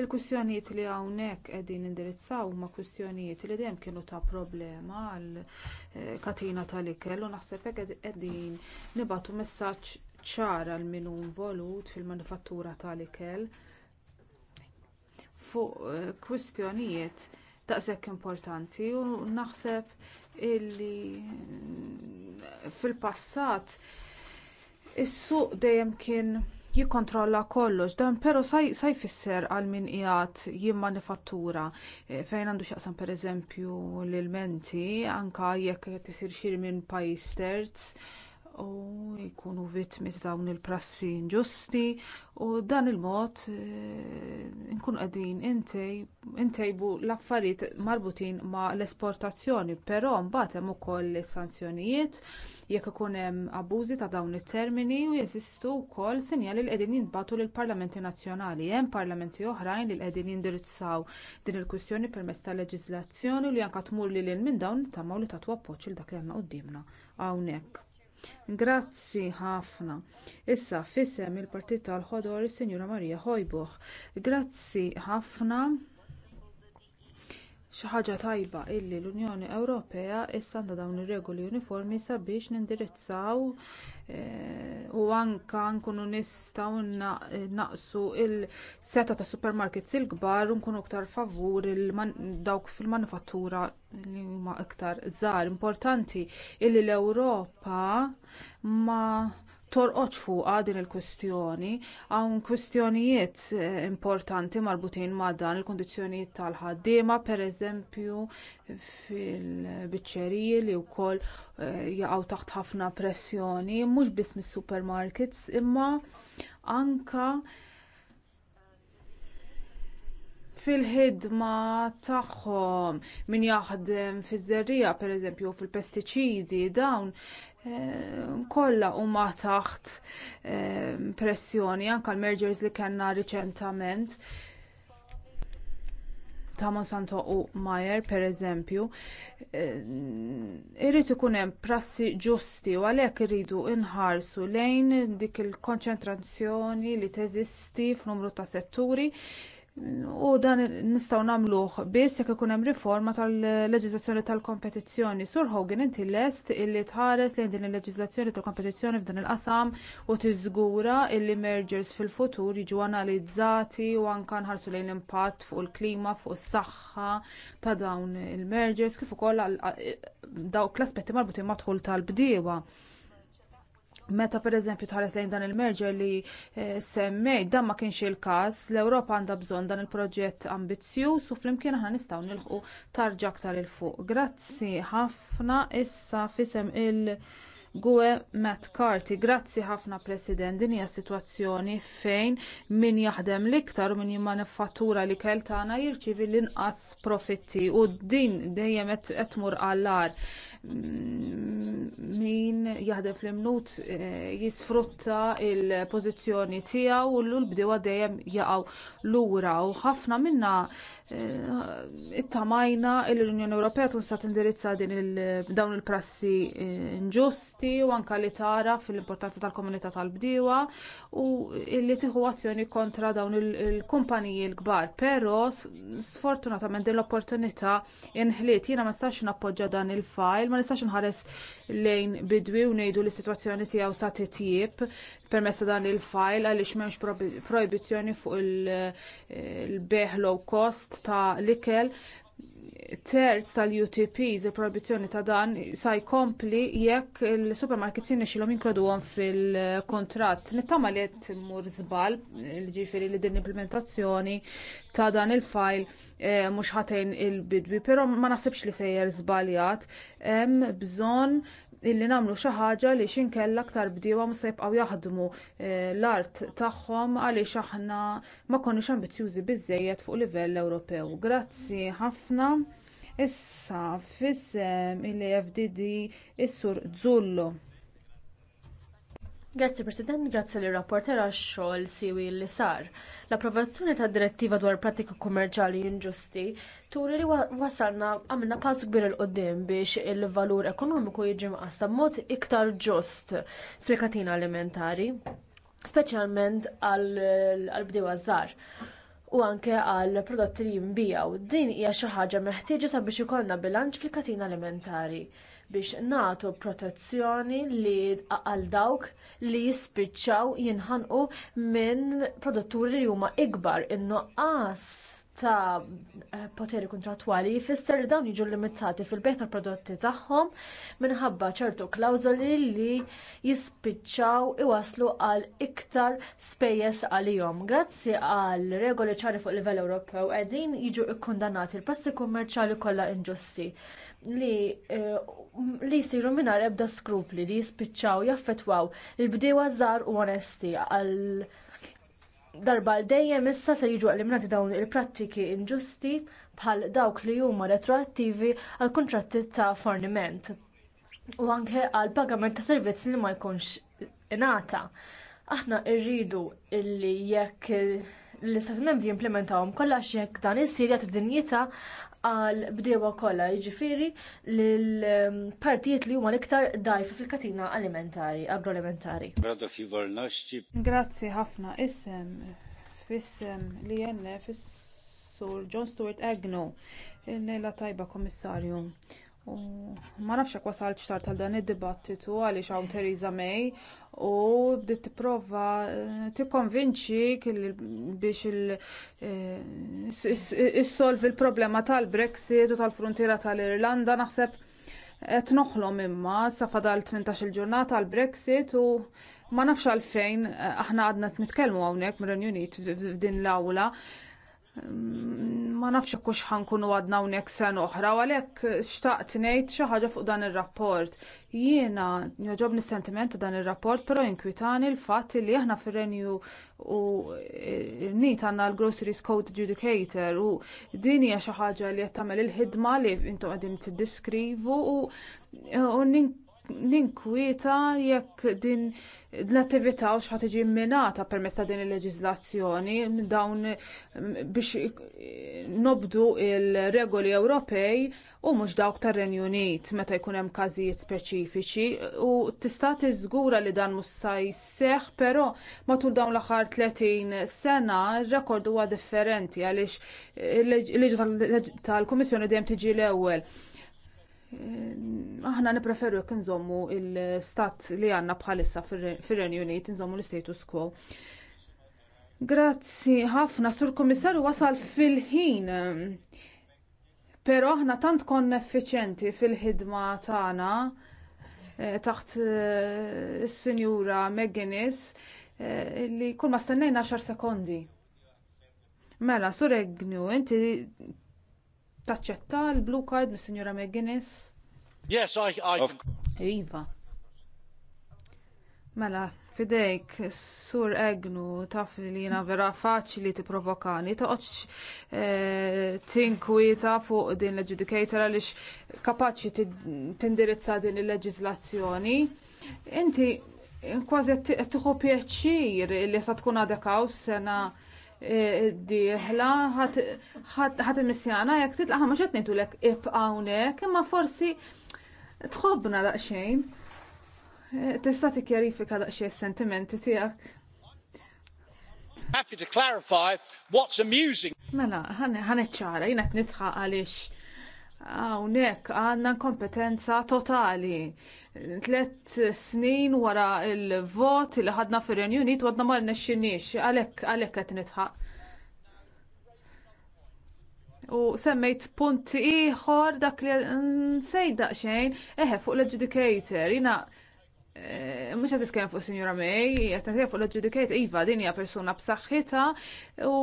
il-kwistjonijiet li hawnhekk qegħdin indirizzaw huma kwistjonijiet li dejjem kienu ta' problema għall eh, katina tal-ikel u naħseb hekk qegħdin nibagħtu messaġġ ċar għal min hu involut fil-manifattura tal-ikel fuq eh, kwistjonijiet daqshekk importanti u naħseb illi mm, fil-passat is-suq dejjem kien jikkontrolla kollox dan però sa jfisser għal min qiegħed jimmanifattura e, fejn għandu x'jaqsam pereżempju l-ilmenti anke jekk qed isir xiri minn pajjiż terz u jkunu vittmi ta' dawn il-prassi inġusti u dan il-mod eh, nkun qegħdin intejbu l-affarijiet marbutin ma' l-esportazzjoni, però mbagħad hemm ukoll sanzjonijiet jekk ikun hemm abbużi ta' dawn it-termini u jeżistu wkoll sinjali li qegħdin jinbagħtu lill-parlamenti nazzjonali. Hemm parlamenti oħrajn li qegħdin jindirizzaw din il-kwistjoni permezz ta' leġiżlazzjoni li anke tmur lil minn dawn tagħmlu li tagħtu appoġġ il dak li għandna qudiemna hawnhekk. Grazzi ħafna. Issa fissem il-Partit tal-Ħodor, Sinjura Marija Hojbuħ. Grazzi ħafna xi ħaġa tajba illi l-unjoni ewropea issa għandha dawn ir-regoli uniformi sabiex nindirizzaw eh, u anke nkunu nistgħu naqsu l-seta ta' supermarkits il-kbar u nkunu iktar favur dawk fil-manifattura li huma iktar żgħar importanti illi l-ewropa ma torqodx fuqha din il-kwistjoni hawn kwistjonijiet eh, importanti marbutin ma' dan il-kundizzjonijiet tal-ħaddiema pereżempju fil-biċċeriji li wkoll eh, jaqgħu taħt ħafna pressjoni mhux biss mis-supermarkets imma anke fil-ħidma tagħhom min jaħdem fiż-żerriegħa pereżempju fil-pestiċidi dawn Eh, kollha huma taħt eh, pressjoni anke l-mergers li kellna riċentament ta' Monsanto u Mayer pereżempju eh, irrid ikun hemm prassi ġusti u għalhekk iridu nħarsu lejn dik il-konċentrazzjoni li teżisti f'numru ta' setturi U dan nistgħu nagħmluh biss jekk ikun hemm riforma tal-leġiżlazzjoni tal-kompetizzjoni. Sur Hogan inti lest illi tħares lejn din il-leġiżlazzjoni tal-kompetizzjoni f'dan il-qasam u tiżgura illi mergers fil-futur jiġu analizzati u anke nħarsu lejn l-impatt fuq il-klima, fuq is-saħħa ta' dawn il-mergers kif ukoll dawk l-aspetti marbutin ma' dħul tal-bdiewa. Meta pereżempju tħares lejn dan il-merġer li eh, semmej dan ma kienx il-każ, l-Ewropa għandha bżonn dan il-proġett ambizzjuż u flimkien aħna nistgħu nilħqu tarġa aktar il fuq. Grazzi ħafna issa fisem il- Gwe Matt Carty, grazzi ħafna President, din hija sitwazzjoni fejn min jaħdem l-iktar u min jimmanifattura li kell tagħna jirċievi l-inqas profitti u din dejjem qed tmur għall mm, Min jaħdem fl-imnut eh, jisfrutta il-pożizzjoni tiegħu u l-bdiewa dejjem jaqgħu lura u ħafna minna Eh, it-tamajna l-Unjoni Ewropea sa tindirizza din dawn il-prassi eh, inġusti u anke li tara fil-importanza tal-komunità tal-bdiewa u li tieħu azzjoni kontra dawn il-kumpaniji l-kbar. Però sfortunatament din l-opportunità inħliet jiena ma nistax nappoġġa dan il-fajl, ma nistax inħares lejn bidwi u ngħidu li s-sitwazzjoni tiegħu sa titjib permessa dan il-fajl għaliex m'hemmx proibizzjoni fuq eh, il-beħ low cost ta' l-ikel terz tal-UTPs il-proibizzjoni ta' dan sa jkompli jekk il-supermarkets jinexilhom jinkluduhom fil kuntratt Nittama li qed immur żball jiġifieri li din l-implementazzjoni ta' dan il-fajl eh, mhux ħatejn il-bidwi, però ma naħsibx li sejjer żbaljat. Hemm bżonn illi nagħmlu xi ħaġa li xinkella aktar bdiewa ma se jibqgħu jaħdmu eh, l-art tagħhom għaliex aħna ma konniex ambizzjużi biżżejjed fuq livell Ewropew. Grazzi ħafna. Issa fissem il-FDD is-sur Zullo. Grazzi President, grazzi li rapporter għax xogħol siwi li sar. L-approvazzjoni tad direttiva dwar pratika kummerċjali inġusti turi li wasalna għamilna pass kbir il qoddim biex il-valur ekonomiku jiġi mqassa mod iktar ġust fil-katina alimentari, speċjalment għal-bdew żgħar u anke għal prodotti li jinbijaw. Din hija xi ħaġa meħtieġa sabiex ikollna bilanċ fil-katina alimentari biex nagħtu protezzjoni li għal dawk li jispiċċaw jinħanqu minn produtturi li huma ikbar in-nuqqas ta' poteri kontrattwali jfisser li dawn jiġu limitati fil-bejt tal-prodotti tagħhom minħabba ċertu klawżoli li jispiċċaw iwasslu għal iktar spejjeż għalihom. Grazzi għal regoli ċari fuq livell Ewropew qegħdin jiġu kkundannati l passi kummerċjali kollha inġusti li eh, li jsiru mingħajr ebda skrupli li jispiċċaw jaffettwaw il-bdiewa żgħar u onesti għal darba l dejjem issa se jiġu eliminati dawn il-prattiki inġusti bħal dawk li huma retroattivi għal kuntratti ta' forniment u anke għal pagament ta' servizz li ma jkunx ingħata. Aħna rridu illi jekk l-Istati Membri jimplementawhom kollha jekk dan isir jagħti dinjità għal bdewa kollha jiġifieri l-partijiet li huma l-iktar dajf fil-katina alimentari, agroalimentari. Grazzi ħafna isem fissem li jenne fis'sur John Stuart Agnew. Nejla tajba, Komissarju. U ma nafx jekk wasalt xtar tal dan id-dibattitu għaliex hawn Theresa May u bdiet tipprova eh, tikkonvinċik biex eh, issolvi l-problema tal-Brexit u tal-fruntiera tal-Irlanda naħseb qed noħlom imma sa fadal 18 il-ġurnata għal Brexit u ma nafx għalfejn eh, aħna għadna nitkellmu hawnhekk mir-Renju Unit f'din l-awla ma nafx kux ħankunu għadna unek sen oħra, għalek xtaqt nejt xaħġa fuq dan il-rapport. Jiena joġobni sentiment dan il-rapport, pero inkwitani l-fat li aħna fil-renju u nit għanna l-Groceries Code Adjudicator u dini hija xi ħaġa li qed tagħmel il-ħidma li intom qegħdin tiddiskrivu u ninkwita jekk din l-attività u xħat iġi minata permezz ta' din il-leġizlazzjoni dawn mm, biex nobdu il-regoli Ewropej u mhux dawk tar-Renju Unit meta jkun hemm każijiet speċifiċi u tista' tiżgura li dan mhux se jseħħ però matul dawn l-aħħar 30 sena r-rekord huwa differenti għaliex il-leġi tal-Kummissjoni dejjem tiġi l-ewwel aħna nipreferu jekk nżommu l-stat li għandna bħalissa fir-Renju Unit, nżommu l-status quo. Grazzi ħafna, sur komissarju wasal fil-ħin. Però aħna tant kon effiċenti fil-ħidma tagħna eh, taħt eh, is-Sinjura McGuinness eh, li kull ma stennejna 10 sekondi. Mela, sur Egnu, inti taċċetta l-blue card mis-Sinjura McGuinness? Yes, I, I... Iva. Mela, fidejk, sur egnu, taf li jina vera faċli ti provokani, toqċ eh, tinkwita fuq din l-adjudicator għalix kapaċi tindirizza din il-leġizlazzjoni. Inti, kważi tiħu pieċir li sa tkun għadek sena diħla ħat missjana jekk titlaqa ma xed ngħidulek lek ibqawnek, imma forsi tħobna daqsxejn. Eh, tista' tikkjarifika daqsxejn is-sentimenti tiegħek. Happy to clarify what's amusing. Mela, ħaneċċara, jina t nitħa għalix Hawnhekk għandna kompetenza totali. Tlet snin wara l vot li ħadna fir-Renju Unit għadna ma rnexxinix għalhekk għalhekk qed nitħaq. U semmejt punt ieħor dak li nsejda xejn, eħe fuq l-adjudicator, jina eh, mux għat fuq Sinjura May, għat fuq l-adjudicator, iva din hija persuna b'saħħitha u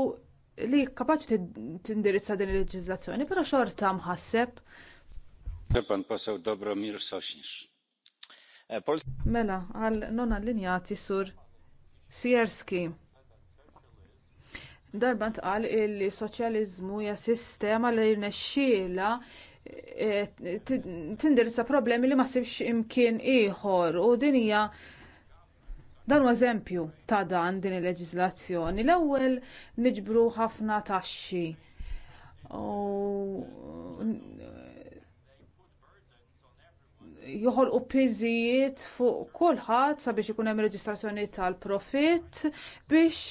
li kapaċi tindirizza din il leġizlazzjoni però xorta mħasseb. Pan pasaw mir Sośnierz. E, mela, għal non allinjati sur Sierski. Darba tqal li soċjaliżmu hija sistema li rnexxiela e, tindirizza problemi li ma sibx imkien ieħor u din hija Dan huwa eżempju ta' dan din il-leġiżlazzjoni. L-ewwel niġbru ħafna taxxi. joħolqu piżijiet fuq kulħadd sabiex ikun hemm reġistrazzjoni tal-profitt biex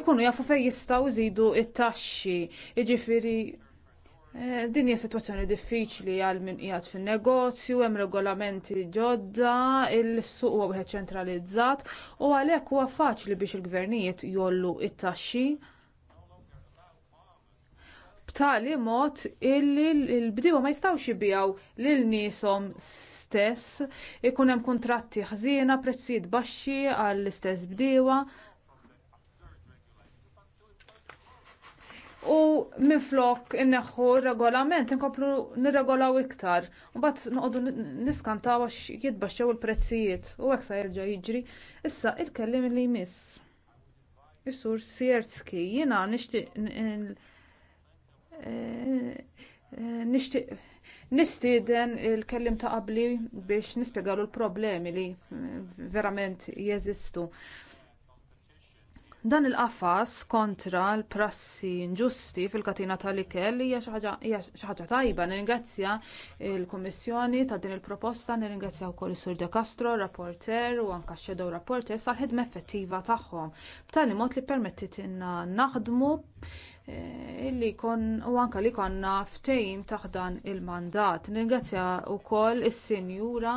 ikunu jafu fejn jistgħu jżidu it-taxxi. Jiġifieri Eh, din hija sitwazzjoni diffiċli għal min qiegħed fin-negozju, hemm regolamenti ġodda, il-suq huwa wieħed ċentralizzat u għalhekk huwa faċli biex il-gvernijiet jollu it-taxxi b'tali mod illi l-bdiewa ma jistgħux jibgħu lil nieshom stess, ikun hemm kuntratti ħżiena, prezzijiet baxxi għall-istess bdiewa. u minflok inneħħu r regolament inkomplu nirregolaw iktar u bat noqogħdu niskantaw għax jitbaxxew il-prezzijiet u hekk sa jerġa' jiġri issa il-kellim li jmiss. Is-sur Sierski jiena nixtieq eh, eh, nistieden il-kellim ta' qabli biex nispjegalu l-problemi li verament jeżistu Dan il-qafas kontra l-prassi inġusti fil-katina tal-ikel hija xi ħaġa tajba. Nirringrazzja l-Kummissjoni ta' din il-proposta, nirringrazzja wkoll is-Sur De Castro, rapporter u anke shadow rapporters sal ħidma effettiva tagħhom. B'tali mod li permettitilna naħdmu Eh, illi kon u anka li konna ftehim taħdan il-mandat. Ningrazzja wkoll is-Sinjura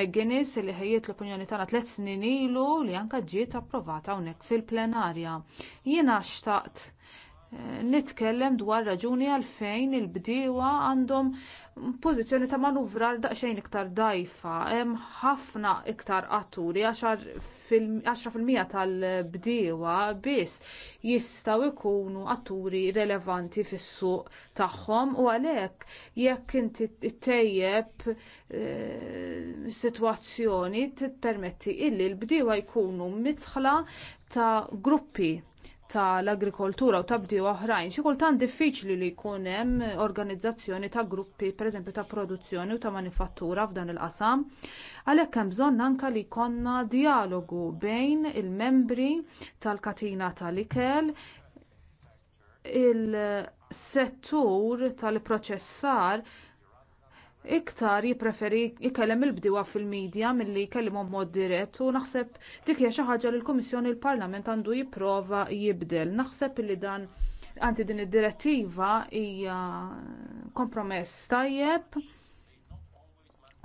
McGuinness li ħejjiet l-opinjoni tagħna tliet snin ilu li anke ġiet approvata hawnhekk fil-plenarja. Jiena xtaqt nitkellem dwar raġuni għalfejn il-bdiewa għandhom pożizzjoni ta' manuvra daqsxejn iktar dgħajfa hemm ħafna iktar fil 10% tal-bdiewa biss jistgħu jkunu atturi relevanti fis-suq tagħhom u għalhekk jekk inti ttejjeb eh, sitwazzjoni tippermetti illi l-bdiewa jkunu mitħla ta' gruppi tal-agrikoltura u tabdi oħrajn xi kultant diffiċli li jkun hemm organizzazzjoni ta' gruppi pereżempju ta' produzzjoni u ta' manifattura f'dan il-qasam għalhekk hemm bżonn anke li jkollna dijalogu bejn il-membri tal-katina tal-ikel il-settur tal-proċessar iktar jippreferi jkellem il-bdiewa fil-midja milli jkellimhom b'mod dirett u naħseb dik hija xi ħaġa li l-Kummissjoni l-Parlament għandu jipprova jibdel. Naħseb li dan anti din id-direttiva hija kompromess tajjeb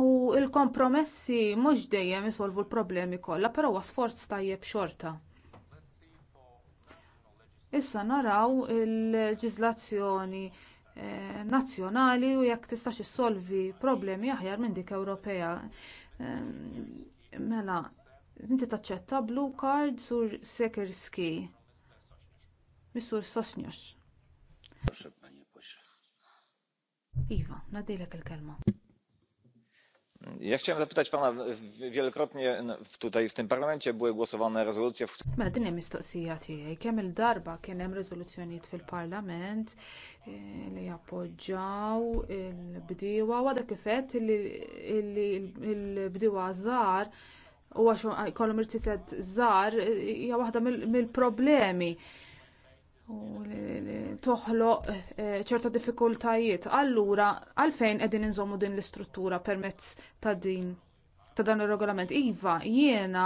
u l-kompromessi mhux dejjem isolvu l-problemi kollha, però huwa sforz tajjeb xorta. Issa naraw il-leġiżlazzjoni Eh, nazzjonali u jekk tistax issolvi problemi aħjar minn dik Ewropea. Mela, inti taċċetta blue card sur Sekerski. Missur Sosnjox. Iva, nadilek il-kelma. Ja chciałem zapytać pana wielokrotnie tutaj w tym parlamencie były głosowane rezolucje w Mela din hemm mistoqsija tiegħi kemm il-darba kien hemm riżoluzzjonijiet fil-Parlament eh, li jappoġġaw il-bdiewa u għadha kif qed li l-bdiewa żgħar huwa għax kollhom irtiset żgħar hija waħda mill-problemi. Mil u toħloq eh, ċerta diffikultajiet. Allura, għalfejn qegħdin inżommu din l-istruttura permezz ta' din ta' dan ir-regolament. Iva, jiena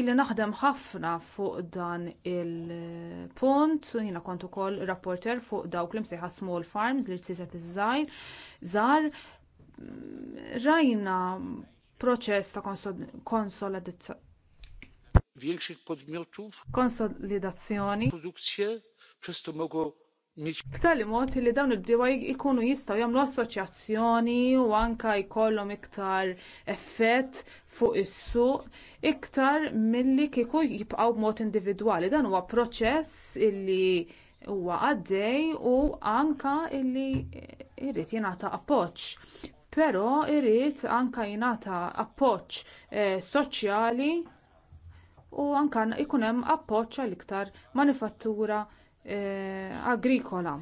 illi naħdem ħafna fuq dan il-punt, jiena kont ukoll rapporter fuq dawk li msejħa Small Farms li tsiset iż-żgħir, żgħar rajna proċess ta' konsolidazzjoni. Konsolidazzjoni ċustu mogu mogło mieć. mod li dawn id-bdiewa jkunu jistgħu jagħmlu assoċjazzjoni u anke jkollhom iktar effett fuq is-suq iktar milli kieku jibqgħu b'mod individwali. Dan huwa proċess illi huwa għaddej u anke illi jrid jingħata appoġġ. Però jrid anke jingħata appoġġ eh, soċjali u anke jkun hemm appoġġ għall iktar manifattura Eh, agrikola.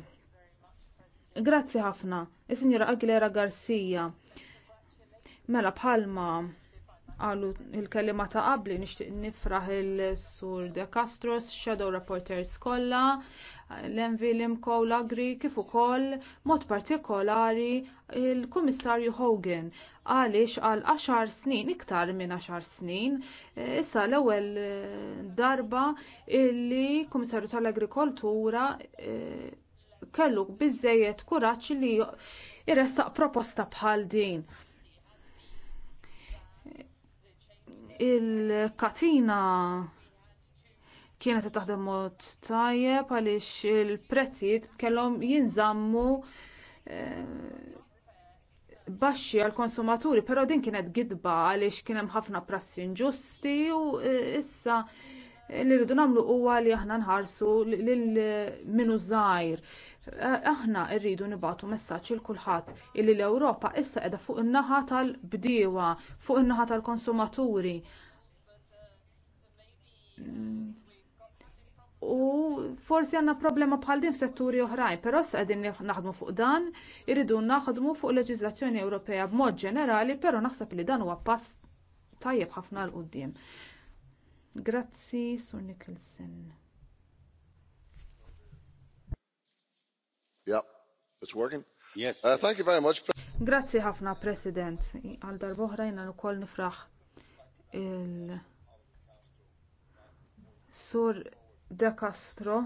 Grazzi ħafna, is signora Aguilera Garcia. Mela bħalma qalu il kelliema ta' qabli nixtieq nifraħ il-sur De Castros, shadow reporters kollha, l-Envi Limko l-Agri kif ukoll mod partikolari il-Kummissarju Hogan għaliex għal 10 snin iktar minn 10 snin eh, issa l-ewwel eh, darba illi Kummissarju tal-Agrikoltura eh, kellu biżżejjed kuraġġ li jressaq proposta bħal din il-katina kienet taħdem mod tajjeb għaliex il-prezzijiet kellhom jinżammu eh, baxxi għall konsumaturi, però din kienet gidba għaliex kien hemm ħafna prassi inġusti u eh, issa li rridu nagħmlu huwa li aħna nħarsu lil minu żgħir Eh, aħna rridu nibagħtu messaġġ lil kulħadd illi l-Ewropa issa qiegħda fuq in-naħa tal-bdiewa, fuq in-naħa tal-konsumaturi. U forsi għandna problema bħal din f'setturi oħrajn, però issa qegħdin naħdmu fuq dan, irridu naħdmu fuq leġiżlazzjoni Ewropea b'mod ġenerali, però naħseb li dan huwa pass tajjeb ħafna l qudiem Grazzi, Sur Nicholson. Grazzi ħafna, President. Għal darbohra jina ukoll nifraħ il Sur De Castro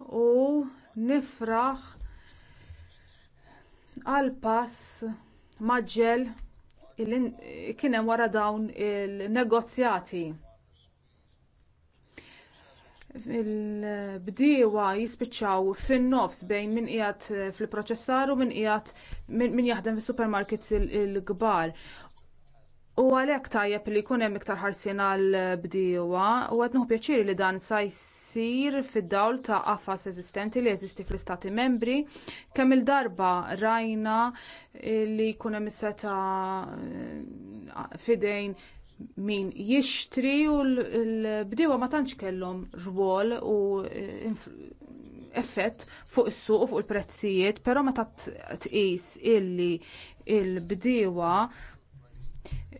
u nifraħ għal pass maġġel kien hemm wara dawn il-negozjati il-bdiewa jispiċċaw fin-nofs bejn min qiegħed eh, fil-proċessar u min qiegħed min jaħdem fis-supermarkets il-kbar. U għalhekk tajjeb li jkun hemm iktar ħarsien għall bdiewa u qed nħu pjaċiri li dan sa jsir fid-dawl ta' qafas eżistenti li jeżisti fl-istati membri kemm il-darba rajna li jkun hemm iseta eh, fidejn min jixtri u l-bdiewa ma tantx kellhom rwol u eh, effett fuq is-suq u fuq il-prezzijiet, però meta tqis illi l bdiewa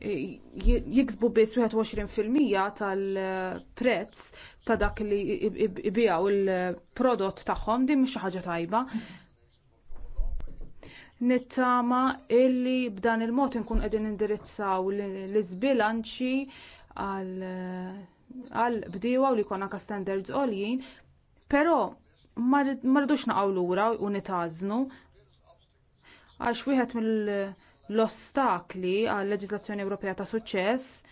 eh, jiksbu biss 21% tal-prezz ta' dak li ibijaw il-prodott tagħhom din mhux xi ħaġa tajba nittama illi b'dan il-mod inkun qegħdin indirizzaw l-iżbilanċi għall bdiewa u li konna ka standards għoljin, però ma rridux naqgħu lura u nitażnu għax wieħed mill ostakli għal leġiżlazzjoni Ewropea ta' suċċess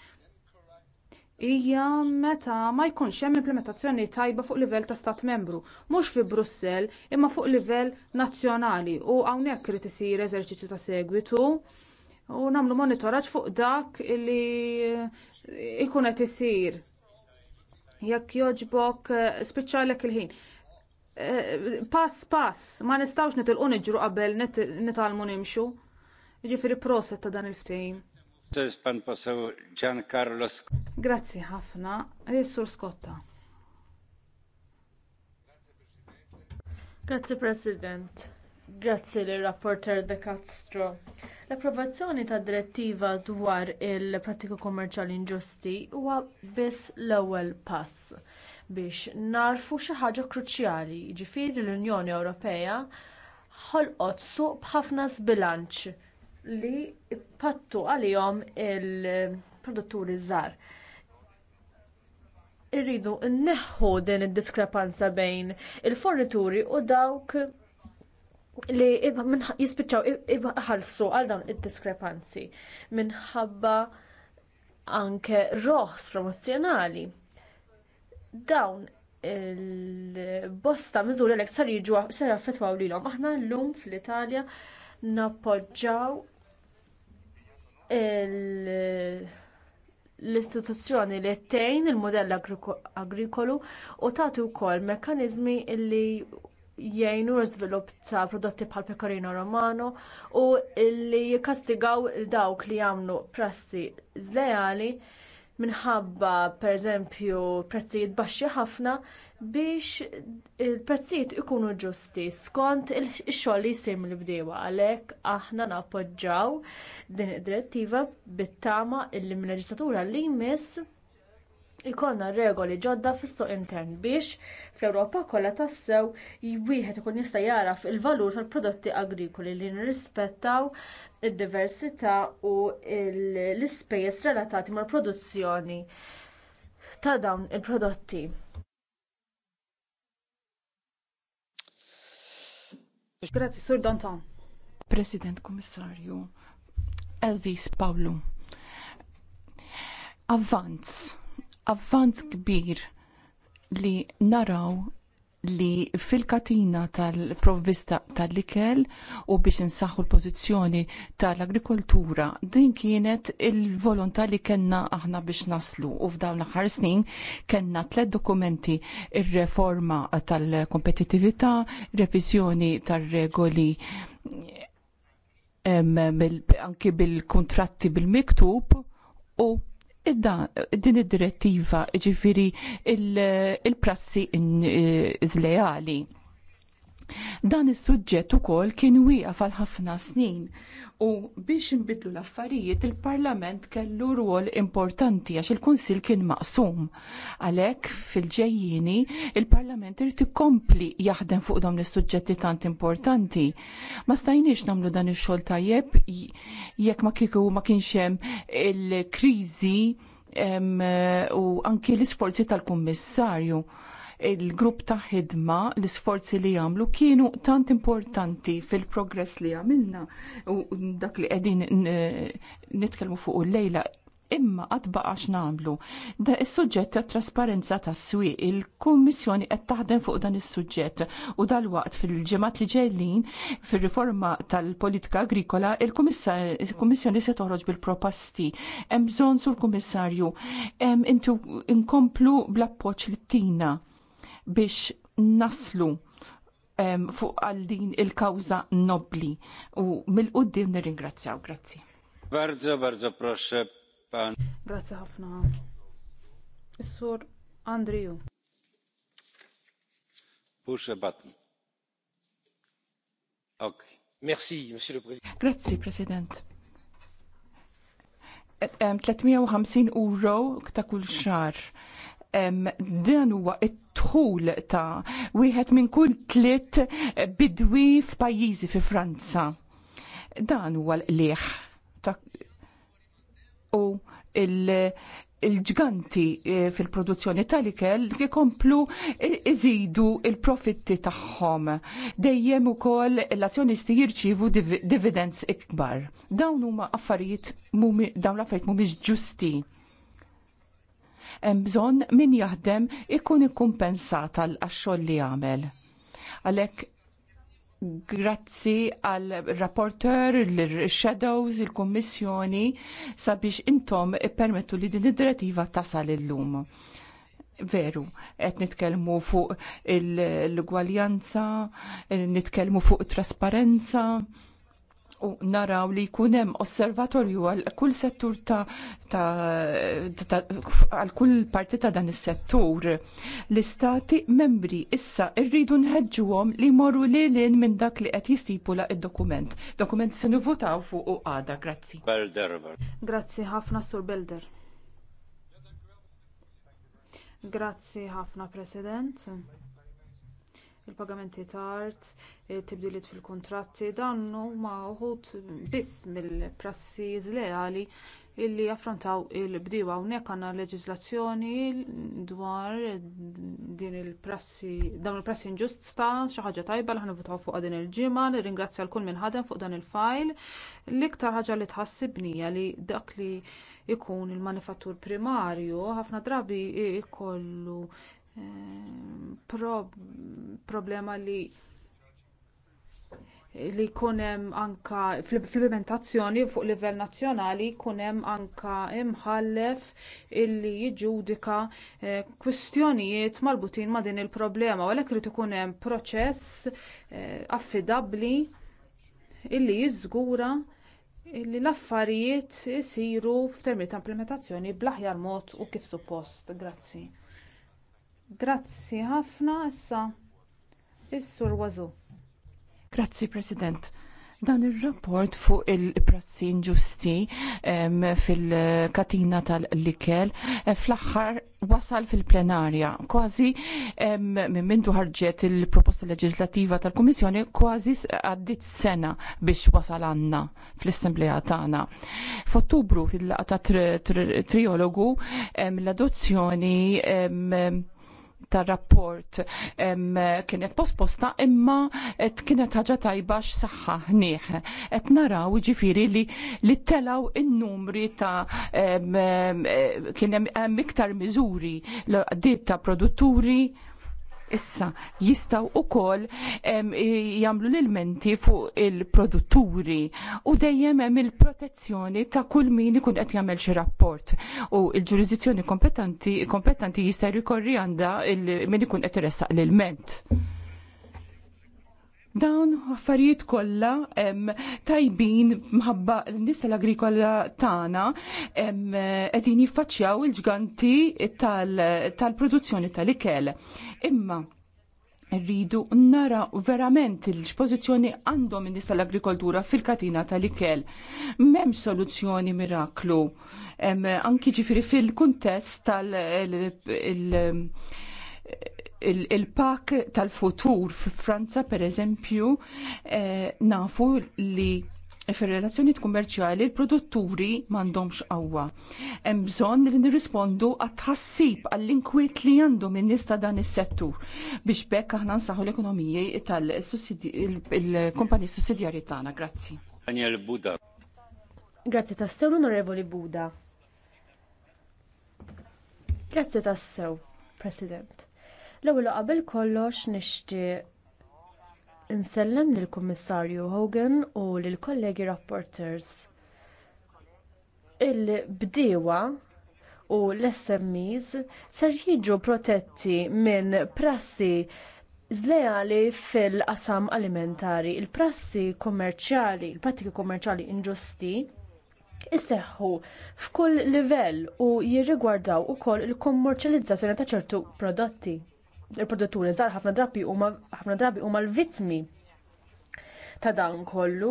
hija meta ma jkunx hemm implementazzjoni tajba fuq livell ta' stat membru, mhux fi Brussell imma fuq livell nazzjonali u hawnhekk irid isir eżerċizzju ta' segwitu u nagħmlu monitoraġġ fuq dak li jkun eh, qed isir. Jekk jogħġbok eh, spiċċalek il-ħin. Eh, pass pass, ma nistgħux nitilqu niġru qabel nitalmu nimxu. Jiġifieri proset ta' dan il-ftehim. Grazzi ħafna. E, Sur Skotta. Grazzi President. Grazzi lir rapporter De Castro. L-approvazzjoni tad direttiva dwar il-prattika kummerċjali inġusti huwa biss l-ewwel pass biex narfu xi ħaġa kruċjali, jiġifieri l-Unjoni Ewropea ħolqot suq b'ħafna sbilanċ li pattu għalihom il-produtturi żgħar. Irridu nneħħu din id-diskrepanza bejn il-fornituri u dawk li iva- jispiċċaw iħallsu għal dawn id-diskrepanzi minħabba anke roħs promozjonali. Dawn il-bosta miżuri l-ek sar jiġu sar l lilhom. Aħna llum fl-Italja nappoġġaw l-istituzzjoni li ttejn il-modell agrikolu u tagħtu wkoll mekkaniżmi li jgħinu l-iżvilupp ta' prodotti bħal pekarino romano u li jikastigaw dawk li jagħmlu prassi żlejali minħabba pereżempju prezzijiet baxxi ħafna biex il-prezzijiet ikunu ġusti skont ix-xogħol li jsir mill-bdiewa għalhekk aħna nappoġġjaw din id-direttiva bit-tama li mill-leġislatura li jmiss ikollna regoli ġodda fis-suq intern biex fl-Ewropa kollha tassew wieħed ikun jista' jaraf il-valur tal-prodotti agrikoli li nirrispettaw id-diversità u l-ispejjeż relatati mal-produzzjoni ta' dawn il-prodotti. Grazie, Sir Danton. President Commissario Aziz Paolo, avanz, avanz kbir li naraw li fil-katina tal-provvista tal-ikel u biex insaħħu l-pozizjoni tal-agrikoltura din kienet il-volontà li kellna aħna biex naslu u f'dawn l-aħħar snin kellna tliet dokumenti ir-reforma tal-kompetitività, revizjoni tar-regoli anki bil-kontratti bil-miktub u din id-direttiva ġifiri il-prassi iżlejali. Eh, Dan is-suġġett ukoll kien wieqaf għal ħafna snin u biex inbidlu l-affarijiet il-Parlament kellu rwol importanti għax il-Kunsill kien maqsum. Għalhekk fil-ġejjini il-Parlament irid ikompli jaħdem fuq dawn is-suġġetti tant importanti. Ma stajniex nagħmlu dan ix-xogħol tajjeb jekk ma kieku ma kienx hemm il-kriżi u anki l-isforzi tal-Kummissarju il-grupp ta' ħidma l-isforzi li jagħmlu kienu tant importanti fil-progress li għamilna u dak li qegħdin nitkellmu fuq il-lejla imma qatt baqax nagħmlu. Da is-suġġett tat trasparenza tas-swieq, il-Kummissjoni qed taħdem fuq dan is-suġġett u dalwaqt fil-ġimgħat li ġejlin fir-riforma tal-politika agrikola il-Kummissjoni se toħroġ bil-proposti. Hemm bżonn sur Kummissarju, intu inkomplu bl-appoġġ li tina biex naslu um, fuq għal din il-kawza nobli. U mill-qoddim nir-ingrazzjaw, grazzi. Bardzo, bardzo proszę pan. Grazzi ħafna. sur Andriju. Push button. Ok. Merci, Monsieur le Président. Grazzi, President. 350 euro ta' kull xar dan huwa it-tħul ta' wieħed minn kull tliet bidwi f'pajjiżi fi Franza. Dan huwa l-qlieħ u il-ġganti eh, fil-produzzjoni tal-ikel jkomplu iżidu il-profitti tagħhom. Dejjem ukoll l-azzjonisti jirċivu dividends ikbar. Dawn huma affarijiet dawn l-affarijiet mhumiex ġusti hemm bżonn min jaħdem ikun ikkumpensat għax-xogħol li għamel. Għalhekk grazzi għal rapporteur, l-shadows, il-kommissjoni sabiex intom permettu li din id-direttiva tasal illum. Veru, qed nitkellmu fuq l-gwaljanza, nitkellmu fuq trasparenza, u naraw li jkun hemm osservatorju għal kull settur ta' għal kull parti ta' dan is-settur. L-istati membri issa rridu nħeġġuhom li jmorru lilin minn dak li qed jistipula id-dokument. Dokument se nivutaw fuq u għada, grazzi. Belder. Grazzi ħafna sur Belder. Grazzi ħafna President il-pagamenti tard, tibdiliet fil-kuntratti, dan huma uħud biss mill-prassi leali illi jaffrontaw il-bdiewa hawnhekk għandna leġiżlazzjoni dwar din il-prassi dawn il-prassi inġusta xi ħaġa tajba li ħanivvutaw fuqha din il-ġimgħa nirringrazzja l kull min ħadem fuq dan il-fajl l-iktar ħaġa li tħassibni li dak li jkun il-manifattur primarju ħafna drabi jkollu Pro, problema li li hemm anka fl-implementazzjoni fuq livell nazzjonali jkun hemm anka imħallef illi jiġġudika eh, kwistjonijiet marbutin ma' din il-problema u għalhekk irid ikun hemm proċess eh, affidabbli illi jiżgura illi l-affarijiet isiru f'termini ta' implementazzjoni bl-aħjar mod u kif suppost. Grazzi. Grazzi ħafna issa is-Sur Wazu. Grazzi President. Dan ir-rapport fuq il-prassi inġusti fil-katina tal-likel eh, fl-aħħar wasal fil-plenarja. Kważi minn mintu ħarġet il-proposta leġislativa tal-Kummissjoni kważi għaddit sena biex wasal għanna fl-Assembleja tagħna. F'Ottubru fil-laqta triologu l-adozzjoni tar-rapport kienet posposta imma kienet ħaġa tajba x'saħħa ħnieħ. Qed naraw ġifieri li li telaw in-numri ta' kien hemm iktar miżuri l-qdiet ta' produtturi Issa, jistaw u kol jamlu l-ilmenti fuq il-produtturi u dejjem hemm il-protezzjoni ta' kull min ikun qed jagħmel xi rapport u l-ġurisdizzjoni kompetenti, kompetenti jista' jrikorri għandha min ikun qed iressaq l-ilment. Dawn affarijiet kollha tajbin mħabba l-nies l-agrikola tagħna qegħdin jiffaċċjaw il-ġganti tal-produzzjoni tal-ikel. Imma rridu nara verament il-pożizzjoni għandhom in nisa l agrikoltura fil-katina tal-ikel. M'hemm soluzzjoni miraklu. Anki ġifieri fil-kuntest tal- il-pak il pak tal futur fi Franza per eżempju eh, nafu li fir relazzjoni kummerċjali l-produtturi m'għandhomx qawwa. Hemm bżonn li nirrispondu għat-tħassib għall-inkwiet li għandhom in-nies ta' dan is-settur biex bekk aħna nsaħħu l-ekonomiji tal-kumpaniji sussidjarji tagħna. Grazzi. Daniel Buda. Grazzi tassew l-Onorevoli Buda. Grazzi tassew, President. L-ewwel qabel kollox nixtieq insellem lill-Kummissarju Hogan u lill-kollegi rapporteurs. Il-bdiewa u l-SMEs ser jiġu protetti minn prassi Zlejali fil-qasam alimentari, il-prassi kummerċjali, il-prattiki kummerċjali inġusti, isseħħu f'kull livell u jirrigwardaw ukoll il-kommerċjalizzazzjoni ta' ċertu prodotti il-produtturi żgħar ħafna drabi huma ħafna drabi huma l-vittmi ta' dan kollu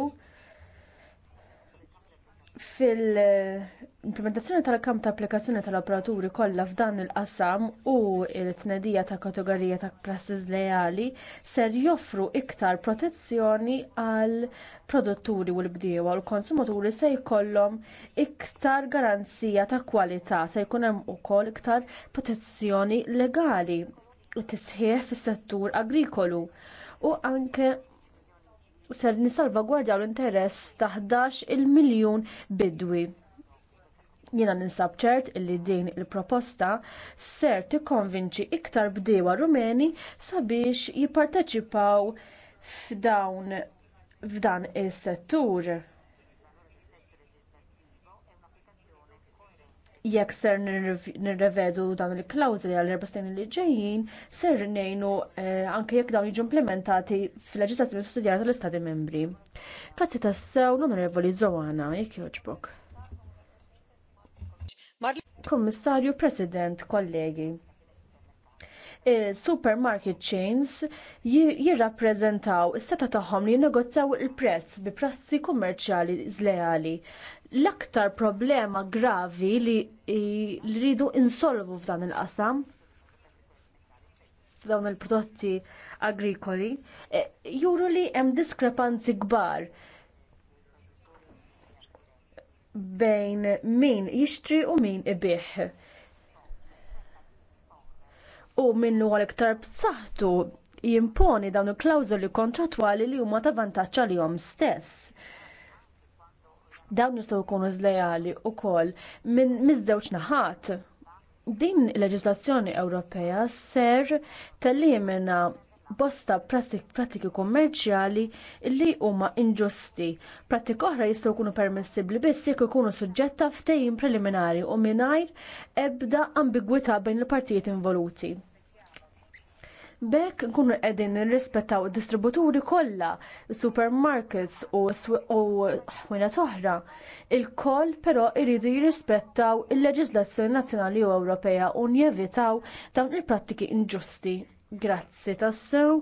fil-implementazzjoni tal-kamp ta' applikazzjoni tal-operaturi kollha f'dan il-qasam u l-tnedija ta' kategorija ta' prassis lejali ser joffru iktar protezzjoni għal produtturi u l-bdiewa u l-konsumaturi se jkollhom iktar garanzija ta' kwalità se jkun hemm ukoll iktar protezzjoni legali tisħiħ fis-settur agrikolu u anke ser nisalvagwardjaw l-interess ta' 11 miljun bidwi. Jiena ninsab ċert illi din il-proposta ser tikkonvinċi iktar bdiewa rumeni sabiex jipparteċipaw f'dawn f'dan is-settur. jekk ser nirrevedu dawn il-klawżoli għal erba' snin li ġejjin, ser ngħinu eh, anke jekk dawn jiġu implementati fil-leġislazzjoni studjata tal-Istati membri. Grazzi tassew l-Onorevoli Zowana, jekk joġbok. Kommissarju, President, kollegi supermarket chains jirrappreżentaw is-seta tagħhom li jinnegozjaw il-prezz bi prassi kummerċjali żleali. L-aktar problema gravi li rridu insolvu f'dan il-qasam f'dawn il-prodotti agrikoli e, juru li hemm diskrepanzi kbar bejn min jixtri u min ibih u minnu għal-iktar b'saħħtu jimponi dawn il-klawżoli kontrattwali li huma ta' vantaġġ għalihom stess. Dawn jistgħu jkunu żlejali wkoll minn miż-żewġ naħat. Din il-leġislazzjoni Ewropea ser tellimina bosta pratiki kummerċjali li huma inġusti. Pratiki oħra jistgħu jkunu permissibbli biss jekk ikunu suġġetta ftehim preliminari u mingħajr ebda ambigwità bejn il-partijiet involuti. Bekk nkunu qegħdin nirrispettaw id-distributuri kollha, supermarkets u ħwienet oħra. Il-koll però jridu jirrispettaw il-leġiżlazzjoni nazzjonali u Ewropea u njevitaw dawn il-prattiki inġusti. Grazzi tassew.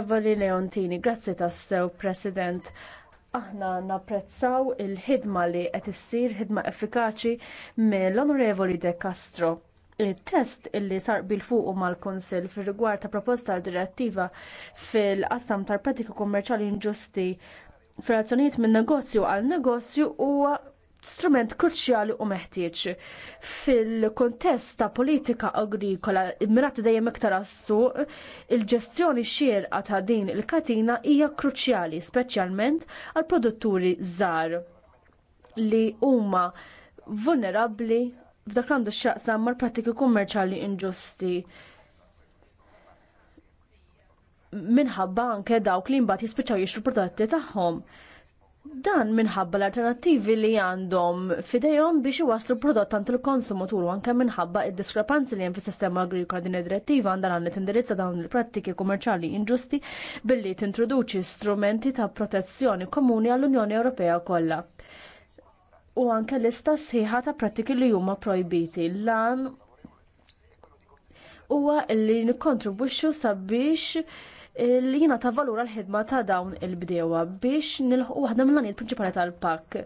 Evoli Leontini, grazzi tassew, President aħna napprezzaw il-ħidma li qed issir ħidma effikaċi mill-Onorevoli De Castro. Il-test illi sar bil-fuq mal-Konsil fir rigward ta' proposta direttiva fil-qasam tal-pratika kummerċali inġusti f'razzjonijiet minn negozju għal negozju huwa strument kruċjali u meħtieġ. Fil-kontest ta' politika agrikola immirati dejjem iktar għas-suq, il-ġestjoni xierqa ta' din il-katina hija kruċjali, speċjalment għal produtturi żgħar li huma vulnerabbli f'dak għandu x-xaqsam mal pratiki kummerċali inġusti minħabba anke dawk li mbagħad jispiċċaw jixtru prodotti tagħhom. Dan minħabba l-alternattivi li għandhom fidejhom biex iwaslu prodott tant il-konsumatur anke minħabba id-diskrepanzi li hemm fis-sistema agrikola din id-direttiva għandha għandha tindirizza dawn il-prattiki kummerċali inġusti billi tintroduċi strumenti ta' protezzjoni komuni għall-Unjoni Ewropea kollha. U anke lista sħiħa ta' prattiki li huma projbiti. Lan huwa li nikkontribwixxu sabiex li jina ta' valura l-ħidma ta' dawn il-bdewa biex nilħu waħda mill il prinċipali tal-pak.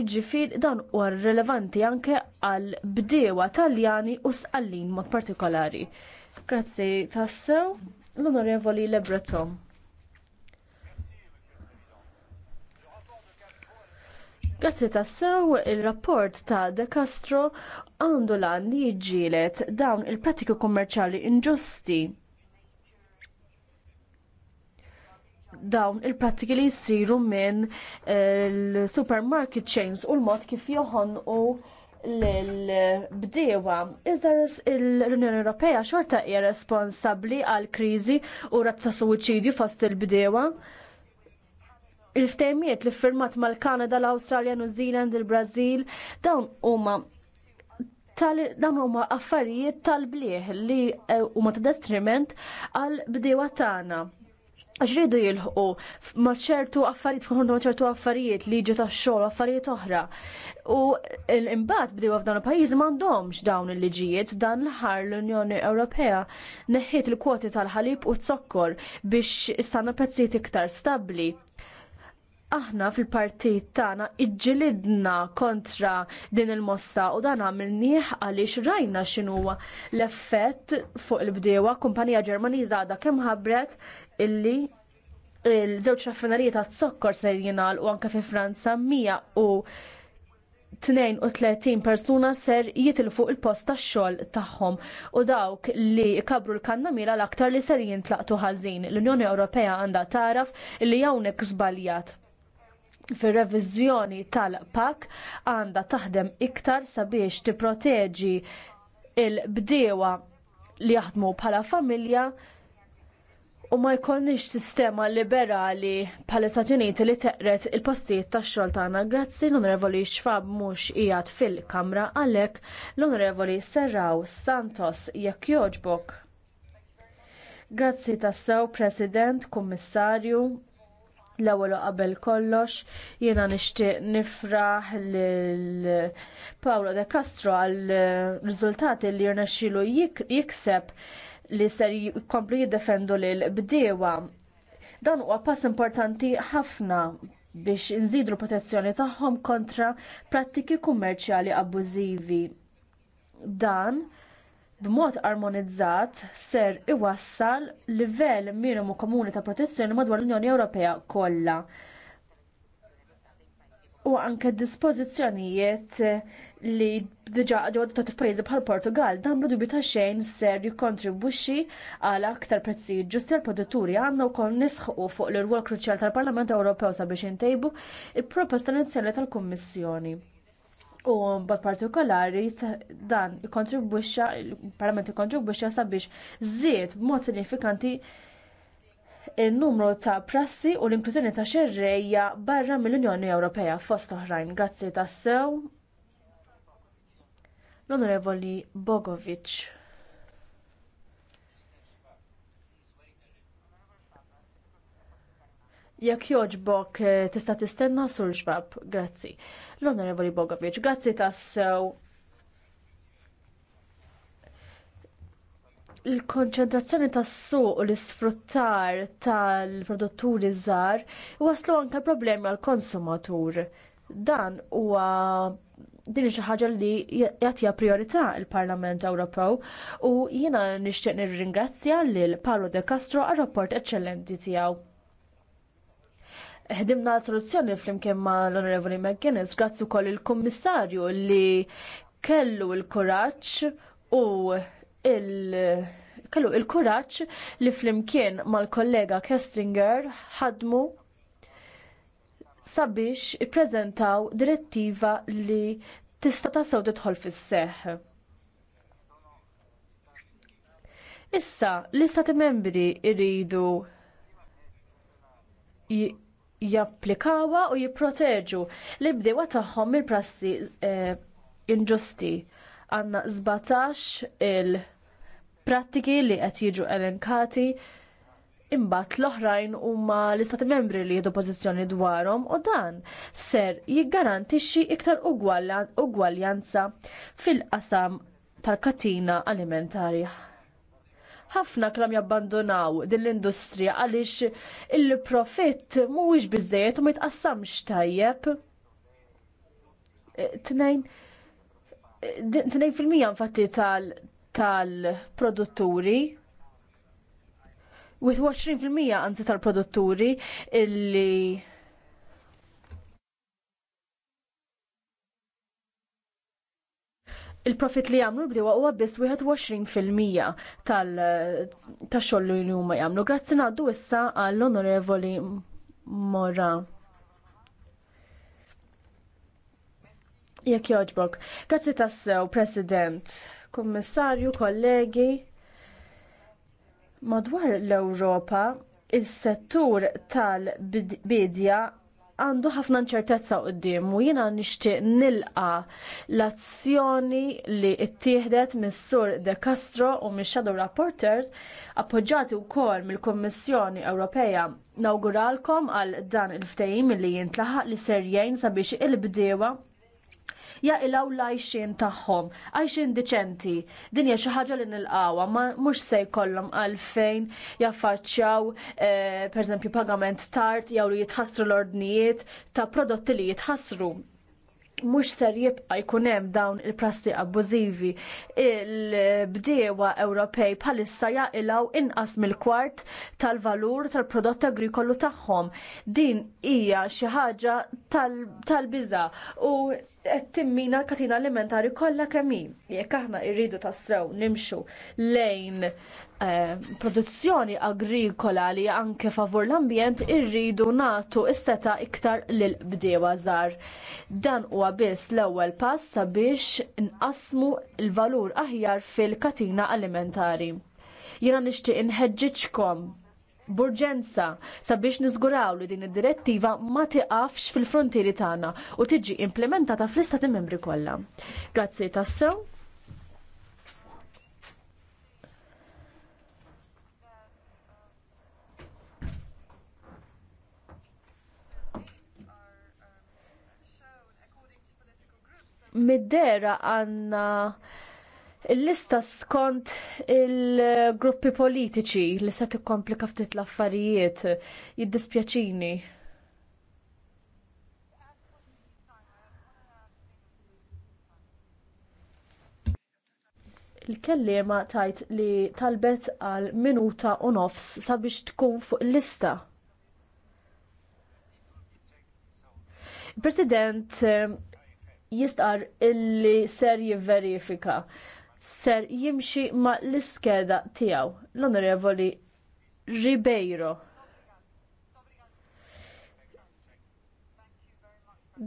Iġifir dan huwa rilevanti anke għal bdewa taljani u sqallin mod partikolari. Grazzi tassew l-onorevoli Le Breton. Grazzi tassew il-rapport ta' De Castro għandu lan li jġilet dawn il pratiku kommerċali inġusti dawn il-prattiki li jsiru minn eh, l-supermarket chains u l-mod kif joħonqu l-bdewa. Iżda l-Unjoni Ewropea xorta hija responsabbli għal kriżi u ta' suwiċidju fost il-bdewa. Il-ftejmiet li firmat mal-Kanada, l-Awstralja, New Zealand, il-Brażil, dawn huma dan huma affarijiet tal-blieħ li eh, huma ta' detriment għal bdewa tagħna għax rridu jilħqu maċertu affarijiet, fħonu maċertu affarijiet, liġi ta' xogħol, affarijiet oħra. U l-imbat bdew għafdan u pajiz m'għandhomx dawn il-liġijiet dan l-ħar l-Unjoni Ewropea neħħiet il-kwoti tal-ħalib u t-sokkor biex istanna prezzijiet iktar stabbli aħna fil-partit tagħna iġġilidna kontra din il-mossa u dan għamilnieh għaliex rajna xinuwa l-effett fuq il-bdewa kumpanija Ġermaniża għadha kemm ħabbret illi il-żewġ raffinerijiet ta' zokkor se jingħalqu anke fi Franza mija u persuna ser jitilfu il-post tax-xogħol tagħhom u dawk li kabru l-kannamira l-aktar li ser jintlaqtu ħażin. L-Unjoni Ewropea għandha taraf li hawnhekk żbaljat fir-reviżjoni tal-PAK għandha taħdem iktar sabiex tipproteġi l bdiewa li jaħdmu bħala familja u ma jkollniex sistema liberali bħal Stati Uniti li teqret il-postijiet tax-xogħol tagħna. Grazzi l-Onorevoli Xfab mhux qiegħed fil-Kamra għalhekk l-Onorevoli Serraw Santos jekk jogħġbok. Grazzi tassew President, Kummissarju, l-ewwel qabel kollox jiena nixtieq nifraħ lil Paolo De Castro għal riżultati li rnexxielu jikseb jik li ser jikomplu jiddefendu lil bdiewa. Dan huwa pass importanti ħafna biex inżidu l-protezzjoni tagħhom kontra prattiki kummerċjali abbużivi. Dan b'mod armonizzat ser iwassal livell minimu komuni ta' protezzjoni madwar l-Unjoni Ewropea kollha. U anke dispożizzjonijiet li diġa għadu ta' f'pajjiżi bħal Portugal dan bħadu bita ta' xejn ser jikkontribwixxi għal aktar prezzijiet ġusti għal produtturi għandna wkoll nisħu fuq l rwol kruċjal tal-Parlament Ewropew sabiex intejbu il-proposta inizjali tal-Kummissjoni. U mbagħad partikolari dan jikontribuxa, il-Parlament ikkontribwixxa sabiex żied b'mod sinifikanti il-numru ta' prassi u l-inklużjoni ta' xerrejja barra mill-Unjoni Ewropea fost oħrajn. Grazzi tas-sew l-Onorevoli Bogovic. Jekk jogħġbok eh, tista' tistenna sur xbab, grazzi. L-Onorevoli Bogovic, grazzi tassew. Il-konċentrazzjoni tas-suq u l-isfruttar tal-produtturi żgħar waslu anke problemi għall konsumatur Dan huwa din xi ħaġa li jagħtiha priorità il-Parlament Ewropew u jiena nixtieq nirringrazzja lil Paolo De Castro għar rapport eċċellenti tiegħu. Ħdimna soluzzjoni flimkien ma l-Onorevoli McGuinness grazzi wkoll il-Kummissarju li kellu l-kuraġġ u il- kellu il-kuraġġ li flimkien mal-kollega Kestinger ħadmu sabiex ippreżentaw direttiva li tista' tasew tidħol fis-seħħ. Issa, l-istati membri jridu japplikawa u jipproteġu li bdewa tagħhom il-prassi eh, inġusti. Għandna 17 il-prattiki li qed jiġu elenkati imbagħad l-oħrajn huma l-istati membri li jieħdu pożizzjoni dwarhom u dan ser jiggarantixxi iktar ugwaljanza fil-qasam tal-katina alimentari. Ħafna klam jabbandonaw din l-industrija għaliex il-profitt mhuwiex biżdejjed u ma jitqassamx tajjeb. Tnejn fil-mija infatti tal-produtturi 21% anzi tal-produtturi illi il-profit li jagħmlu bdew huwa biss 21% tal tax-xogħol li huma jagħmlu. Grazzi ngħaddu issa għall-Onorevoli Mora. Jekk jogħġbok. Grazzi tassew, President, Kummissarju, kollegi. Madwar l-Ewropa, is-settur tal-bidja għandu ħafna nċertezza qoddim u jiena nixtieq nilqa l-azzjoni li ttieħdet mis-sur De Castro u mix-Shadow Rapporters appoġġjati wkoll mill-Kummissjoni Ewropea. Nawguralkom għal dan il-ftehim li jintlaħaq li ser jgħin sabiex il bdewa jaqilaw l-għajxin tagħhom, għajxin diċenti. Din hija xi ħaġa li nilqawha ma mhux se jkollhom għalfejn jaffaċċjaw eh, pereżempju pagament tard jew li jitħassru l-ordnijiet ta' prodotti li jitħassru mhux ser jibqa' jkun hemm dawn il-prassi abbużivi. Il-bdiewa Ewropej bħalissa jaqilgħu inqas mill-kwart tal-valur tal-prodott agrikolu tagħhom. Din hija xi ħaġa tal-biża' u qed timmina l-katina alimentari kollha kemm hi. Jekk aħna rridu tassew nimxu lejn eh, produzzjoni agrikola li anke favur l-ambjent irridu nagħtu is-seta iktar lil bdewa żgħar. Dan huwa biss l-ewwel pass sabiex nqasmu l-valur aħjar fil-katina alimentari. Jiena nixtieq inħeġġiġkom burġenza sabiex niżguraw li din id-direttiva ma tiqafx fil-frontieri tagħna u tiġi implementata fl-istati membri kollha. Grazzi tassew. Middera għanna uh, Il-lista skont il-gruppi politiċi li se tikkomplika ftit l-affarijiet jiddispjaċini. Il-kellima tajt li talbet għal minuta u nofs sabiex tkun fuq il-lista. President eh, jistqar illi ser jivverifika ser jimxi ma l-iskeda tiegħu l-Onorevoli Ribeiro.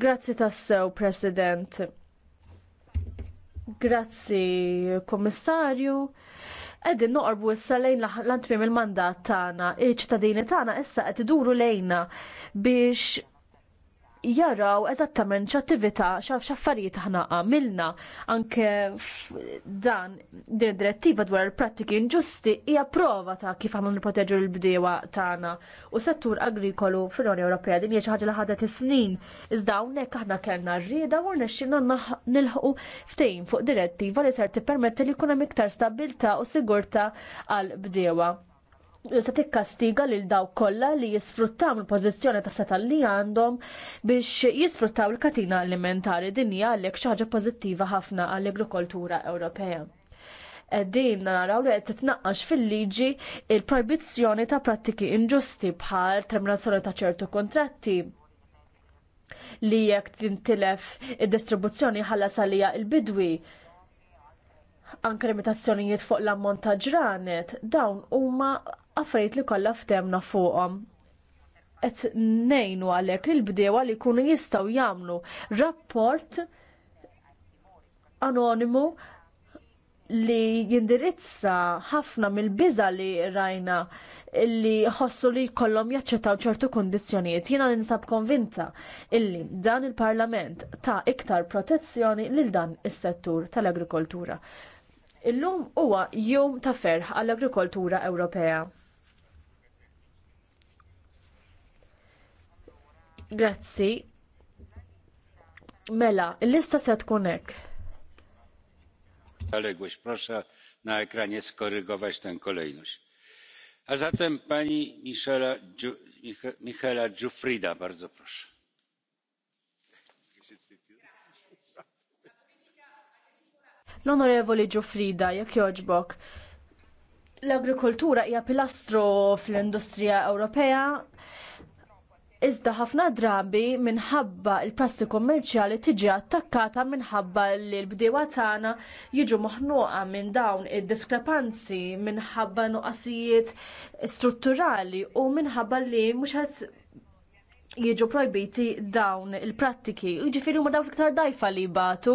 Grazzi tassew, President. Grazzi, Kommissarju. Qegħdin noqorbu issa lejn l-antmim il-mandat tagħna, il-ċittadini tagħna issa qed iduru lejna biex jaraw eżattament x'attività x'affarijiet aħna għamilna anke dan din direttiva dwar il-prattiki inġusti hija prova ta' kif aħna nipproteġu l-bdiewa tagħna u settur agrikolu fl-Unjoni Ewropea din hija xi ħaġa li ħadet is-snin iżda hawnhekk aħna kellna rrieda u rnexxinna nilħqu ftehim fuq direttiva li ser tippermetti li jkun hemm iktar stabilità u sigurtà għall bdiewa se tikkastiga lil dawk kollha li jisfruttaw il-pożizzjoni ta' seta' li għandhom biex jisfruttaw il-katina alimentari din hija għalhekk xi ħaġa pożittiva ħafna għall-agrikoltura Ewropea. Din naraw li qed titnaqqax fil-liġi il-proibizzjoni ta' prattiki inġusti bħal terminazzjoni ta' ċertu kontratti li jekk tintilef id-distribuzzjoni ħallas għalija il-bidwi anke limitazzjonijiet fuq l-ammont ta' ġranet, dawn huma affarijiet li kollha ftemna fuqhom. Qed ngħinu għalhekk li l-bdewa li jkunu jistgħu jagħmlu rapport anonimu li jindirizza ħafna mill-biża li rajna li ħossu li jkollhom jaċċettaw ċertu kundizzjonijiet. Jiena ninsab konvinta illi dan il-Parlament ta' iktar protezzjoni lil dan is-settur tal-agrikoltura. Illum huwa jum ta' ferħ għall-agrikoltura Ewropea. Grazzi. Mela, l lista se tkun hekk. Zaległość. Proszę na ekranie skorygować tę kolejność. A zatem pani Michela, Michela Giuffrida, bardzo proszę. L-Onorevoli Ġufrida, jekk joġbok, l-agrikoltura hija pilastru fl-industrija Ewropea Iżda ħafna drabi minħabba il plastik kommerċjali tiġi attakkata minħabba li l-bdewa tagħna jiġu moħnuqa minn dawn id-diskrepanzi minħabba nuqqasijiet strutturali u minħabba li mhux jiġu projbiti dawn il-prattiki. Ġifiri huma dawk l-iktar dajfa li batu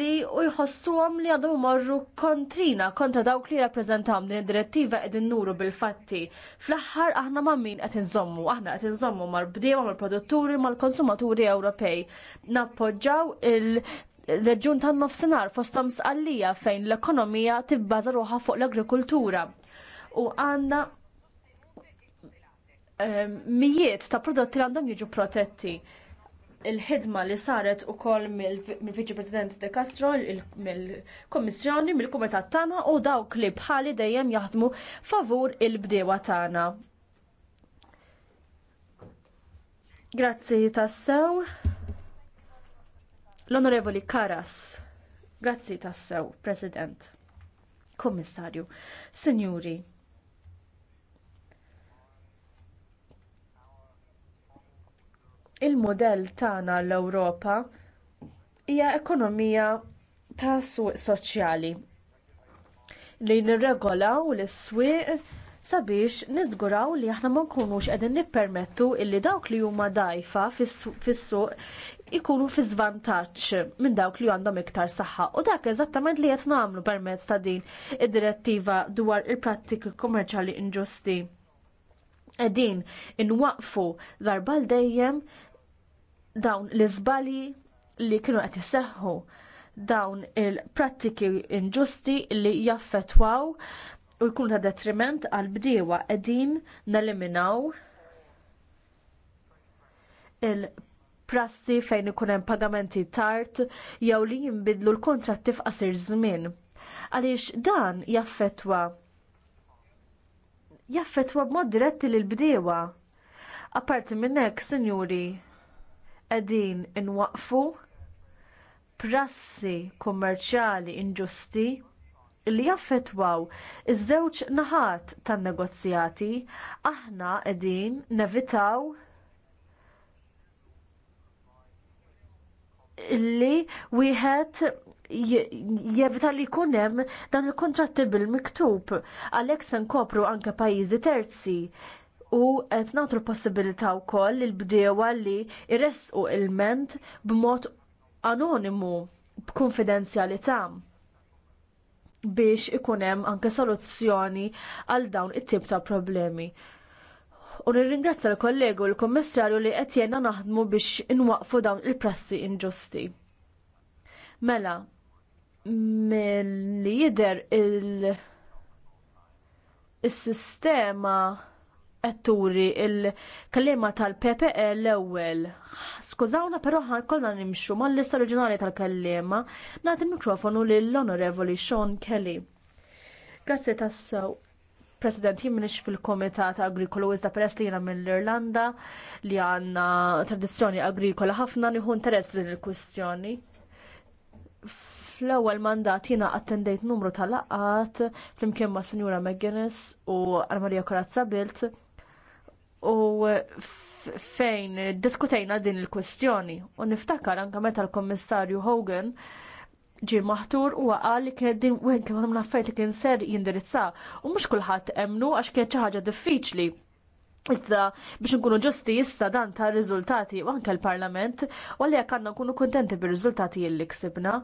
li u jħossuhom li għadu morru kontrina kontra dawk li rappreżentaw din id-direttiva ed nuru bil-fatti. Fl-aħħar aħna ma' min qed inżommu, aħna qed inżommu mal bdiema mal-produtturi, mal-konsumaturi Ewropej. Nappoġġaw il- reġjun tan-nofsinhar fost msqallija fejn l-ekonomija tibbaza ruħa fuq l-agrikultura. U għandna mijiet ta' prodotti li għandhom jiġu protetti il-ħidma li saret ukoll mill-Viċi President De Castro, mill kummissjoni mill-Kumitat tagħna u dawk li bħali dejjem jaħdmu favur il-bdewa tagħna. Grazzi tassew. L-Onorevoli Karas. Grazzi tassew, President. Kommissarju. Signori. il-mudell tagħna l-Ewropa hija ekonomija ta' suq soċjali li nirregolaw l-iswieq sabiex niżguraw li aħna ma nkunux qegħdin nippermettu li dawk li huma dgħajfa fis-suq ikunu fi żvantaġġ minn dawk li għandhom iktar saħħa. U dak eżattament li qed nagħmlu permezz ta' din id-direttiva dwar il-prattiki kummerċjali inġusti. Qegħdin inwaqfu darba dejjem dawn l-iżbali li kienu qed iseħħu, dawn il-prattiki inġusti li jaffettwaw u jkunu ta' detriment għal bdiewa qegħdin neliminaw il-prassi fejn ikun hemm pagamenti tard jew li jinbidlu l-kontratti f'qasir żmien. Għaliex dan jaffettwa jaffettwa b'mod diretti lill bdiewa. Apparti minn hekk, sinjuri, qegħdin inwaqfu prassi kummerċjali inġusti li jaffettwaw iż-żewġ naħat tan-negozjati aħna qegħdin nevitaw li wieħed jevita li jkun hemm dan il-kontratti bil-miktub għalhekk se nkopru anke pajjiżi terzi u qed nagħtu l-possibilità wkoll lil bdiewa li jressqu il-ment b'mod anonimu b'konfidenzjalità biex ikun hemm anke soluzzjoni għal dawn it-tip ta' problemi. U nirringrazzja l-kollegu u l-kommissarju li qed jena naħdmu biex inwaqfu dawn il-prassi inġusti. Mela, mill jidher jider il-sistema il sistema etturi il-kellima tal-PPE l-ewwel. Skużawna però kolna nimxu mal-lista oriġinali tal-kellima nagħti mikrofonu lill-Onorevoli Sean Kelly. Grazzi tassew. President, jimminix fil-Komitat Agrikolu iżda peress li jena mill-Irlanda li għanna tradizzjoni agrikola ħafna niħu interess din il-kwistjoni. Fl-ewwel mandat jiena attendejt numru tal-laqat flimkien ma' Sinjura McGuinness u Armarija Korazza Bilt u fejn diskutejna din il-kwestjoni u niftakar anke meta l-Kommissarju Hogan ġie maħtur u għal li kien din u kien għadhom affarijiet li kien ser jindirizza u mhux kulħadd emnu għax kien xi ħaġa diffiċli. Iżda biex nkunu ġusti issa dan ta' riżultati u anke l-Parlament u għalhekk għandna nkunu kuntenti bir-riżultati li ksibna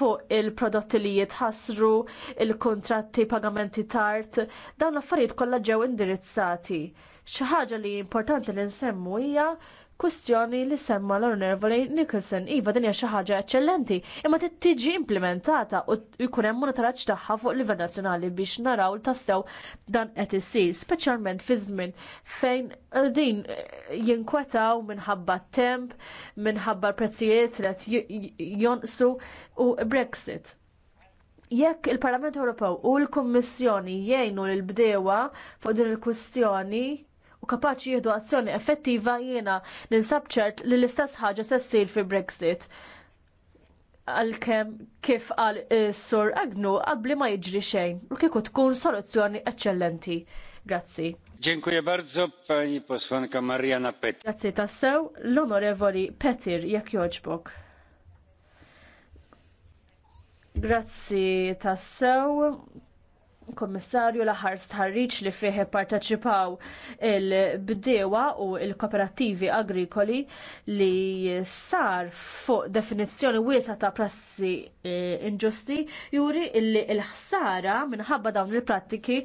fuq il-prodotti li jitħassru, il-kontratti pagamenti tard, dawn l-affarijiet kollha ġew indirizzati. Xi ħaġa li importanti li nsemmu hija kwistjoni li semma l-Onorevoli Nicholson. Iva din hija xi ħaġa eċċellenti, imma tiġi implementata u jkun hemm monitoraġġ tagħha fuq livell nazzjonali biex naraw tassew dan qed isir, speċjalment fi żmien fejn eh, din eh, jinkwetaw minħabba temp, minħabba l prezzijiet li qed jonqsu u Brexit. Jekk il-Parlament Ewropew u l-Kummissjoni jgħinu l-bdewa fuq din il-kwistjoni u kapaċi jieħdu azzjoni effettiva jiena ninsabċert ċert li l-istess ħaġa se ssir fi Brexit. Għalkemm kif qal is-Sur Agnu qabli ma jiġri xejn u kieku tkun soluzzjoni eċċellenti. Grazzi. Dziękuję bardzo pani posłanka Mariana Petir. Grazzi tassew l-onorevoli Petir jekk joġbok. Grazzi tassew kommissarju l-aħħar stħarriċ li fih parteċipaw il-bdewa u l kooperattivi agrikoli li sar fuq definizzjoni wiesa ta' prassi eh, inġusti juri li l ħsara minħabba dawn il-prattiki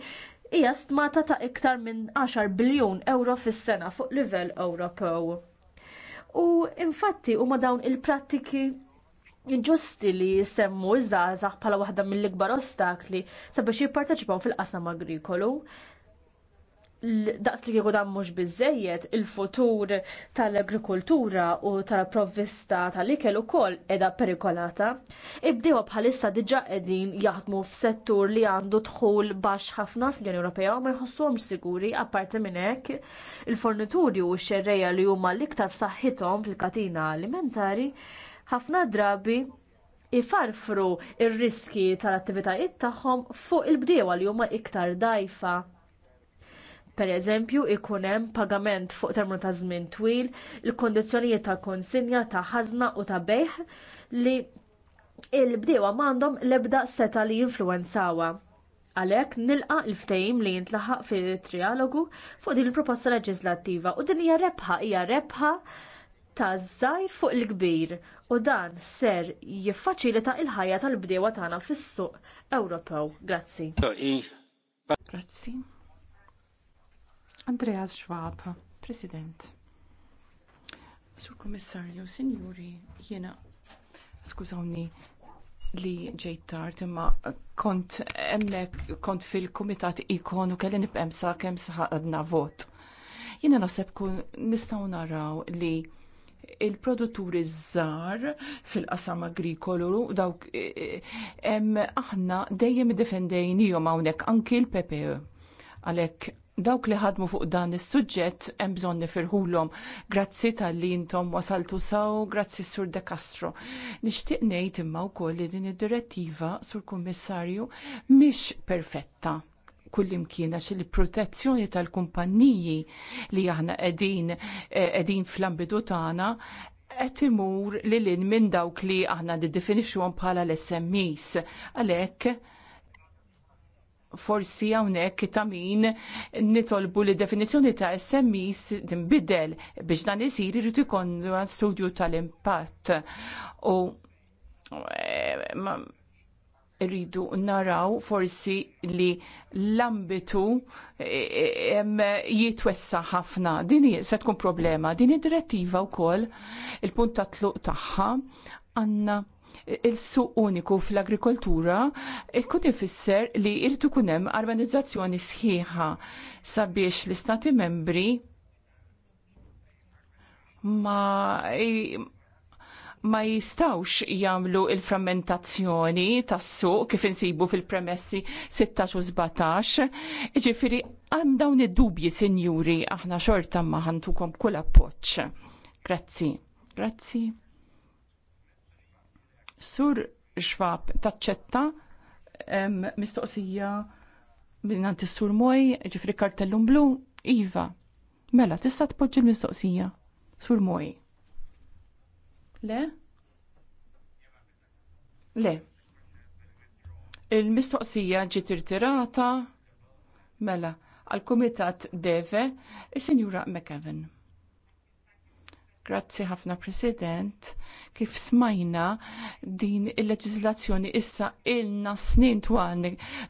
hija stmata ta' iktar minn 10 biljun euro fis-sena fuq livell Ewropew. U infatti huma dawn il-prattiki inġusti li semmu iż-żgħażagħ bħala waħda mill-ikbar ostakli sabiex jipparteċipaw fil-qasam agrikolu. Daqs li kieku dan mhux biżejjed, il-futur tal-agrikoltura u tal-provvista tal-ikel ukoll qiegħda perikolata. Ibdew bħalissa diġà qegħdin jaħdmu f'settur li għandu dħul baxx ħafna fl-Unjoni Ewropea u ma jħossuhomx siguri apparti minn hekk il-fornituri u x-xerreja li huma l-iktar f'saħħithom fil-katina alimentari ħafna drabi ifarfru r riski tal-attivitajiet tagħhom fuq il-bdiewa li huma iktar dgħajfa. Pereżempju jkun hemm pagament fuq terminu ta' żmien twil, il-kondizzjonijiet ta' konsinja ta' ħażna u ta' bejħ li l bdiewa m'għandhom l-ebda seta li jinfluwenzawha. Għalhekk nilqa l-ftehim li jintlaħaq fit-trialogu fuq din il-proposta leġislattiva u din hija rebħa hija rebħa ta' żgħir fuq il-kbir u dan ser jiffaċilita l ħajja tal-bdewa tagħna fis-suq Ewropew. Grazzi. Grazzi. Andreas Schwab, President. Sur Kommissarju, Sinjuri, jiena skużawni li ġejt tard imma kont hemmhekk kont fil-kumitat ikon u kelli nibqem sa kemm saħadna vot. Jiena naħseb kun nistgħu naraw li il-produtturi żgħar fil-qasam agrikolu dawk e, e, aħna dejjem defendejnijhom hawnhekk anki l-PPE. Għalhekk dawk li ħadmu fuq dan is-suġġett hemm bżonn nifirħulhom. Grazzi tal-li intom wasaltu saw, grazzi Sur De Castro. Nixtieq ngħid imma wkoll li din id-direttiva sur Kummissarju mhix perfetta kullimkien għax il-protezzjoni tal-kumpanniji li aħna qegħdin eh, qegħdin fl ambidu tagħna qed imur lil minn dawk li aħna niddefinixxuhom bħala l-SMEs. Għalhekk forsi hawnhekk ta' min nitolbu li definizzjoni ta' SMEs tinbidel biex dan isir irid ikollna studju tal-impatt. U eh, rridu naraw forsi li l-ambitu e, e, jitwessa ħafna. Din se tkun problema. Din id-direttiva wkoll il-punt ta' tluq tagħha għandna il-suq uniku fl-agrikoltura ikun ifisser li irtu kunem hemm sħiħa sabiex l-istati membri ma ma jistawx jagħmlu il-frammentazzjoni tas-suq kif insibu fil-premessi 16 u 17. Ġifieri għam dawn id-dubji sinjuri aħna xorta ma ħantukom kull appoġġ. Grazzi. Grazzi. Sur xvab taċċetta mistoqsija minnant is-sur moj, ġifri kartellum blu, Iva. Mela, tista' tpoġġi l-mistoqsija. Sur moj. Le? Le. Il-mistoqsija ġiet irtirata mela għal-Kumitat Deve is-Sinjura McEvan. Grazzi ħafna President, kif smajna din il-leġizlazzjoni issa ilna snin twal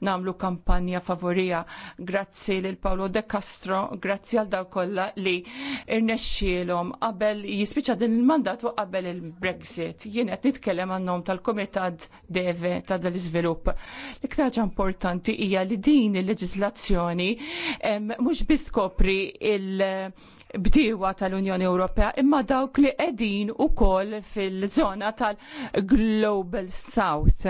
namlu kampanja favorija. Grazzi lil Paolo De Castro, grazzi għal daw kollha li irnexxielhom qabel jispiċċa din il-mandat u qabel il-Brexit. Jien qed nitkellem għan tal-Kumitat Deve ta' dal-iżvilupp. L-iktar importanti hija li din il-leġizlazzjoni mhux biss kopri il- bdiewa tal-Unjoni Ewropea imma dawk li qegħdin ukoll fil-żona tal-Global South.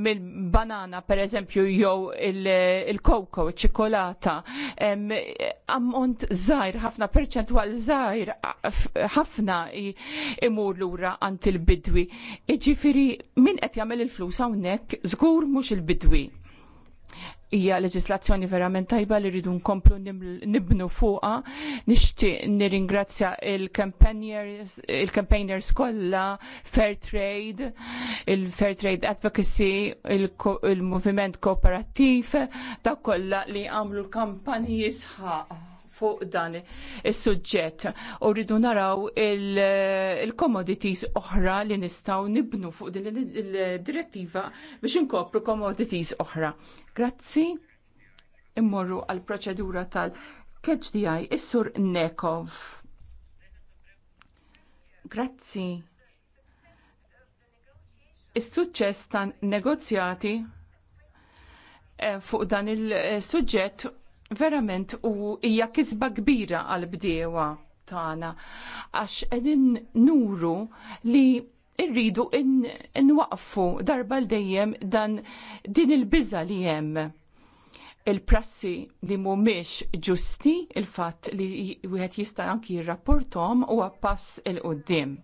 Mill-banana per eżempju jew il-koko, ċikolata, ammont zaħir, ħafna perċentwal zaħir, ħafna imur lura għand il-bidwi. Iġifiri, min qed jagħmel il-flus hawnhekk żgur mhux il-bidwi hija leġislazzjoni verament tajba li rridu nkomplu nibnu fuqa. Nixtieq nirringrazzja il-campaigners il kollha, Fair Trade, il-Fair Trade Advocacy, il-Moviment Kooperattiv, ta kollha li għamlu l-kampanji sħaq fuq dan is-suġġett. U rridu naraw il-commodities oħra li nistgħu nibnu fuq din il-direttiva biex nkopru commodities oħra. Grazzi. Immorru għal proċedura tal-KHDI is-sur Nekov. Grazzi. Is-suċċess tan negozjati eh, fuq dan il-suġġett verament u hija kisba kbira għal bdiewa tagħna għax qegħdin nuru li rridu nwaqfu darba l dejjem dan din il-biża li hemm il-prassi li mhumiex ġusti il-fatt li wieħed jista' anki jirrapportom huwa pass il-qudiem.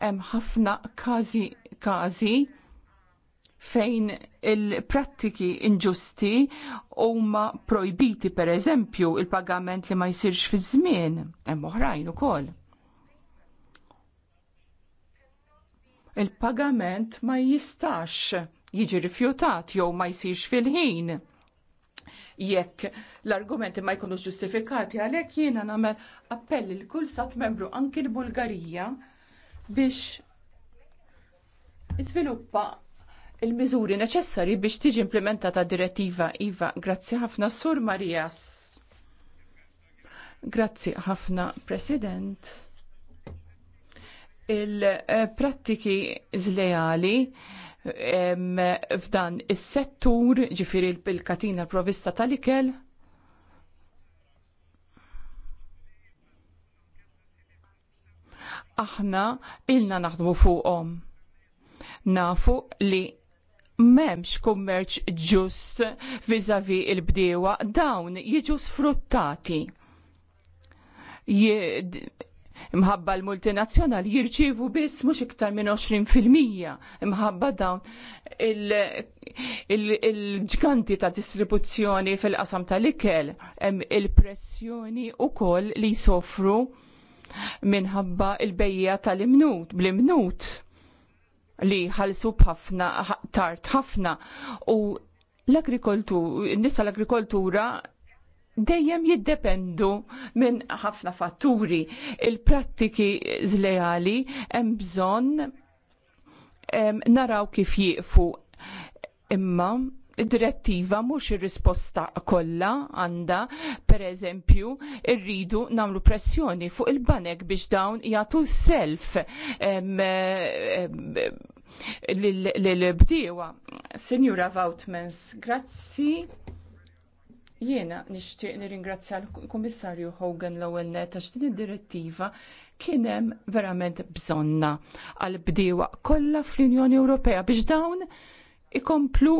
Hemm ħafna każi każi fejn il-prattiki inġusti huma projbiti per eżempju il-pagament li ma jsirx fi żmien hemm oħrajn ukoll. Il-pagament ma jistax jiġi rifjutat jew ma jsirx fil-ħin. Jekk l-argumenti ma jkunux ġustifikati għalhekk jiena nagħmel appelli l kull stat membru anki l-Bulgarija biex iżviluppa il-miżuri neċessari biex tiġi implementata direttiva Iva. Grazzi ħafna Sur Marijas. Grazzi ħafna President. Il-prattiki zlejali f'dan is-settur ġifiri l-katina provista tal-ikel aħna ilna naħdmu fuqhom. Nafu li memx kummerċ ġust vizavi il-bdewa, dawn jiġu sfruttati. Imħabba l multinazzjonal jirċivu biss mhux iktar minn 20% imħabba dawn il-ġganti ta' distribuzzjoni fil-qasam tal-ikel il-pressjoni wkoll li jsofru minħabba il-bejja tal-imnut, bl-imnut li ħalsu b'ħafna tard ħafna u l-agrikoltura, nisa l-agrikoltura dejjem jiddependu minn ħafna fatturi. Il-prattiki zlejali hemm bżonn naraw kif jieqfu imma id-direttiva mhux ir-risposta kollha għandha pereżempju rridu nagħmlu pressjoni fuq il-banek biex dawn jagħtu self lill bdiewa Sinjura Vautmans, grazzi. Jiena nixtieq nirringrazzja l-Kummissarju Hogan l-ewwel net għax din id-direttiva kien hemm verament bżonna għal bdiewa kollha fl-Unjoni Ewropea biex dawn ikomplu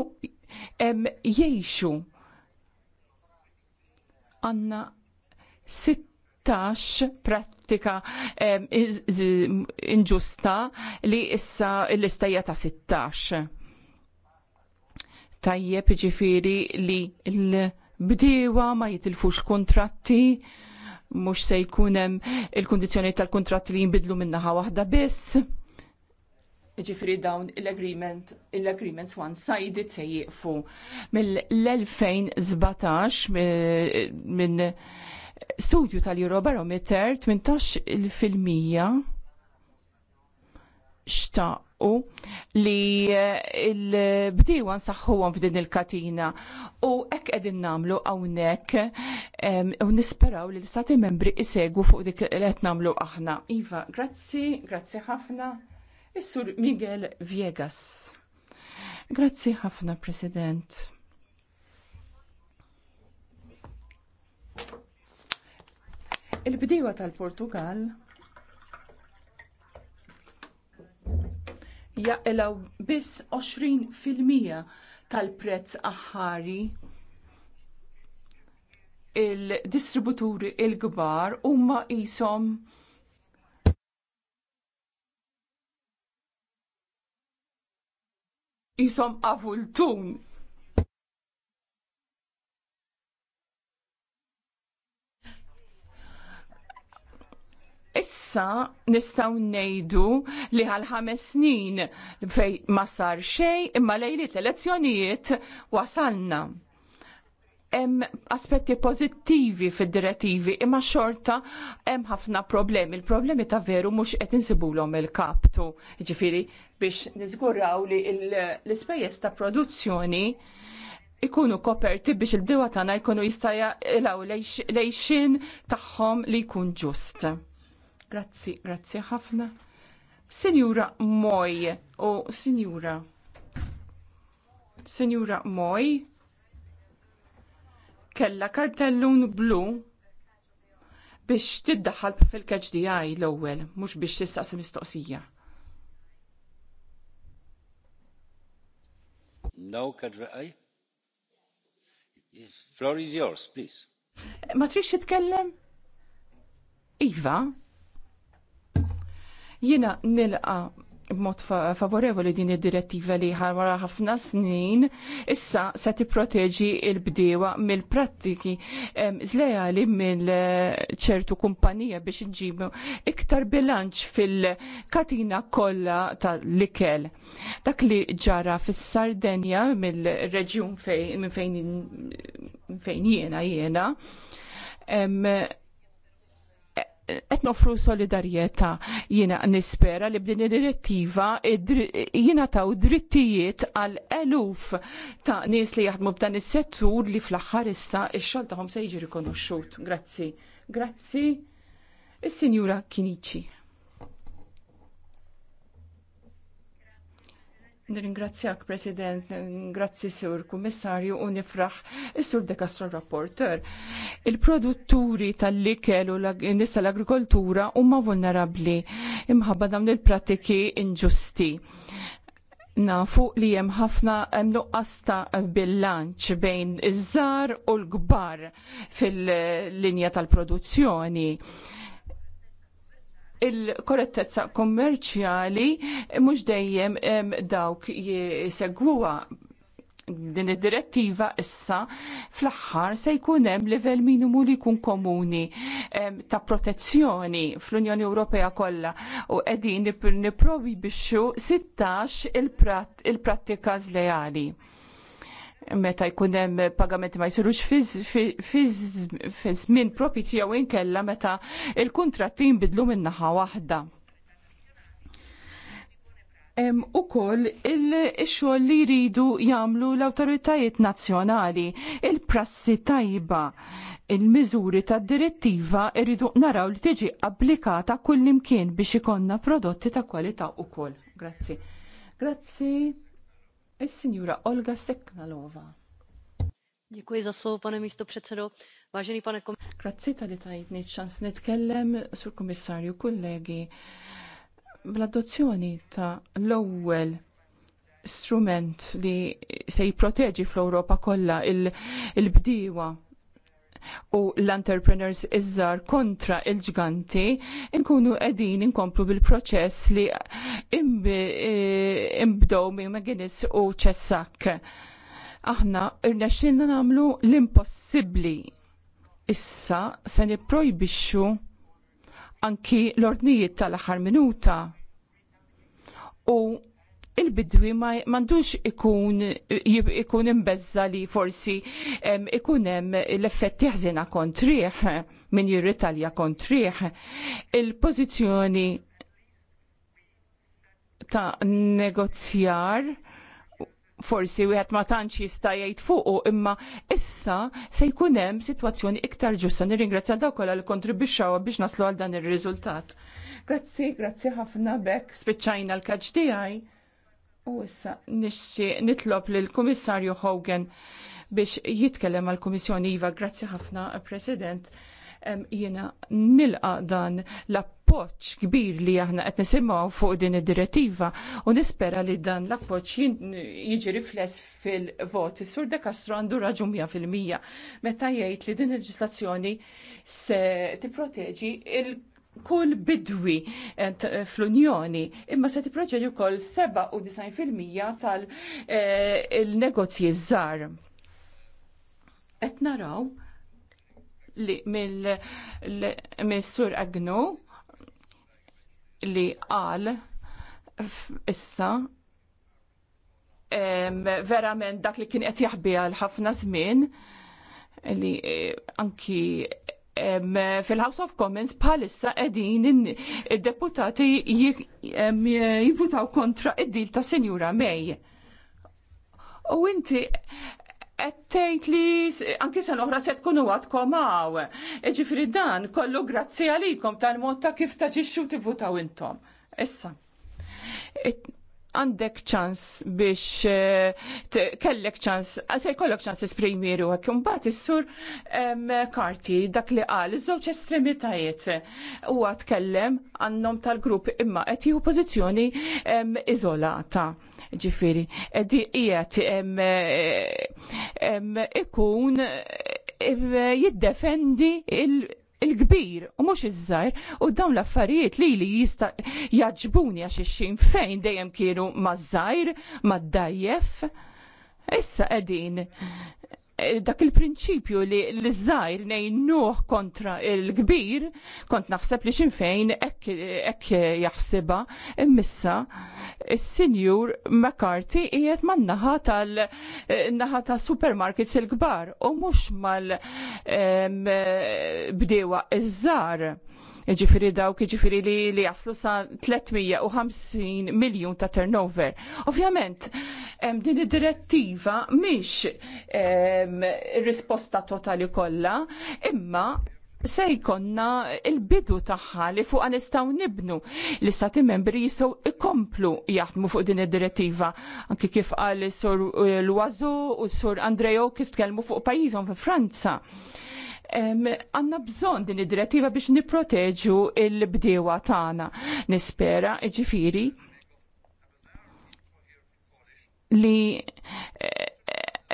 jiexu. Għanna 16 prattika inġusta li issa l-istajja ta' 16. Tajjeb ġifiri li l-bdiewa ma jitilfux kontratti mux se jkunem il-kondizjoni tal kontratti li jimbidlu minnaħa wahda biss Ġifri dawn l-agreement, l-agreements one-sided se jieqfu. Mill-2017 minn studju tal-Eurobarometer 18% xtaqu li l-bdiewa nsaħħuhom f'din il-katina u hekk qegħdin nagħmlu hawnhekk u nisperaw li l-istati membri isegwu fuq dik li qed nagħmlu aħna. Iva, grazzi, grazzi ħafna. Is-Sur Miguel Viegas. Grazzi ħafna, President. Il-bdiewa tal-Portugal jaqilaw biss 20% tal-prezz aħħari il-distributuri il-gbar huma qishom jisom avultun. Issa nistaw nejdu li għal ħames snin fej ma sar xej imma lejliet l-elezzjonijiet wasalna. Hemm aspetti pożittivi fid-direttivi imma xorta hemm ħafna problemi. Il-problemi ta' veru mhux qed insibulhom il-kaptu. Ġifieri biex niżguraw li l-ispejjeż ta' produzzjoni ikunu koperti biex il-bdewa tagħna jkunu jistaja ilaw lejxin tagħhom li jkun ġust. Grazzi, grazzi ħafna. Sinjura Moj u Sinjura Sinjura Moj kella kartellun blu biex tiddaħħal fil-keġ l-ewwel, mhux biex tistaqsi mistoqsija. floor is Ma trix titkellem? Iva, jina nilqa mod favorevoli din id-direttiva li ħarwara ħafna snin, issa se tipproteġi il-bdewa mill-prattiki zlejali mill-ċertu kumpanija biex nġibu iktar bilanċ fil-katina kollha tal-ikel. Dak li ġara fis-Sardenja mill-reġjun fejn jiena jiena qed nofru solidarjetà jiena nispera li b'din id-direttiva jiena taw drittijiet għal eluf ta' nies li jaħdmu f'dan is-settur li fl-aħħar issa x-xogħol tagħhom se jiġi rikonoxxut. Grazzi. Grazzi. Is-Sinjura Kinici. Nirringrazzjak, President, grazzi Sur Kummissarju u nifraħ is-Sur De Castro Rapporter. Il-produtturi tal-likel u nisa l-agrikoltura huma vulnerabbli imħabba dawn il-pratiki inġusti. Nafu li hemm ħafna hemm nuqqas ta' bilanċ bejn iż-żar u l-kbar fil-linja tal-produzzjoni il-korrettezza kommerċjali mhux dejjem dawk jisegwuha din id-direttiva issa fl-aħħar se jkun hemm livell minimu li jkun komuni ta' protezzjoni fl-Unjoni Ewropea kollha u qegħdin nipprovi bixxu 16 il-prattika sleali meta jkun hemm pagamenti ma jsirux fi żmien propizju jew inkella meta il-kuntratti jinbidlu minn naħa waħda. U koll il-xogħol li jridu jagħmlu l-awtoritajiet nazzjonali, il-prassi tajba, il-miżuri tad direttiva jridu naraw li tiġi applikata kull imkien biex ikonna prodotti ta' kwalità ukoll. Grazzi. Grazzi is-Sinjura Olga Seknalova. Dziękuję za słowo, panie mistopredsjedo. Vážený pane kom... Grazie tali li tajtni ċans nitkellem sur kummissarju kollegi bl-adozzjoni ta' l-ewwel strument li se jipproteġi fl-Ewropa kollha il-bdiewa il bdiewa il u l-entrepreneurs iżżar kontra il-ġganti nkunu qegħdin inkomplu bil-proċess li eh, imbdow minn McGuinness u ċessak. Aħna xinna nagħmlu l-impossibbli. Issa se nipprojbixxu anki l-ordnijiet tal-aħħar minuta u il-bidwi mandux ikun ikun imbezza li forsi ikun hemm l-effetti ħżina kontriħ min jirritalja kontriħ il-pożizzjoni ta' negozjar forsi wieħed ma tantx jista' jgħid fuqu imma issa se jkun hemm sitwazzjoni iktar ġusta. Nirringrazzja dawk kollha li kontribwixxaw biex naslu għal dan ir-riżultat. Grazzi, grazzi ħafna bekk spiċċajna l-kaġġ tiegħi. U issa nixxi nitlob lil kummissarju Hogan biex jitkellem għal kummissjoni Iva, grazzi ħafna President. Jiena nilqa dan l-appoċ kbir li aħna qed nisimgħu fuq din id-direttiva u nispera li dan l-appoċ jiġi rifless fil-vot. sur De Castro għandu raġun fil-mija meta jgħid li din il-leġislazzjoni se tipproteġi il- kull bidwi eh, eh, fl-Unjoni imma se tipproġedi wkoll 97% tal-negozji eh, żgħar. Qed naraw li mill-Sur Agnu li qal issa verament dak li kien qed jaħbi l ħafna żmien li anki fil-House of Commons bħalissa qegħdin id-deputati jivutaw kontra id-dil ta' Sinjura mej. U inti għettejt li anki sen oħra se tkunu għad komaw. Ġifri dan, kollu grazzi għalikom tal-mod ta' kif taġiċu tivutaw intom. Issa għandek ċans biex eh, kellek ċans, se jkollok ċans esprimiru għak, mbagħad bat sur karti dak li qal zoċ żewġ estremitajiet għat kellem għannom tal-grupp imma qed jieħu pożizzjoni iżolata. Ġifieri, di qiegħed ikun eh, jiddefendi il- il-kbir u mhux iż żgħar u dawn l-affarijiet li li jista' jaġbuni għax ix-xin fejn dejjem kienu maż-żgħir, mad-dajjef. Issa qegħdin dak il-prinċipju li l-żajr nejnuh kontra il-kbir, kont naħseb li xinfejn hekk jaħsiba, immissa, il-senjur McCarthy qiegħed man naħa tal naħa ta' supermarkets il-kbar u mux mal bdewa iż żgħar ġifiri dawk ġifiri li, li jaslu sa 350 miljon ta' turnover. Ovvjament, din id-direttiva miex risposta totali kollha, imma se jkonna il-bidu tagħha li fuq nistgħu nibnu l-istati membri jistgħu ikomplu jaħdmu fuq din id-direttiva anki kif qal sur Luazu u sur Andrejo kif tkellmu fuq pajjiżhom fi Franza għanna bżon din id-direttiva biex niproteġu il-bdewa tagħna. Nispera, ġifiri, li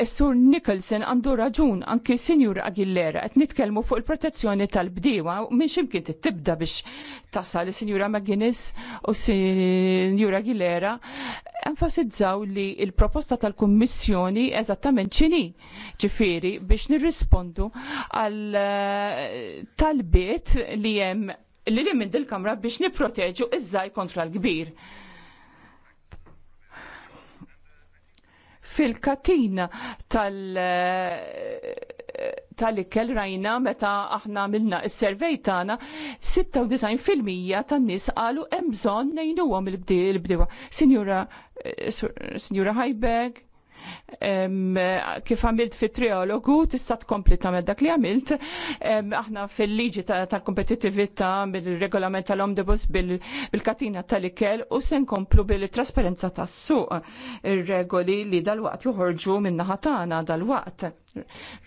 Sur Nicholson għandu raġun anki Sinjur Aguilera qed nitkellmu fuq il-protezzjoni tal-bdiewa minn ximkien tibda biex tasal Sinjura McGuinness u Sinjura Aguilera enfasizzaw li il-proposta tal-Kummissjoni eżattament ċini ġifieri biex nirrispondu għal eh, talbiet li hemm li li minn dil-kamra biex niproteġu iż-żaj kontra l-kbir. fil-katina tal- eh, tal-ikel rajna meta aħna milna s-servej tagħna 96% tan-nies qalu hemm bżonn ngħinuhom il-bdiewa. Sinjura eh, Sinjura Hajbeg, kif għamilt fit triologu tista' tkompli tagħmel dak li għamilt. Aħna fil-liġi tal-kompetittività bil-regolament tal-omnibus bil-katina tal-ikel u se nkomplu bil-trasparenza tas-suq ir-regoli li dal-waqt joħorġu min-naħa tagħna dal-waqt.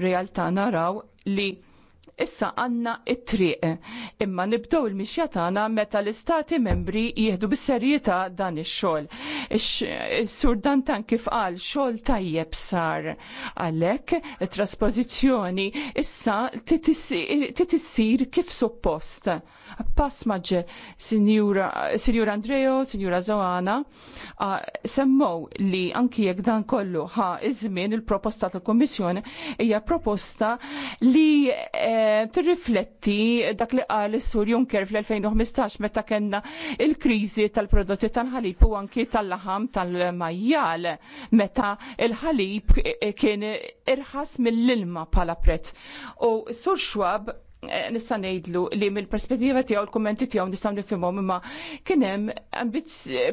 Realtà naraw li Issa għanna it-triq imma nibdew il-mixja tagħna meta l-istati membri jieħdu bis-serjetà dan ix-xogħol. Is-sur Dantan kif qal xogħol tajjeb sar għalhekk it traspożizzjoni issa titissir kif suppost pass maġġel Andreo, Andrejo, Sinjura Zoana, semmow li anki jekk dan kollu ħa iż-żmien il-proposta tal komissjoni hija proposta li e, tirrifletti dak li qal is-Sur Juncker fl-2015 meta kellna il-kriżi tal-prodotti tal-ħalib u anki tal-laħam tal-majjal meta il-ħalib e, e, kien irħas mill-ilma bħala prezz. U Sur Schwab Eh, nista' ngħidlu li mill-perspettiva tiegħu l-kummenti tiegħu nistgħu nifhimhom imma kien hemm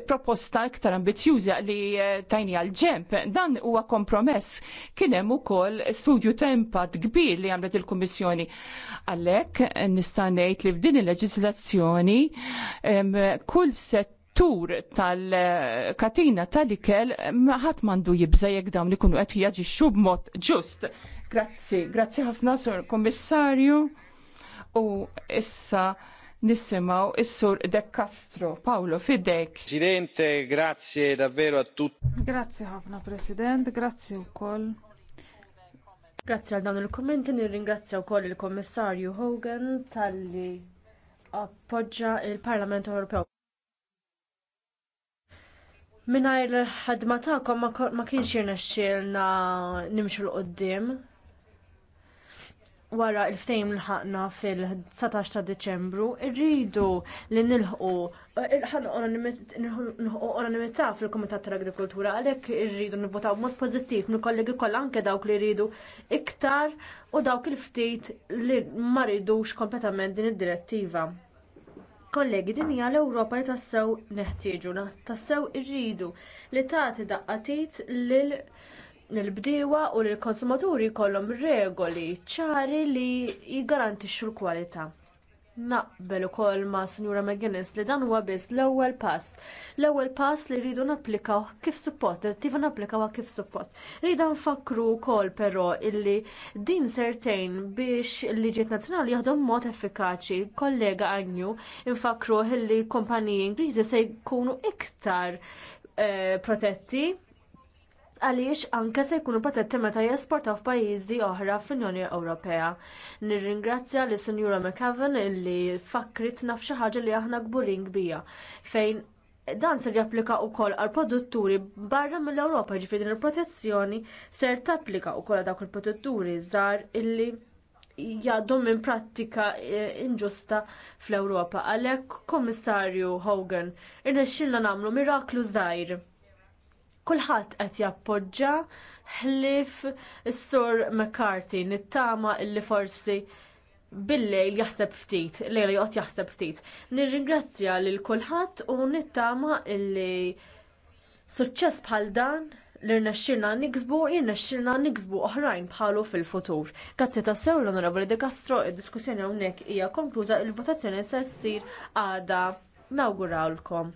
proposta iktar ambizzjuża li eh, tajni għal ġemp. Dan huwa kompromess. Kien hemm ukoll studju ta' impatt kbir li għamlet il-Kummissjoni. Għalhekk eh, nista' ngħid li f'din il-leġiżlazzjoni kull set tur tal-katina tal-ikel ħadd mandu jibża jekk dawn li kunu qed xub b'mod ġust. Grazzi, grazzi ħafna sur Kommissarju u issa nissimaw is-sur De Castro. Paolo, fidek. Presidente, grazie davvero a tutti. Grazie ħafna, President, grazie wkoll. Grazzi għal dawn il-kommenti, nirringrazzja wkoll il-Kommissarju Hogan talli appoġġa l parlament Ewropew. il ħadma tagħkom ma kienx jirnexxielna nimxu l-qoddim wara l-ftehim li ħaqna fil-19 ta' Diċembru rridu li nilħqu eh, nilħqu unanimità fil-Kumitat tal-Agrikoltura għalhekk irridu nivvotaw mod pożittiv mill-kollegi kollha anke dawk li jridu iktar u dawk il-ftit li ma kompletament din id-direttiva. Kollegi, din hija l-Ewropa li tassew neħtieġu, tassew irridu li tagħti daqqatit lil l-bdiewa u l-konsumaturi jkollhom regoli ċari li jiggarantixxu l-kwalità. Naqbel ukoll ma' Sinjura McGuinness li dan huwa biss l-ewwel pass. L-ewwel pass li rridu napplikaw kif suppost, direttiva napplikawha kif suppost. Rridu nfakru wkoll però illi din sertejn biex il-liġiet nazzjonali jaħdmu mod effikaċi. Kollega Agnew infakru illi kumpaniji Ingliżi se jkunu iktar eh, protetti għaliex anke se jkunu protetti meta jesportaw f'pajjiżi oħra fl-Unjoni Ewropea. Nirringrazzja lis Sinjura McAvan illi fakkritna f'xi ħaġa li aħna kburin bija fejn dan ser japplika wkoll għal produtturi barra mill-Ewropa ġifieri din il-protezzjoni ser tapplika wkoll għal dawk il-produtturi żgħar illi jgħaddu minn prattika e, inġusta fl-Ewropa. Għalhekk, Kummissarju Hogan, irnexxilna nagħmlu miraklu żgħir kulħadd qed jappoġġa ħlief is-sur McCarthy nittama illi forsi billejl jaħseb ftit, lejla joqgħod jaħseb ftit. Nirringrazzja lil kulħadd u nittama illi suċċess bħal dan li rnexxilna niksbu jirnexxilna niksbu oħrajn bħalu fil-futur. Grazzi ta' sew l-Onorevoli De Castro, id-diskussjoni hawnhekk hija konkluża il-votazzjoni se ssir għada nawgurawlkom.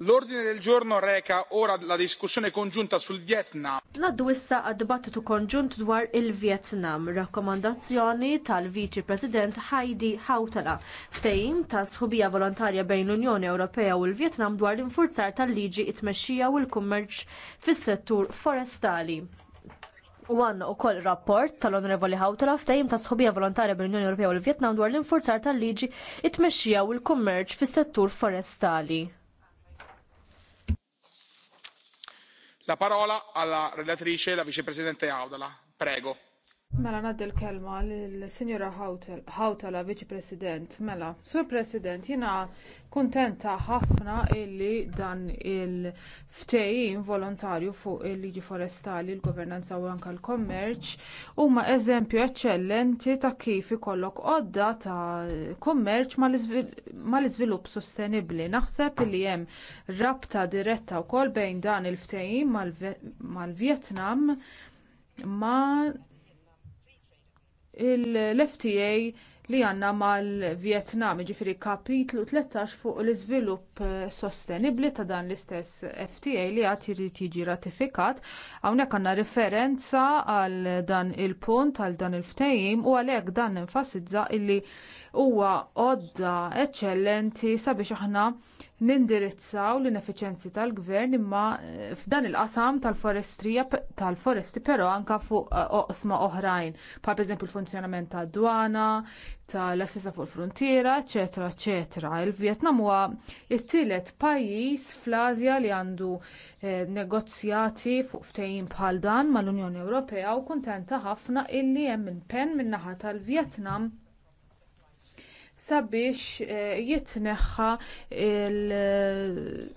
L-ordine del giorno reca ora la diskussjoni konġunta sul Vietnam. Naddu issa għad-dibattitu konġunt dwar il-Vietnam, rakkomandazzjoni tal-Viċi President Heidi Hautala, Ftejim ta' sħubija volontarja bejn l-Unjoni Ewropea u l-Vietnam dwar l-infurzar tal-liġi it-mexxija u l-kummerċ fis-settur forestali. U għanna u koll rapport tal-Onorevoli Hautala ftejim ta' sħubija volontarja bejn l-Unjoni Ewropea u l-Vietnam dwar l-infurzar tal-liġi it-mexxija u l-kummerċ fis-settur forestali. la parola alla relatrice la vicepresidente hautala prego. Mela naddi l-kelma lill-Sinjora Hautala, Viċi President. Mela, Sur President, jiena kuntenta ħafna illi dan il-ftejim volontarju fuq il-liġi forestali, il-governanza u anke l-kommerċ huma eżempju eċċellenti ta' kif ikollok għodda ta' ma' mal-iżvilupp sostenibbli. Naħseb li hemm rabta diretta wkoll bejn dan il-ftejim mal-Vjetnam ma' l-FTA li għandna mal-Vjetnam, ġifiri kapitlu 13 fuq l iżvilupp eh, sostenibbli ta' dan l-istess FTA li għad jirrit jiġi ratifikat. Hawnhekk għandna referenza għal dan il-punt, għal dan il-ftehim u għalhekk dan enfasizza illi huwa għodda eċċellenti sabiex aħna nindirizzaw l-ineffiċjenzi tal-gvern imma eh, f'dan il-qasam tal-forestrija tal-foresti però anke fuq eh, oqsma oħrajn bħal pereżempju l-funzjonament tad-dwana, tal-assisa fuq il-frontiera, eċetera, eċetera. Il-Vjetnam huwa t-tielet pajjiż fl-Asja li għandu eh, negozjati fuq ftehim bħal dan mal-Unjoni Ewropea u kuntenta ħafna illi hemm impenn min-naħa tal-Vjetnam sabiex eh, jitneħħa il-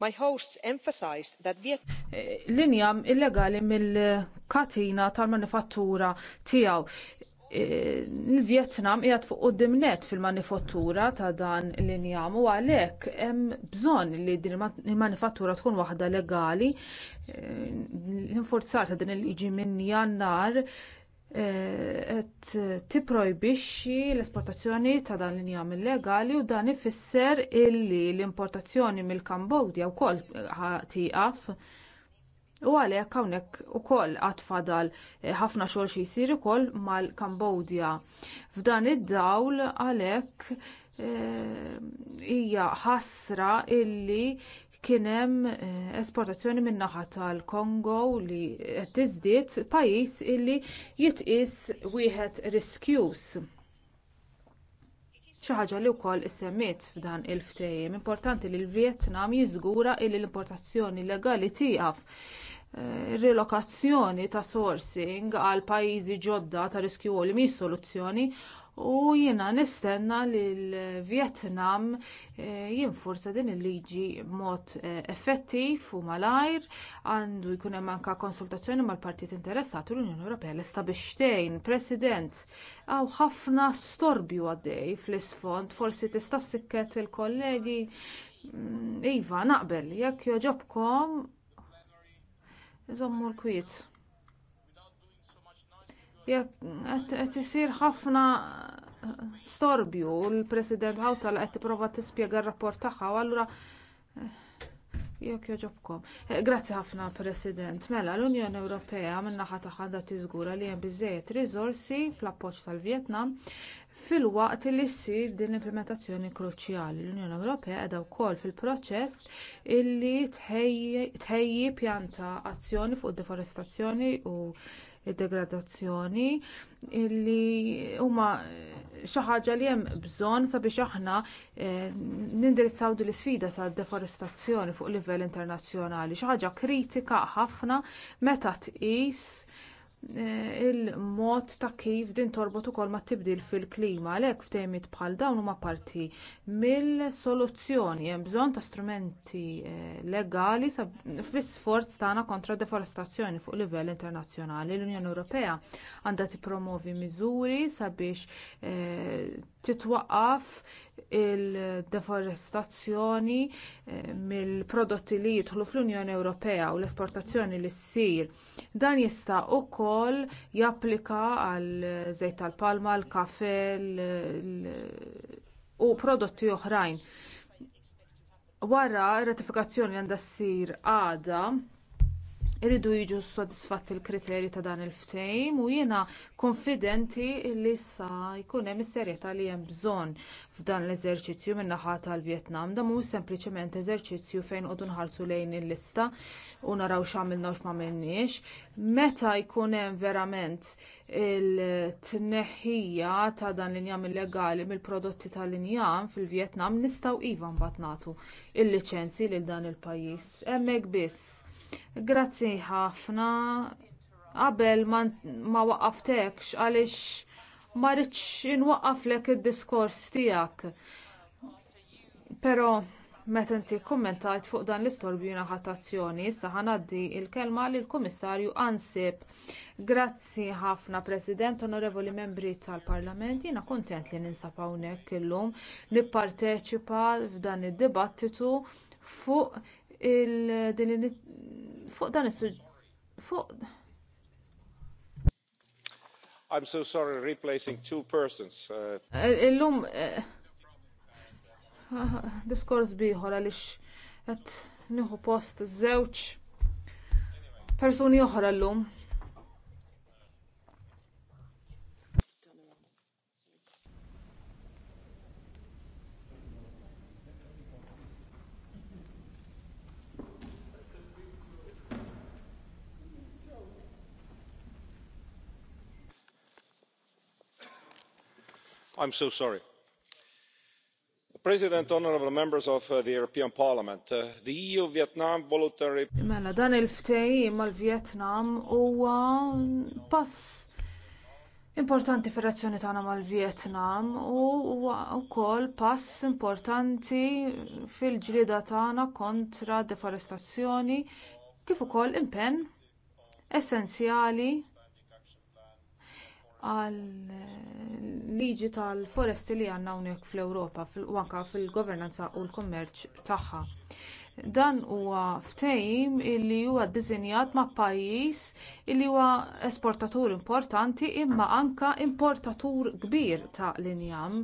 My hosts emphasized that Viet eh, Linjam illegali mill-katina tal-manifattura tiegħu. Eh, Il-Vietnam qiegħed fuq quddiem net fil-manifattura ta' dan l-injam u għalhekk hemm bżonn li din il-manifattura tkun waħda legali. L-infurzar ta' din il-liġi minn jannar qed tipprojbixxi l-esportazzjoni ta' dan l-injam illegali u dan ifisser illi l-importazzjoni mill-kambodja wkoll tieqaf u għalhekk hawnhekk ukoll qatt fadal ħafna xogħol xi jsir ukoll mal-kambodja f'dan id-dawl għalhekk eh, hija ħasra illi kien hemm eh, esportazzjoni min naħa tal-Kongo li qed tiżdied pajjiż illi jitqies wieħed riskjus. Xi ħaġa li wkoll issemmiet f'dan il-ftehim importanti li l-Vjetnam jiżgura li l-importazzjoni legali tiegħek. Eh, rilokazzjoni ta' sourcing għal pajjiżi ġodda ta' riskju li mhix soluzzjoni u jiena nistenna li l-Vjetnam eh, jinfurza din il-liġi b'mod eh, effettiv u malajr għandu jkun hemm anke konsultazzjoni mal-partit interessati u l-Unjoni Ewropea li biex tgħin President hawn ħafna storbju għaddej fl-isfond forsi tista' sikket il-kollegi mm, Iva, naqbel, jekk joġobkom, iżommu l-kwiet. Jekk qed isir ħafna eh, storbju l-President Hawtala qed tipprova tispjega r-rapport tagħha u allura eh, jekk jogħġobkom. Eh, grazzi ħafna President. Mela l-Unjoni Ewropea min-naħa tagħha da tiżgura li hemm biżżejjed riżorsi fl-appoġġ tal-Vjetnam filwaqt li ssir din l-implementazzjoni kruċjali l-unjoni ewropea qiegħda wkoll fil-proċess illi tħejji pjanta azzjoni fuq id-deforestazzjoni u id-degradazzjoni li huma xi ħaġa li hemm bżonn sabiex aħna eh, nindirizzaw din l-isfida tad-deforestazzjoni fuq livell internazzjonali xi ħaġa kritika ħafna meta tqis il-mod ta' kif din torbot ukoll mat tibdil fil-klima għalhekk f'temiet bħal dawn huma parti mill-soluzzjoni hemm bżonn ta' strumenti eh, legali fl-isforz tagħna kontra d deforestazzjoni fuq livell internazzjonali. L-Unjoni Ewropea għandha tippromovi miżuri sabiex eh, titwaqqaf il-deforestazzjoni eh, mill-prodotti li jidħlu fl-Unjoni Ewropea u l-esportazzjoni li ssir. Dan jista' wkoll japplika għal żejt tal-palma, l-kafe u prodotti oħrajn. Wara r ratifikazzjoni għandha ssir għada Iridu jiġu sodisfatti l-kriterji ta' dan il-ftehim u jiena konfidenti li sa jkun hemm is-serjetà li hemm bżonn f'dan l-eżerċizzju min-naħa tal-Vjetnam. Dan mhuwiex sempliċement eżerċizzju fejn qogħdu nħarsu lejn il-lista u naraw x'għamilna u x'm'għamilniex. Meta jkun hemm verament il-tneħħija ta' dan l-injam illegali mill-prodotti tal-injam fil-Vjetnam nistgħu iva mbagħad nagħtu il-liċenzji lil dan il-pajjiż. Hemmhekk biss Grazzi ħafna. Qabel ma waqqaftekx għaliex ma rridx inwaqqaflek id-diskors tiegħek. Però meta inti kkummentajt fuq dan l-istorbju ħadd azzjoni, issa ħanaddi l kelma lill-Kummissarju Ansip. Grazzi ħafna President, Onorevoli Membri tal-Parlament, jiena kuntent li ninsab hawnhekk illum nipparteċipa f'dan id-dibattitu fuq il fuq dan is fuq I'm so sorry replacing two persons. Uh, eh, illum eh, ah, diskors biħor għalix qed niħu post zewċ persuni oħra l-lum. i'm so sorry. mr president honourable members of uh, the european parliament uh, the eu vietnam voluntary. mela dan il-ftehim mal-vjetnam huwa pass importanti fir-relazzjoni tagħna mal-vjetnam u huwa wkoll pass importanti fil-ġlieda tagħna kontra d-deforestazzjoni kif ukoll impenn essenzjali għal eh, liġi tal-foresti li għandna hawnhekk fl-Ewropa u anke fil-governanza u l-kummerċ tagħha. Dan huwa ftehim illi huwa ddisinjat ma' pajjiż illi huwa esportatur importanti imma anke importatur kbir ta' linjam.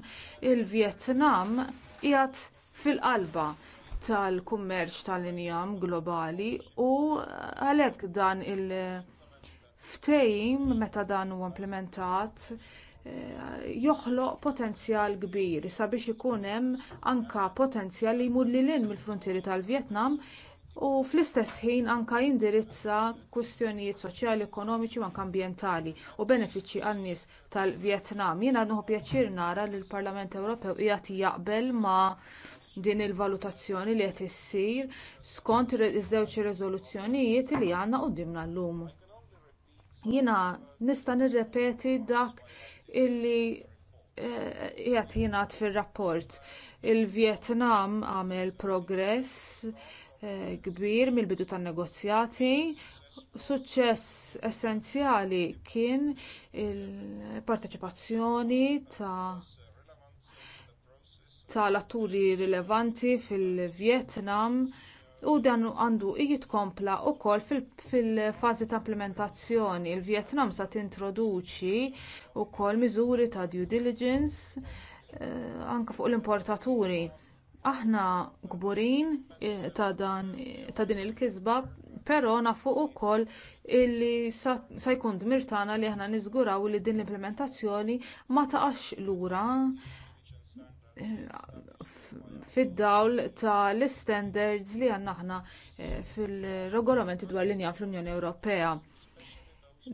Il-Vjetnam qiegħed fil-qalba tal-kummerċ tal linjam globali u għalhekk dan il- ftehim meta dan huwa implementat eh, joħloq potenzjal kbir sabiex ikun hemm anke potenzjal li jmur lil hinn mill-fruntieri tal-Vjetnam u fl-istess ħin anke jindirizza kwistjonijiet soċjali, ekonomiċi u anke ambjentali u benefiċċji għan-nies tal-Vjetnam. Jiena nħu pjaċir nara li l-Parlament Ewropew qiegħed jaqbel ma' din il-valutazzjoni li qed issir skont iż-żewġ riżoluzzjonijiet li għandna qudiemna llum. Jiena nista' nirrepeti dak illi qiegħed eh, jingħad fir-rapport. Il-Vjetnam għamel progress eh, kbir mill-bidu tan-negozjati Suċċess essenzjali kien il-parteċipazzjoni tal-atturi rilevanti fil-Vjetnam u dan għandu jitkompla wkoll fil-fażi ta' implementazzjoni. Il-Vjetnam sa tintroduċi wkoll miżuri ta' due diligence eh, anke fuq l-importaturi. Aħna kburin eh, ta' dan ta' din il-kisba, però nafu wkoll illi sa, jkun jkun dmirtana li aħna niżguraw li din l-implementazzjoni ma taqax lura fid-dawl ta' l-istandards li għandna aħna eh, fil-regolamenti dwar linja fl-Unjoni Ewropea.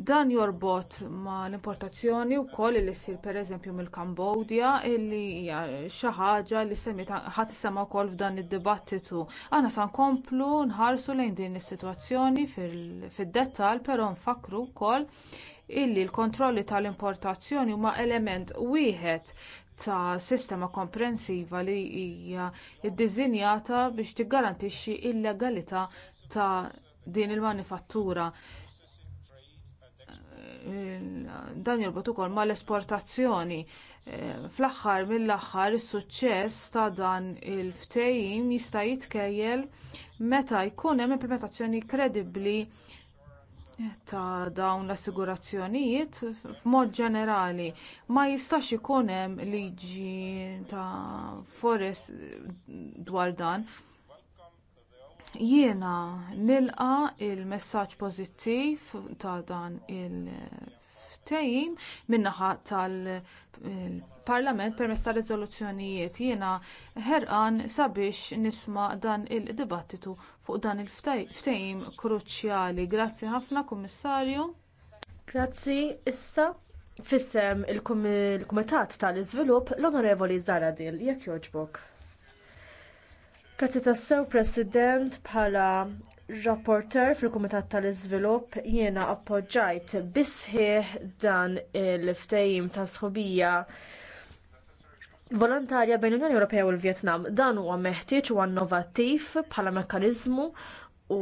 Dan jorbot ma l-importazzjoni wkoll li ssir pereżempju mill-Kambodja illi hija xi ħaġa li semmi ħadd issemma wkoll f'dan id-dibattitu. Aħna se nkomplu nħarsu lejn din is-sitwazzjoni fid-dettall però nfakru wkoll illi l-kontrolli tal-importazzjoni huma element wieħed ta' sistema komprensiva li hija ddiżinjata biex tiggarantixxi l legalità ta' din il-manifattura dan jorbot ukoll mal-esportazzjoni. Eh, fl-aħħar mill-aħħar is-suċċess ta' dan il-ftehim jista' jitkejjel meta jkun hemm implementazzjoni kredibbli ta' dawn l-assigurazzjonijiet f'mod ġenerali ma jistax ikun hemm liġi ta' forest dwar dan. Jiena nilqa il-messaġġ pożittiv ta' dan il-ftehim min-naħa tal- il parlament permezz ta' riżoluzzjonijiet jiena ħerqan sabiex nisma' dan il-dibattitu fuq dan il-ftehim kruċjali. Grazzi ħafna, Kummissarju. Grazzi, issa fissem il-Kumitat tal-Iżvilupp l-Onorevoli Zaradil, jekk jogħġbok. Grazzi tassew, President, bħala rapporteur fil-Kumitat tal-Iżvilupp jiena appoġġjajt bisħieħ dan il-ftehim ta' sħubija volontarja bejn l-Unjoni Ewropea u l-Vjetnam. Dan huwa meħtieġ u innovattiv bħala mekkaniżmu u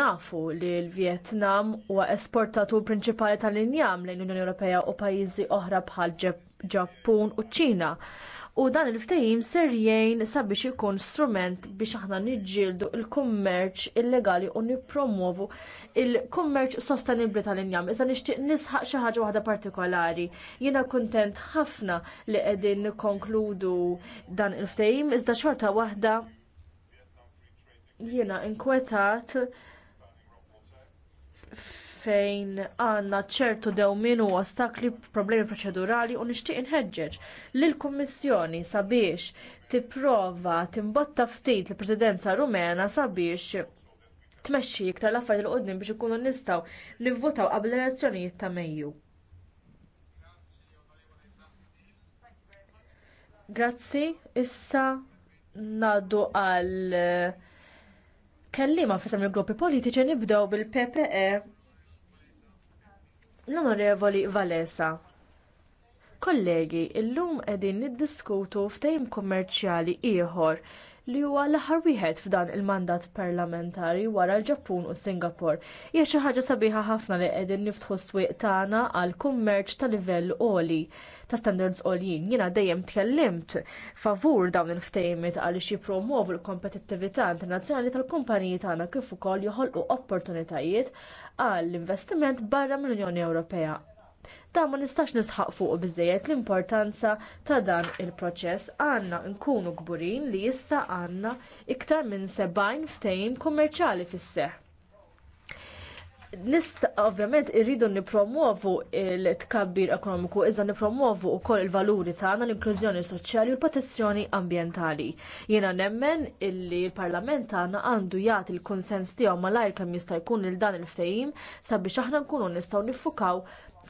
nafu li l-Vjetnam huwa esportatur prinċipali tal-injam lejn l-Unjoni Ewropea u pajjiżi oħra bħal Ġappun u ċ Ċina u dan il-ftehim ser jgħin sabiex ikun strument biex aħna niġġieldu l il kummerċ illegali u nippromovu l kummerċ sostenibbli tal-injam. Iżda nixtieq nisħaq xi ħaġa waħda partikolari. Jiena kuntent ħafna li qegħdin nikkonkludu dan il-ftehim iżda xorta waħda jiena inkwetat fejn għandna ċertu dew u ostakli problemi proċedurali u nixtieq inħeġġeġ lill-Kummissjoni sabiex tipprova timbotta ftit l presidenza Rumena sabiex tmexxi iktar l-affarijiet l qudiem biex ikunu nistgħu nivvotaw qabel l-elezzjonijiet ta' Mejju. Grazzi, issa ngħaddu għal eh, kellima fissam il-gruppi politiċi nibdew bil-PPE l-Onorevoli Valesa. Kollegi, illum qegħdin niddiskutu ftehim kummerċjali ieħor li huwa l-aħħar wieħed f'dan il-mandat parlamentari wara l-Ġappun u Singapore. Hija xi ħaġa sabiħa ħafna li qegħdin niftħu s-swieq tagħna għal kummerċ ta' livell għoli ta' standards għoljin. Jiena dejjem tkellimt favur dawn il-ftehimiet għaliex jippromovu l-kompetittività internazzjonali tal-kumpaniji tagħna kif ukoll joħolqu opportunitajiet għall-investiment barra mill-Unjoni Ewropea. Dan ma nistax nisħaq fuq biżżejjed l-importanza ta' dan il-proċess għandna nkunu kburin li issa għandna iktar minn 70 ftehim kummerċjali fis-seħħ Nist ovvjament irridu nipromuovu l tkabbir ekonomiku iżda nipromuovu wkoll il-valuri tagħna l-inklużjoni soċjali u l-protezzjoni ambjentali. Jiena nemmen illi l-Parlament tagħna għandu jagħti l konsens tiegħu malajr kemm jista' jkun il dan il-ftehim sabiex aħna nkunu nistgħu niffukaw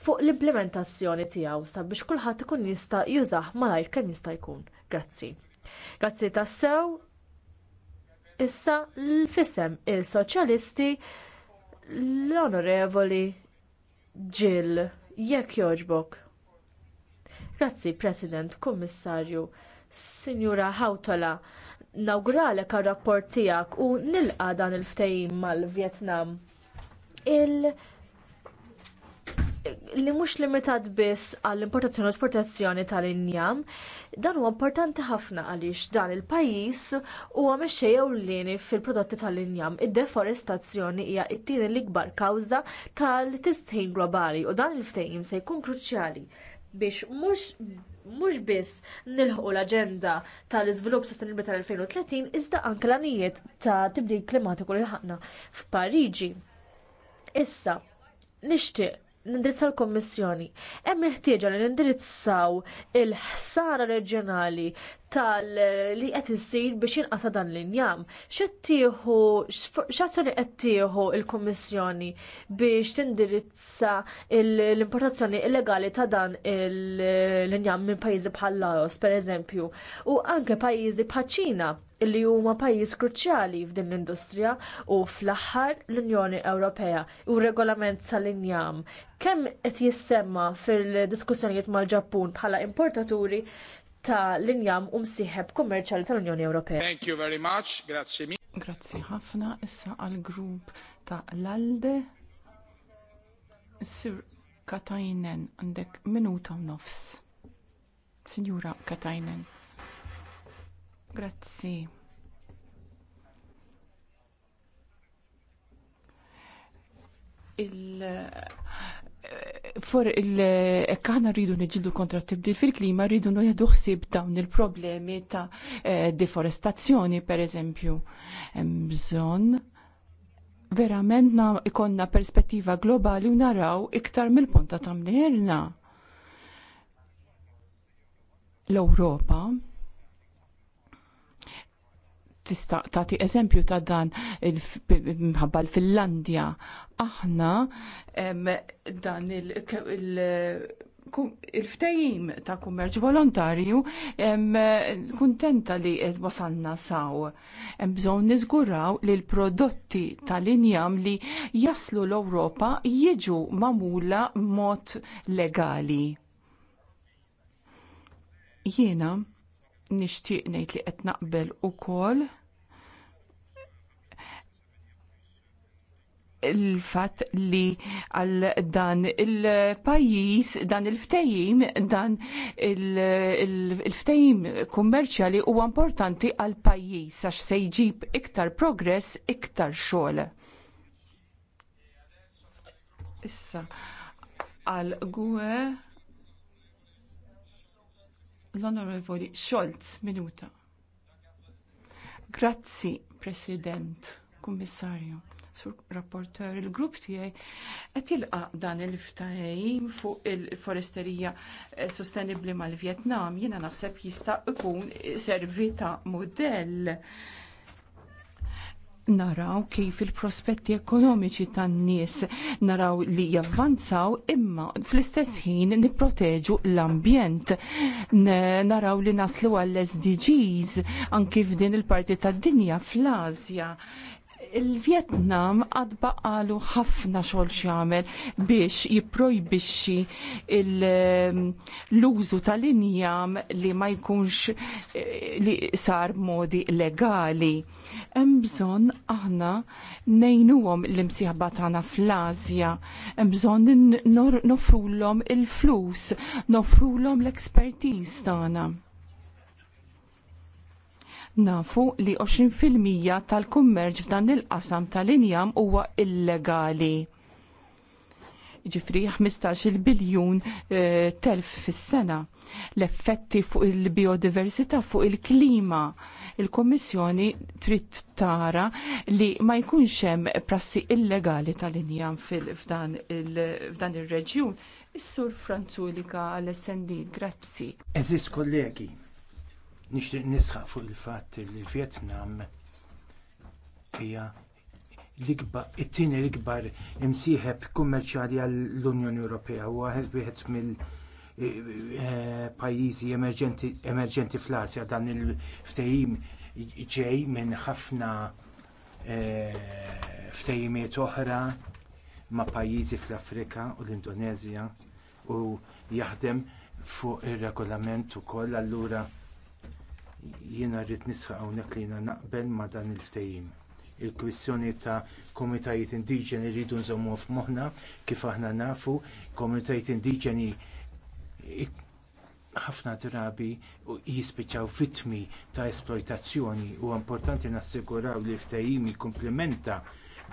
fuq l-implementazzjoni tiegħu sabiex kulħadd ikun jista' jużah malajr kemm jista' jkun. Grazzi. Grazzi tassew. Issa l-fisem il-soċjalisti il soċjalisti L-Onorevoli Jill, jekk jogħġbok. Grazzi, President, Kummissarju, Sinjura Hawtola, nawguralek għal rapport tiegħek u nilqa dan il-ftehim mal-Vjetnam. il li mhux limitat biss għall importazzjoni u esportazzjoni tal-injam, dan huwa importanti ħafna għaliex dan il-pajjiż huwa mexxej ewlieni fil-prodotti tal-injam. Id-deforestazzjoni hija t-tieni l-ikbar kawża tal-tistħin globali u dan il-ftehim se jkun kruċjali biex mhux biss nilħu l-aġenda tal-iżvilupp sostenibli tal-2030 iżda anke l-anijiet ta' tibdil klimatiku li ħaqna f'Pariġi. Issa, nixtieq nindirizza l-Kommissjoni. Hemm ħtieġa li nindirizzaw il-ħsara reġjonali tal li qed issir biex jinqata' dan l-injam. X'attieħu x'azzjoni qed tieħu l-Kummissjoni biex tindirizza l-importazzjoni illegali ta' dan l-injam minn pajjiżi bħal Laos, pereżempju, u anke pajjiżi bħal Ċina li huma pajjiż kruċjali f'din l-industrija u fl-aħħar l-Unjoni Ewropea u regolament sal-injam. Kemm qed jissemma fil-diskussjonijiet mal-Ġappun bħala importaturi ta' linjam u msiħeb kummerċjali tal-Unjoni Ewropea. Thank you very much, grazzi mi. Grazzi ħafna issa għal grupp ta' l-Alde. Sir Katajnen għandek minuta u nofs. Signora Katajnen. Grazzi. il for il rridu neġildu kontra tibdil fil-klima rridu jadu xsib dawn il-problemi ta' eh, deforestazzjoni per eżempju. Bżon verament na ikonna perspettiva globali u naraw iktar mill-punta ta' mnirna. L-Europa tista' tagħti eżempju ta' dan minħabba l-Finlandja. Aħna dan il- il-ftejim ta' kummerċ volontarju kuntenta li wasanna saw. Bżon nizguraw li l-prodotti tal-injam li jaslu l-Europa jiġu mamula mod legali. Jiena nixtieq ngħid li qed naqbel ukoll il-fat li għal dan il-pajis, dan il-ftejim, dan il-ftejim kummerċjali huwa importanti għal pajis għax se jġib iktar progress, iktar xogħol. Issa għal gwe l-onorevoli Scholz minuta. Grazzi, President, Kummissarju sur il-grupp tiegħi qed jilqa' dan il-ftehim fuq il-foresterija eh, sostenibbli mal-Vjetnam jiena naħseb jista' ikun servi ta' mudell naraw kif il-prospetti ekonomiċi tan-nies naraw li javvanzaw imma fl-istess ħin nipproteġu l-ambjent. Naraw li naslu għall-SDGs anki f'din il-parti tad-dinja fl azja il-Vietnam għad baqalu ħafna xogħol xjamel biex jipprojbixxi ehm, l-użu tal-injam li ma jkunx eh, li sar modi legali. Hemm bżonn aħna nejnuhom l-imsieħba tagħna fl azja hemm bżonn nofrulhom il-flus, nofrulhom l-ekspertiż tagħna Nafu li 20% tal-kummerġ f'dan il-qasam tal-injam huwa illegali. Ġifri 15 biljun eh, telf fis-sena. L-effetti fuq il-biodiversità, fuq il-klima, il-Kommissjoni trid tara li ma jkunx hemm prassi illegali tal-injam f'dan ir-reġjun. Is-sur Franzulika għal-SND, grazzi. Eżis kollegi, Nixtieq nisħaq fuq il-fatt li l-Vjetnam hija it-tieni l-ikbar imsieħeb kummerċjali għall-Unjoni Ewropea u wieħed mill- eh, eh, pajjiżi emerġenti fl-Asja dan il-ftehim ġej minn ħafna eh, ftehimiet oħra ma' pajjiżi fl-Afrika u l-Indonezja u jaħdem fuq ir-regolament ukoll allura Jiena rrid nisħaq hawnhekk li jiena naqbel ma' dan il-ftehim. Il-kwistjoni ta' komitajiet indiġeni rridu nżommu f'moħħna kif aħna nafu, komitajiet indiġeni ħafna drabi jispiċċaw vittmi ta' esploitazzjoni u importanti nassiguraw li ftehim jikkumplementa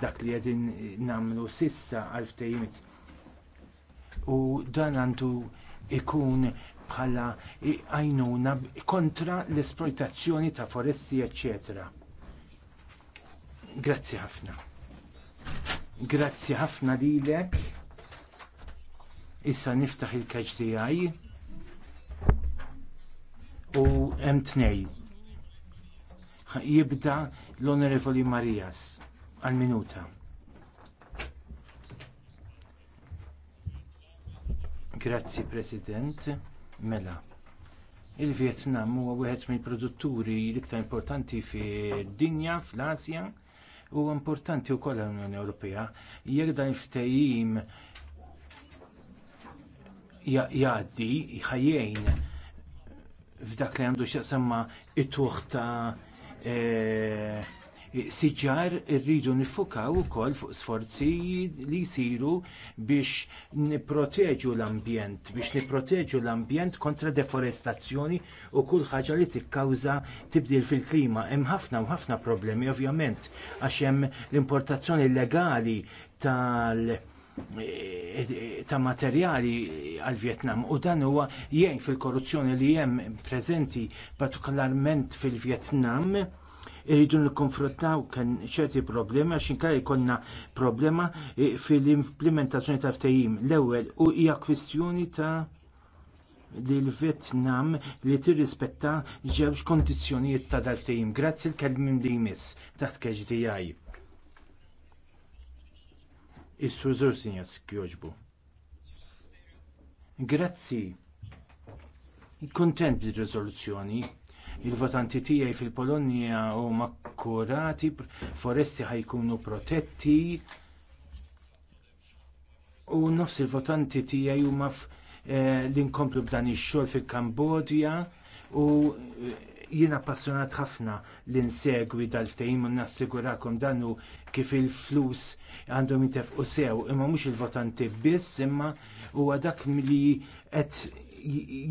dak li qegħdin nagħmlu sissa għal ftehimiet. U dan għandu ikun bħala għajnuna kontra l-esploitazzjoni ta' foresti, eccetera. Grazzi ħafna. Grazzi ħafna lilek. Issa niftaħ il-kaġ għaj. u emtnej. Jibda l-Onorevoli Marias għal minuta. Grazzi President. Mela, il-Vietnam huwa wieħed mill-produtturi l-iktar importanti fid-dinja fl-Asja u importanti wkoll għall-Unjoni Ewropea. Jekk dan il-ftehim jgħaddi ħajjejn f'dak li għandu x'jaqsamma it-tuħ ta' eh, siġar irridu nifukaw ukoll fuq sforzi li jsiru biex nipproteġu l-ambjent, biex nipproteġu l-ambjent kontra deforestazzjoni u kull ħaġa li tikkawża tibdil fil-klima. Hemm ħafna u ħafna problemi ovvjament għax hemm l-importazzjoni legali tal- ta' materjali għal Vietnam u dan huwa jgħin fil-korruzzjoni li hemm preżenti partikolarment fil-Vietnam Irridu nikkonfrontaw kien ċerti problemi għax inkar jkollna problema e, fil-implementazzjoni ta' ftehim. L-ewwel u hija kwistjoni ta' li l-Vietnam li tirrispetta ġewx kondizzjonijiet ta' dal-ftehim. Grazzi l-kelmim li jmiss taħt KHDI. Is-sur sinjas kjoġbu. Grazzi. Kontent bil-rezoluzzjoni il-votanti tiegħi fil-Polonja huma akkurati, foresti ħajkunu protetti u nofs il-votanti tiegħi huma eh, l-inkomplu b'dan ix-xogħol fil-Kambodja u eh, jiena passjonat ħafna li nsegwi dal-ftehim u nassigurakom danu kif il-flus għandhom jintefqu sew imma mhux il-votanti biss imma huwa dak li qed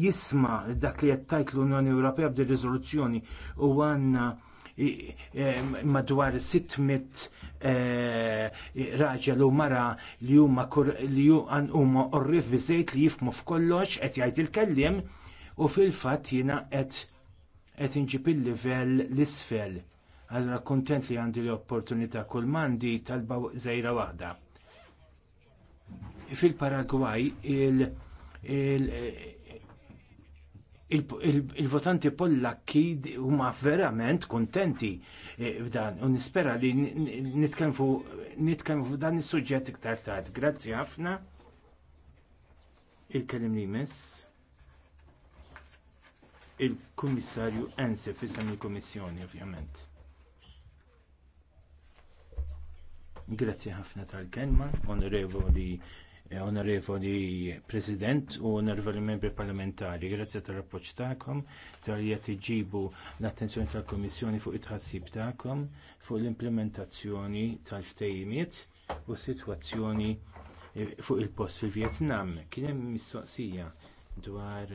jisma dak li qed tajt l-Unjoni Ewropea b'di riżoluzzjoni u għandna e, madwar 600 e, raġel u mara li huma li huma orrif biżejt li jifmu f'kollox qed jgħid il-kelliem u fil-fatt jiena qed qed inġib il-livell l-isfel. għalra kuntent li għandi l-opportunità kull mandi talba żejra waħda. Fil-Paragwaj il-votanti pollakki huma verament kuntenti b'dan eh, u nispera li nitkellmu fuq dan is-suġġett iktar tard. Grazzi ħafna. Il-kelim li mess il-Kummissarju Ensi fisem il-Kummissjoni ovvjament. Grazzi ħafna tal-kelma, onorevoli eh, onorevoli President u onorevoli membri parlamentari, grazzi tal-appoġġ tagħkom tal-li tiġibu l-attenzjoni tal kummissjoni fuq it-tħassib tagħkom fuq l-implementazzjoni tal-ftejimiet u s-sitwazzjoni eh, fuq il-post fil-Vjetnam. Kien hemm mistoqsija dwar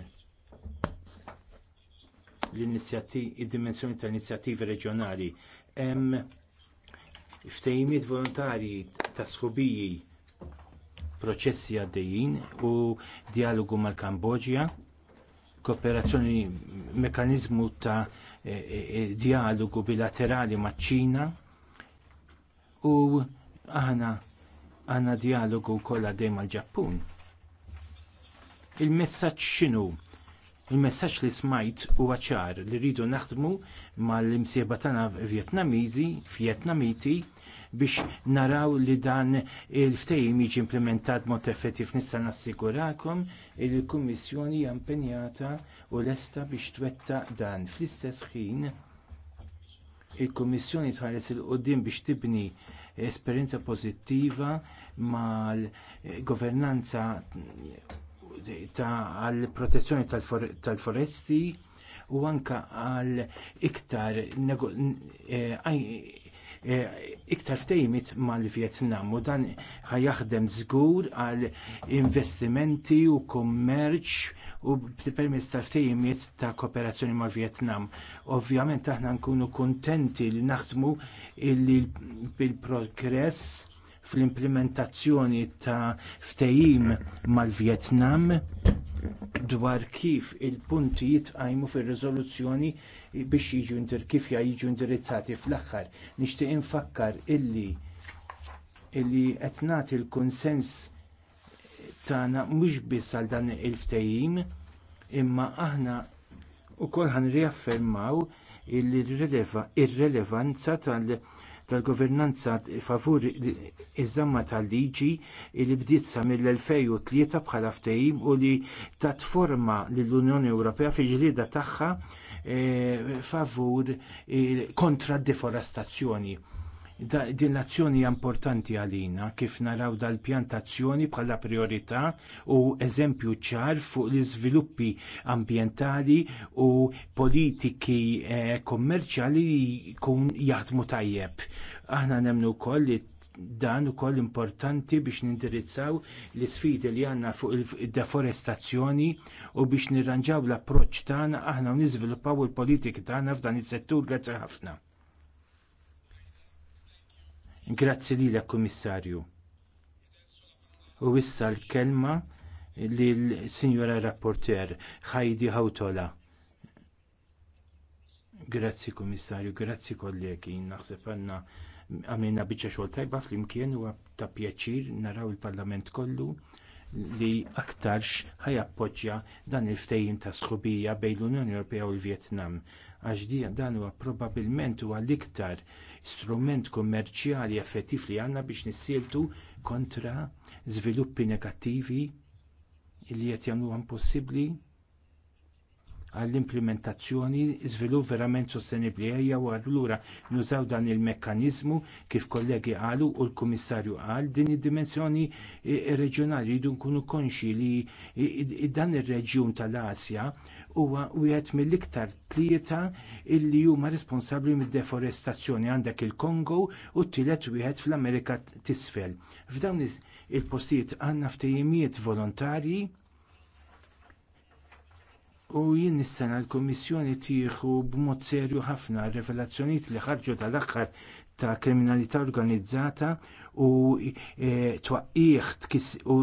l dimensjoni tal-inizjattivi reġjonali. Hemm ftehimiet volontarji ta' skubiji proċessi għaddejjin u dijalogu mal kambodja kooperazzjoni mekkaniżmu ta' e, e, e, dialogu bilaterali maċ-Ċina u aħna għandna dijalogu wkoll għaddej mal-Ġappun. Il-messaġġ x'inhu? Il-messaġġ li smajt huwa ċar li rridu naħdmu mal-imsieba tagħna Vjetnamiżi, Vjetnamiti biex naraw li dan il-ftehim jiġi implementat mod effettiv nista' nassigurakom li l-Kummissjoni hija impenjata u lesta biex twettaq dan fl-istess ħin il-Kummissjoni tħares il-qoddim biex tibni esperjenza pożittiva mal-governanza għall protezzjoni tal-foresti u anke għal iktar eh, eh, iktar ftejmit mal-Vjetnam u dan ħajjaħdem żgur għal investimenti u kummerċ u permezz tal ftejmiet ta' kooperazzjoni mal vjetnam Ovvjament aħna nkunu kuntenti li naħdmu il-progress fl-implementazzjoni ta' ftehim mal-Vjetnam dwar kif il-punti jitqajmu fir-riżoluzzjoni biex jiġu kif jiġu indirizzati fl-aħħar. Nixtieq infakkar illi illi qed nagħti l-kunsens tagħna mhux biss għal dan il-ftehim, imma aħna wkoll ħanriaffermaw il-relevanza tal- tal-governanza favur iż-żamma tal-liġi li bdiet sa mill-2003 bħala ftehim u li tatforma lill-Unjoni Ewropea fil-ġlieda tagħha eh, favur kontra d-deforestazzjoni din l-azzjoni importanti għalina kif naraw dal-pjantazzjoni bħala priorità u eżempju ċar fuq l-iżviluppi ambjentali u politiki eh, kommerċjali li jkun jaħdmu tajjeb. Aħna nemnu wkoll li dan ukoll importanti biex nindirizzaw l isfidi li għandna fuq il-deforestazzjoni u biex nirranġaw l approċċ tagħna aħna u nizviluppaw il-politik tagħna f'dan is-settur grazzi ħafna. Grazzi lilek, Kummissarju. U issa l-kelma lil sinjora Rapporter Heidi Hawtola. Grazzi Kummissarju, grazzi kollegi, naħseb għandna għamilna biċċa xogħol tajba flimkien u ta' pjaċir naraw il-Parlament kollu li aktarx ħajappoġġja dan il-ftehim ta' sħubija bejn l-Unjoni Ewropea u l-Vjetnam għax dan huwa probabbilment huwa l-iktar strument kummerċjali effettiv li għandna biex nissieltu kontra żviluppi negattivi li qed jagħmluhom possibbli għall-implementazzjoni żvilupp verament sostenibbli ejja u allura nużaw dan il-mekkaniżmu kif kollegi qalu u l-Kummissarju qal din id-dimensjoni reġjonali jridu nkunu konxi li dan ir-reġjun tal-Asja huwa wieħed mill-iktar tlieta illi huma responsabbli mid-deforestazzjoni għandek il-Kongo u t-tielet wieħed fl-Amerika t'isfel. F'dawn il-postijiet għandna ftehimiet volontarji U jien nistana l kummissjoni tieħu b'mod serju ħafna r revelazzjonijiet li ħarġu tal-aħħar ta' kriminalità organizzata u eh, twaqqih u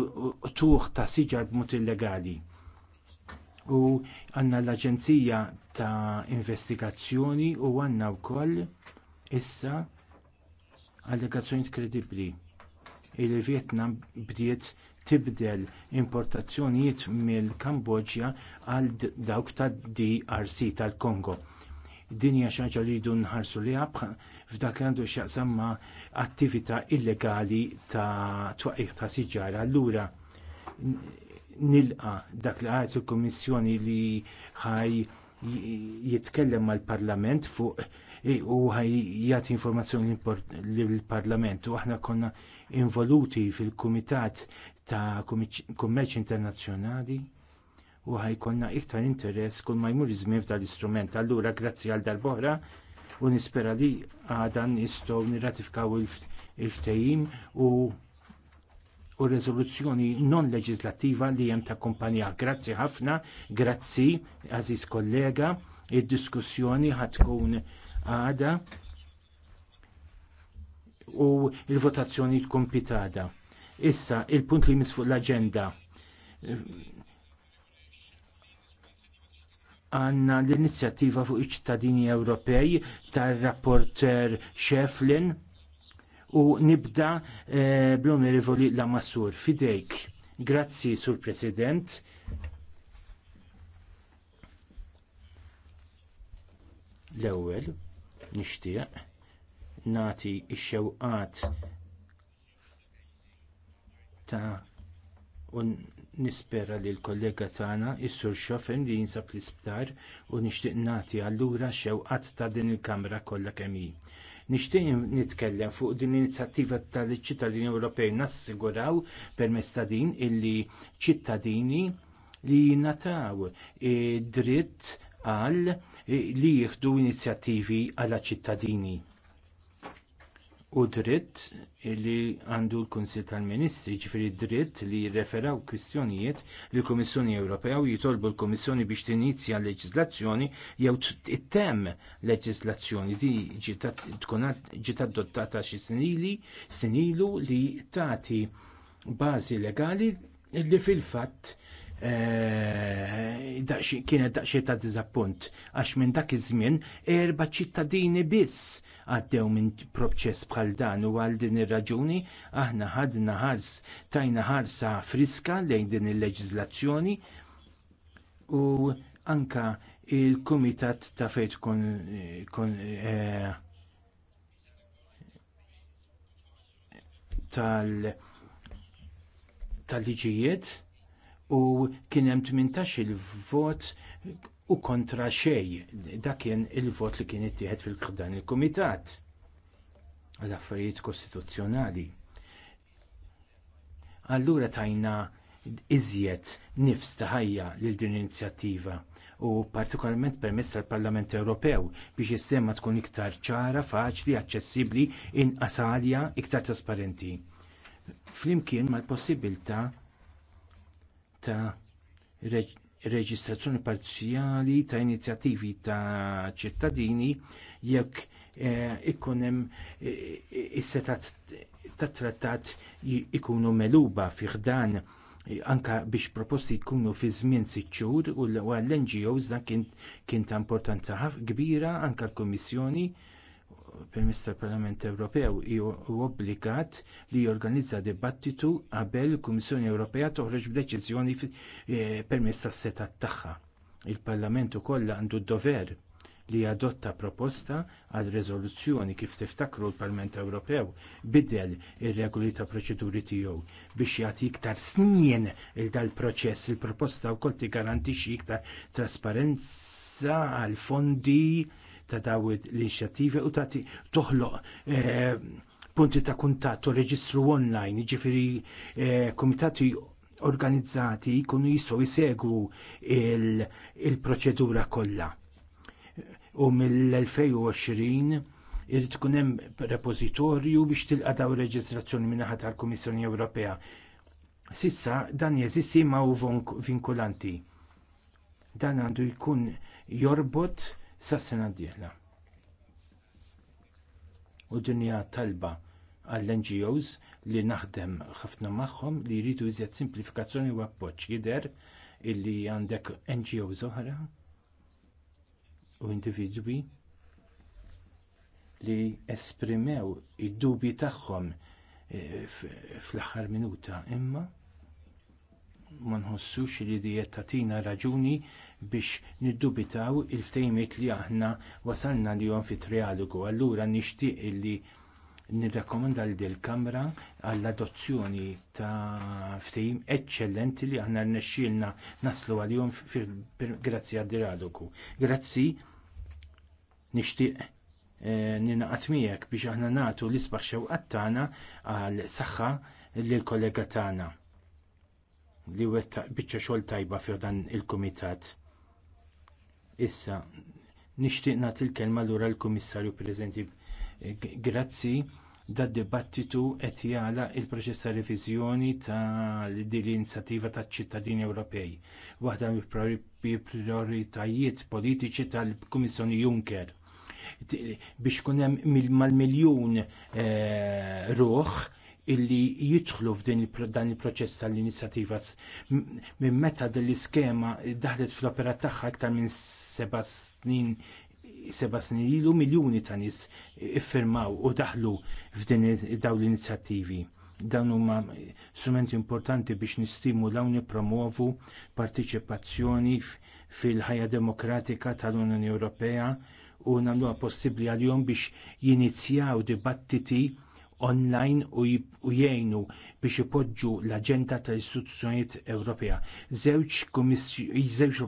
tuħ ta' siġar b'mod illegali u għandna l-Aġenzija ta' Investigazzjoni u għandna wkoll issa allegazzjonijiet kredibbli il vjetnam bdiet tibdel importazzjonijiet mill-Kambodġja għal dawk tad-DRC tal-Kongo. Din hija xi ħaġa li jridu nħarsu li f'dak li għandu x'jaqsam ma' attività illegali ta' twaqqiq ta' siġara. Allura nilqa dak li għajt il-Komissjoni li ħaj jitkellem mal-Parlament fuq e, u ħaj jagħti informazzjoni l parlament u aħna konna involuti fil-Kumitat ta' Kummerċ Internazzjonali u ħaj konna iktar interess kull ma jmur iżmien f'dan istrument Allura grazzi għal darb'oħra u nispera li għadan nistgħu nirratifikaw il-ftehim u u rezoluzzjoni non leġislattiva li hemm ta' kumpanija. Grazzi ħafna, grazzi, aziz kollega, id-diskussjoni ħatkun għada u l votazzjoni tkun pitada. Issa, il-punt li jmiss fuq l aġenda għanna l-inizjattiva fuq iċ-ċittadini Ewropej tar-rapporter Sheflin u nibda eh, bl-onorevoli Lamassur. Fidejk, grazzi sur President. L-ewwel nixtieq nagħti x-xewqat ta' un nispera li l-kollega tagħna is-sur Xofen li jinsab l-isptar u nixtieq nagħti allura xewqat ta' din il-kamra kollha kemm hi Nixtieq nitkellem fuq din l-inizjattiva tal-ċittadini Ewropej nassiguraw permezz ta' din illi ċittadini li nataw eh, dritt għal eh, li jieħdu inizjattivi għal ċittadini u dritt li għandu l-Kunsil tal-Ministri, ġifiri dritt li jirreferaw kwistjonijiet li l-Komissjoni Ewropea u jitolbu l-Komissjoni biex tinizja leġislazzjoni jew ttemm leġislazzjoni di ġiet adottata xi snin ilu li tagħti bażi legali li fil-fatt Eh, kienet daqxie ta' dizappunt, għax minn dak iż-żmien erba ċittadini biss għaddew minn proċess bħal dan u għal din ir-raġuni aħna ħadna ħars tajna ħarsa friska lejn din il-leġiżlazzjoni u anka il-Kumitat ta' fejt kon, kon eh, tal tal-liġijiet u kien hemm tmintax il vot u kontra xejn dak kien il-vot li kien ittieħed fil-qdan il-kumitat għal affarijiet kostituzzjonali. Allura tajna iżjed nifs ta' ħajja lil din l-inizjattiva u partikolarment permezz tal-Parlament Ewropew biex is-sema tkun iktar ċara, faċli, aċċessibbli, inqas għalja, iktar trasparenti. Flimkien mal-possibilta ta' reġistrazzjoni parzjali ta' inizjattivi ta' ċittadini jekk eh, ikun hemm eh, eh, is-setat ta' trattat ikunu meluba fih dan anke biex proposti jkunu fi żmien sitt xhur u għall-NGOs dan kien ta' importanza kbira anke l-Kummissjoni permezz tal-Parlament Ewropew hu obbligat li jorganizza dibattitu qabel il-Kummissjoni Ewropea toħroġ b'deċiżjoni eh, permezz tas-setat tagħha. Il-Parlament ukoll għandu d-dover li adotta proposta għal reżoluzzjoni kif tiftakru l-Parlament Ewropew bidel ir-regoli ta' proċeduri tiegħu biex jagħti iktar snien il dal proċess il-proposta wkoll tigarantixxi iktar trasparenza għal fondi ta' dawid l-inxjattivi u ta' toħloq eh, punti ta' kuntatt u reġistru online, ġifiri eh, komitati organizzati jkunu jistgħu jsegwu il-proċedura kollha. U mill-2020 irid tkun hemm repożitorju biex tilqa' daw reġistrazzjoni min-naħa tal-Kummissjoni Ewropea. Sissa dan jeżisti ma' vinkulanti. Dan għandu jkun jorbot sas-sena d-dieħla. U dinja talba għall-NGOs li naħdem ħafna magħhom li jridu iżjed simplifikazzjoni u appoġġ jidher illi għandek NGOs oħra u individwi li esprimew id-dubji tagħhom eh, fl-aħħar minuta imma ma nħossux li dijet tatina raġuni biex niddubitaw il-ftejmiet li aħna wasalna lihom fit trialogu. Allura nixtieq illi nirrakkomanda li dil-Kamra għall-adozzjoni ta' ftehim eċċellenti li aħna rnexxielna naslu għalihom grazzi għad-dialogu. Grazzi nixtieq eh, ninaqat miegħek biex aħna nagħtu l-isbaħ xewqat tagħna għal saħħa lill kollega tagħna li wettaq biċċa xogħol tajba fi dan il-kumitat. Issa, nixtieq nagħti l-kelma lura l-Kummissarju preżenti. Grazzi dad dibattitu qed jagħlaq il-proċess ta' reviżjoni ta' din l-inizjattiva taċ-ċittadini Ewropej. Waħda mill-prioritajiet politiċi tal-Kummissjoni Juncker biex kun hemm mal-miljun eh, ruħ illi jidħlu f'din dan il-proċess tal-inizjattiva minn meta din l-iskema daħlet fl-opera tagħha aktar minn seba' snin seba' snin ilu miljuni ta' nies iffirmaw u daħlu f'din dawn l-inizjattivi. Dan huma strumenti importanti biex nistimulaw nippromovu partiċipazzjoni fil-ħajja demokratika tal-Unjoni Ewropea u nagħmluha possibbli għalihom biex jinizjaw dibattiti online u jgħinu biex ipoġġu l-Aġenda tal-Istituzzjonijiet Ewropea. Żewġ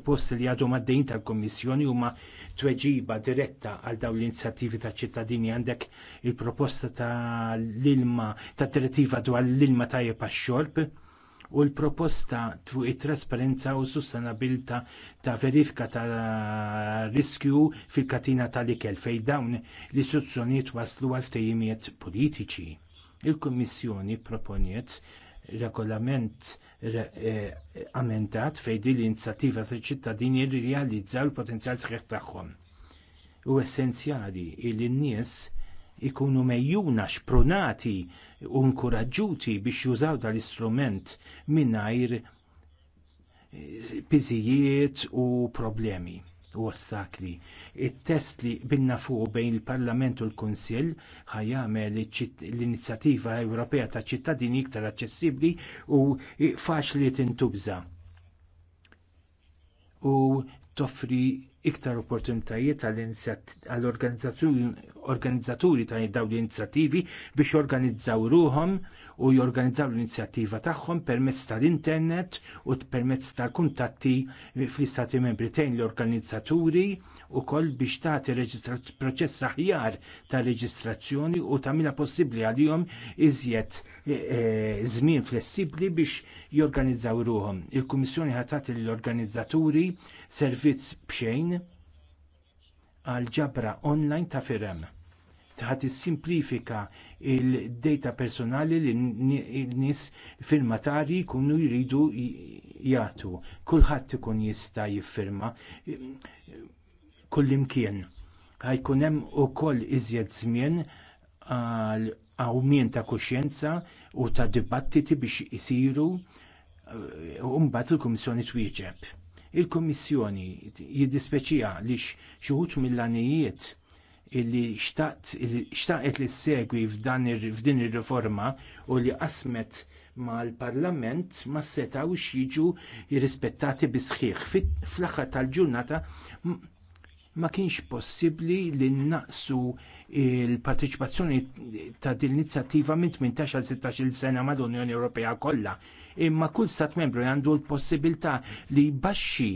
proposti li għadhom għaddejn tal-Kummissjoni huma tweġiba diretta għal dawn l-inizjattivi taċ ċittadini għandek il-proposta tal-ilma tad-direttiva dwar l-ilma tajjeb għax-xorb u l-proposta fuq it-trasparenza u s ta' verifika ta' riskju fil-katina tal-ikel fejn dawn l-istituzzjonijiet waslu għal tejjimiet politiċi. Il-Kummissjoni proponiet regolament eh, amendat fejn din l-inizjattiva tal-ċittadini jirrealizzaw il-potenzjal sħiħ tagħhom. U essenzjali li n-nies ikunu mejjuna xprunati u nkoraġġuti biex jużaw dal-istrument mingħajr eh, piżijiet u problemi u ostakli. It-test li binna fuq bejn il-Parlament u l-Kunsill ħajamel l-Inizjattiva Ewropea ta' ċittadini iktar aċċessibbli u faċli tintubża. U toffri iktar opportunitajiet għall-organizzaturi ta' dawn l-inizjattivi biex jorganizzaw ruhom u jorganizzaw l-inizjattiva tagħhom permezz tal-internet u permezz tal-kuntatti fl-Istati Membri tejn l-organizzaturi u koll biex tagħti proċess aħjar ta' reġistrazzjoni u tagħmilha possibbli għalihom iżjed e, e, żmien flessibbli biex jorganizzaw ruhom. Il-Kummissjoni ħatat l-organizzaturi servizz bxejn għal ġabra online ta' firem ħat simplifika il-data personali li n-nis firmatari jkunu jridu jagħtu. Kulħadd ikun jista' jiffirma kullimkien. Ħajkun hemm ukoll iżjed żmien għal awmien ta' kuxjenza u ta' dibattiti biex isiru mbagħad il-Kummissjoni twieġeb. Il-Kummissjoni jiddispeċija li xi wħud mill-għanijiet illi xtaqet li segwi f'din ir-riforma u li qasmet mal-parlament ma setaw jiġu jirrispettati bi sħiħ. Fl-aħħar tal-ġurnata ma kienx possibbli li naqsu l parteċipazzjoni ta' din l-inizjattiva minn 18 għal 16 sena mal-Unjoni Ewropea kollha. Imma kull stat membru għandu l-possibilità li jbaxxi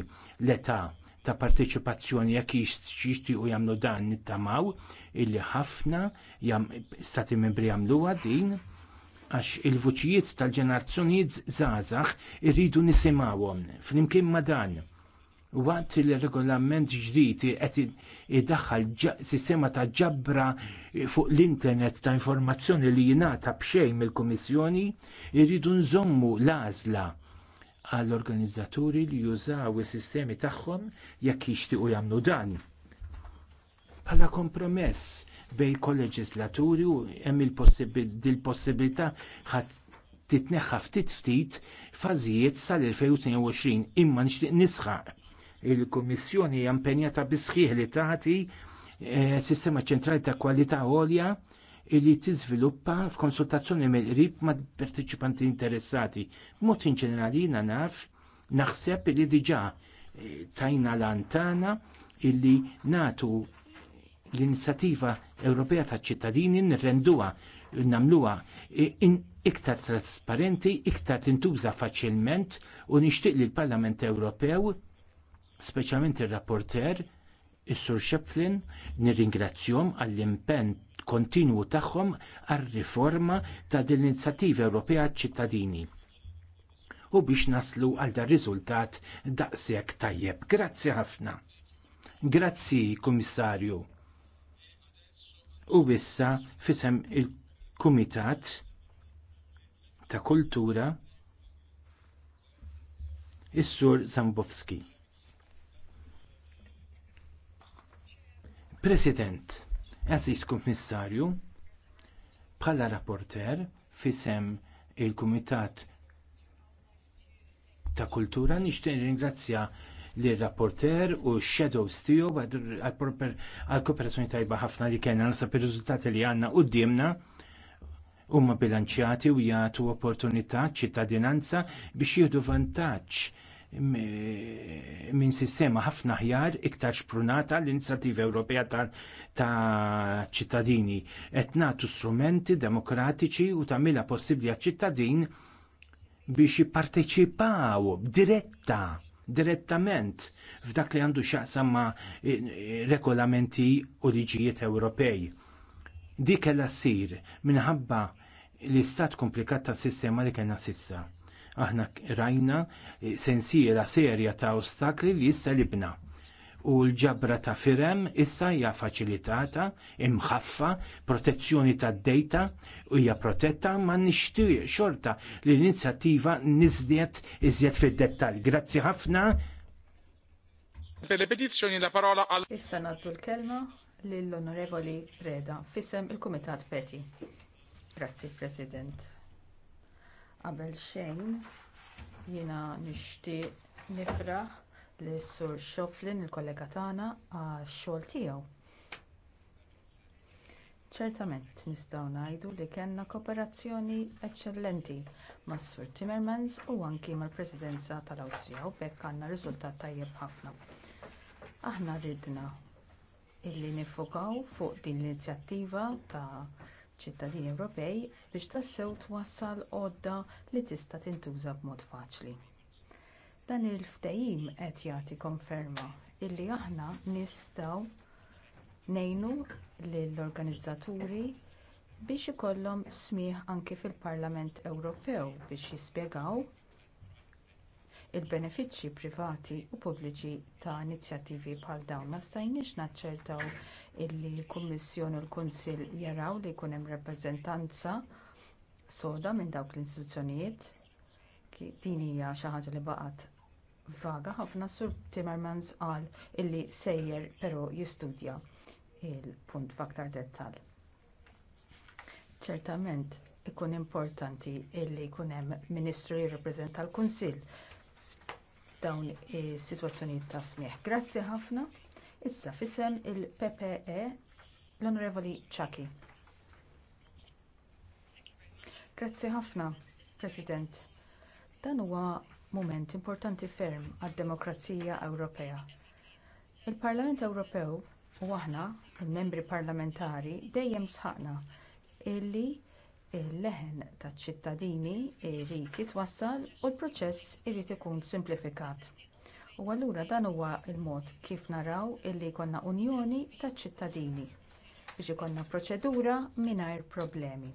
l-età ta' parteċipazzjoni jekk jixtiequ jagħmlu dan nittamaw illi ħafna stati membri jagħmluha din għax il-vuċijiet tal-ġenerazzjonijiet żgħażagħ irridu nisimgħuhom flimkien ma' dan. Waqt il regolament ġdid qed idaħħal sistema ta' ġabra fuq l-internet ta' informazzjoni li jingħata b'xejn mill-Kummissjoni, irridu nżommu l-għażla għall-organizzaturi li jużaw is-sistemi tagħhom jekk jixtiequ jagħmlu dan. Bħala kompromess bejn kol-leġislaturi u hemm il-possibilità ħadd titneħħa ftit ftit fażijiet sal-2022 imma nixtieq nisħaq il-Kummissjoni hija impenjata bi sħiħ li tagħti eh, sistema ċentrali ta' kwalità għolja illi tiżviluppa f'konsultazzjoni mill-qrib mad partiċipanti interessati. B'mod in ġenerali naf naħseb li diġà eh, tajna lantana illi natu l-inizjattiva Ewropea taċ ċittadini nirrenduha nagħmluha eh, iktar trasparenti, iktar tintuża faċilment u nixtieq li l-Parlament Ewropew, speċjalment ir-rapporter, Is-Sur Shepflin nirringrazzjom għall-impenn kontinwu tagħhom għar-riforma ta' din l-inizjattiva Ewropea ċittadini u biex naslu għal dar riżultat daqshekk tajjeb. Grazzi ħafna. Grazzi, Kummissarju. U issa fisem il-Kumitat ta' Kultura is-Sur Zambowski. President, Aziz Kummissarju, bħala rapporter fisem il-Kumitat ta' Kultura nixtieq ringrazzja lir rapporter u x-shadows tiegħu għall kooperazzjoni tajba ħafna li kellna nasab ir-riżultati li għandna qudiemna huma bilanċjati u jagħtu opportunità ċittadinanza biex jieħdu vantaġġ minn sistema ħafna ħjar iktar xprunata l-inizjattiva Ewropea ta' ċittadini qed nagħtu strumenti demokratiċi u tagħmilha possibbli għaċ-ċittadin biex jipparteċipaw diretta direttament f'dak li għandu x'jaqsam ma' e, e, regolamenti u liġijiet Ewropej. Dik kellha ssir minħabba l-istat komplikat tas sistema li kellna sissa Aħna rajna eh, sensiela serja ta' ostakli li issa libna u l-ġabra ta' firem issa hija faċilitata, imħaffa, protezzjoni tad dejta u hija protetta ma nixtieq xorta li l-inizjattiva niżdiet iżjed fid-dettall. Grazzi ħafna. Fil-petizzjoni la parola għal. Issa nagħtu l-kelma lill-Onorevoli Preda, fissem il-Kumitat Peti. Grazzi, President. Qabel xejn jiena nixtieq nifraħ s sur Schopflin il-kollega tagħna għax-xogħol tiegħu. Ċertament nistgħu ngħidu li kellna kooperazzjoni eċċellenti mas Sur Timmermans u anki mal-Presidenza tal-Awstrija u bekk għandna riżultat tajjeb ħafna. Aħna ridna illi nifokaw fuq din l-inizjattiva ta' ċittadini Ewropej biex tassew twassal għodda li tista' tintuża b'mod faċli. Dan il-ftehim qed jagħti konferma illi aħna nistgħu ngħinu lill-organizzaturi biex ikollhom smigħ anki fil-Parlament Ewropew biex jispjegaw il-benefiċċji privati u pubbliċi ta' inizjattivi bħal dawn ma stajniex naċċertaw illi l-kummissjoni u l-kunsill jaraw li jkun hemm rappreżentanza soda minn dawk l-istituzzjonijiet din hija xi ħaġa li baqgħet vaga ħafna sur Timmermans qal illi sejjer però jistudja l punt f'aktar dettall. Ċertament ikun importanti illi jkun hemm ministru jirrappreżenta l-Kunsill dawn is-sitwazzjonijiet ta' smieħ. Grazzi ħafna. Issa fisem il-PPE l-Onorevoli Chucky. Grazzi ħafna, President. Dan huwa mument importanti ferm għad-demokrazija Ewropea. Il-Parlament Ewropew u aħna, il-membri parlamentari, dejjem sħaqna illi il-leħen taċ-ċittadini jrid jitwassal u l-proċess irid ikun simplifikat. U allura dan huwa l-mod kif naraw illi jkollna unjoni taċ-ċittadini biex ikollna proċedura mingħajr problemi.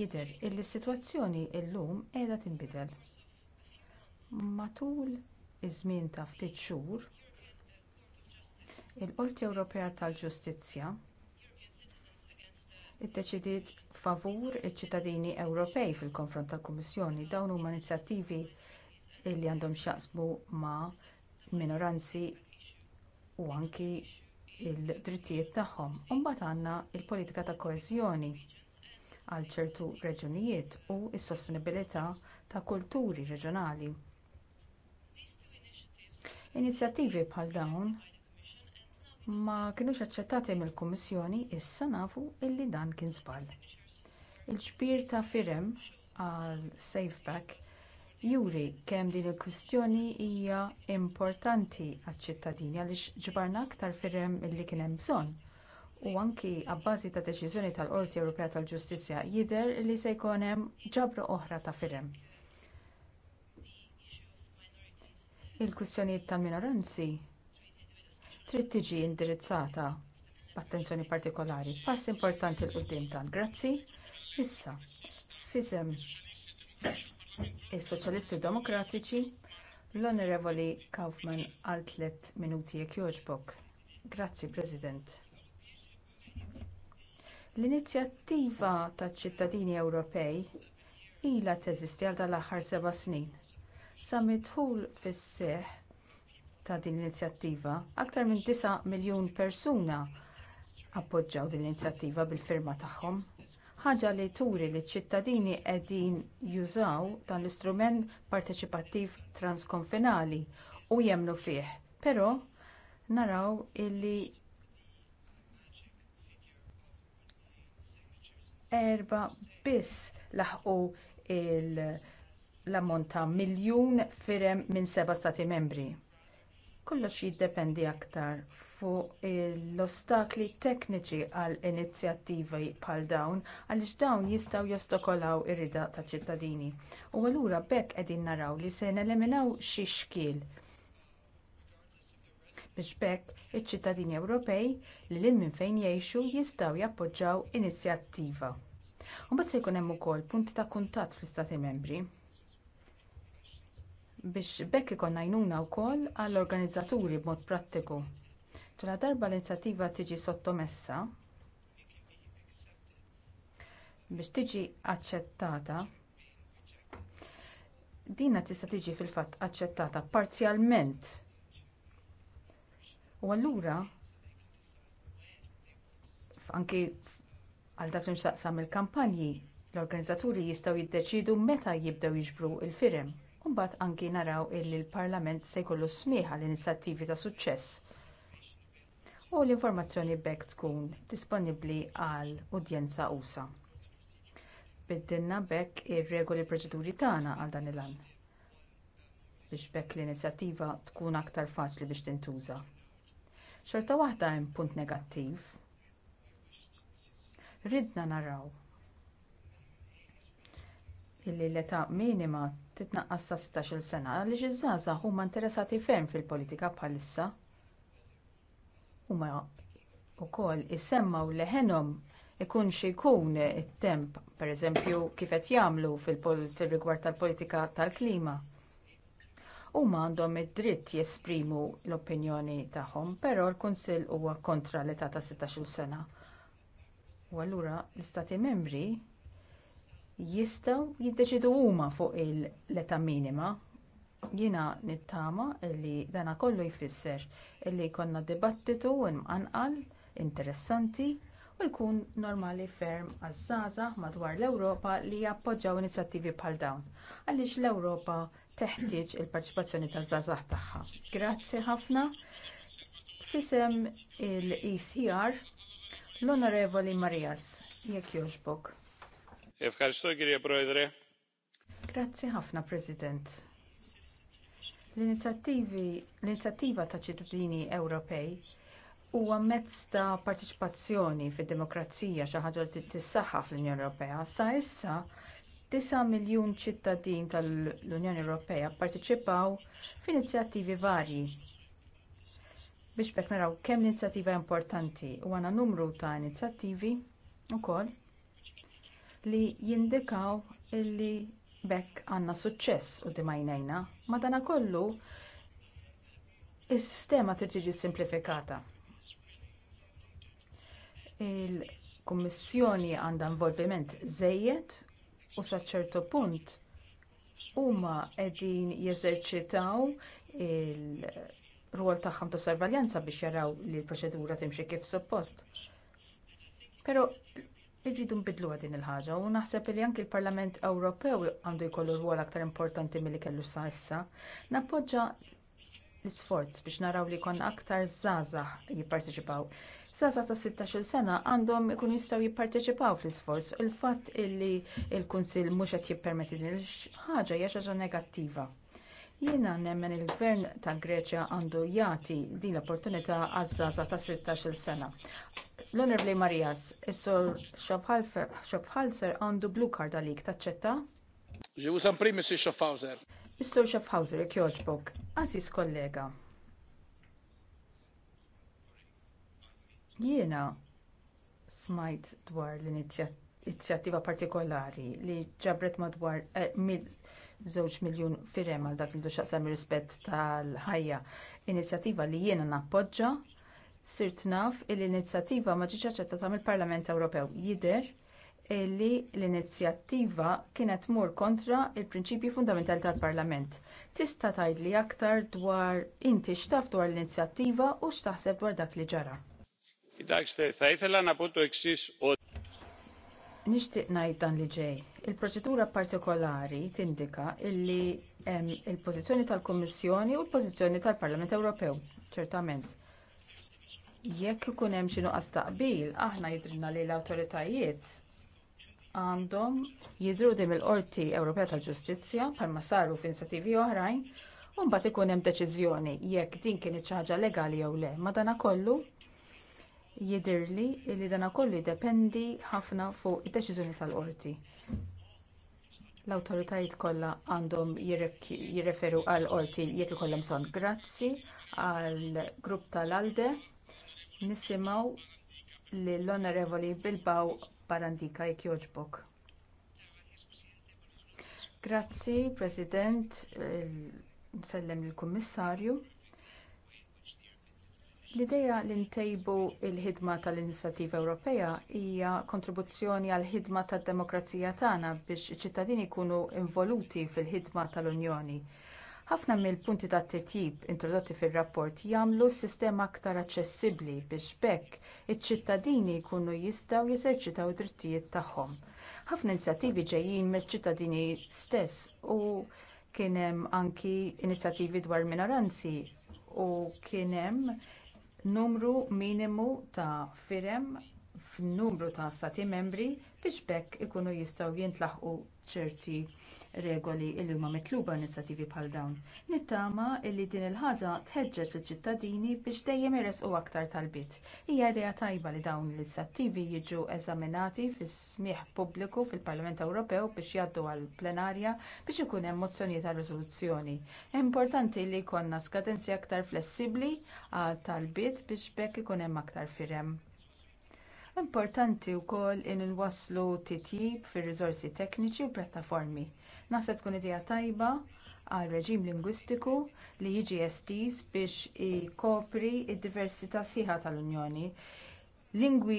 Jidher illi s-sitwazzjoni llum qiegħda tinbidel. Matul iż-żmien ta' ftit xhur, il-Qorti Ewropea tal-Ġustizzja iddeċidiet favur iċ-ċittadini ewropej fil-konfront tal-kummissjoni dawn huma inizjattivi li għandhom x'jaqsmu ma' minoranzi u anki l drittijiet tagħhom u mbagħad għandna l-politika ta' koeżjoni għal ċertu reġunijiet u s-sostenibilità ta' kulturi reġjonali inizjattivi bħal dawn ma kinux aċċettati mill-kummissjoni issa nafu li dan kien żball il-ġbir ta' firem għal safe juri kemm din il-kwistjoni hija importanti għaċ-ċittadini għaliex ġbarna aktar firem milli kien hemm bżonn u anki abbażi ta' deċiżjoni tal-qorti ewropea tal-ġustizzja jidher li se jkun hemm ġabra oħra ta' firem il-kwistjonijiet tal-minoranzi trid tiġi indirizzata b'attenzjoni partikolari pass importanti l quddiem tal. grazzi issa f'isem is-soċjalisti demokratiċi l-onorevoli Kaufman għal tliet minuti jekk jogħġbok grazzi president l-inizjattiva taċ-ċittadini ewropej ilha teżisti għal l aħħar seba' snin sa midħul fis-seħħ ta' din l-inizjattiva aktar minn 9 miljun persuna appoġġjaw din l-inizjattiva bil-firma tagħhom ħaġa li turi li ċ-ċittadini qegħdin jużaw dan l-istrument parteċipattiv transkonfinali u jemmnu fih però naraw illi erba biss laħqu l-ammont ta' miljun firem minn seba' stati membri kollox jiddependi aktar fuq l-ostakli tekniċi għal inizjattivi bħal dawn għaliex dawn jistgħu jostakolaw ir-rida taċ ċittadini. U allura b'hekk qegħdin naraw li se neleminaw xi xkiel biex b'hekk iċ-ċittadini Ewropej li lil minn fejn jgħixu jistgħu jappoġġjaw inizjattiva. U mbagħad se jkun hemm ukoll punti ta' kuntatt fl-Istati Membri biex bekk ikonna għajnuna wkoll għall-organizzaturi b'mod prattiku. Ġala darba l-inizjattiva tiġi sottomessa biex tiġi aċċettata dinha tista' tiġi fil-fatt aċċettata parzjalment. U allura anki għal dak li nxtaqsam il-kampanji l-organizzaturi jistgħu jiddeċiedu meta jibdew jiġbru l-firem Imbagħad anki naraw illi l-Parlament se jkollu smieħa l inizjattivi ta' suċċess. U l-informazzjoni b'hekk tkun disponibbli għal udjenza usa. Biddinna bekk ir-regoli proċeduri tagħna għal dan il-an biex bekk l-inizjattiva tkun aktar faċli biex tintuża. Xorta waħda hemm punt negattiv. Ridna naraw illi l-età minima titnaqqas sa 16-il sena għaliex iż-żgħażagħ huma interessati ferm fil-politika bħalissa. Huma wkoll isemmaw leħenhom ikun xi jkun it-temp, pereżempju kif qed jagħmlu fil-rigward tal-politika tal-klima. Huma għandhom id-dritt jesprimu l-opinjoni tagħhom, però l-Kunsill huwa kontra l-età ta' 16-il sena. U allura l-Istati Membri jistgħu jiddeċidu huma fuq il-età minima. Jiena nittama li dana kollu jfisser li jkollna dibattitu imqanqal interessanti u jkun normali ferm għaż-żgħażagħ madwar l-Ewropa li jappoġġjaw inizjattivi bħal dawn għaliex l-Ewropa teħtieġ il-parċipazzjoni taż-żgħażagħ tagħha. Grazzi ħafna. Fisem il-ECR l-Onorevoli Marias jekk jogħġbok. Grazzi ħafna, President. L-inizjattiva ta' ċittadini Ewropej huwa mezz ta' parteċipazzjoni fid-demokrazija xi ħaġa li tissaħħa fl-Unjoni Ewropea. Sa issa 9 miljun ċittadin tal-Unjoni Ewropea pparteċipaw f'inizjattivi varji biex bekk naraw kemm l-inizjattiva importanti u għandna numru ta' inizjattivi wkoll li jindikaw illi b'hekk għandna suċċess quddiem għajnejna madankollu is-sistema trid tiġi simplifikata. il-kummissjoni għandha involviment żejjed u sa ċertu punt huma qegħdin jeżerċitaw il-rwol tagħhom ta' sorveljanza biex jaraw li l-proċedura timxi kif suppost. Irridu nbidlu din il-ħaġa u naħseb li anki l-Parlament Ewropew għandu jkollu rwol aktar importanti milli kellu sa issa. Nappoġġa l-isforz biex naraw li jkollna aktar żgħażagħ jipparteċipaw. Żgħażagħ ta' 16-il sena għandhom ikun jistgħu jipparteċipaw fl-isforz. Il-fatt illi l-Kunsill mhux qed jippermetti din il-ħaġa hija xi ħaġa negattiva. Jiena nemmen il-gvern ta' greċja għandu jagħti din l-opportunità għaż-żgħażagħ ta' 16-il sena. L-Onorevoli Marias, is-sur Schaffhauser għandu blue karda għalik taċċetta? Ġewu san primis Schaffhauser. Is-sur Schaffhauser jogħġbok, Aziz kollega. Jiena smajt dwar l-inizjattiva partikolari li ġabret madwar eh, żewġ miljun firem għal dak li xaqsam rispett tal-ħajja. Inizjattiva li jiena nappoġġa sirt naf il l-inizjattiva ma ġietx aċċettata mill-Parlament Ewropew. Jidher li l-inizjattiva kienet tmur kontra l prinċipji fundamentali tal-Parlament. Tista' tgħidli aktar dwar inti x'taf dwar l-inizjattiva u x'taħseb dwar dak li ġara. θα ήθελα να πω το εξής, ότι Nixtieq ngħid dan li ġej. Il-proċedura partikolari tindika li hemm il-pożizzjoni tal-Kummissjoni u l-pożizzjoni tal-Parlament Ewropew, ċertament. Jekk ikun hemm xi nuqqas taqbil, aħna jidrilna li l-awtoritajiet għandhom jidhru dim il-Qorti Ewropea tal-Ġustizzja bħalma saru f'inizjattivi oħrajn u mbagħad ikun hemm deċiżjoni jekk din kienet xi ħaġa legali jew le. Madanakollu jidhirli li dan kollu jiddependi ħafna fuq id-deċiżjoni tal-qorti l-awtoritajiet kollha għandhom jirreferu għall qorti jekk ikollhom bżonn grazzi għall grupp tal-alde nisimgħu lill-onorevoli bilbao barandika jekk jogħġbok grazzi president eh, nsellem lill-kummissarju L-idea li ntejbu l ħidma tal-Inizjattiva Ewropea hija kontribuzzjoni għall ħidma tad-demokrazija tagħna biex iċ-ċittadini jkunu involuti fil-ħidma tal-Unjoni. Ħafna mill-punti ta' titjib introdotti fir-rapport jagħmlu s-sistema aktar aċċessibbli biex b'hekk iċ-ċittadini jkunu jistgħu jeżerċitaw id-drittijiet tagħhom. Ħafna inizjattivi ġejjin mill-ċittadini stess u kien hemm anki inizjattivi dwar minoranzi u kien hemm numru minimu ta' firem f'numru ta' stati membri biex b'hekk ikunu jistgħu jintlaħqu ċerti regoli li huma mitluba inizjattivi bħal dawn. Nittama li din il-ħaġa tħeġġeġ iċ-ċittadini biex dejjem iresqu aktar talbiet. Hija idea tajba li dawn l-inizjattivi jiġu eżaminati fis-smieħ pubbliku fil-Parlament Ewropew biex jgħaddu għall plenarja biex ikun hemm mozzjonijiet ta' riżoluzzjoni. Importanti li jkollna skadenzi aktar flessibbli għal talbiet biex bekk ikun hemm aktar firem. Importanti wkoll in inwasslu titjib fir-riżorsi tekniċi u pjattaformi. Naħseb tkun idea tajba għal reġim lingwistiku li jiġi estiż biex ikopri d diversità sieħa tal-Unjoni. Lingwi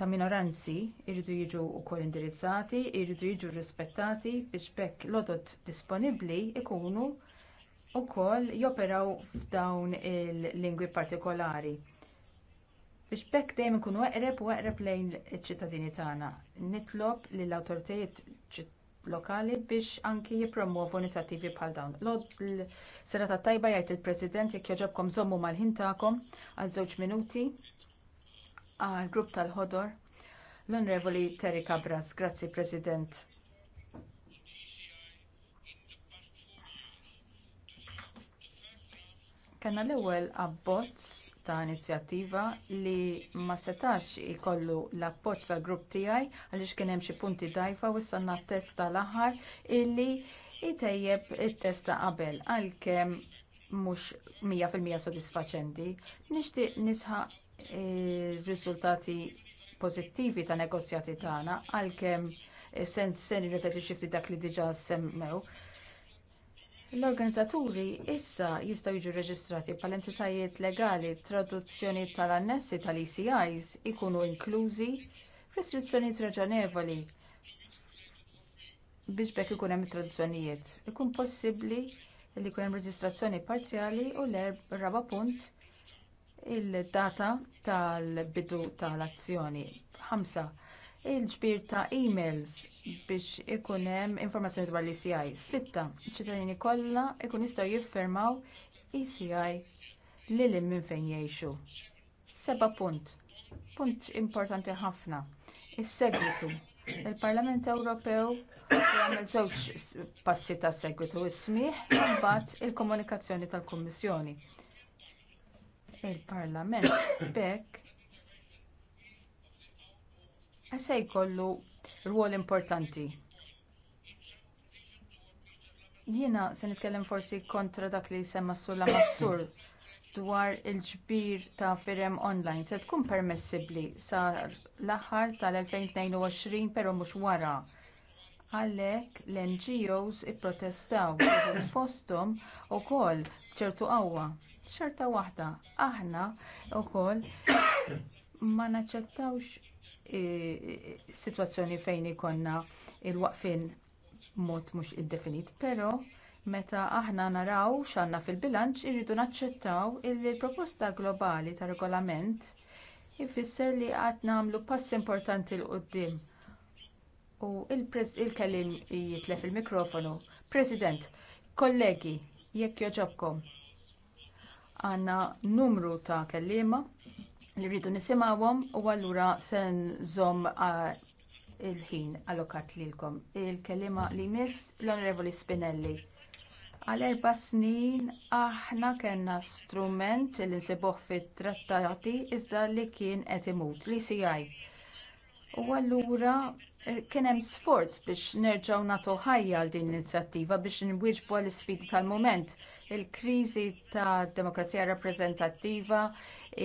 ta' minoranzi jridu jiġu wkoll indirizzati, jridu jiġu rispettati biex bekk l-odot disponibbli ikunu wkoll joperaw f'dawn il-lingwi partikolari biex bekk dejjem ikunu waqreb u eqreb lejn iċ-ċittadini tagħna. Nitlob lill-awtoritajiet lokali biex anki jippromovu inizjattivi bħal dawn. L-serata tajba jgħid il-President jekk jogħġobkom żommu mal-ħin tagħkom għal żewġ minuti għall grupp tal-ħodor l-Onorevoli Terry Cabras. Grazzi President. Kanna l-ewwel abbozz ta' inizjattiva li ma setax ikollu l-appoġġ tal-grupp tiegħi għaliex kien hemm xi punti dgħajfa u t-testa tal-aħħar illi jtejjeb it testa qabel għalkemm mhux mija fil-mija sodisfaċenti. Nixtieq nisħaq ir-riżultati eh, pożittivi tan negozjati tagħna għalkemm eh, se nirrepeti xi ftit dak li diġà semmew l-organizzaturi issa jistgħu jiġu rreġistrati bħala entitajiet legali traduzzjoni tal-annessi tal-ecis ikunu inklużi f'restrizzjonijiet raġonevoli biex b'hekk ikun hemm it-traduzzjonijiet ikun possibbli li jkun hemm reġistrazzjoni parzjali u l-erba' punt id data tal-bidu tal-azzjoni 5 il-ġbir ta' emails biex ikun hemm informazzjoni dwar l-ECI. Sitta, ċittadini kollha ikun jistgħu jiffermaw ECI lil hemm minn fejn jgħixu. Seba punt. Punt importanti ħafna. Is-segwitu. Il-Parlament Ewropew jagħmel żewġ passi ta' segwitu is-smih u mbagħad il-komunikazzjoni tal-Kummissjoni. Il-Parlament b'hekk se jkollu rwol importanti. Jiena se nitkellem forsi kontra dak li s sulla massur dwar il-ġbir ta' firem online se tkun permessibbli sa l-aħħar tal-2022 però mhux wara. Għalhekk l-NGOs ipprotestaw fosthom ukoll b'ċertu qawwa. Xorta waħda aħna wkoll ma naċċettawx situazzjoni fejn ikonna il-waqfin mod mhux iddefinit, però meta aħna naraw x'għandna fil-bilanċ irridu naċċettaw li l-proposta globali tar regolament ifisser li qatt nagħmlu pass importanti l qudiem U il-kellim jitlef il-mikrofonu. President, kollegi, jekk joġobkom, għanna numru ta' kellima, li rridu nisimawhom u allura se nżomm il-ħin allokat lilkom. Il-kelima li miss l-Onorevoli Spinelli. Għal erba' snin aħna kellna strument li nsibuh fit-trattati iżda li kien qed imut li għaj. U allura kien hemm sforz biex nerġgħu nagħtu ħajja għal din l-inizjattiva biex nwieġbu għall isfidi tal-mument. Il-kriżi tad demokrazija rappreżentattiva,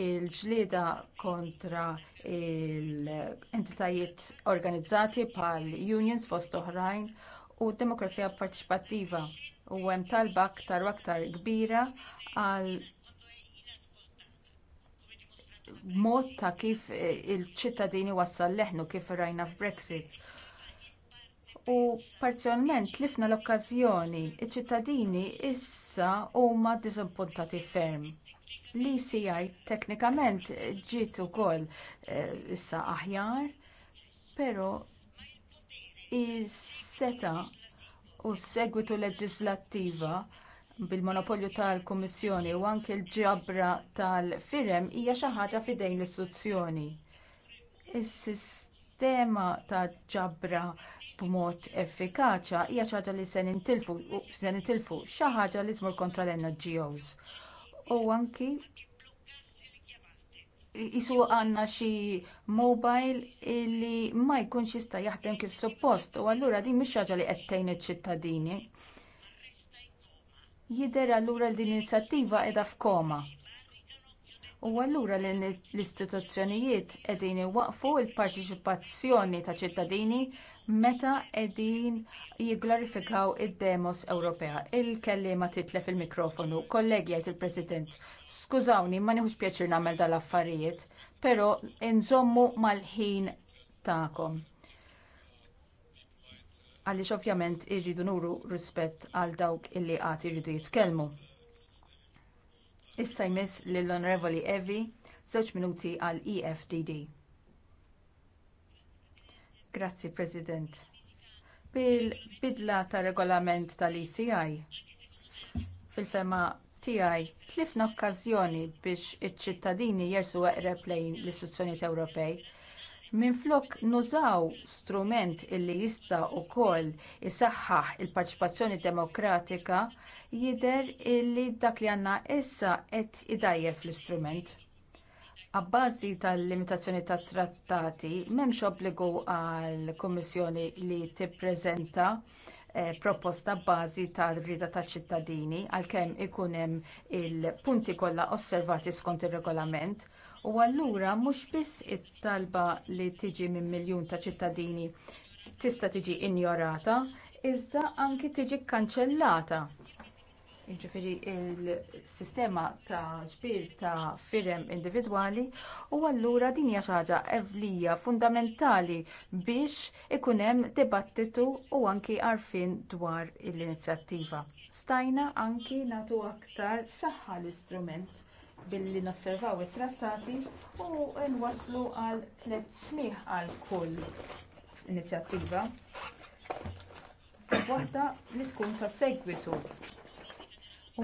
il-ġlieda kontra l-entitajiet organizzati bħall unions fost oħrajn u d demokrazija partiċipattiva u hemm talba aktar u aktar kbira għal mod ta' kif il-ċittadini wassal leħnu kif rajna f'Brexit. U parzjalment tlifna l okkażjoni iċ-ċittadini issa huma ddiżappuntati ferm Li eci teknikament ġiet ukoll eh, issa aħjar, però is-seta u s-segwitu leġislattiva bil-monopolju tal-Kummissjoni u anke l-ġabra tal-firem hija xi ħaġa f'idejn l-istituzzjoni. Is-sistema ta' ġabra b'mod effikaċa hija xi ħaġa li se nintilfu xi ħaġa li tmur kontra l-NGOs u anki jisu għandna xi mobile li ma jkunx jista' jaħdem kif suppost u allura din mhix ħaġa li qed tgħin iċ-ċittadini. Jidher allura li din l-inizjattiva qiegħda f'koma. U allura l-istituzzjonijiet qegħdin iwaqfu l-parteċipazzjoni ta' ċittadini meta qegħdin jigglorifikaw id-demos Ewropea. Il-kellima titlef il-mikrofonu. Kollegi jgħid il-President, skużawni ma nieħux pjaċir nagħmel dal-affarijiet, però nżommu mal-ħin tagħkom. Għaliex ovvjament irridu nuru rispett għal dawk illi qatt irridu jitkellmu. Issa jmiss lill-Onorevoli Evi, żewġ minuti għall EFDD. Grazzi, President. Bil-bidla ta' regolament tal-ECI, fil-fema tiegħi tlifna okkażjoni biex iċ-ċittadini jersu eqreb lejn l-istituzzjonijiet Ewropej. Minflok nużaw strument illi jista' wkoll isaħħaħ il-parċipazzjoni demokratika jidher illi dak li għandna issa qed idajjef l-istrument. Abbażi tal-limitazzjoni tat-trattati m'hemmx obbligu għall-Kummissjoni li tippreżenta eh, proposta bbażi tal-rida taċ-ċittadini għalkemm ikun hemm il-punti kollha osservati skont ir-regolament u allura mhux biss it-talba li tiġi minn miljun ta' ċittadini tista' tiġi injorata iżda anki tiġi kkanċellata Jiġifieri il-sistema ta' ġbir ta' firem individwali u allura din hija xi ħaġa evlija fundamentali biex ikun hemm dibattitu u anki għarfien dwar l-inizjattiva. Stajna anki nagħtu aktar saħħa l-istrument billi nosservaw it-trattati u nwasslu għal tliet smigħ għal kull inizjattiva waħda li tkun ta' segwitu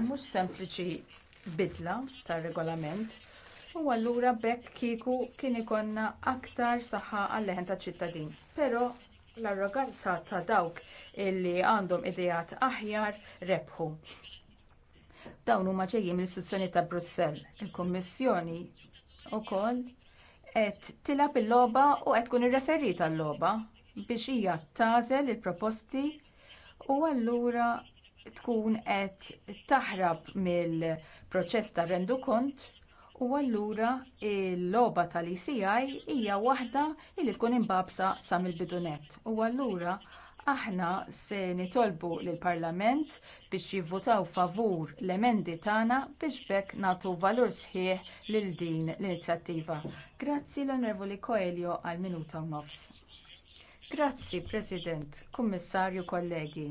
u mhux sempliċi bidla tar-regolament u allura b'hekk kieku kien ikollna aktar saħħa għal-leħen taċ-ċittadin. Però l-arroganza ta' dawk illi għandhom idejat aħjar rebħu. Dawn huma ġejjin mill-istituzzjoni ta' Brussell. Il-Kummissjoni wkoll qed tilab il-logħba u qed tkun irreferita l-logħba biex hija tażel il-proposti u allura tkun qed taħrab mill-proċess ta' kont, u allura l-logħba tal-ECI hija waħda li tkun imbabsa sa mill-bidu nett. U allura aħna se nitolbu lill parlament biex jivvotaw favur l-emendi tagħna biex bekk nagħtu valur sħiħ lil din l-inizjattiva. Grazzi l-Onorevoli Coelho għal minuta u nofs. Grazzi President, Kummissarju, kollegi.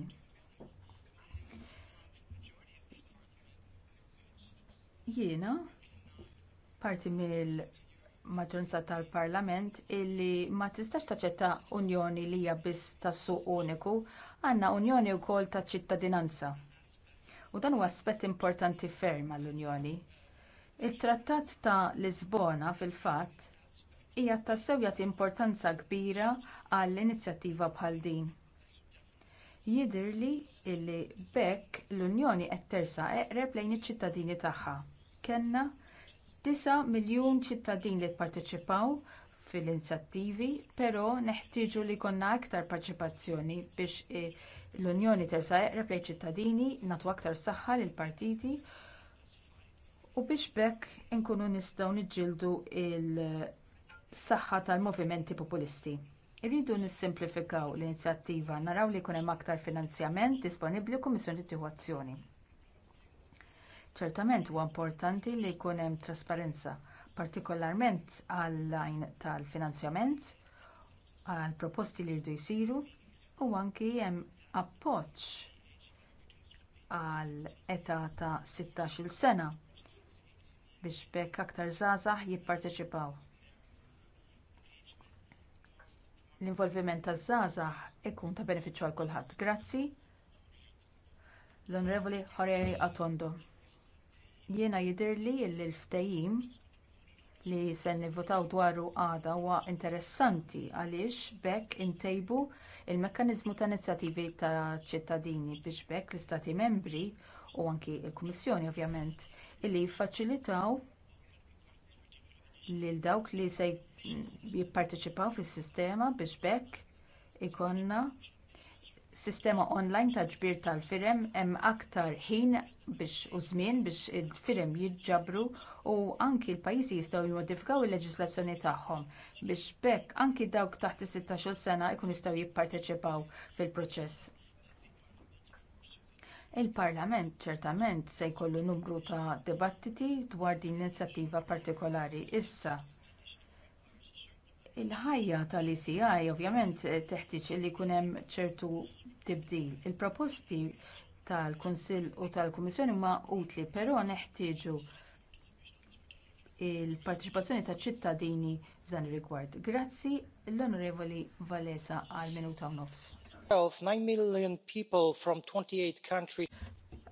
Jiena parti mill maġġoranza tal-Parlament illi ma tistax taċċetta unjoni li hija biss tas-suq uniku, għandna unjoni wkoll taċ ċittadinanza. U dan huwa aspett importanti ferm għall-Unjoni. Il-Trattat ta' Lisbona fil-fatt hija tassew jagħti importanza kbira għall inizjattiva bħal din jidhirli li b'hekk l-unjoni qed tersaq eqreb lejn iċ-ċittadini tagħha kellna 9 miljun ċittadin li pparteċipaw fl inizjattivi però neħtieġu li jkollna aktar parteċipazzjoni biex eh, l-unjoni tersaq eqreb lejn iċ-ċittadini nagħtu aktar saħħa lill-partiti u biex b'hekk inkunu nistgħu niġġieldu l-saħħa tal-movimenti populisti Irridu nissimplifikaw l-inizjattiva, naraw li jkun hemm aktar finanzjament disponibbli u kummissjoni tieħu azzjoni. Ċertament huwa importanti li jkun hemm trasparenza, partikolarment għall-lajn tal-finanzjament, għall proposti li jridu jsiru u anki hemm appoġġ għal età ta' 16-il sena biex bekk aktar żgħażagħ jipparteċipaw. l-involviment taż-żgħażagħ ikun ta' benefiċċju għal kulħadd. Grazzi. L-Onorevoli Horeri Atondo. Jiena jidhirli l ftajim li se nivvotaw dwaru għada huwa interessanti għaliex bekk intejbu l-mekkaniżmu ta' inizjattivi ta' ċittadini biex b'hekk l-istati membri u anki l-Kummissjoni ovvjament illi jiffaċilitaw lil dawk li se jipparteċipaw fis-sistema biex b'hekk ikollna sistema online ta' ġbir tal-firem hemm aktar ħin biex u żmien biex il-firem jiġġabru u anki l-pajjiżi jistgħu jmodifikaw il-leġislazzjoni tagħhom biex b'hekk anki dawk taħt is-16 sena jkun jistgħu jipparteċipaw fil-proċess. Il-Parlament ċertament se jkollu numru ta' dibattiti dwar din l-inizjattiva partikolari issa Il-ħajja tal-ECI ovvjament teħtieġ li jkun hemm ċertu tibdil. Il-proposti tal-Kunsill u tal-Kummissjoni huma utli, però neħtieġu il-partiċipazzjoni taċ ċittadini f'dan ir-rigward. Grazzi l-Onorevoli Valesa għal minuta u nofs.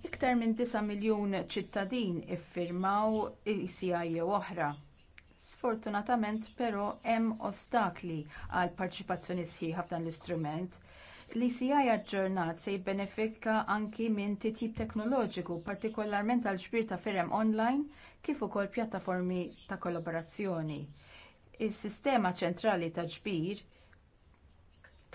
Iktar minn 9 miljun ċittadin iffirmaw ECI oħra Sfortunatament però hemm ostakli għal parċipazzjoni sħiħa f'dan l-istrument li si aġġornat se jibbenefika anki minn titjib teknoloġiku, partikolarment għal ġbir ta' ferem online kif ukoll pjattaformi ta' kollaborazzjoni. Is-sistema ċentrali ta' ġbir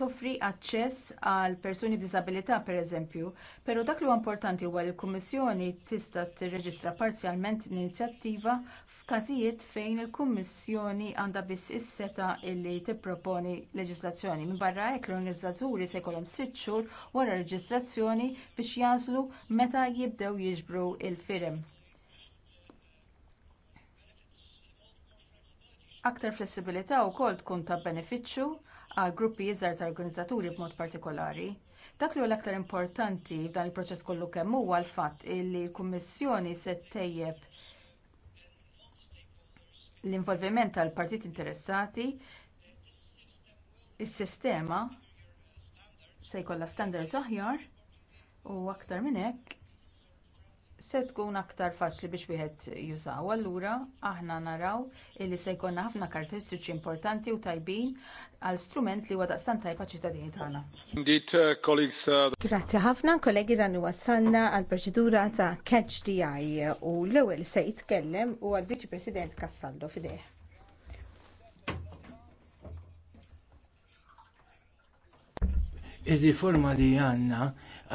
toffri aċċess għal persuni b'diżabilità pereżempju, però dak li huwa importanti huwa li l-Kummissjoni tista' tirreġistra parzjalment l-inizjattiva f'każijiet fejn il-Kummissjoni għandha biss is-seta' li tipproponi leġiżlazzjoni. Minbarra hekk l-organizzaturi se jkollhom sitt xhur wara r reġistrazzjoni biex jażlu meta jibdew jiġbru l firem Aktar flessibilità wkoll tkun ta' benefiċċju għal gruppi iżgħar ta' organizzaturi b'mod partikolari. Dak li huwa l-aktar importanti f'dan il-proċess kollu kemm huwa l-fatt li l-Kummissjoni se tejjeb l-involviment tal-partit interessati, is-sistema se jkollha standards aħjar u aktar minn hekk se tkun aktar faċli biex wieħed jużaw. Allura aħna naraw li se jkollna ħafna karatteristiċi importanti u tajbin għal strument li huwa daqstan tajba ċittadini tagħna. Uh, uh, Grazzi ħafna kollegi dan wassalna għal proċedura ta' catch DI u l-ewwel se jitkellem u għal Viċi President Kassallo fideh. Ir-riforma li għandna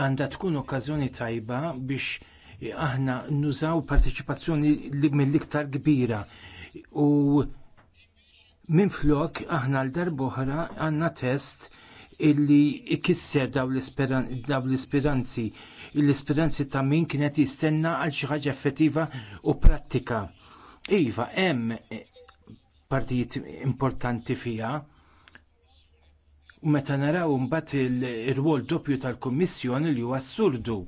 għandha tkun okkażjoni tajba biex aħna nużaw parteċipazzjoni li mill-iktar kbira u minflok aħna l darboħra għandna test illi ikisser daw l-ispiranzi l-ispiranzi ta' min kienet jistenna għal xi ħaġa effettiva u prattika. Iva, hemm partijiet importanti fiha, u meta naraw mbagħad ir-rwol doppju tal-Kummissjoni li huwa assurdu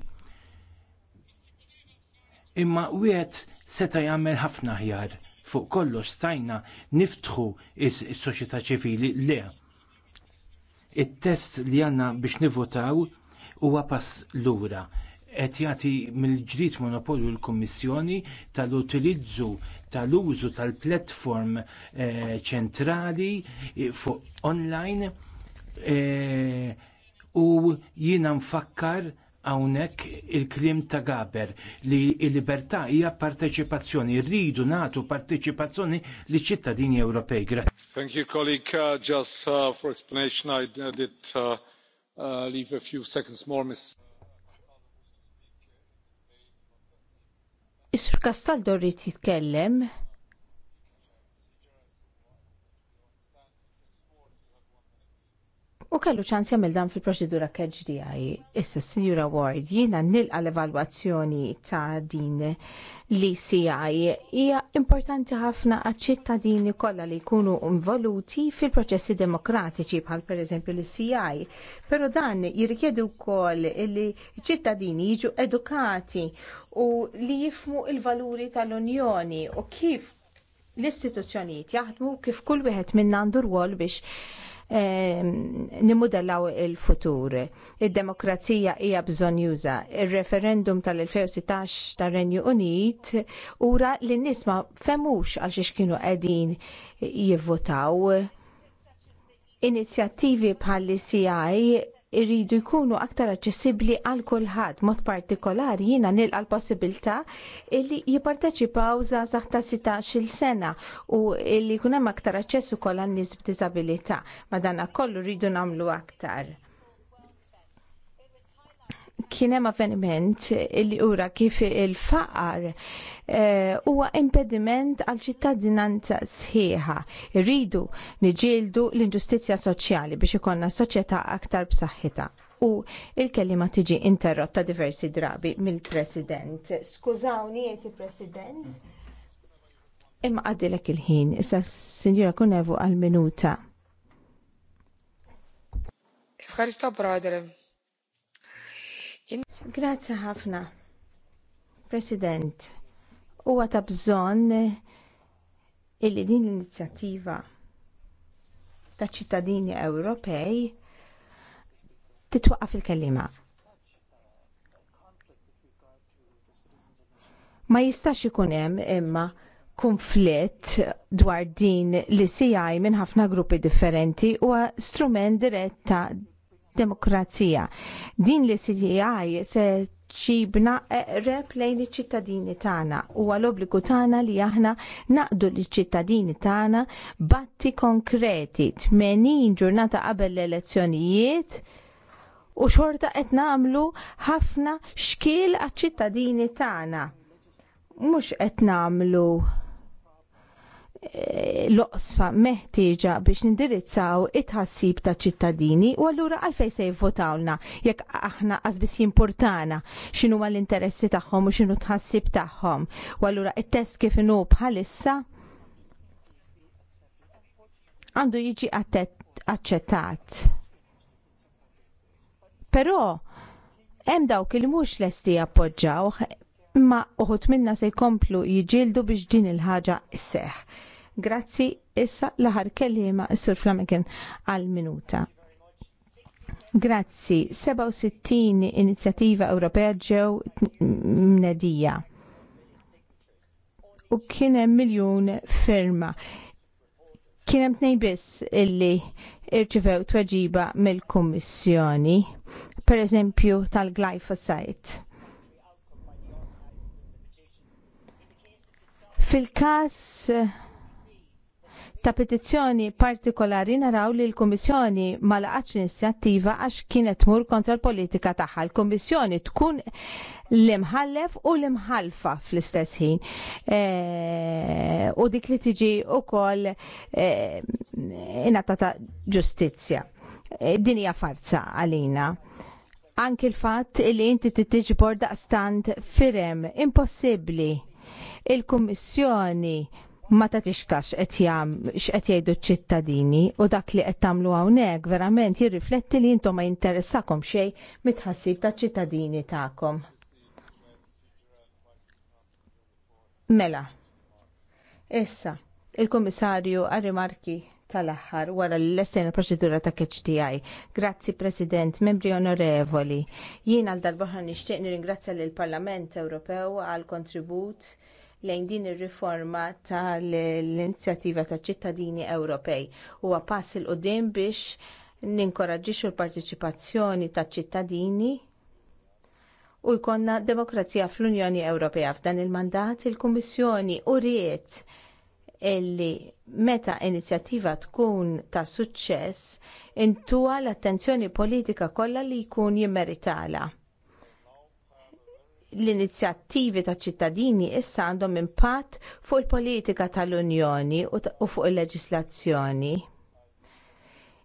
imma wieħed seta' jagħmel ħafna aħjar fuq kollox stajna niftħu is-soċjetà ċivili le. It-test li għandna biex nivotaw huwa pass lura qed jagħti mill-ġdid monopolju l-Kummissjoni tal-utilizzu tal-użu tal-platform eh, ċentrali eh, fuq online eh, u jiena nfakkar hawnhekk il krim ta' Gaber li l-libertà hija parteċipazzjoni, rridu natu parteċipazzjoni li ċittadini Ewropej. Thank you colleague uh, just uh, for explanation I did uh, uh, leave a few seconds more miss Is-Sur Kastaldo rrid jitkellem u kellu ċans jagħmel dan fil-proċedura KGDI. Issa Sinjura Ward, jiena nilqa l-evalwazzjoni ta' din li CI hija importanti ħafna għaċ-ċittadini kollha li jkunu involuti fil-proċessi demokratiċi bħal pereżempju l CI. Però dan jirrikjedu wkoll li ċittadini jiġu edukati u li jifmu l valuri tal-Unjoni u kif l-istituzzjonijiet jaħdmu kif kull wieħed minn għandu rwol biex Ehm, nimudellaw il-futur. Id-demokrazija hija bżonn juża. Ir-referendum tal-2016 tar-Renju Unit ura li nisma femux għal xiex kienu qegħdin jivvotaw. Inizjattivi bħal CI irridu jkunu aktar aċċessibbli għal kulħadd mod partikolari jiena nilqa l-possibilità li jipparteċipaw żgħażagħ ta' 16-il sena u li jkun hemm aktar aċċess ukoll għan nies b'diżabilità. Madana kollu rridu nagħmlu aktar. Kien hemm avveniment li ura kif il-faqar Eh, huwa uh, impediment għal ċittadinanza sħiħa. Irridu niġildu l-inġustizja soċjali biex ikonna soċjetà aktar b'saħħitha. U il-kelima tiġi interrotta diversi drabi mill-President. Skużawni, jieti president Imma għaddilek il-ħin, issa s-Sinjura kunnevu għal-minuta. Fħaristo, brother. Grazie ħafna, President huwa ta' bżonn illi din l-inizjattiva ta' ċittadini Ewropej titwaqqaf il-kellima. Ma jistax ikun hemm imma konflitt dwar din li CI minn ħafna gruppi differenti u strument dirett ta' demokrazija. Din li CI se Ċibna eqreb lejn iċ-ċittadini tagħna huwa l-obbligu tagħna li aħna naqdu liċ-ċittadini tagħna batti konkreti 80 ġurnata qabel l-elezzjonijiet u xorta qed nagħmlu ħafna xkiel għaċ-ċittadini tagħna. Mhux qed nagħmlu l-oqsfa meħtieġa biex nindirizzaw it-ħassib ta' ċittadini u allura għalfej se jivvotawna jekk aħna għazbis jimportana x'inhu ma l-interessi tagħhom u x'inhu tħassib tagħhom. U allura it-test kif inhu bħalissa għandu jiġi aċċettat. Però hemm dawk il mhux lesti jappoġġaw ma uħut minna se jkomplu jiġildu biex din il-ħaġa isseħ. seħ Grazzi issa l-aħar kellima Sur Flanagan għal-minuta. Grazzi, 67 inizjattiva Ewropea ġew mnedija u kien miljon miljun firma. Kien hemm bis biss illi irċivew tweġiba mill-Kummissjoni, pereżempju tal glyphosite Fil-każ ta' petizzjoni partikolari naraw li l-Kummissjoni ma laqatx inizjattiva għax kienet tmur kontra l-politika tagħha. L-Kummissjoni tkun l-imħallef u l-imħalfa fl-istess ħin. E, u dik li tiġi wkoll e, ta' ġustizzja. E, Din hija farza għalina anki l-fatt li inti titiġbor daqstant firem impossibbli. Il-Kummissjoni ma ta tixkax qed x'qed jgħidu ċ-ċittadini u dak li qed tagħmlu hawnhekk verament jirrifletti li intom ma jinteressakom xejn mit-ħassib taċ-ċittadini tagħkom. Mela. Issa, il kummissarju għal-rimarki tal-aħħar wara l-lessin il-proċedura ta' KHTI. Grazzi, President, membri onorevoli. Jien għal darbaħan nishtiq nirringrazzja l-Parlament Ewropew għal kontribut lejn din ir-riforma tal-inizjattiva taċ ċittadini Ewropej. Huwa pass il qudiem biex ninkoraġġixxu l-partiċipazzjoni taċ ċittadini u jkollna demokrazija fl-Unjoni Ewropea f'dan il-mandat il-Kummissjoni uriet illi meta inizjattiva tkun ta' suċċess intuha l-attenzjoni politika kollha li jkun jimmeritala l-inizjattivi ta' ċittadini issa għandhom impatt fuq il-politika tal-Unjoni u, fuq il-leġislazzjoni.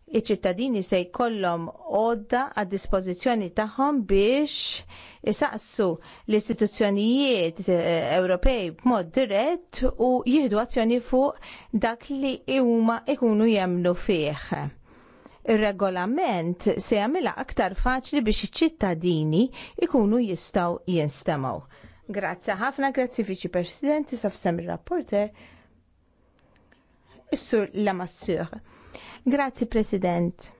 Iċ-ċittadini se jkollhom għodda għad dispożizzjoni tagħhom biex isaqsu l-istituzzjonijiet eh, Ewropej b'mod dirett u jieħdu azzjoni fuq dak li huma jkunu jemnu fih ir-regolament se jagħmilha aktar faċli biex iċ-ċittadini ikunu jistgħu jinstemaw. Grazzi ħafna, grazzi Viċi President, tista' fsem ir-rapporter. Is-Sur Lamassur. Grazzi President.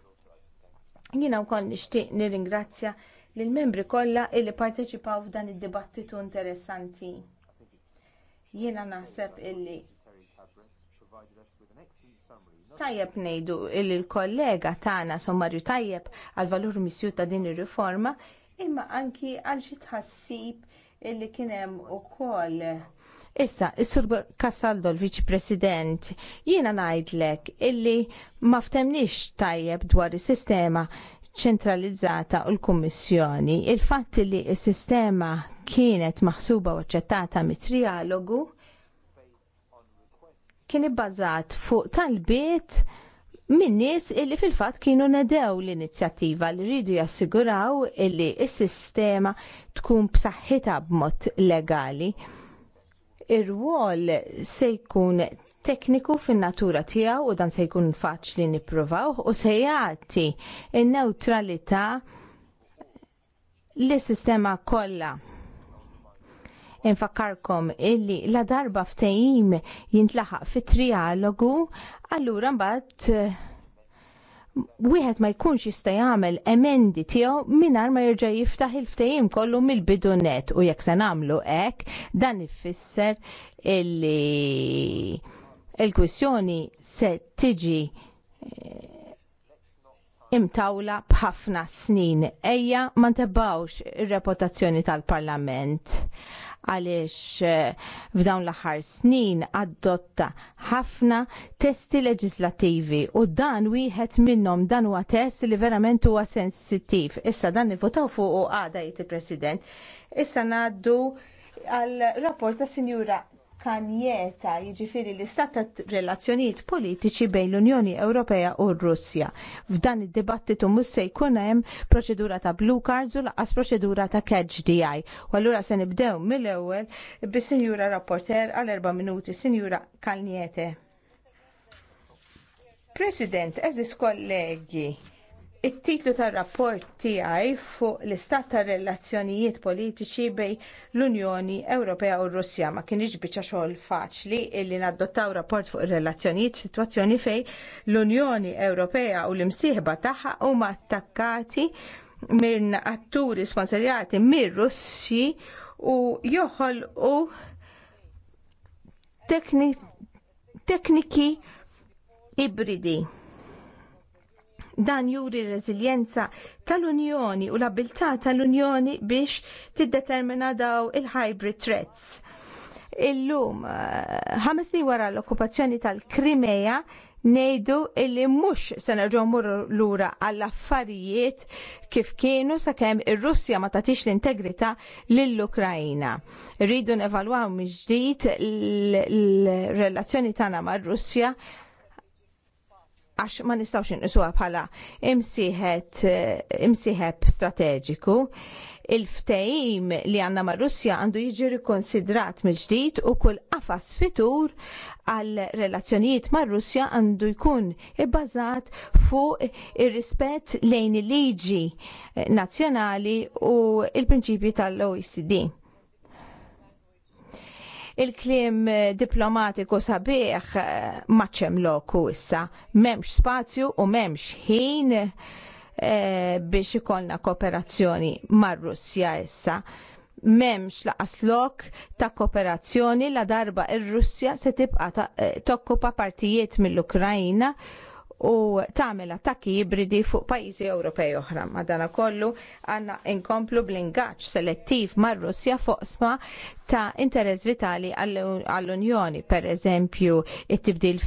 Jiena wkoll nixtieq nirringrazzja lill membri kollha li parteċipaw f'dan id-dibattitu interessanti. Jiena naħseb illi Tajjeb ngħidu il-kollega tagħna sommarju tajjeb għal valur misju ta' din ir-riforma, imma anki għal xi tħassib illi kien hemm ukoll. Issa, is-Sur Kassaldo l-Viċi President, jiena ngħidlek illi ma ftemnix tajjeb dwar is-sistema ċentralizzata u l-Kummissjoni. Il-fatt li s-sistema kienet maħsuba u ċettata mit-trialogu kien ibbażat fuq talbiet minn nies illi fil-fatt kienu nedew l-inizjattiva li rridu jassiguraw illi s-sistema tkun b'saħħitha b'mod legali. Ir-rwol se jkun tekniku fin-natura tiegħu u dan se jkun faċli nippruvaw u se jagħti n-newtralità lis sistema kollha Infakkarkom illi la darba ftehim jintlaħaq fit trialogu allura mbagħad eh, wieħed ma jkunx jista' jagħmel emendi tiegħu mingħajr ma jerġa' jiftaħ il-ftehim kollu mill-bidu net u jekk se nagħmlu hekk dan ifisser illi il-kwissjoni se tiġi eh, imtawla b'ħafna snin. Ejja ma ntebbawx ir-reputazzjoni tal-Parlament għaliex eh, f'dawn l-aħħar snin adotta ħafna testi leġislattivi u dan wieħed minnhom dan huwa test li verament huwa sensittiv. Issa dan nivvotaw fuq u għada jgħid il-President. Issa ngħaddu għal rapport ta' Sinjura kanjeta jiġifieri l-istat ta' relazzjonijiet politiċi bejn l-Unjoni Ewropea u r-Russja. F'dan id-dibattitu mhux se jkun hemm proċedura ta' blue cards u laqas proċedura ta' catch DI. U allura se nibdew mill-ewwel bis-Sinjura Rapporter għal erba' minuti, Sinjura Kanjete. President, eżis kollegi, it-titlu tar-rapport tiegħi fuq l-istat tar-relazzjonijiet politiċi bejn l-Unjoni Ewropea u r-Russja ma kienx biċċa xogħol faċli illi nadottaw rapport fuq ir-relazzjonijiet f'sitwazzjoni fejn l-Unjoni Ewropea u l-imsieħba tagħha huma attakkati minn atturi sponsorjati mir-Russi u joħolqu tekniki ibridi Dan juri r-reżiljenza tal-Unjoni u l-abilità tal-Unjoni biex tiddetermina daw il-hybrid threats. Illum, eh, ħames li wara l-okkupazzjoni tal krimeja ngħidu illi mhux se nerġgħu l lura għall affarijiet kif kienu sakemm ir-Russja ma tagħtix l-integrità lill ukrajina Rridu nevalwaw miġdijt l-relazzjoni tagħna mar-Russja għax ma nistawx nqisuha bħala eh, imsieħeb strateġiku. Il-ftehim li għandna ma' Russja għandu jiġi rikonsidrat mill-ġdid u kull qafas fitur għal relazzjonijiet ma' Russja għandu jkun ibbażat fuq ir-rispett lejn il-liġi eh, nazzjonali u il-prinċipji tal-OECD il-klim eh, diplomatiku sabiħ eh, maċċem loku issa, memx spazju u memx ħin eh, biex ikollna kooperazzjoni mar russja issa. Memx laqas lok ta' kooperazzjoni la darba ir russja se tibqa' tokkupa partijiet mill-Ukrajna u tagħmel attakki ibridi fuq pajjiżi Ewropej oħra. Madana kollu għandna inkomplu bl ingaċ selettiv mar-Russja fuq sma ta' interess vitali għall-Unjoni, per eżempju, it-tibdil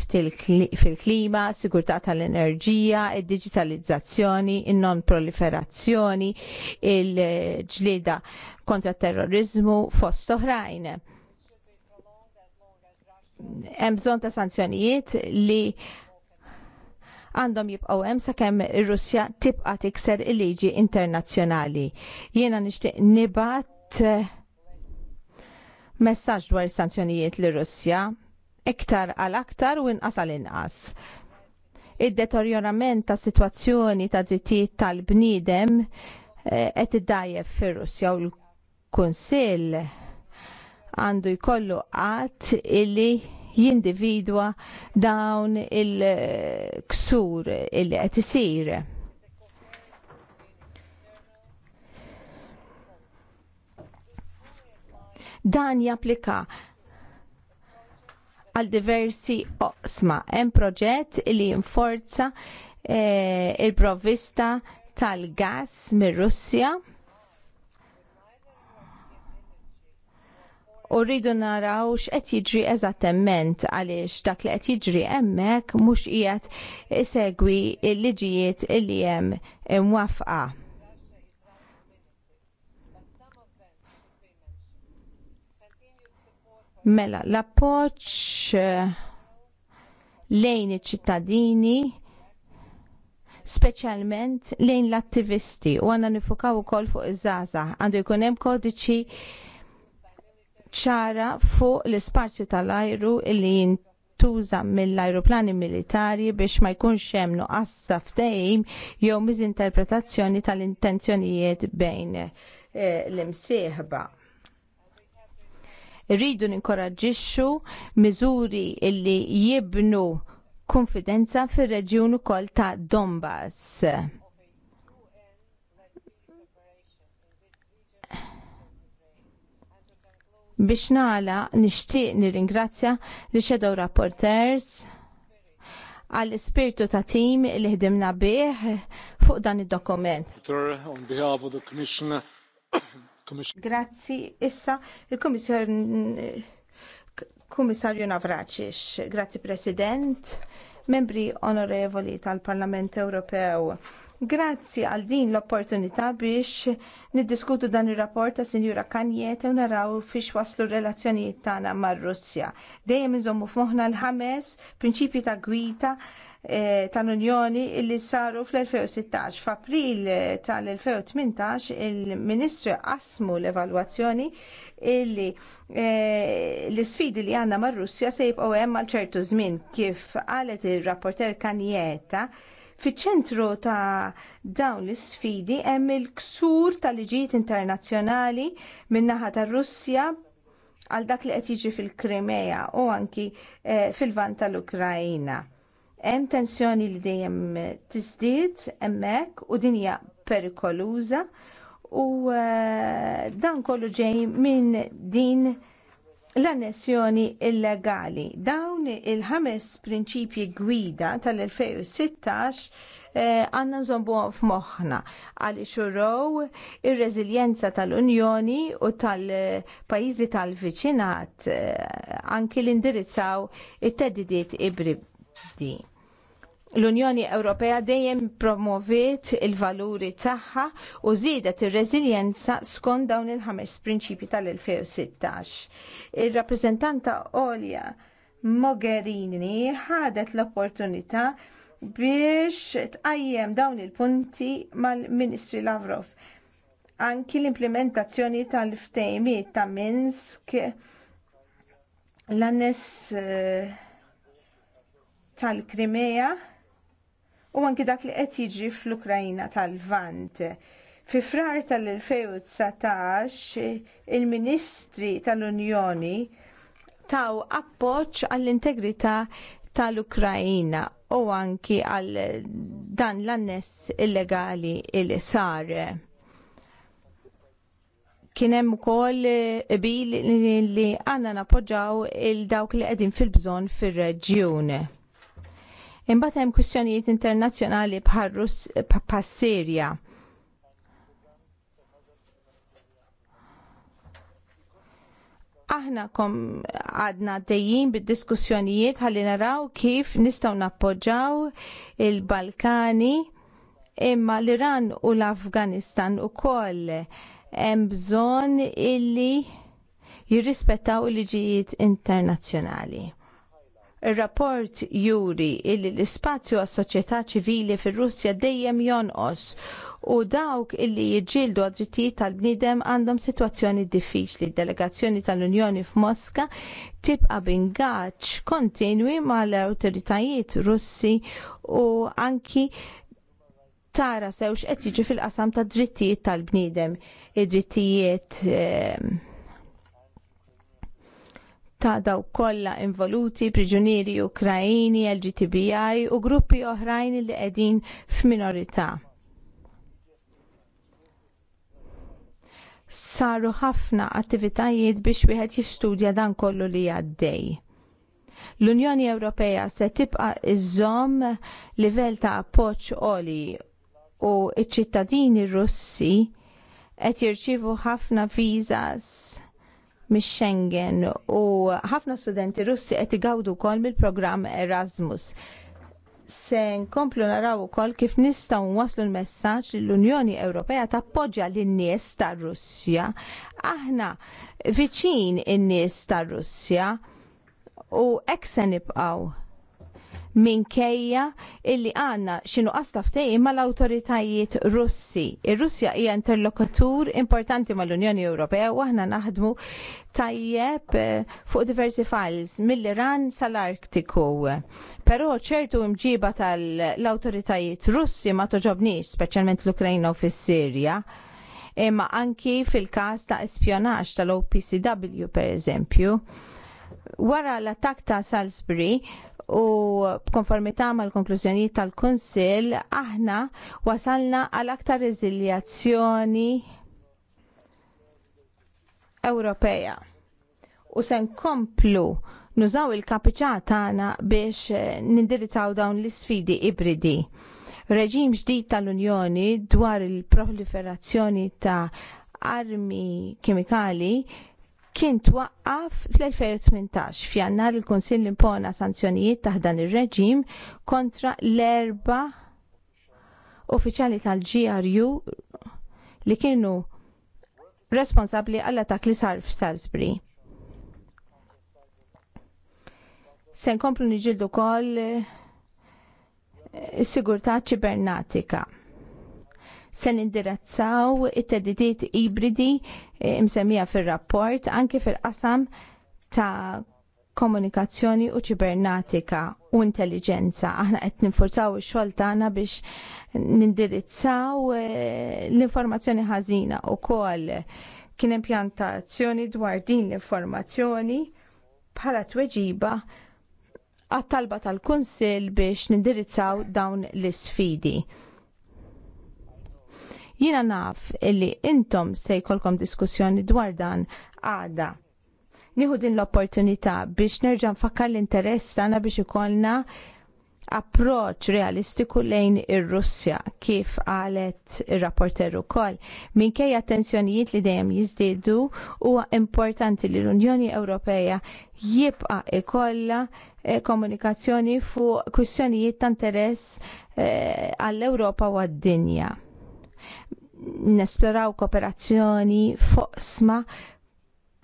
fil-klima, sigurtà tal-enerġija, id-digitalizzazzjoni, in-non-proliferazzjoni, il-ġlida kontra terrorizmu fost oħrajn. Hemm bżonn ta' sanzjonijiet li għandhom jibqgħu hemm sakemm ir-Russja tibqa' tikser il-liġi internazzjonali. Jiena nixtieq nibgħat eh, messaġġ dwar is-sanzjonijiet li Russja iktar għal aktar u inqas għal inqas. Id-deterjorament ta' sitwazzjoni ta' drittijiet tal-bniedem eh, qed iddajjef fir-Russja u l-Kunsill għandu jkollu qatt illi jindividwa dawn il-ksur il qed isir. Dan japplika għal diversi oqsma. Hemm proġett li jinforza eh, il-provvista tal-gas mir-Russja u rridu naraw x'qed jiġri eżattament għaliex dak li qed jiġri hemmhekk mhux qiegħed isegwi l-liġijiet li hemm imwafqa. Mela, l-appoġġ eh, lejn iċ-ċittadini speċjalment lejn l-attivisti u għandna nifukaw ukoll fuq iż-żgħażagħ għandu jkun hemm kodiċi ċara fuq l-ispazju tal-ajru li jintuża mill-ajruplani militari biex ma jkunx hemm nuqqas ftehim jew miżinterpretazzjoni tal-intenzjonijiet bejn eh, l-imsieħba rridu ninkoraġġixxu miżuri li jibnu konfidenza fir-reġjun ukoll ta' Donbass. Biex nala nixtieq nirringrazzja li Shadow Rapporters għall ispirtu ta' tim li ħdimna bih fuq dan id-dokument. Grazzi, issa il-Kummissarju Navraċix, grazzi President, membri onorevoli tal-Parlament Ewropew. Grazzi għal din l-opportunità biex niddiskutu dan ir-rapport ta' Sinjura Kanjete u naraw fiex waslu relazzjonijiet tagħna mar-Russja. Dejjem iżommu f'moħħna l-ħames prinċipji ta' gwita eh, tal-Unjoni illi saru fl-2016. F'April eh, tal-2018 il-Ministru qasmu l-evalwazzjoni illi eh, l-sfidi li għandna mar-Russja se jibqgħu hemm għal ċertu żmien kif qalet ir-rapporter Kanjeta Fiċ-ċentru ta' dawn l-isfidi hemm il-ksur tal-liġijiet internazzjonali min-naħa tar-Russja għal dak li qed jiġi fil-Krimea u anki eh, fil-vant tal-Ukrajna. Hemm tensjoni li dejjem tiżdied hemmhekk u din hija perikoluża u eh, dan kollu ġej minn din l-annessjoni illegali. Dawn il-ħames prinċipji gwida tal-2016 eh, għanna nżombu f'moħħna għaliex xurrow ir-reżiljenza tal-Unjoni u tal-pajjiżi tal-viċinat eh, anki l-indirizzaw it-teddidiet ibridi. L-Unjoni Ewropea dejjem promoviet il-valuri tagħha u żiedet ir-reżiljenza skont dawn il-ħames prinċipji tal-2016. Ir-rappreżentanta Olja Mogherini ħadet l-opportunità biex tqajjem dawn il-punti mal-Ministri Lavrov. Anki l-implementazzjoni tal-ftejmiet ta' Minsk l-annes eh, tal-Krimea u anki dak li qed jiġri fl-Ukrajna tal-Vant. Fi frar tal-2019 il-Ministri tal-Unjoni taw appoġġ għall-integrità tal-Ukrajina u anki għal dan l-anness illegali il sar. Kien hemm ukoll bil li għandna napoġġaw il dawk li qegħdin fil-bżonn fir-reġjun. Imbagħad hemm kwistjonijiet internazzjonali bħal Russ Sirja. aħna kom għadna dejjin bid-diskussjonijiet ħalli naraw kif nistgħu nappoġġaw il-Balkani imma l-Iran u l-Afganistan u koll hemm bżonn illi jirrispettaw il-liġijiet internazzjonali. Ir-rapport juri illi l-ispazju għas-soċjetà ċivili fir-Russja dejjem jonqos u dawk illi jiġġieldu għad-drittijiet tal-bniedem għandhom sitwazzjoni diffiċli. Delegazzjoni tal-Unjoni f'Mosca tibqa' b'ingaġġ kontinwi mal-awtoritajiet Russi u anki tara sewx qed jiġi fil-qasam tad drittijiet tal-bniedem. Id-drittijiet eh, ta' daw kollha involuti, priġunieri Ukraini, LGTBI u gruppi oħrajn li qegħdin f'minorità. Saru ħafna attivitajiet biex wieħed jistudja dan kollu li għaddej. L-Unjoni Ewropea se tibqa' iżżomm livell ta' appoġġ għoli u ċ-ċittadini Russi qed jirċievu ħafna viżas mix-Schengen u ħafna studenti Russi qed igawdu wkoll mill-programm Erasmus. Se nkomplu naraw ukoll kif nistgħu nwasslu l-messaġġ li l-Unjoni Ewropea tappoġġja lin-nies tar-Russja. Aħna viċin in-nies tar-Russja u hekk se nibqgħu minkejja illi għandna x'inhu qasta ma mal-awtoritajiet Russi. Ir-Russja hija interlokutur importanti mal-Unjoni Ewropea u aħna naħdmu tajjeb eh, fuq diversi files mill-Iran sal-Arktiku. Però ċertu imġiba tal-awtoritajiet Russi ma toġobniex, speċjalment l-Ukrajna u fis-Sirja imma anki fil każ ta' espionax tal-OPCW pereżempju. Wara l-attak ta' Salisbury, u b'konformità mal-konklużjonijiet tal-Kunsill aħna wasalna għal aktar reżiljazzjoni Ewropea u se nkomplu nużaw il-kapiċa tagħna biex nindirizzaw dawn l-isfidi ibridi. Reġim ġdid tal-Unjoni dwar il-proliferazzjoni ta' armi kimikali kien twaqqaf fl-2018 f'jannar il-Kunsill impona sanzjonijiet taħdan ir-reġim kontra l-erba uffiċjali tal-GRU li kienu responsabbli għall attakk li sar f'Salisbury. Se nkomplu niġildu wkoll is-sigurtà eh, ċibernatika se nindirazzaw it-tedidiet ibridi imsemmija eh, fil-rapport anke fil-qasam ta' komunikazzjoni u ċibernatika u intelligenza. Aħna qed ninfurzaw ix-xogħol tagħna biex nindirizzaw eh, l-informazzjoni ħażina wkoll kien hemm pjantazzjoni dwar din l-informazzjoni bħala tweġiba għat-talba tal-Kunsill biex nindirizzaw dawn l-isfidi. Jiena naf illi intom se jkollkom diskussjoni dwar dan għada. Nieħu din l-opportunità biex nerġa' fakkar l-interess tagħna biex ikollna approċ realistiku lejn ir-Russja kif qalet ir-rapporter ukoll. Minkejja attenzjonijiet li dejjem jizdidu huwa importanti li l-Unjoni Ewropea jibqa' ikollha eh, komunikazzjoni fuq kwistjonijiet ta' interess eh, għall-Ewropa u għad-dinja nesploraw kooperazzjoni fuq sma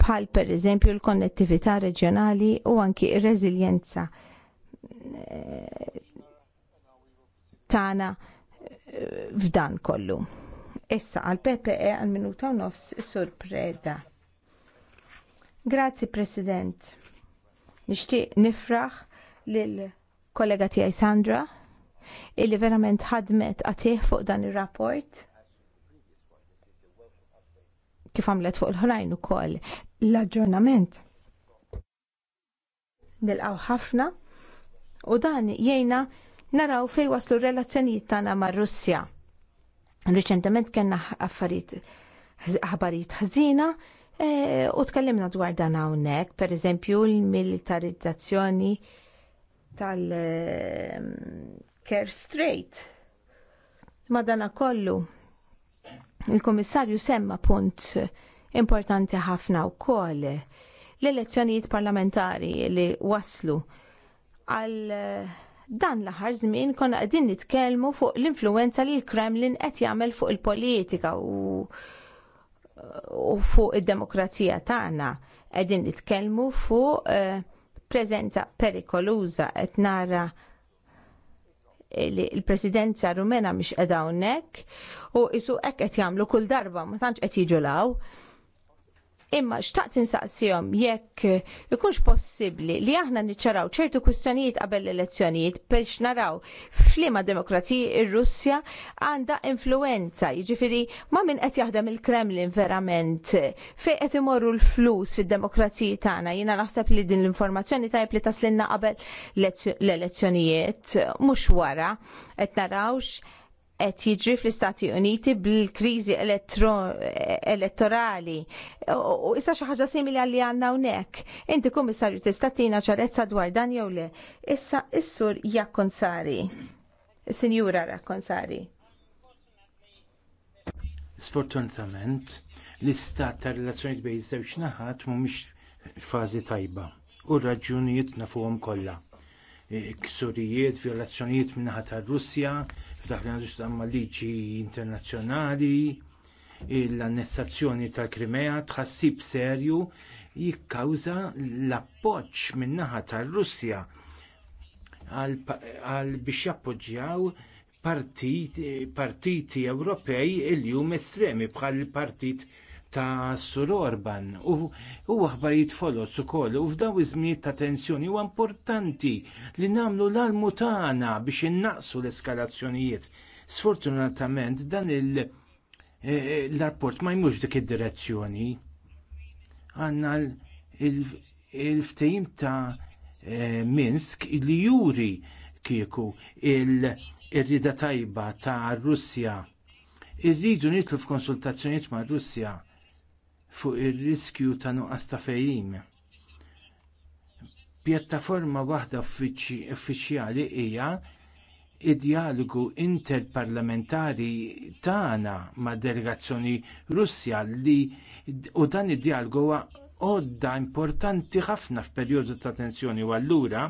bħal pereżempju l-konnettività reġjonali u anki r reżiljenza eh, tagħna eh, f'dan kollu. Issa għal PPE għal minuta u nofs surpreda. Grazzi President. Nixtieq nifraħ lil kollega tiegħi Sandra illi verament ħadmet għatih fuq dan ir-rapport kif għamlet fuq l ħrajn ukoll l-aġġornament nilqaw ħafna u dan jgħinna naraw fejn waslu relazzjonijiet tagħna mar-Russja. Riċentement kellna affarijiet ħabarijiet ħażina eh, u tkellimna dwar dan hawnhekk, pereżempju l-militarizzazzjoni tal- Kerr Strait. Madana kollu, il-Komissarju semma punt importanti ħafna wkoll l-elezzjonijiet parlamentari li waslu għal dan l-aħħar żmien konna qegħdin nitkellmu fuq l-influenza li l-Kremlin qed jagħmel fuq il-politika u, u fuq id-demokrazija tagħna. Qegħdin nitkellmu fuq uh, preżenza perikoluża qed nara il-presidenza rumena mhix edawnek hawnhekk u isu hekk qed jagħmlu kull darba ma tantx qed jiġu law imma xtaqt insaqsihom jekk ikunx possibbli li aħna niċċaraw ċertu kwistjonijiet qabel l-elezzjonijiet biex naraw f'liema demokrazija ir-Russja għandha influenza, jiġifieri ma min qed jaħdem il-Kremlin verament fejn qed imorru l-flus fid-demokrazija tagħna. Jiena naħseb li din l-informazzjoni tajb li taslinna qabel l-elezzjonijiet mhux wara qed narawx qed jiġri fl-Istati Uniti bil-kriżi elettorali u issa xi ħaġa simili għalli għandna hawnhekk. Inti kummissarju tista' tina ċarezza dwar dan jew le. Issa issur Jakkun sari. Sinjura rakkon sari. Sfortunatament, l-istat ta' relazzjonijiet bejn iż-żewġ naħat mhumiex fażi tajba u r raġunijiet nafuhom kollha. Eh, ksurijiet, violazzjonijiet min-naħa tar Russja, f'dak li għandu xtamma liġi internazzjonali, l-annessazzjoni tal Krimea tħassib serju jikkawża l-appoġġ min-naħa tar-Russja għal biex jappoġġjaw partiti Ewropej il-jum estremi bħal partit ta' Sur Orban u huwa aħbarijiet folot ukoll u f'daw iż-żmien ta' tensjoni huwa importanti li nagħmlu l-almu tagħna biex innaqsu l-eskalazzjonijiet. Sfortunatament dan il- eh, l-rapport ma jmux dik id-direzzjoni. Għanna il-ftejim ta' eh, Minsk li juri kieku il-rida tajba ta' Russja. Irridu nitlu f'konsultazzjoniet ma' Russja fuq ir-riskju ta' nuqqas ta' fejjim. Pjattaforma waħda uffiċjali hija id-dialogu interparlamentari tagħna mad delegazzjoni Russja li u dan id-dialogu huwa għodda importanti ħafna f'perjodu ta' tensjoni u allura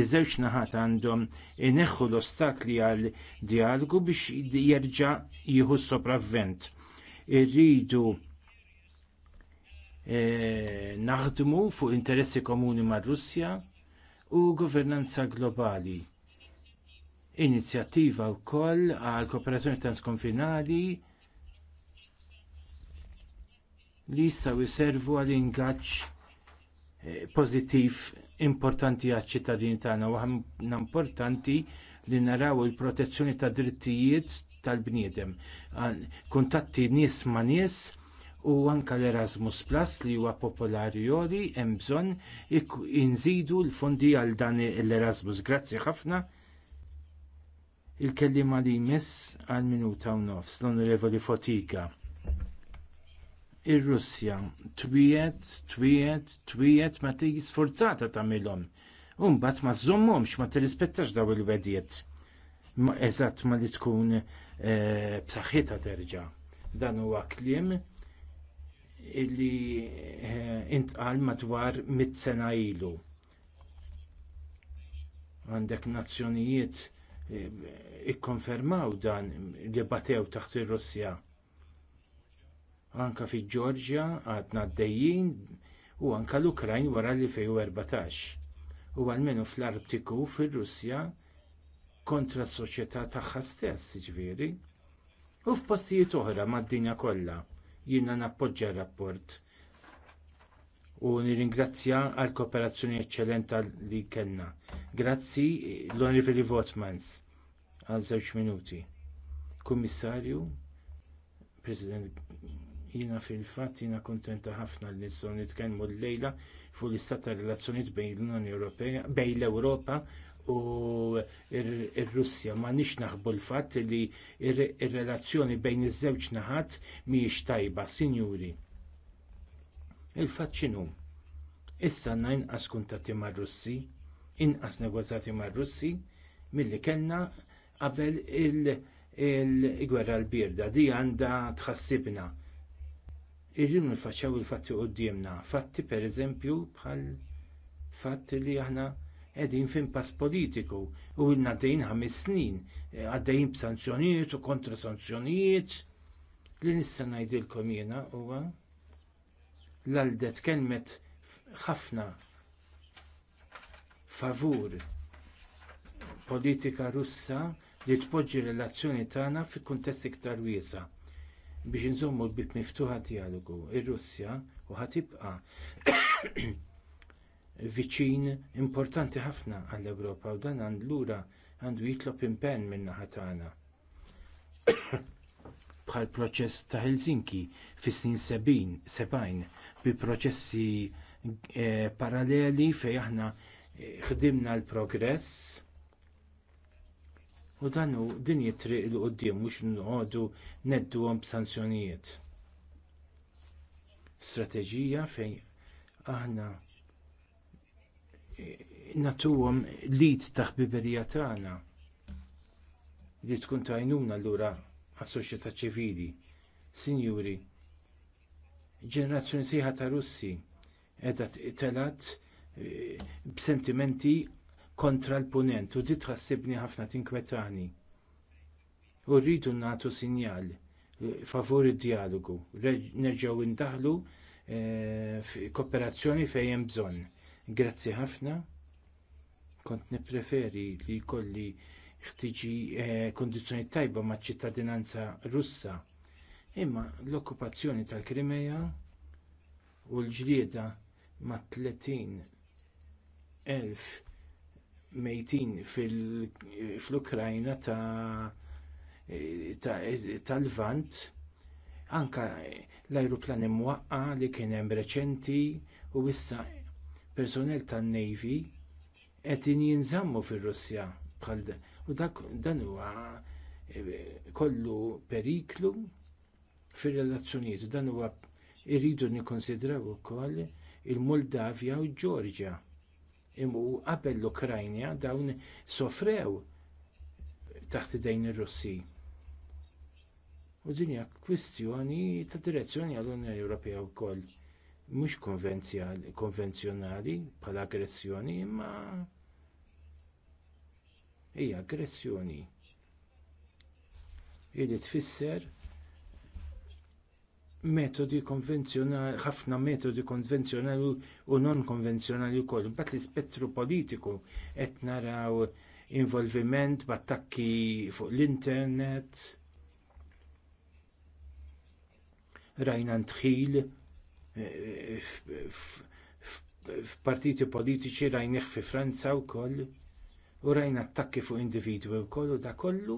iż-żewġ naħat għandhom ineħħu l-ostakli għal dijalogu biex jerġa' jieħu sopravvent. Irridu E, naħdmu fuq interessi komuni mar-Russja u governanza globali. Inizjattiva wkoll għal kooperazzjoni transkonfinali li jistgħu jservu għal ingaġġ e, pożittiv importanti għaċ ċittadini tagħna u importanti li naraw il-protezzjoni tad drittijiet tal-bniedem. Kuntatti nies ma' nies u anke l-Erasmus Plus li huwa popolari jori hemm bżonn inżidu l-fondi għal dan l-Erasmus. Grazzi ħafna. Il-kellima li jmiss għal minuta u nofs l-Onorevoli Fotika. Ir-Russja twiet, twiet, twiet ma tiġi sforzata tagħmilhom. U mbagħad ma żommhomx ma tirrispettax daw il-wedjiet. Eżatt ma li tkun eh, b'saħħitha terġa'. Dan huwa kliem illi eh, intqal madwar mit sena ilu. Għandek nazzjonijiet eh, ikkonfermaw dan li batew taħt ir-Russja. Anka fi Ġorġja għadna d-dejjin u anka l-Ukrajn wara li fej 14. U għalmenu fl-artiku fir-Russja kontra s-soċjetà tagħha stess, ġviri. U f'postijiet oħra mad-dinja kollha jiena nappoġġja r-rapport u nirringrazzja għall kooperazzjoni eċċellenta li kellna. Grazzi l-Onorevoli Votmans għal żewġ minuti. Kummissarju, President, jiena fil-fatt jiena kuntenta ħafna li nistgħu nitkellmu llejla fuq l-istat tar relazzjonijiet bejn l-Unjoni Ewropea bejn l-Ewropa u r-Russja ma nix naħbu l-fatt li r-relazzjoni bejn iż-żewġ naħat mhijiex tajba, sinjuri. Il-fatt x'inhu? Issa għandna inqas kuntatti mar-Russi, inqas negozjati mar-Russi milli kellna qabel il-gwerra l-birda di għandha tħassibna. Irridu nfaċċaw il-fatti qudiemna, fatti pereżempju bħal fatti li aħna qegħdin pass politiku u ilna għaddejjin ħames snin eh, għaddejjin b'sanzjonijiet u kontra sanzjonijiet li nista' ngħidilkom jiena huwa l-għaldet kelmet ħafna favur politika russa li tpoġġi relazzjoni tagħna fi kuntest iktar wiesa' biex inżommu l-bib miftuħa dialogu ir-Russja u ħatibqa' viċin importanti ħafna għall-Ewropa u dan allura għandu jitlob impenn min-naħa tagħna. Bħal proċess ta' Helsinki fis-snin 70 bi proċessi eh, paralleli fejn aħna eh, ħdimna l-progress u dan hu din jitriq il quddiem mhux noqogħdu nedduhom b'sanzjonijiet. Strateġija fejn aħna natuhom lid ta' ħbiberija tagħna li tkun tajnuna l-ura għas-soċjetà ċivili. Sinjuri, ġenerazzjoni sieħa ta' Russi qiegħda telat eh, b'sentimenti kontra l-punent u di tħassibni ħafna tinkwetani. U rridu nagħtu sinjal eh, favur id-dialogu, nerġgħu indaħlu eh, kooperazzjoni fejn bżonn Grazzi ħafna. Kont nippreferi li jkolli ħtiġi eh, kundizzjoni tajba maċ ċittadinanza russa. Imma l-okkupazzjoni tal-Krimeja u l-ġlieda ma' 30.000 mejtin fl-Ukrajna tal-Vant anke l ajruplani imwaqqa li kien hemm reċenti u issa personel tan-Navy qed jinżammu fir-Russja bħal u dak dan huwa eh, kollu periklu fir-relazzjonijiet dan huwa irridu nikkonsidraw ukoll il-Moldavja u l-Ġorġja. Imu qabel l-Ukrajna dawn sofrew taħt idejn ir-Russi. U din hija kwistjoni ta' direzzjoni għall-Unjoni Ewropea wkoll mhux konvenzjonali bħala aggressjoni imma hija aggressjoni li tfisser metodi konvenzjonali, ħafna metodi konvenzjonali u non konvenzjonali wkoll. Bat l-ispettru politiku qed naraw involviment b'attakki fuq l-internet, rajna ntħil f'partiti politiċi rajnieh fi Franza wkoll u rajna attakki fuq individwi wkoll u da kollu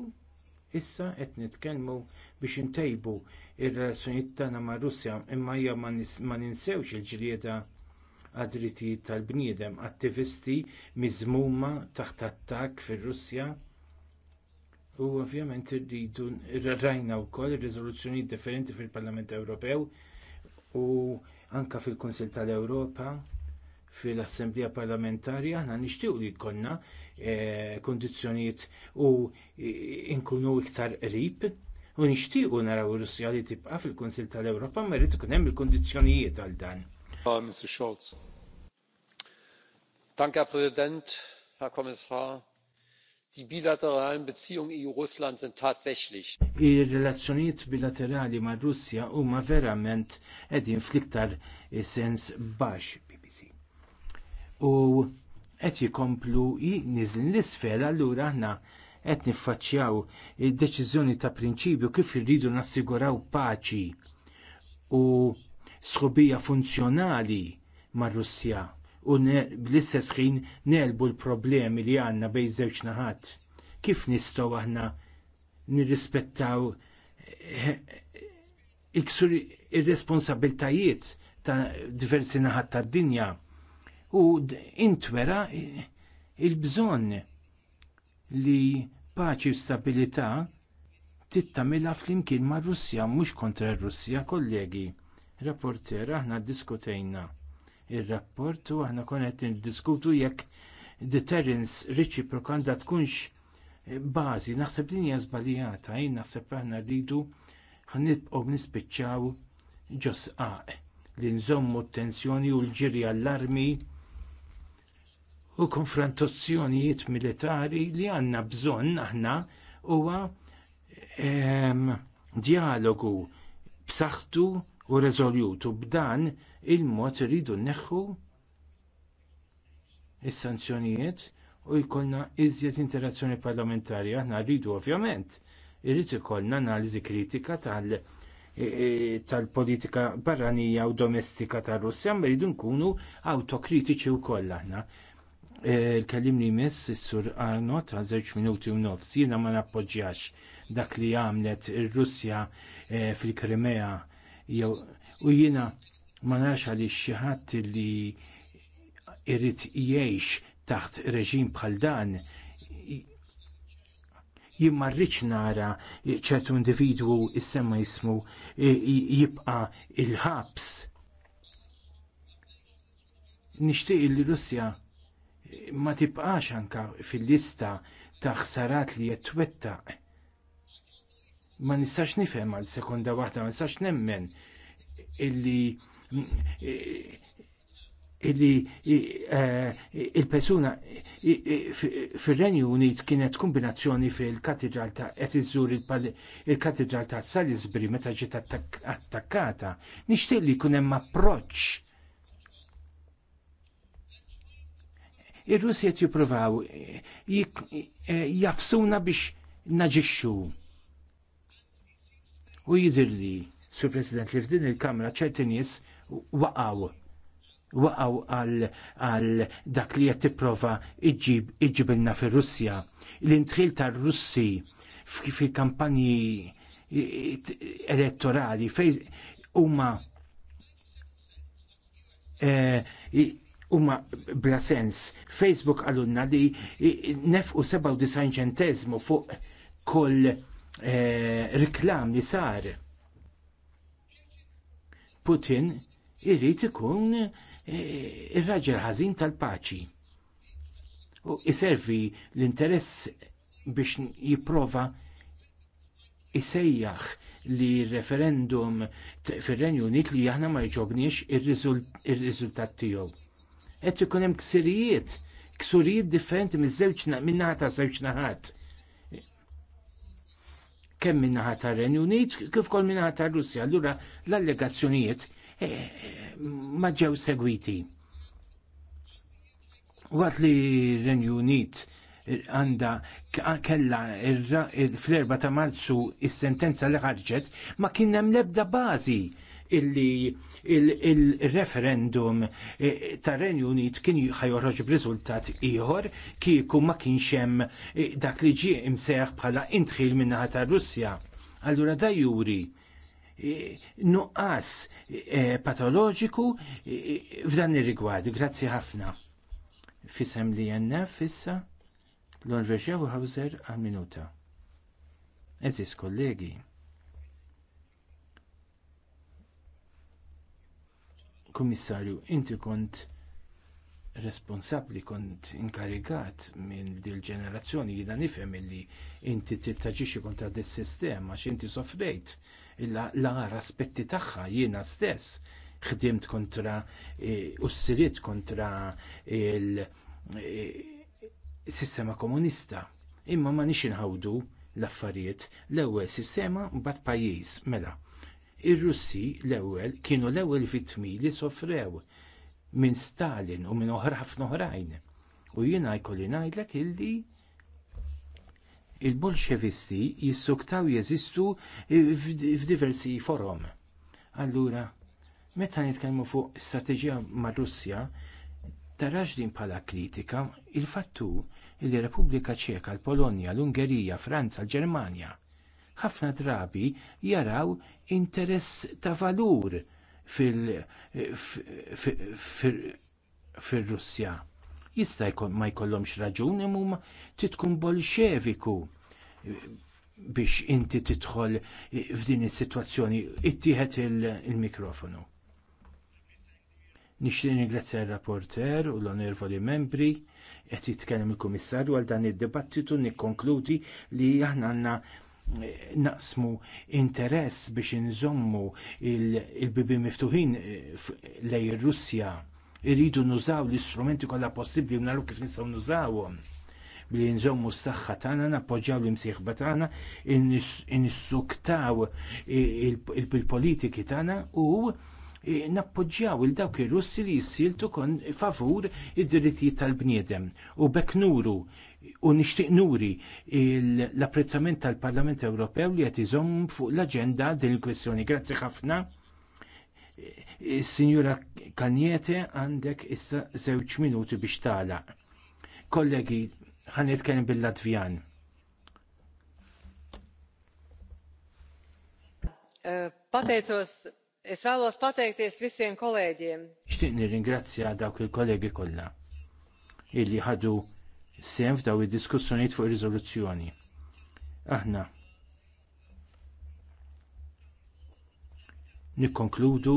issa qed nitkellmu biex intejbu r relazzjonijiet tagħna mar Russja imma hija ma ninsewx il-ġlieda għad-drittijiet tal-bniedem attivisti miżmuma taħt attakk fir-Russja u ovvjament irridu rajna wkoll ir-riżoluzzjonijiet differenti fil-Parlament Ewropew u anke fil konsil tal-Ewropa fil assemblija Parlamentari aħna nixtiequ li jkollna eh, kundizzjonijiet u eh, nkunu iktar qrib u nixtiequ naraw ir-Russja li tibqa' fil konsil tal-Ewropa ma rritu ikun hemm il-kundizzjonijiet għal dan. Ah, Mr. Scholz. Danke, Herr Präsident, Herr Kommissar, Die bilateralen Beziehungen EU-Russland sind tatsächlich. Ir-relazzjonijiet bilaterali ma' Russja huma verament qegħdin fl-iktar sens baxx BBC. U qed jikomplu jinizlin l-isfel allura aħna qed niffaċċjaw id-deċiżjoni ta' prinċipju kif irridu nassiguraw paċi u sħubija funzjonali mar-Russja u bl-istess ħin nelbu l-problemi li għandna bejn żewġ naħat. Kif nistgħu aħna nirrispettaw eh, iksur ir-responsabiltajiet ta' diversi naħat tad-dinja u intwera eh, il-bżonn li paċi u stabilità tittamilha flimkien mar-Russja mhux kontra r-Russja, kollegi. Rapporter aħna ddiskutejna ir-rapport u aħna kon qed niddiskutu jekk deterrence reciprocanda għandha tkunx eh, bażi naħseb din hija żbaljata jien naħseb aħna rridu ħanibqgħu nispiċċaw ġosqaq li nżommu t-tensjoni u l-ġiri għall-armi u konfrontazzjonijiet militari li għandna bżonn aħna huwa ehm, dialogu b'saħħtu u reżoljutu b'dan il-mod iridu nneħħu is-sanzjonijiet u jkollna iżjed interazzjoni parlamentari aħna rridu ovvjament irrid ikollna analiżi kritika tal- e, e, tal-politika barranija u domestika tar russja ma rridu nkunu awtokritiċi wkoll aħna. E, il-kellim li jmiss is-sur Arno ta' żewġ minuti u nofs jiena ma nappoġġjax dak li għamlet ir-Russja fil-Krimea jew u jiena ma narax għaliex xi ħadd li irrid jgħix taħt reġim bħal dan jien nara ċertu individwu issemma jismu e, jibqa il-ħabs. Nixtieq li Russja ma tibqax anka fil-lista ta' ħsarat li twettaq. Ma nistax nifhem għal sekonda waħda, ma nistax nemmen illi illi e, il-persuna fil-Renju Unit kienet kombinazzjoni fil-katedral ta' qed iżżur il-katedral ta' Salisbury meta ġiet attakkata, nixtieq li jkun hemm approċċ. Ir-Russi qed jippruvaw e, e, jafsuna biex naġixxu. U jidhirli, Sur President, li f'din il-Kamra ċerti nies waqgħu waqgħu għal dak li qed tipprova iġib iġibilna fir-Russja. L-intħil tar-Russi fil-kampanji elettorali fejn huma eh, huma bla sens. Facebook għalunna li nefqu 97 ċentezmu fuq kull eh, riklam li sar. Putin irrid ikun eh, ir-raġel ħażin tal-paċi. U iservi l-interess biex jipprova isejjaħ li referendum fir-Renju Unit li aħna ma jġobniex ir-riżultat tiegħu. Qed ikun hemm ksirijiet, ksurijiet differenti miż-żewġ minnaħa ta' żewġ naħat. Kemm min-naħa tar-Renju Unit kif ukoll minnaħa tar-Russja. Allura l-allegazzjonijiet Eh, ma ġew segwiti. Waqt li Renju Unit għanda kella fl-4 ta' marzu is-sentenza li ħarġet ma kien hemm l-ebda bażi illi il-referendum eh, tar renju Unit kien ħajorħoġ b'riżultat ieħor kieku ma kienx hemm eh, dak li ġie imseħħ bħala intħil min-naħa tar Russja. Allura da juri E, nuqqas e, patoloġiku e, f'dan ir-rigward. Grazzi ħafna. Fisem li jenna fissa l-Onreġew Hauser għal-minuta. Eżis kollegi. Kummissarju, inti kont responsabbli kont inkarigat minn dil ġenerazzjoni jina nifhem illi inti tittaġixxi kontra dis-sistema x'inti sofrejt l-għar aspetti tagħha jiena stess ħdimt kontra e, u s-siriet kontra il-sistema e, komunista. Imma ma nix inħawdu l-affarijiet l-ewwel sistema mbagħad pajjiż mela. Ir-Russi l-ewwel kienu l-ewwel vittmi li sofrew minn Stalin u minn oħra ħafna oħrajn. U jiena jkolli ngħidlek illi il-bolxevisti jissuktaw jeżistu f'diversi forom. Allura, meta nitkellmu fuq strateġija mar Russja, tarax din bħala kritika il-fattu li Repubblika Ċeka, l-Polonja, l-Ungerija, Franza, l-Ġermanja ħafna drabi jaraw interess ta' valur fil-Russja. Jista' ma jkollhomx raġun imum titkun bolxeviku biex inti tidħol f'din is-sitwazzjoni ittieħed il-mikrofonu. Nixtieq ningrazzja r-rapporter u l-onervoli membri qed jitkellem il-Kummissarju għal dan id-dibattitu nikkonkludi li aħna għandna eh, naqsmu interess biex inżommu il-bibi miftuħin eh, lejn ir-Russja irridu nużaw l-istrumenti kollha possibbli u naraw kif nistgħu nużawhom billi nżommu s-saxħa tagħna, nappoġġaw l-imsieħba tagħna, innissuktaw il-politiki tagħna u e, nappoġġjaw il dawk ir-Russi li jissiltu kon favur id-drittijiet tal-bniedem u bekk nuru u nixtieq nuri l-apprezzament tal-Parlament Ewropew li qed iżomm fuq l-aġenda din il-kwestjoni. Grazzi ħafna. E, Signora Kanjete għandek issa żewġ minuti biex tagħlaq. Kollegi, ħan nitkellem bil latvijan eh, Pateicos, es vēlos pateikties visiem kolēģiem. Xtieq nirringrazzja dawk il-kollegi kollha illi ħadu sem f'daw id-diskussjonijiet fuq ir-riżoluzzjoni. Aħna nikkonkludu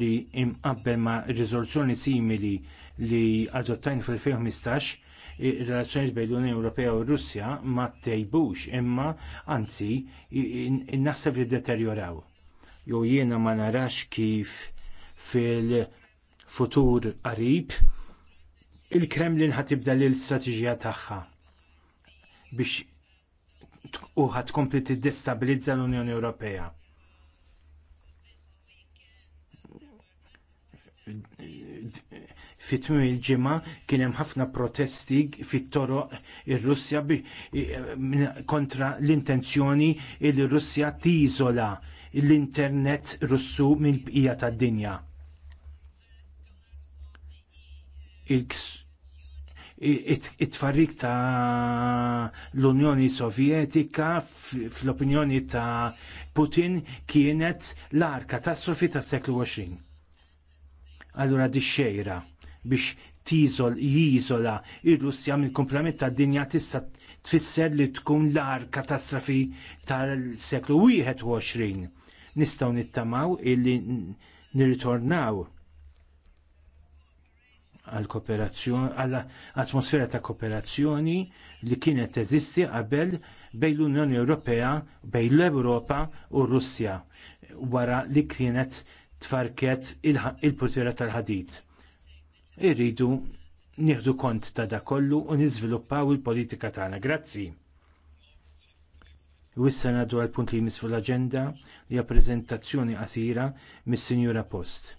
li imqabbel ma' riżoluzzjoni simili li adottajn fil-2015 ir-relazzjonijiet bejn l-Unjoni Ewropea u Russja ma tejbux imma anzi naħseb li deterjoraw. Jew jiena ma narax kif fil-futur qarib il-Kremlin tibda l-istrateġija tagħha biex u kompli tiddestabilizza l-Unjoni Ewropea fit il-ġimgħa kien hemm ħafna protesti fit-toroq ir-Russja kontra l-intenzjoni li russja tiżola l-internet Russu mill-bqija tad-dinja. It-tfarrik ta' l-Unjoni Sovjetika fl-opinjoni ta' Putin kienet l-ar katastrofi tas seklu 20. Allura di xejra biex tiżol jiżola ir-Russja mill kumplament tad-dinja tista' tfisser li tkun l-ar katastrofi tal-seklu 21. Nistgħu nittamaw illi nirritornaw għal kooperazzjoni għall atmosfera ta' kooperazzjoni li kienet teżisti qabel bejn l-Unjoni Ewropea, bejn l-Ewropa u r Russja wara li kienet tfarket il-putira tal-ħadid irridu nieħdu kont ta' dak kollu u niżviluppaw il-politika tagħna. Grazzi. Wissa ngħaddu għal punt li jmiss fuq l-aġenda li hija preżentazzjoni qasira mis-Sinjura Post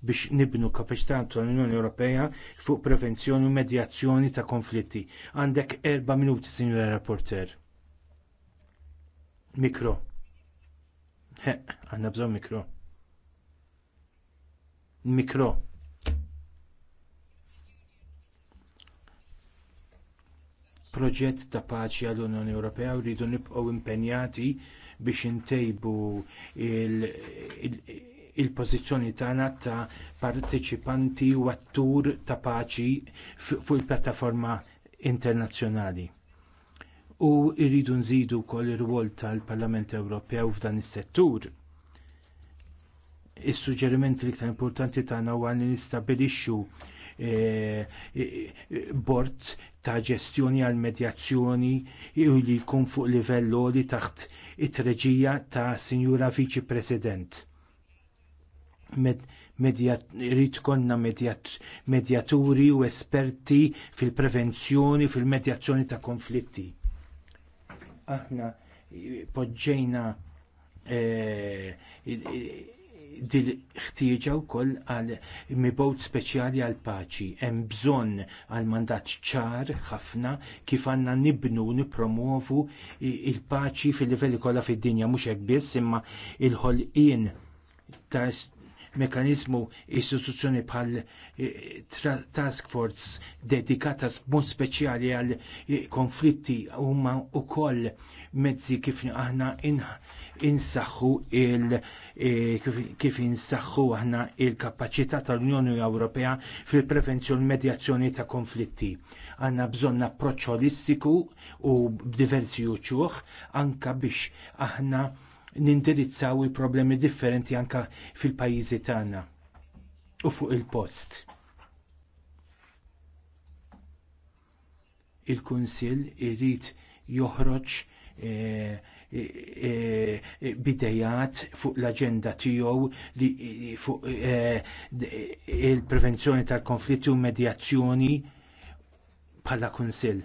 biex nibnu kapaċità tal-Unjoni Ewropea fuq prevenzjoni u medjazzjoni ta' konflitti. Għandek erba' minuti, Sinjura Rapporter. Mikro. He, għandna bżonn mikro. Mikro. proġett ta' paċi għall unjoni Ewropea u rridu nibqgħu impenjati biex intejbu il-pożizzjoni tagħna ta' partiċipanti u attur ta' paċi fuq il-pjattaforma internazzjonali. U rridu nżidu wkoll ir-rwol tal-Parlament Ewropew f'dan is-settur is-suġġerimenti l-iktar importanti tagħna huwa li nistabilixxu Eh, eh, bord ta' ġestjoni għal medjazzjoni u li jkun fuq livell li taħt it-reġija ta' Sinjura Viċi President. Rrid konna medjaturi u esperti fil-prevenzjoni, fil-medjazzjoni ta' konflitti. Aħna poġġejna eh, dil ħtieġa wkoll għal mibgħut speċjali għal paċi. Hemm bżonn għal mandat ċar ħafna kif għandna nibnu nippromovu l paċi fil livell kollha fid-dinja mhux hekk biss imma il-ħolqien ta' mekanizmu istituzzjoni bħal task force dedikata mod speċjali għal konflitti huma wkoll mezzi kif aħna insaħħu il- e, kif insaħħu aħna il-kapaċità tal-Unjoni Ewropea fil-prevenzjoni medjazzjoni ta' konflitti. Għandna bżonn approċċ holistiku u b'diversi uċuħ anke biex aħna nindirizzaw il-problemi differenti anke fil-pajjiżi tagħna u fuq il-post. Il-Kunsill irid joħroġ e, bidejat fuq l-agenda tiegħu li fuq eh, il-prevenzjoni tal-konflitti u medjazzjoni bħala kunsill.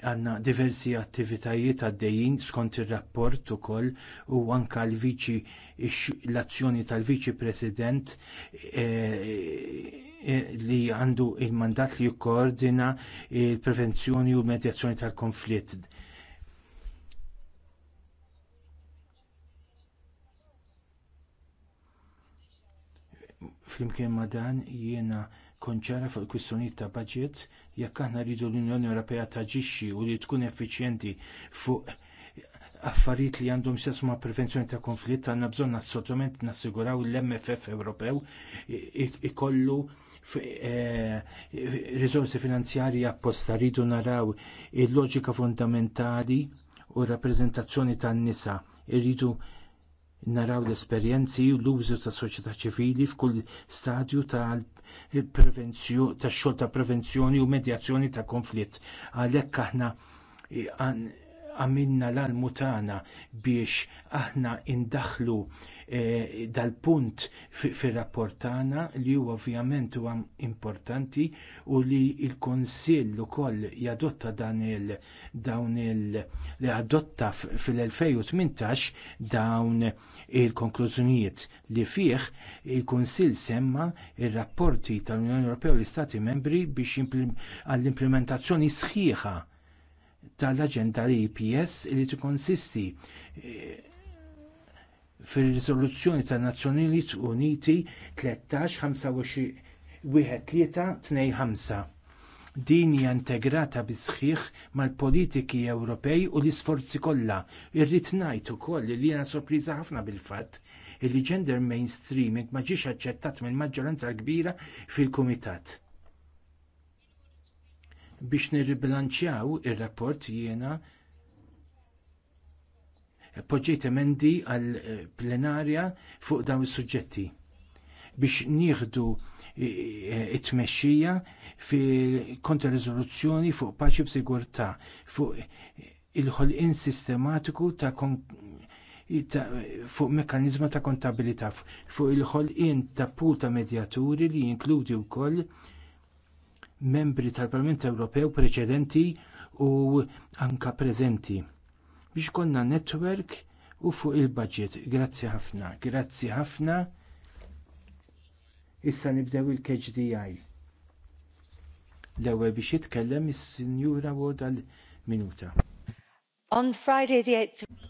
għanna diversi attivitajiet għaddejjin skont ir-rapport ukoll u anke l-viċi l-azzjoni tal-viċi president eh, Eh, li għandu l mandat li jikkoordina l prevenzjoni u l-medjazzjoni tal-konflitt. flimkien ma' dan jiena konċara fuq il-kwistjonijiet ta' budget jekk aħna rridu l-Unjoni Ewropea taġixxi u li tkun effiċjenti fuq affarijiet li għandhom sess ma' prevenzjoni ta' konflitt għandna bżonn assolutament nassiguraw l-MFF Ewropew ikollu Eh, risorsi finanzjarji apposta rridu naraw il-loġika fundamentali u r-rappreżentazzjoni tan-nisa Rridu naraw l-esperjenzi u l-użu ta' soċjetà ċivili f'kull stadju tax-xogħol ta' prevenzjoni u medjazzjoni ta' konflitt. Għalhekk aħna eh, għamilna l-almu tagħna biex aħna indaħħlu Eh, dal-punt fir-rapport tagħna li huwa ovvjament huwa importanti u li l-Kunsill ukoll jadotta dan il dawn il li adotta fil-2018 dawn il-konklużjonijiet li fih il-Kunsill semma r rapporti tal-Unjoni Ewropea u l-Istati Membri biex għall-implementazzjoni sħiħa tal-aġenda l-EPS li tikkonsisti eh, fir-riżoluzzjoni tan Nazzjonijiet Uniti 13-25 din hija integrata bi sħiħ mal-politiki Ewropej u l-isforzi kollha. Irrid ngħid ukoll li jiena sorpriża ħafna bil-fatt li gender mainstreaming ma ġiex aċċettat mill-maġġoranza kbira fil-kumitat. Biex nirribilanċjaw ir-rapport jiena poġġejt emendi għal eh, plenarja fuq dawn is-suġġetti biex nieħdu eh, eh, it-tmexxija kontra riżoluzzjoni fuq paċi b'sigurtà fuq il-ħolqien sistematiku ta' fuq mekkaniżmu ta' kontabilità fuq il-ħolqien ta' pool ta' medjaturi li jinkludi wkoll membri tal-Parlament Ewropew preċedenti u anke preżenti biex konna netwerk u fuq il-budget. Grazzi ħafna, grazzi ħafna. Issa nibdew il-KHDI. L-ewwel biex jitkellem is-Sinjura Woda minuta On Friday the 8th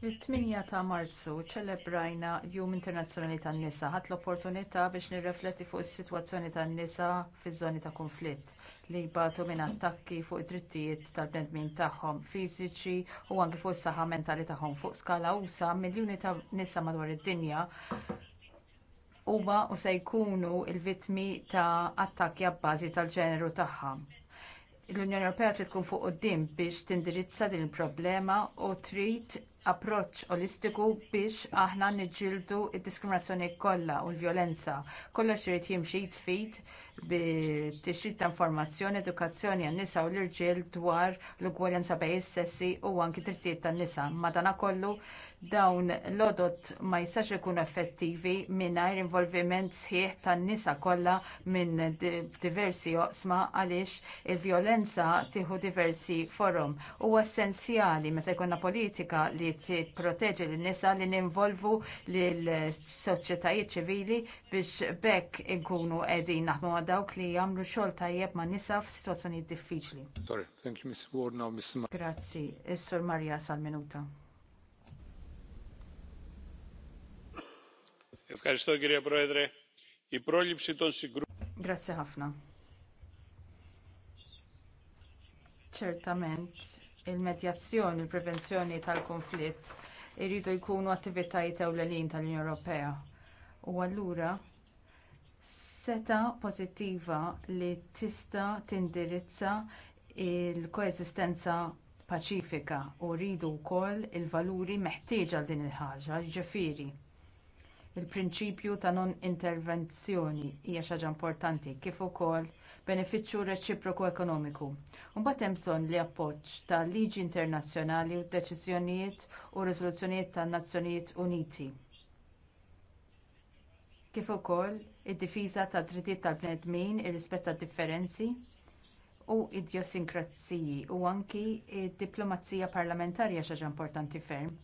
It-8 ta' Marzu ċelebrajna Jum Internazzjonali tan-Nisa ħadt l-opportunità biex nirrifletti fuq is-sitwazzjoni tan-nisa fiż-żoni ta' kunflitt li jbatu minn attakki fuq id-drittijiet tal-bnedmin tagħhom fiżiċi u anke fuq is-saħħa mentali tagħhom fuq skala usa miljuni ta' nisa madwar id-dinja huma u se jkunu l-vittmi ta' attakki abbażi tal-ġeneru tagħha l-Unjoni Ewropea trid tkun fuq quddiem biex tindirizza din il-problema u trid approċċ olistiku biex aħna niġġieldu d-diskriminazzjoni kollha u l-vjolenza. Kollox irid jimxi jitfid bit-tixrid ta' informazzjoni, edukazzjoni għan-nisa u l-irġiel dwar l-ugwaljanza bejn is-sessi u anki drittijiet tan-nisa. Madanakollu dawn l-odot ma jistax ikunu effettivi mingħajr involviment sħiħ tan-nisa kollha minn diversi oqsma għaliex il-vjolenza tieħu diversi forom. Huwa essenzjali meta jkollna politika li tipproteġi lin-nisa li ninvolvu l soċjetajiet ċivili biex bekk inkunu qegħdin naħdmu ma dawk li jagħmlu xogħol tajjeb man nisa f'sitwazzjonijiet diffiċli. Sorry, thank you, Miss Ward, now Miss Grazzi, is-Sur Marja sal-minuta. Grazzi ħafna. Ċertament, il-medjazzjoni, il-prevenzjoni tal-konflitt iridu jkunu attivitajiet ewlenin tal-Unjoni Ewropea. U allura seta pożittiva li tista tindirizza l koeżistenza paċifika u rridu wkoll il-valuri meħtieġa din il-ħaġa, ġifieri il-prinċipju ta' non intervenzjoni hija xi ħaġa importanti kif ukoll benefiċċju reċiproku ekonomiku. Imbagħad hemm bżonn li appoġġ tal liġi internazzjonali u deċiżjonijiet u riżoluzzjonijiet tan-Nazzjonijiet Uniti. Kif ukoll id-difiża tad drittijiet tal-bnedmin, ir-rispett tad-differenzi u idjosinkrazziji u anki d diplomazija parlamentarja xi ħaġa importanti ferm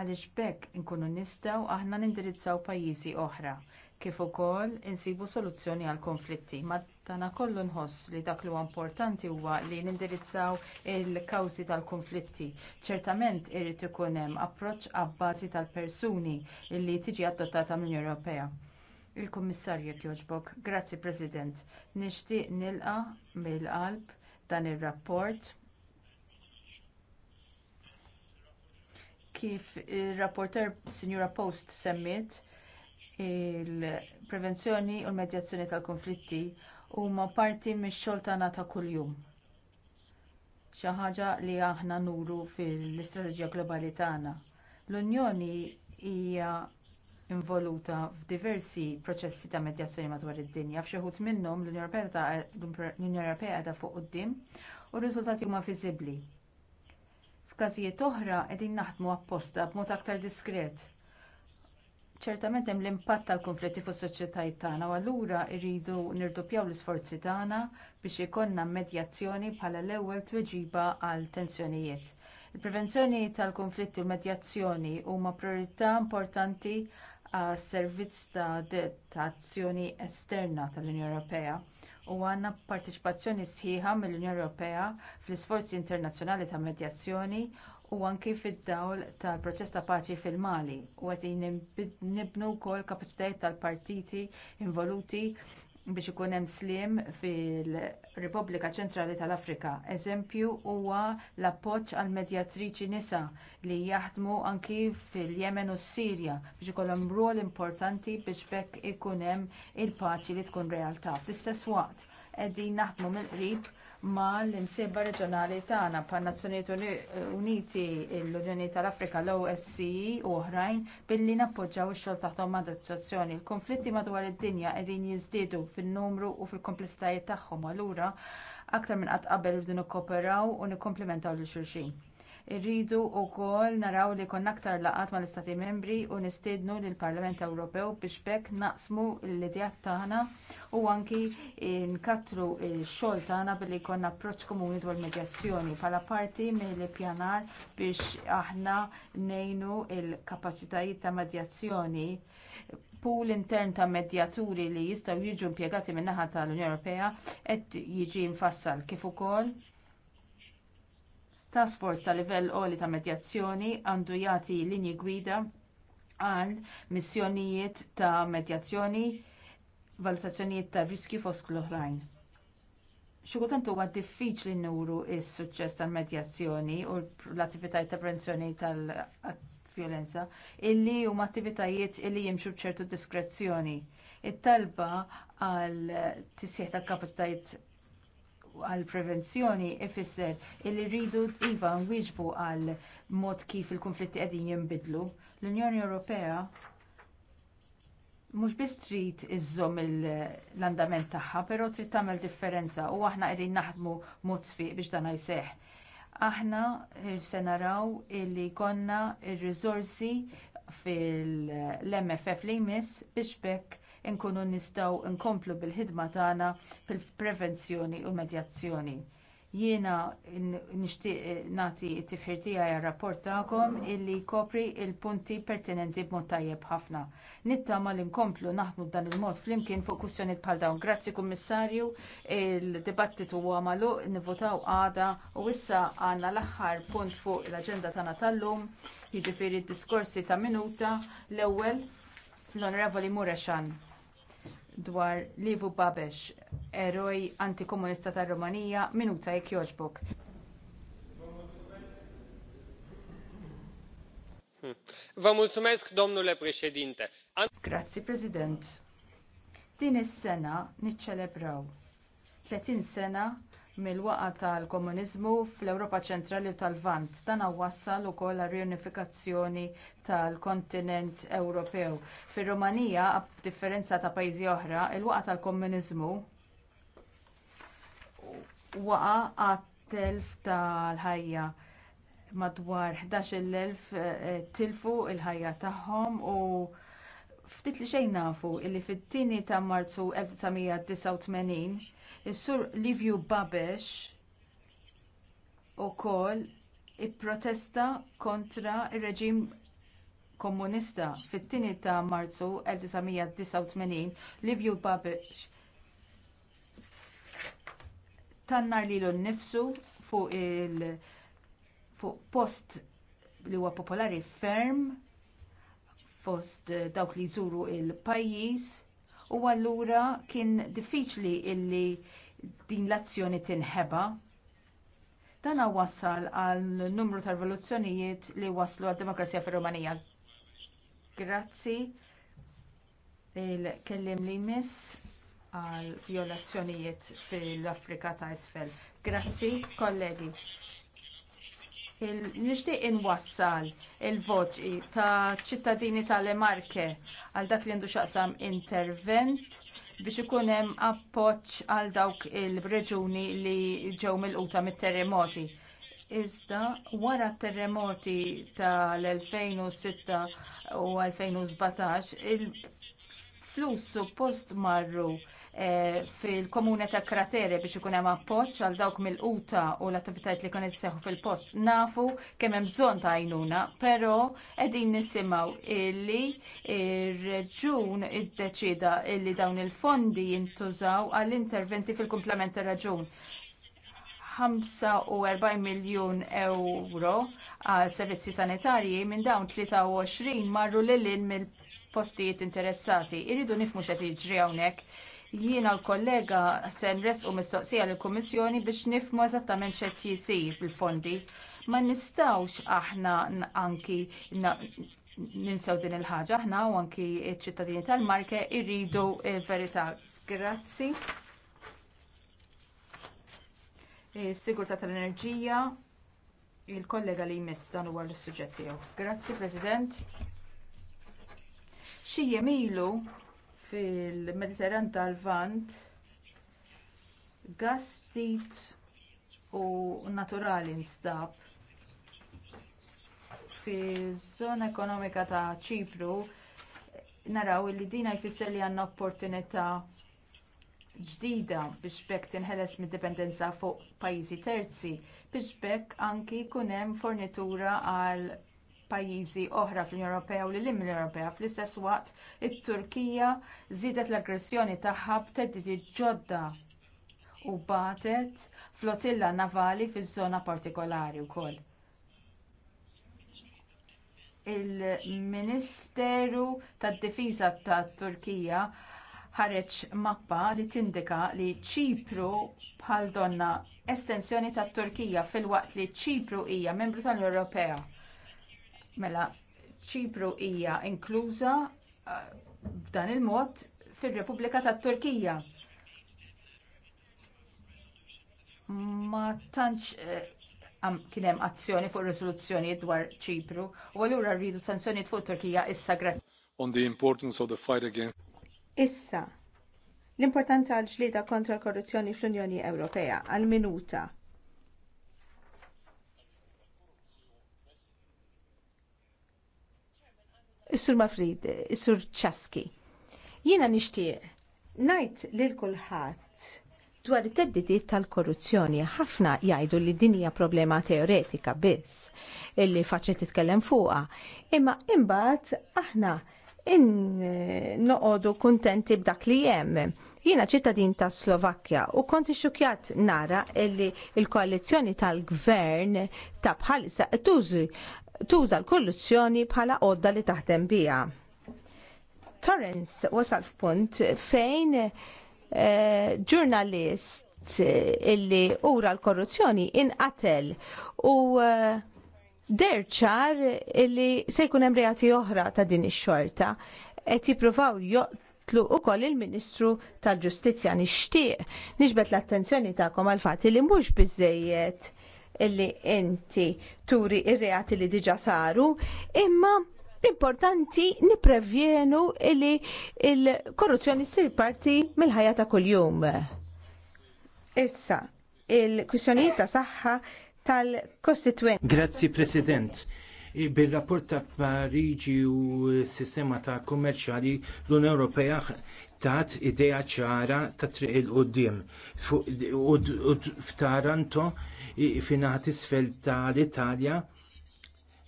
għaliex b'hekk inkunu nistgħu aħna nindirizzaw pajjiżi oħra kif ukoll insibu soluzzjoni għal konflitti. Madankollu nħoss li dak li huwa importanti huwa li nindirizzaw il-kawżi tal-konflitti. Ċertament irid ikun hemm approċċ abbażi tal-persuni li tiġi adottata mill-Unjoni Ewropea. Il-Kummissarju jogħġbok, grazzi President, nixtieq nilqa mill-qalb dan ir-rapport Kif ir-rapporter Sinjura Post semmiet, il-prevenzjoni u l-medjazzjoni tal-konflitti huma parti mix-xogħol tagħna ta' kuljum. Xi ħaġa li aħna nuru fil-istrateġija globali tagħna. L-Unjoni hija involuta f'diversi proċessi ta' medjazzjoni madwar id-dinja. F'xi wħud minnhom l-Unjoni Ewropea qiegħda fuq quddiem u r-riżultati huma viżibbli. F'każijiet oħra qegħdin naħdmu apposta b'mod aktar diskret. Ċertament hemm l-impatt tal-konflitti fuq soċjetajiet tagħna u allura rridu nirdoppjaw l-isforzi tagħna biex ikollna medjazzjoni bħala l-ewwel tweġiba għal tensjonijiet. Il-prevenzjoni tal-konflitti u l-medjazzjoni huma priorità importanti għas servizz ta' azzjoni esterna tal-Unjoni Ewropea u għandna parteċipazzjoni sħiħa mill-Unjoni Ewropea fl-isforzi internazzjonali ta' medjazzjoni u anki fid-dawl tal-proċess ta' paċi fil-Mali u qed nibnu wkoll kapaċitajiet tal-partiti involuti biex ikun hemm slim fil-Repubblika Ċentrali tal-Afrika. Eżempju huwa l-appoġġ għal medjatriċi nisa li jaħdmu anki fil-Yemen u s-Sirja biex ikollhom rwol importanti biex bekk ikun hemm il-paċi li tkun realtà. Fl-istess waqt qegħdin naħdmu mill-qrib Ma l-imsieba reġjonali tagħna pan Nazzjonijiet Uniti, l-Unjoni tal-Afrika, l-OSCE u oħrajn billi nappoġġaw ix-xogħol tagħhom mad-Administrazzjoni. Il-konflitti madwar id-dinja qegħdin jiżdiedu fin-numru u fil-komplessitajiet tagħhom allura aktar minn qatt qabel irridu nikkooperaw u nikkomplementaw lil xulxin. Irridu wkoll naraw li jkollna aktar laqat mal istati membri u nistiednu lill parlament Ewropew biex bekk naqsmu l idjat tagħna u anki nkattru x-xogħol tagħna billi jkollna approċċ komuni dwar medjazzjoni bħala parti mill-ippjanar biex aħna ngħinu l-kapaċitajiet ta' medjazzjoni pool intern ta' medjaturi li jistgħu jiġu impjegati min-naħa tal-Unjoni Ewropea qed jiġi mfassal kif ukoll Task Force ta' livell għoli ta' medjazzjoni għandu jagħti linji gwida għal missjonijiet ta' medjazzjoni, valutazzjonijiet ta' riski fost l-oħrajn. Xi kultant huwa diffiċli nuru s-suċċess tal-medjazzjoni u l-attivitajiet ta' prevenzjoni tal-vjolenza illi huma attivitajiet illi jimxu b'ċertu diskrezzjoni. It-talba għal tisjeħ tal-kapaċitajiet għal prevenzjoni ifisser li rridu iva nwieġbu għal mod kif il-konflitti qegħdin jinbidlu. L-Unjoni Ewropea mhux biss trid iżżomm l-andament tagħha, però trid tagħmel differenza u aħna qegħdin naħdmu mod sfiq biex dan jseħħ. Aħna se naraw illi jkollna r riżorsi fil-MFF li jmiss biex bekk nkunu nistgħu nkomplu bil-ħidma tagħna fil-prevenzjoni u medjazzjoni. Jiena nixtieq eh, nagħti t-tifħir tiegħi għar-rapport tagħkom illi jkopri l punti pertinenti b'mod tajjeb ħafna. Nittama li nkomplu naħdmu b'dan il-mod flimkien fuq kwistjonijiet bħal dawn. Grazzi Kummissarju, il-dibattitu huwa magħluq, nivvotaw għada u issa għandna l-aħħar punt fuq l-aġenda tagħna tal-lum jiġifieri d-diskorsi ta' minuta l-ewwel l-Onorevoli Mureshan dwar Livu Babesh, eroj antikomunista tar Rumanija, minuta jekk jogħġbok. Hm. Vă domnu domnule Presedinte. Grazzi, President. Din is-sena niċċelebraw 30 sena mill-waqa tal-komuniżmu fl-Ewropa ċentrali u tal-Lvant. Dan wassal ukoll għar riunifikazzjoni tal-kontinent Ewropew. Fir-Rumanija, differenza ta' pajjiżi oħra, il-waqa tal-komuniżmu waqa għat-telf tal-ħajja madwar 11,000 eh, tilfu l ħajja tagħhom u ftit li xejn nafu illi fit-tieni ta' Marzu 1989 is-sur Livju Babesh ukoll ipprotesta kontra r reġim komunista fit-tieni ta' Marzu 1989 Livju Babesh tannar lilu nnifsu fuq il fuq post li huwa popolari ferm fost eh, dawk li jżuru il-pajjiż u allura kien diffiċli illi din l-azzjoni tinħeba. Dan wassal għal numru ta' rivoluzzjonijiet li waslu għad-demokrazija fir-Rumanija. Grazzi il-kellim li jmiss għal violazzjonijiet fil-Afrika ta' isfel. Grazzi, kollegi. Nixtieq inwassal il-voċi ta' ċittadini tal-Emarke għal dak li għandu xaqsam intervent biex ikun hemm appoġġ għal dawk il-reġuni li ġew milquta mit-terremoti. Iżda wara t terremoti tal-2006 u 2017 il-flus suppost marru Eh, fil-komune ta' Kratere biex ikun hemm appoġġ għal dawk mill-quta u l-attivitajiet li kienet seħu fil-post. Nafu kemm hemm bżonn ta' għajnuna, però qegħdin nisimgħu illi ir-reġun iddeċida illi dawn il-fondi jintużaw għall-interventi fil-kumplament tar raġun. 45 miljun euro għal servizzi sanitarji minn dawn 23 marru lil mill postijiet interessati. Irridu nifmu xed jiġri hawnhekk Jiena l-kollega se nresqu mistoqsija lill kummissjoni biex nifhmu eżattament x'qed jisir bil-fondi. Ma nistawx aħna anki ninsaw din il-ħaġa, aħna u anki ċ-ċittadini tal-Marke irridu verità. Grazzi. Eh, Sigurta tal-enerġija, il-kollega li jmiss dan huwa l-suġġett tiegħu. Grazzi, President. Xie jemilu fil-Mediterran tal-Vant gas ġdid u naturali nstab fiż-żona ekonomika ta' ċipru naraw li din jfisser li għandna opportunità ġdida biex b'hekk tinħeles mid-dipendenza fuq pajjiżi terzi biex b'hekk anki jkun hemm fornitura għal pajjiżi oħra fl-Unjoni Ewropea u lill unjoni Ewropea fl-istess waqt it-Turkija żiedet l-aggressjoni tagħha b'teddidi ġodda u bagħtet flotilla navali fiż-żona partikolari wkoll. Il-Ministeru tad-Difiża tat-Turkija ħareġ mappa li tindika li ċipru bħal donna estensjoni tat Turkija filwaqt li ċipru hija membru tal-Ewropea. Mela, ċipru hija inkluża eh, b'dan il-mod fir-Repubblika tat-Turkija. Ma tantx eh, kien hemm azzjoni fuq ir-Riżoluzzjoni dwar ċipru u allura rridu sanzjonijiet fuq Turkija issa grazzi. On the importance of the fight against Issa, l-importanza għal ġlieda kontra l-korruzzjoni fl-Unjoni Ewropea għal minuta. Is-Sur Mafrid, Is-Sur Ċaski. Jiena nixtieq ngħid lil kulħadd dwar it-teddidiet tal-korruzzjoni ħafna jgħidu li din hija problema teoretika biss illi faċli titkellem fuqha. Imma imbagħad aħna in noqogħdu kuntenti b'dak li hemm. Jiena ċittadin ta' Slovakkja u konti xukjat nara illi il-koalizjoni tal-gvern ta' bħalissa tużi tuża l-korruzzjoni bħala qodda li taħdem biha. Torrens wasal f'punt fejn eh, ġurnalist eh, illi ura l-korruzzjoni inqatel u eh, derċar illi se jkun hemm reati oħra ta' din ix-xorta qed jippruvaw joqtlu wkoll il-Ministru tal-Ġustizzja nixtieq niġbet l-attenzjoni tagħkom għal fatt li mhux biżejjed illi inti turi ir-reati li diġa saru, imma l-importanti niprevjenu illi il-korruzzjoni ssir parti mill-ħajja ta' kuljum. Issa, il-kwistjonijiet ta' saħħa tal-kostituenti. Grazzi President. Bil-rapport ta' Pariġi u s-sistema ta' kummerċali l-Unjoni Ewropea tat idea ċara ta' triq il-qoddim. U f'Taranto finaħat isfel tal-Italja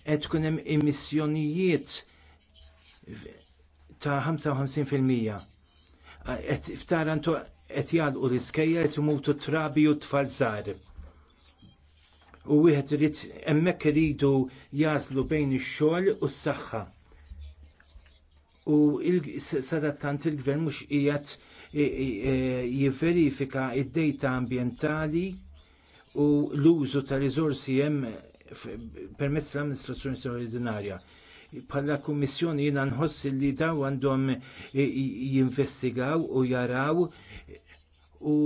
qed tkun hemm emissjonijiet ta' 55%. Qed ftarantu qed jgħalqu l-iskejja qed imutu trabi u tfal żgħar. U wieħed irid hemmhekk iridu jażlu bejn ix-xogħol u s-saħħa. U sadattant il-gvern mhux qiegħed e, jivverifika d dejta ambjentali u l-użu ta' rizorsi hemm permezz l-amministrazzjoni straordinarja. Bħala kummissjoni jiena nħossi li daw għandhom jinvestigaw u jaraw u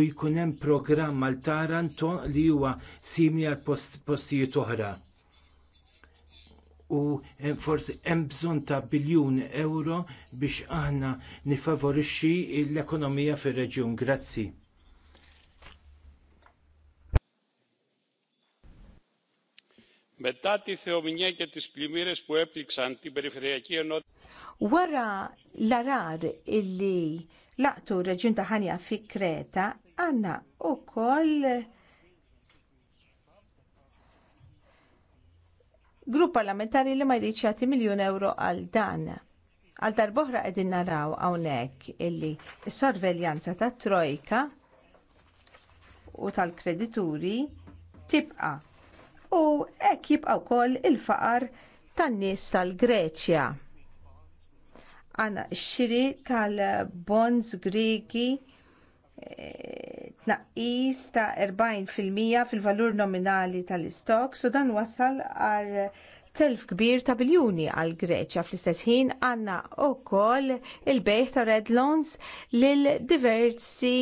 u jkun hemm programm għal li huwa simili għal postijiet oħra. U forsi hemm bżonn ta' biljun euro biex aħna nifavorixxi l-ekonomija fir-reġjun. Grazzi. Μετά τη θεομηνία και τις πλημμύρες που έπληξαν την περιφερειακή ενότητα. Wara l-arar illi laqtu reġjun ta' ħanja fi Kreta għanna u koll grupp parlamentari li ma jridx jagħti miljun euro għal dan. Għal darboħra qegħdin naraw hawnhekk illi s-sorveljanza tat trojka u tal-kredituri tibqa' u hekk jibqa' wkoll il-faqar tan-nies tal-Greċja. Għana xiri tal-bonds Greki eh, tnaqqis ta' 40% fil-valur nominali tal-istok, u dan wasal għal telf kbir ta' biljuni għal Greċja fl-istess ħin għandna wkoll il-bejħ ta' red loans lil diversi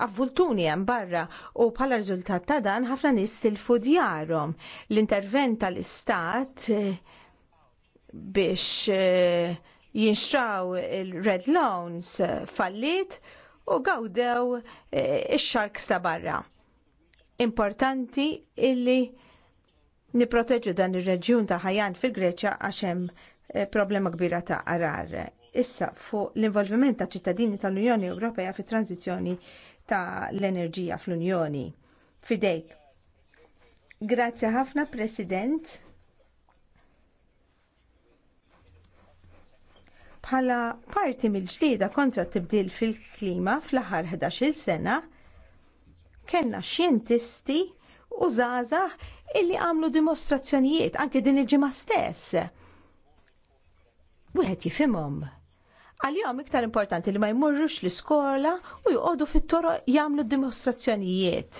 avvultuni hemm barra u bħala riżultat ta' dan ħafna nies silfu djarhom. L-intervent tal-istat eh, biex eh, jinxraw il-red loans eh, fallit u gawdew ix-sharks ta' barra. Importanti illi niproteġu dan ir-reġjun ta' ħajjan fil-Greċja għax hemm problema kbira ta' arar. Issa fuq l-involviment ta' ċittadini tal-Unjoni Ewropea fit-tranzizzjoni ta' l-enerġija fl-Unjoni. Fidejk. Grazzi ħafna, President. Bħala parti mill-ġlieda kontra t-tibdil fil-klima fl-aħħar 11-il sena, kellna xjentisti u żgħażagħ illi għamlu dimostrazzjonijiet anke din il-ġimgħa stess. Wieħed jifhimhom Għal-jom iktar importanti li ma jmurrux l-iskola u juqodu fit-toro jamlu dimostrazzjonijiet.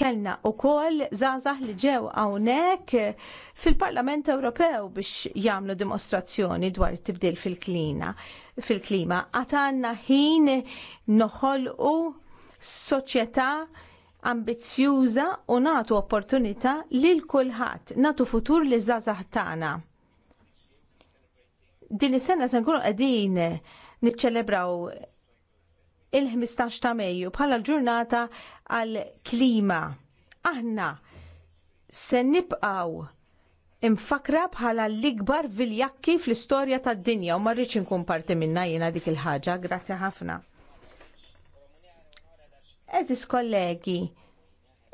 Kellna u koll zazah li ġew għawnek fil-Parlament Ewropew biex jamlu dimostrazzjoni dwar it-tibdil fil-klima. Fil-klima għatanna ħin noħolqu soċjetà ambizzjuża u natu opportunità lil kulħadd, natu futur li zazah tagħna. Din is-sena se nkunu qegħdin niċċelebraw il-15 ta' Mejju bħala l-ġurnata għall klima Aħna se nibqgħu imfakra bħala l-ikbar viljakki fl-istorja tad-dinja u ma rridx inkun parti minna jiena dik il-ħaġa, grazzi ħafna. Eżis kollegi,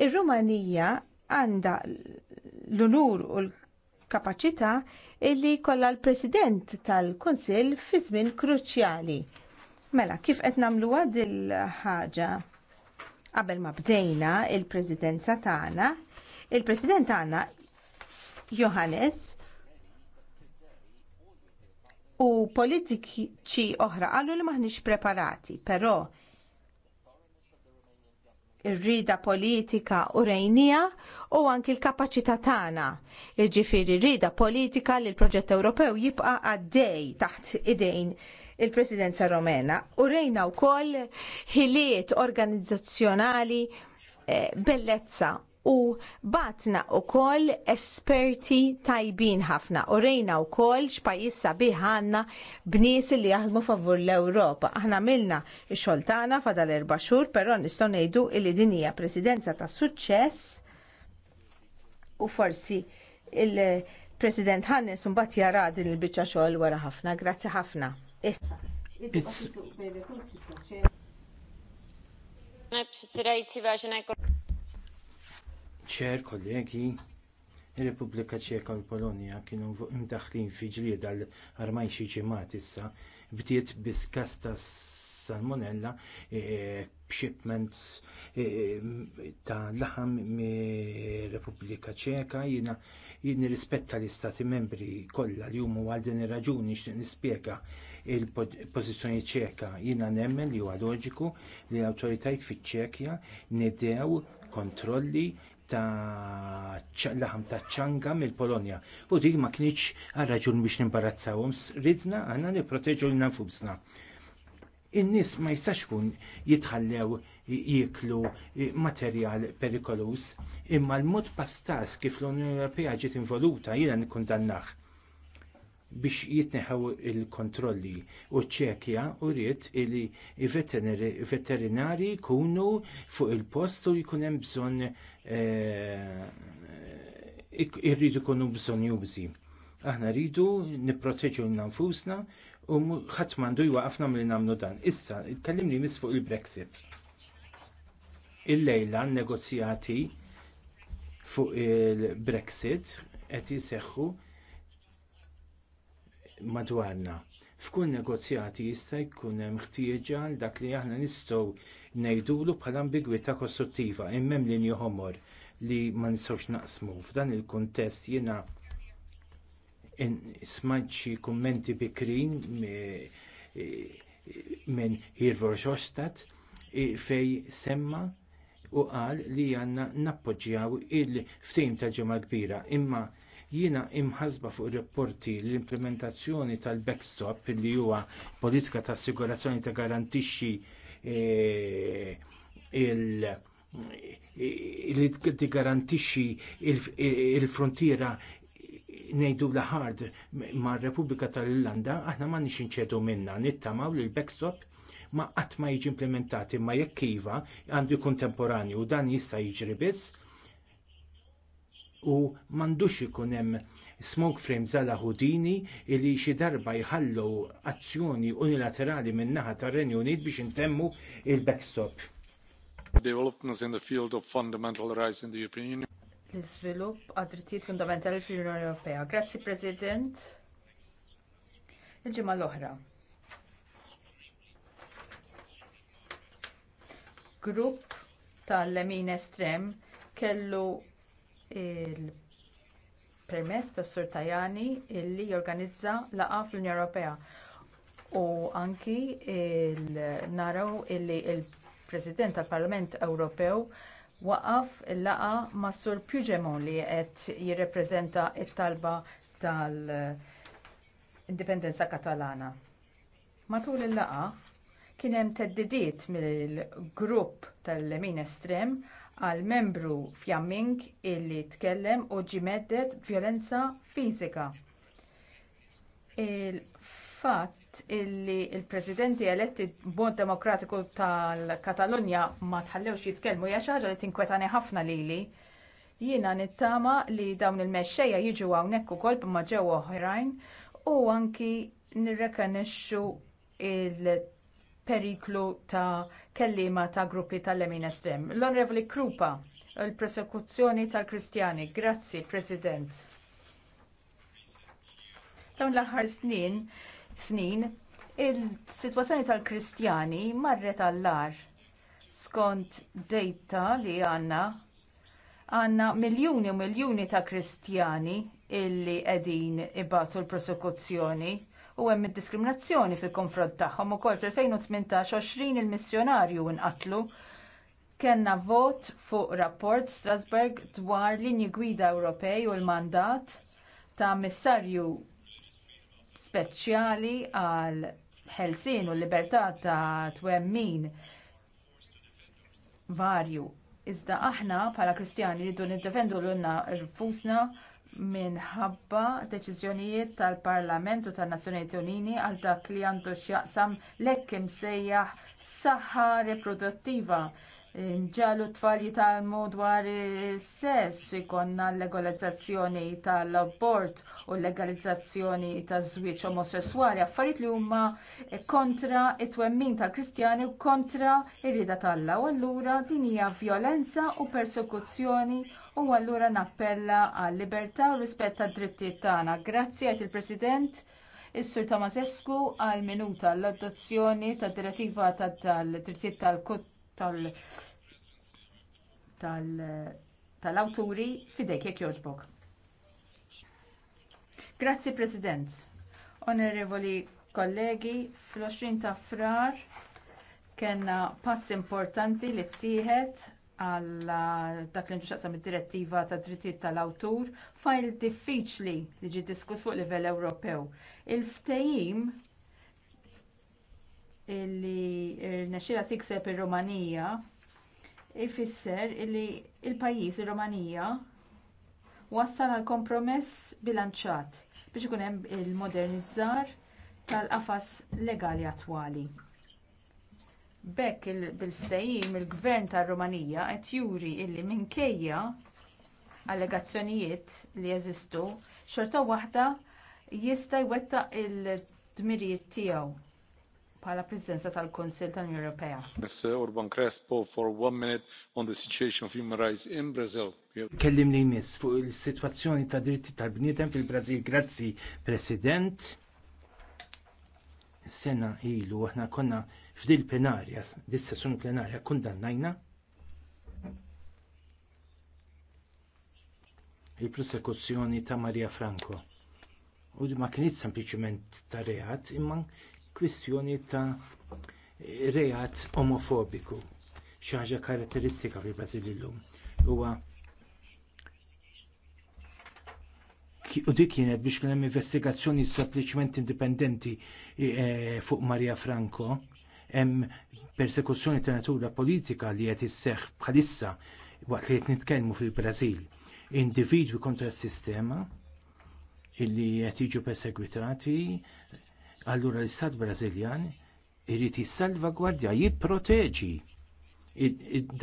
ir-Rumanija għandha l-unur u l kapaċità illi jkollha l-President tal-Kunsill fi żmien kruċjali. Mela, kif qed nagħmluha il ħaġa qabel ma bdejna l presidenza tagħna, il-President tagħna Johannes u politiċi oħra qalu li maħniex preparati, però ir-rida politika u rejnija u anki l-kapacità tagħna. Jiġifieri rida politika li l-proġett Ewropew jibqa' għaddej taħt idejn il-Presidenza Romena u rejna wkoll ħiliet organizzazzjonali eh, bellezza u batna u koll esperti tajbin ħafna u rejna u koll xpajis sabiħ għanna b'nies li jaħdmu favur l-Europa. Aħna milna xoltana fadal erba xur, pero nistgħu ngħidu li din hija presidenza ta' suċċess u forsi il-President Hannes mbagħad jara din il-biċċa xogħol wara ħafna. Grazzi ħafna. Issa ċer kollegi, ir-Repubblika Ċeka u l-Polonja kienu imdaħlin fi ġlieda l-armajn xi ġimgħat issa bdiet biskas ta' salmonella b'shipment e, e, e, ta' laħam mir-Repubblika Ċeka jiena jien nirrispetta l-istati membri kollha li huma għal din ir-raġuni xtieq nispjega il-pożizzjoni ċeka. Jiena nemmen li huwa loġiku li l-awtoritajiet fiċ-Ċekja nedew kontrolli ta' laħam ta' ċanga mill-Polonja. U dik ma kienx għal raġun biex nimbarazzawhom, ridna għandna nipproteġu lil nfusna. In-nies ma jistax kun jitħallew jieklu materjal perikolus, imma l-mod pastas kif l-Unjoni Ewropea ġiet involuta jiena nikkundannaħ biex jitneħaw il-kontrolli u ċekja u rrit il-veterinari jkunu fuq il-post u jkun hemm bżonn eh, irridu jkunu bżonn jużi. Aħna rridu nipproteġu nfusna u ħadd m'għandu jwaqafna mill nagħmlu dan. Issa, kallimni miss fuq il-Brexit. Il-lejla n negozjati fuq il-Brexit qed jiseħħu madwarna. F'kull negozjati jista' jkun hemm ħtieġa għal dak li aħna nistgħu ngħidulu bħala ambigwità kostruttiva imma hemm ħomor li ma nistgħux naqsmu. F'dan il-kuntest jiena smajt xi kummenti bikrin minn Hirvor Xostat fejn semma u qal li għandna nappoġġjaw il-ftim ta' ġimgħa kbira imma Jiena imħasba fuq rapporti l-implementazzjoni tal-backstop li huwa politika ta' assigurazzjoni ta' garantixxi e, il- e, li tigarantixxi il-frontiera ngħidu la ħard mar-Repubblika tal-Irlanda, aħna ma nix inċedu minna, nittamaw li l-backstop ma qatt ma jiġi ma' jekkiva jekk iva għandu kontemporanju, u dan jista' jiġri biss u m'għandux ikun hemm smoke frames għala Houdini li xi darba jħallu azzjoni unilaterali min-naħa tar-Renju Unit biex intemmu l backstop Developments in the field of fundamental rights in the European Union. L-iżvilupp għad-drittijiet fundamentali fl-Unjoni Ewropea. Grazzi President. Il-ġimgħa l-oħra. Grupp tal-lemin estrem kellu il-permess tas Sur Tajani illi jorganizza laqgħa fl-Unjoni Ewropea. U anki il naraw illi il-President tal-Parlament Ewropew waqaf il-laqa mas Sur Puigdemont li qed jirrepreżenta t talba tal-indipendenza Katalana. Matul il laqgħa kien hemm theddidiet mill-grupp tal-lemin estrem għal membru fjamming illi tkellem u ġie medded vjolenza fiżika. Il-fatt illi l presidenti eletti b'mod demokratiku tal-Katalunja ma tħallewx jitkellmu hija xi ħaġa li tinkwetani ħafna lili. Jiena nittama li dawn il-mexxejja jiġu hawnhekk ukoll b'ma ġew oħrajn u anki nirrekanexxu il periklu ta' kelliema ta' gruppi tal-lemin estrem. l onrevoli Krupa, il-prosekuzzjoni tal-Kristjani. Grazzi, President. Dawn l-aħħar snin, snin, il-sitwazzjoni tal-Kristjani marret għall-ar. Skont dejta li għandna, għanna miljuni u miljuni ta' Kristjani illi qegħdin ibatu l-prosekuzzjoni u hemm id-diskriminazzjoni fil-konfront tagħhom ukoll fil-2018 20 il-missjonarju nqatlu kellna vot fuq rapport Strasburg dwar linji gwida Ewropej u l-mandat ta' missarju speċjali għal ħelsien u l-libertà ta' twemmin varju. Iżda aħna bħala Kristjani rridu niddefendu l-unna rfusna minħabba deċiżjonijiet tal-Parlament u tan-Nazzjonijiet Unini għal dak li għandu x'jaqsam lekk imsejjaħ saħħa riproduttiva. Nġalu tfal jitalmu dwar is-sess ikonna l-legalizzazzjoni tal-abort u l-legalizzazzjoni tal żwieġ omosesswali, affarijiet li huma kontra t twemmin tal-Kristjani u kontra ir rieda tal-Alla. U allura din hija vjolenza u persekuzzjoni u allura nappella għal libertà u rispett tad drittijiet tagħna. Grazzi għajt il-President Is-Sur Tamasescu għal minuta l-adozzjoni tad direttiva tal-drittijiet tal-awturi kut tal fidejk jekk jogħġbok. Grazzi President. Onorevoli kollegi, fl-20 ta' frar kena pass importanti li ttieħed għal uh, dak li nxaqsam id-direttiva ta' drittijiet tal-awtur fajl diffiċli li ġi diskuss fuq livell Ewropew. il li illi eh, nexxira tikseb ir-Romanija ifisser illi il-pajjiż ir-Romanija wassal għal kompromess bilanċat biex ikun hemm il-modernizzar tal-qafas legali attwali. B'hekk bil-ftehim il-Gvern tar-Rumanija qed juri illi minkejja allegazzjonijiet li jeżistu xorta waħda jista' jwettaq l dmirijiet tiegħu bħala Presidenza tal-Kunsill tal-Unjoni Ewropea. Mr. Urban Crespo for one minute on the situation of human rights in Brazil. Kellimni jmiss fuq il-sitwazzjoni ta' dritti tal-bniedem fil-Brażil. Grazzi, President. Sena ilu aħna konna f'dil plenarja, dis sessjoni plenarja kundannajna il-prosekuzzjoni ta' Marija Franco. U ma kienx sempliċement ta' reat, imma kwistjoni ta' reat omofobiku. Xi ħaġa karatteristika fil-Brażil illum. Huwa u dik kienet biex kien hemm investigazzjoni sempliċement indipendenti eh, fuq Marija Franco hemm persekuzzjoni ta' natura politika li qed isseħħ bħalissa waqt li qed nitkellmu fil-Brażil. Individwi kontra s-sistema illi qed jiġu persegwitati, allura l-Istat Brażiljan irid jissalvagwardja, jipproteġi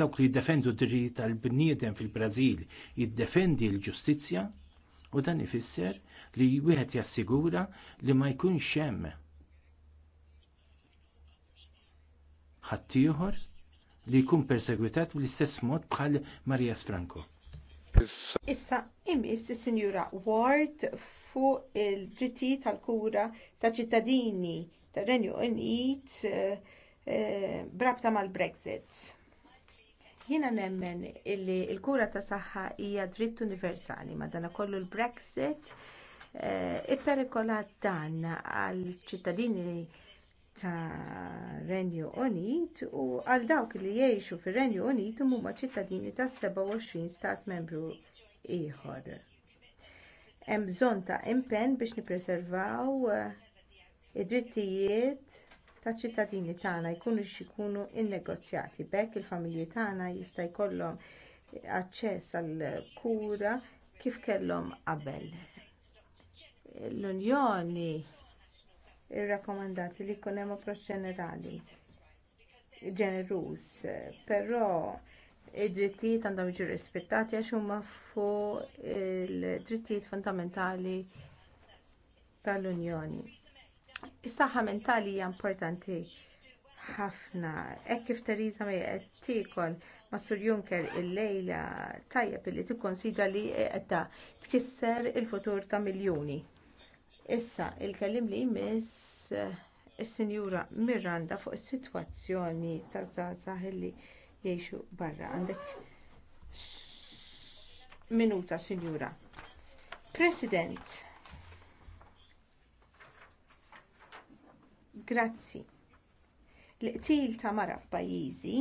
dawk li jiddefendu d-dirijiet tal-bniedem fil-Brażil, jiddefendi l-ġustizzja u dan ifisser li wieħed jassigura li ma jkunx hemm ħaddieħor li jkun persegwitat bl-istess mod bħal Marias Franco. Issa imis is-Sinjura Ward fuq il-dritti tal-kura ta' ċittadini tar Renju Unit eh, eh, brabta mal-Brexit. Jiena nemmen illi l kura ta' saħħa hija dritt universali, kollu l-Brexit eh, ipperikolat dan għal ċittadini ta' Renju Unit u għal dawk li jgħixu fir renju Unit huma ċittadini ta' 27 stat membru ieħor. Hemm bżonn ta' impenn biex nippreservaw eh, id-drittijiet taċ ċittadini tagħna jkunu xikunu innegozjati b'hekk il-familji tagħna jista' jkollhom aċċess għall kura kif kellhom qabel. L-Unjoni irrakkomandati li jkun hemm approċċ ġenerali ġeneruż, però id-drittijiet għandhom jiġu rispettati għax huma fuq il-drittijiet fundamentali tal-Unjoni. Is-saħħa mentali hija importanti ħafna. Hekk kif Theresa May qed tikol ma' Sur Juncker illejla tajjeb li tikkonsidra li qiegħda tkisser il-futur ta' miljuni. Issa, il-kellim li jmiss eh, is-Sinjura Miranda fuq is-sitwazzjoni taż-żgħażagħ li jgħixu barra. Għandek minuta, Sinjura. President. Grazzi. L-qtil ta' mara f'pajjiżi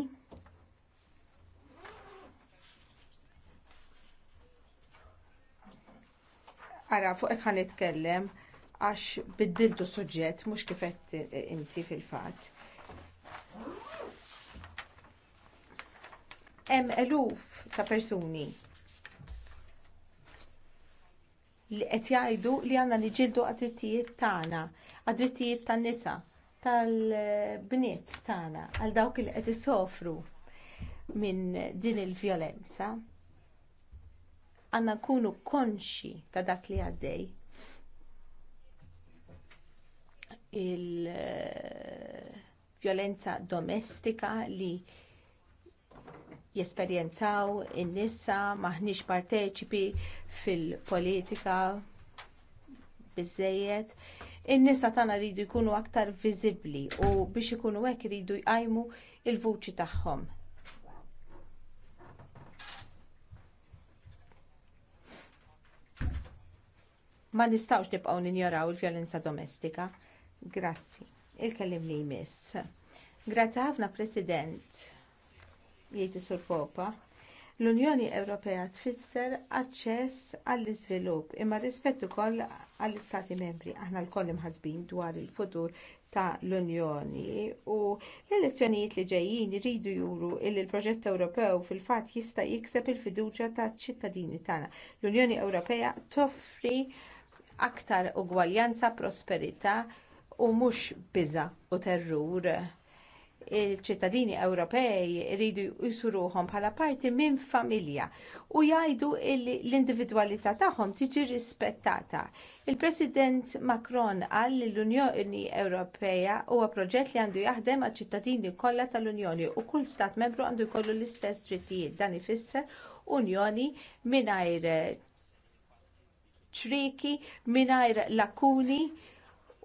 Ara, fuq ekħan nitkellem, għax biddiltu suġġett mhux kif qed inti fil-fatt. Hemm eluf ta' persuni li qed jgħidu li għandna niġildu għad-drittijiet tagħna, għad-drittijiet tan-nisa, tal-bniet tagħna, għal dawk li qed isofru minn din il-vjolenza. Għandna nkunu konxi ta' dak li għaddej il-vjolenza domestika li jesperjenzaw in-nisa maħniex parteċipi fil-politika biżżejjed. In-nisa tagħna jridu jkunu aktar viżibbli u biex ikunu hekk iridu jqajmu l vuċi tagħhom. Ma nibqgħu ninjoraw il-vjolenza domestika. Grazzi. Il-kellim li jmiss. Grazzi ħafna President jgħid sur Popa. L-Unjoni Ewropea tfisser aċċess għall-iżvilupp imma rispett ukoll għall-Istati Membri. Aħna lkoll imħassbin dwar il-futur ta' l-Unjoni u l-elezzjonijiet li ġejjin ridu juru li l-proġett Ewropew fil-fatt jista' jikseb il-fiduċja taċ-ċittadini tagħna. L-Unjoni Ewropea toffri aktar ugwaljanza, prosperità, u mhux biża u terrur. Il-ċittadini Ewropej iridu jsuruhom bħala parti minn familja u jgħidu li l-individwalità tagħhom tiġi rispettata. Il-President Macron qal li l-Unjoni Ewropea huwa proġett li għandu jaħdem għal ċittadini kollha tal-Unjoni u kull stat membru għandu jkollu l-istess drittijiet dan ifisser Unjoni mingħajr ċriki, mingħajr lakuni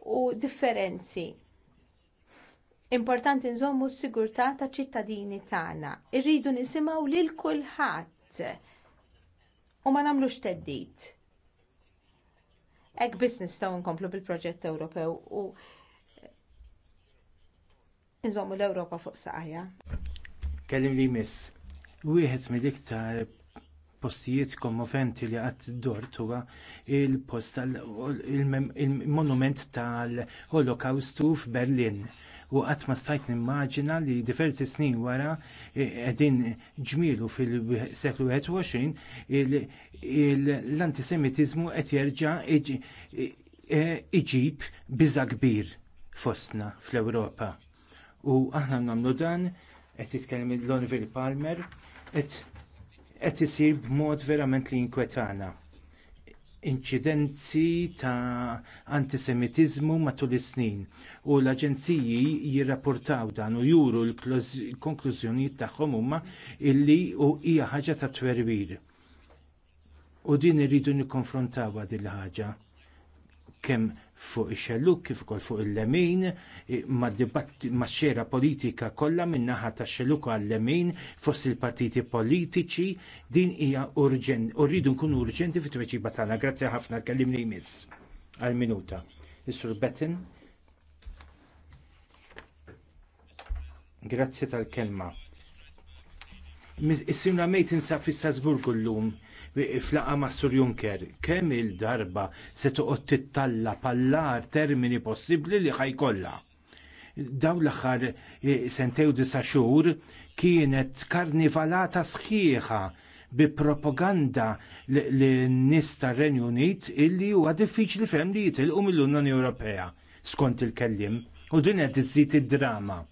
u differenzi. Importanti nżommu s-sigurtà taċ ċittadini tagħna. Irridu nisimgħu lil kulħadd u ma nagħmlux teddit. Hekk biss nistgħu nkomplu bil-proġett Ewropew u nżommu l-Ewropa fuq saqajja. Kellim li miss, wieħed mill-iktar postijiet kommoventi li għat dort huwa il-post il-monument tal-Holokaustu f'Berlin. U qatt ma stajt nimmaġina li diversi snin wara qegħdin ġmielu fil-seklu 21 l-antisemitiżmu qed jerġa' e, iġib biża' kbir fostna fl-Ewropa. U aħna nagħmlu dan qed jitkellem l-Lonville Palmer qed isir b'mod verament li jinkwetana. Inċidenzi ta' antisemitiżmu matul is-snin u l-aġenziji jirrapportaw dan u juru l-konklużjonijiet tagħhom huma illi hija ħaġa ta' twerwir. U din irridu nikkonfrontawha din il ħaġa kemm fuq ix-xelluk kif ukoll fuq il-lemin ma' xera politika kollha min-naħa tax-xelluk għall-lemin fost il-partiti politiċi din hija urġenti u rridu nkunu urġenti fit-tweġiba tagħna. Grazzi ħafna kellimni jmiss għal-minuta. Is-Sur Betten. Grazzi tal-kelma. Is-Sinra sa' insab fi l llum flaqa ma' Sur Juncker, kemm il-darba se toqgħod tittalla pallar termini possibbli li ħajkollha. Daw l-aħħar e, sentew disa xhur kienet karnivalata sħiħa bi propaganda li n-nies tar-Renju Unit illi huwa diffiċli fem li jitilqu mill-Unjoni Ewropea skont il-kellim u din qed iżid id-drama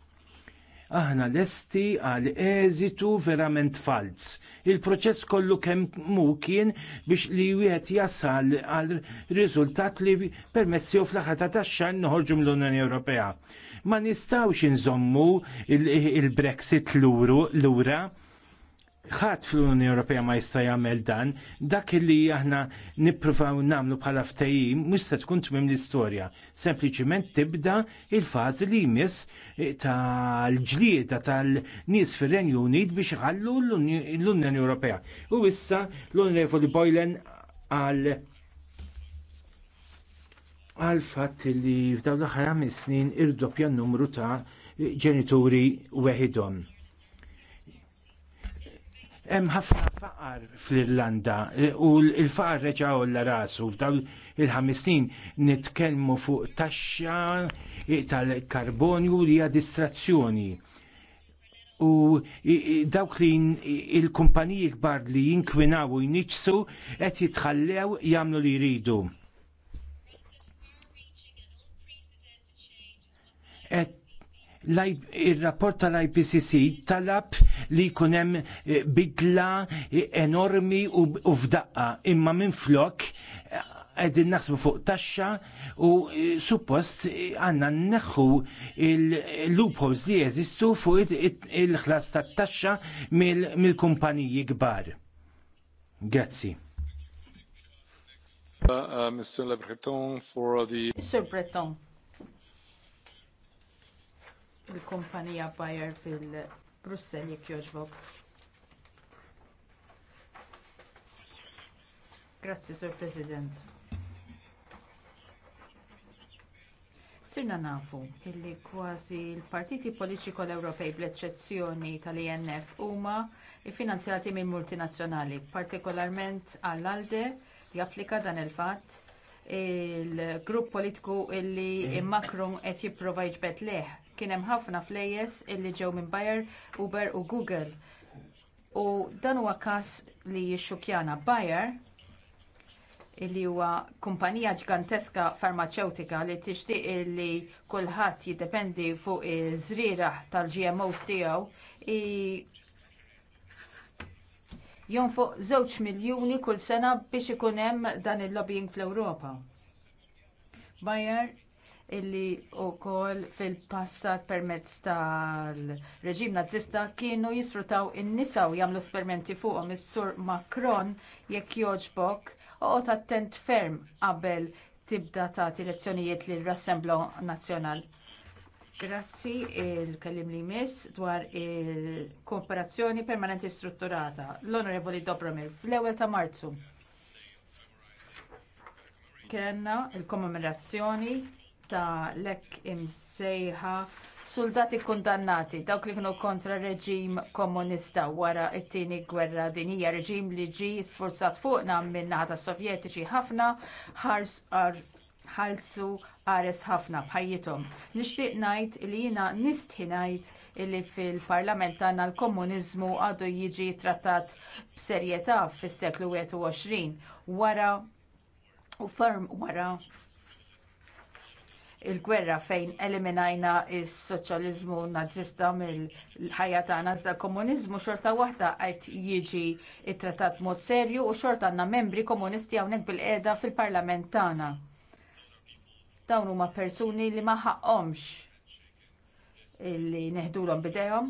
aħna lesti għal eżitu verament falz. Il-proċess kollu kemm mu kien biex li wieħed jasal għal riżultat li permessiju fl-aħħar ta' taxxa noħorġu mill-Unjoni Ewropea. Ma nistawx inżommu il-Brexit lura ħadd fl-Unjoni Ewropea ma jista' jagħmel dan, dak li aħna nippruvaw nagħmlu bħala ftehim mhux se tkun tmiem l-istorja. Sempliċiment tibda il-fażi li jmiss tal-ġlieda tal-nies fir-Renju Unit biex iħallu l-Unjoni Ewropea. U issa l-Onorevoli Boylan għal għal fatt li f'dawn l-aħħar snin irdoppja n-numru ta' ġenituri weħidhom hemm ħafna faqar fl-Irlanda e, u l-faqar reġa' l rasu f'dawn il-ħames snin nitkellmu fuq taxxa e, tal-karbonju li hija distrazzjoni. U e, dawk li il-kumpaniji kbar li jinkwinaw u jniċsu qed jitħallew jagħmlu li jridu. Et il-rapport tal-IPCC talab li kunem eh, bidla eh, enormi u f'daqqa imma minn flok eh, għedin naħsbu fuq taxxa u suppost għanna neħu il-loopholes li jeżistu fuq il-ħlas tat taxxa mill-kumpaniji kbar. Grazzi. Uh, uh, Mr. Le Breton for the... Mr. Breton il-kumpanija Bayer fil-Brussell jekk jogħġbok. Grazzi, Sur President. Sirna nafu illi kważi l-partiti politiċi l Ewropej bl-eċċezzjoni tal-INF huma finanzjati minn multinazzjonali, partikolarment għall-ALDE japplika dan il-fatt il-grupp politiku illi eh. Macron qed jipprova jiġbed leħ kien hemm ħafna flejjes illi ġew minn Bayer, Uber u Google. U dan huwa każ li jixxukjana Bayer illi huwa kumpanija ġiganteska farmaceutika li tixtieq li kulħadd jiddependi fuq iż-żrieraħ tal-GMOs tiegħu jonfoq żewġ miljuni kull sena biex ikun hemm dan il-lobbying fl-Ewropa. Bayer illi wkoll fil-passat permezz tal-reġim nazista kienu jisfrutaw in-nisa u jagħmlu sperimenti fuqhom is-sur Macron jekk jogħġbok oqgħod attent ferm qabel tibda tagħti lezzjonijiet lill rassemblo Nazzjonal. Grazzi il-kellim li miss dwar il-kooperazzjoni permanenti strutturata. L-Onorevoli Dobromir, fl-ewwel ta' Marzu kellna l kommemorazzjoni ta' lek imsejħa soldati kundannati dawk li kienu kontra reġim komunista wara t-tieni gwerra dinija reġim li ġie sforzat fuqna min-naħa tas sovjetiċi ħafna ħalsu qares ħafna bħajjithom. Nixtieq ngħid li jiena nistħi ngħid li fil-Parlament tagħna l-komuniżmu għadu jiġi trattat b'serjetà fis-seklu 21 wara u ferm wara il-gwerra fejn eliminajna s soċjaliżmu nazzista mill-ħajja tagħna iżda l-komuniżmu xorta waħda qed jiġi trattat mod serju u xorta għandna membri komunisti hawnhekk bil-qiegħda fil-Parlament tagħna. Dawn huma persuni li ma ħaqhomx li neħdulhom bidejhom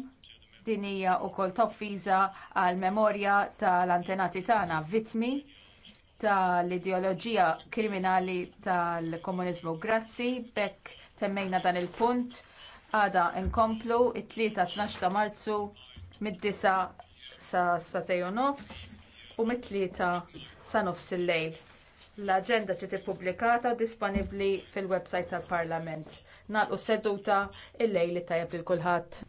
din hija wkoll toffiża għall memorja tal-antenati tagħna vittmi tal-ideoloġija kriminali tal-komuniżmu. Grazzi, bekk temmejna dan il-punt. Għada nkomplu it tlieta 12 ta' Marzu mid disa sa satejn nofs u mit tlieta sa nofs il-lejl. L-aġenda ġiet ippubblikata disponibbli fil-website tal-Parlament. s seduta il-lejl tajjeb lil kulħadd.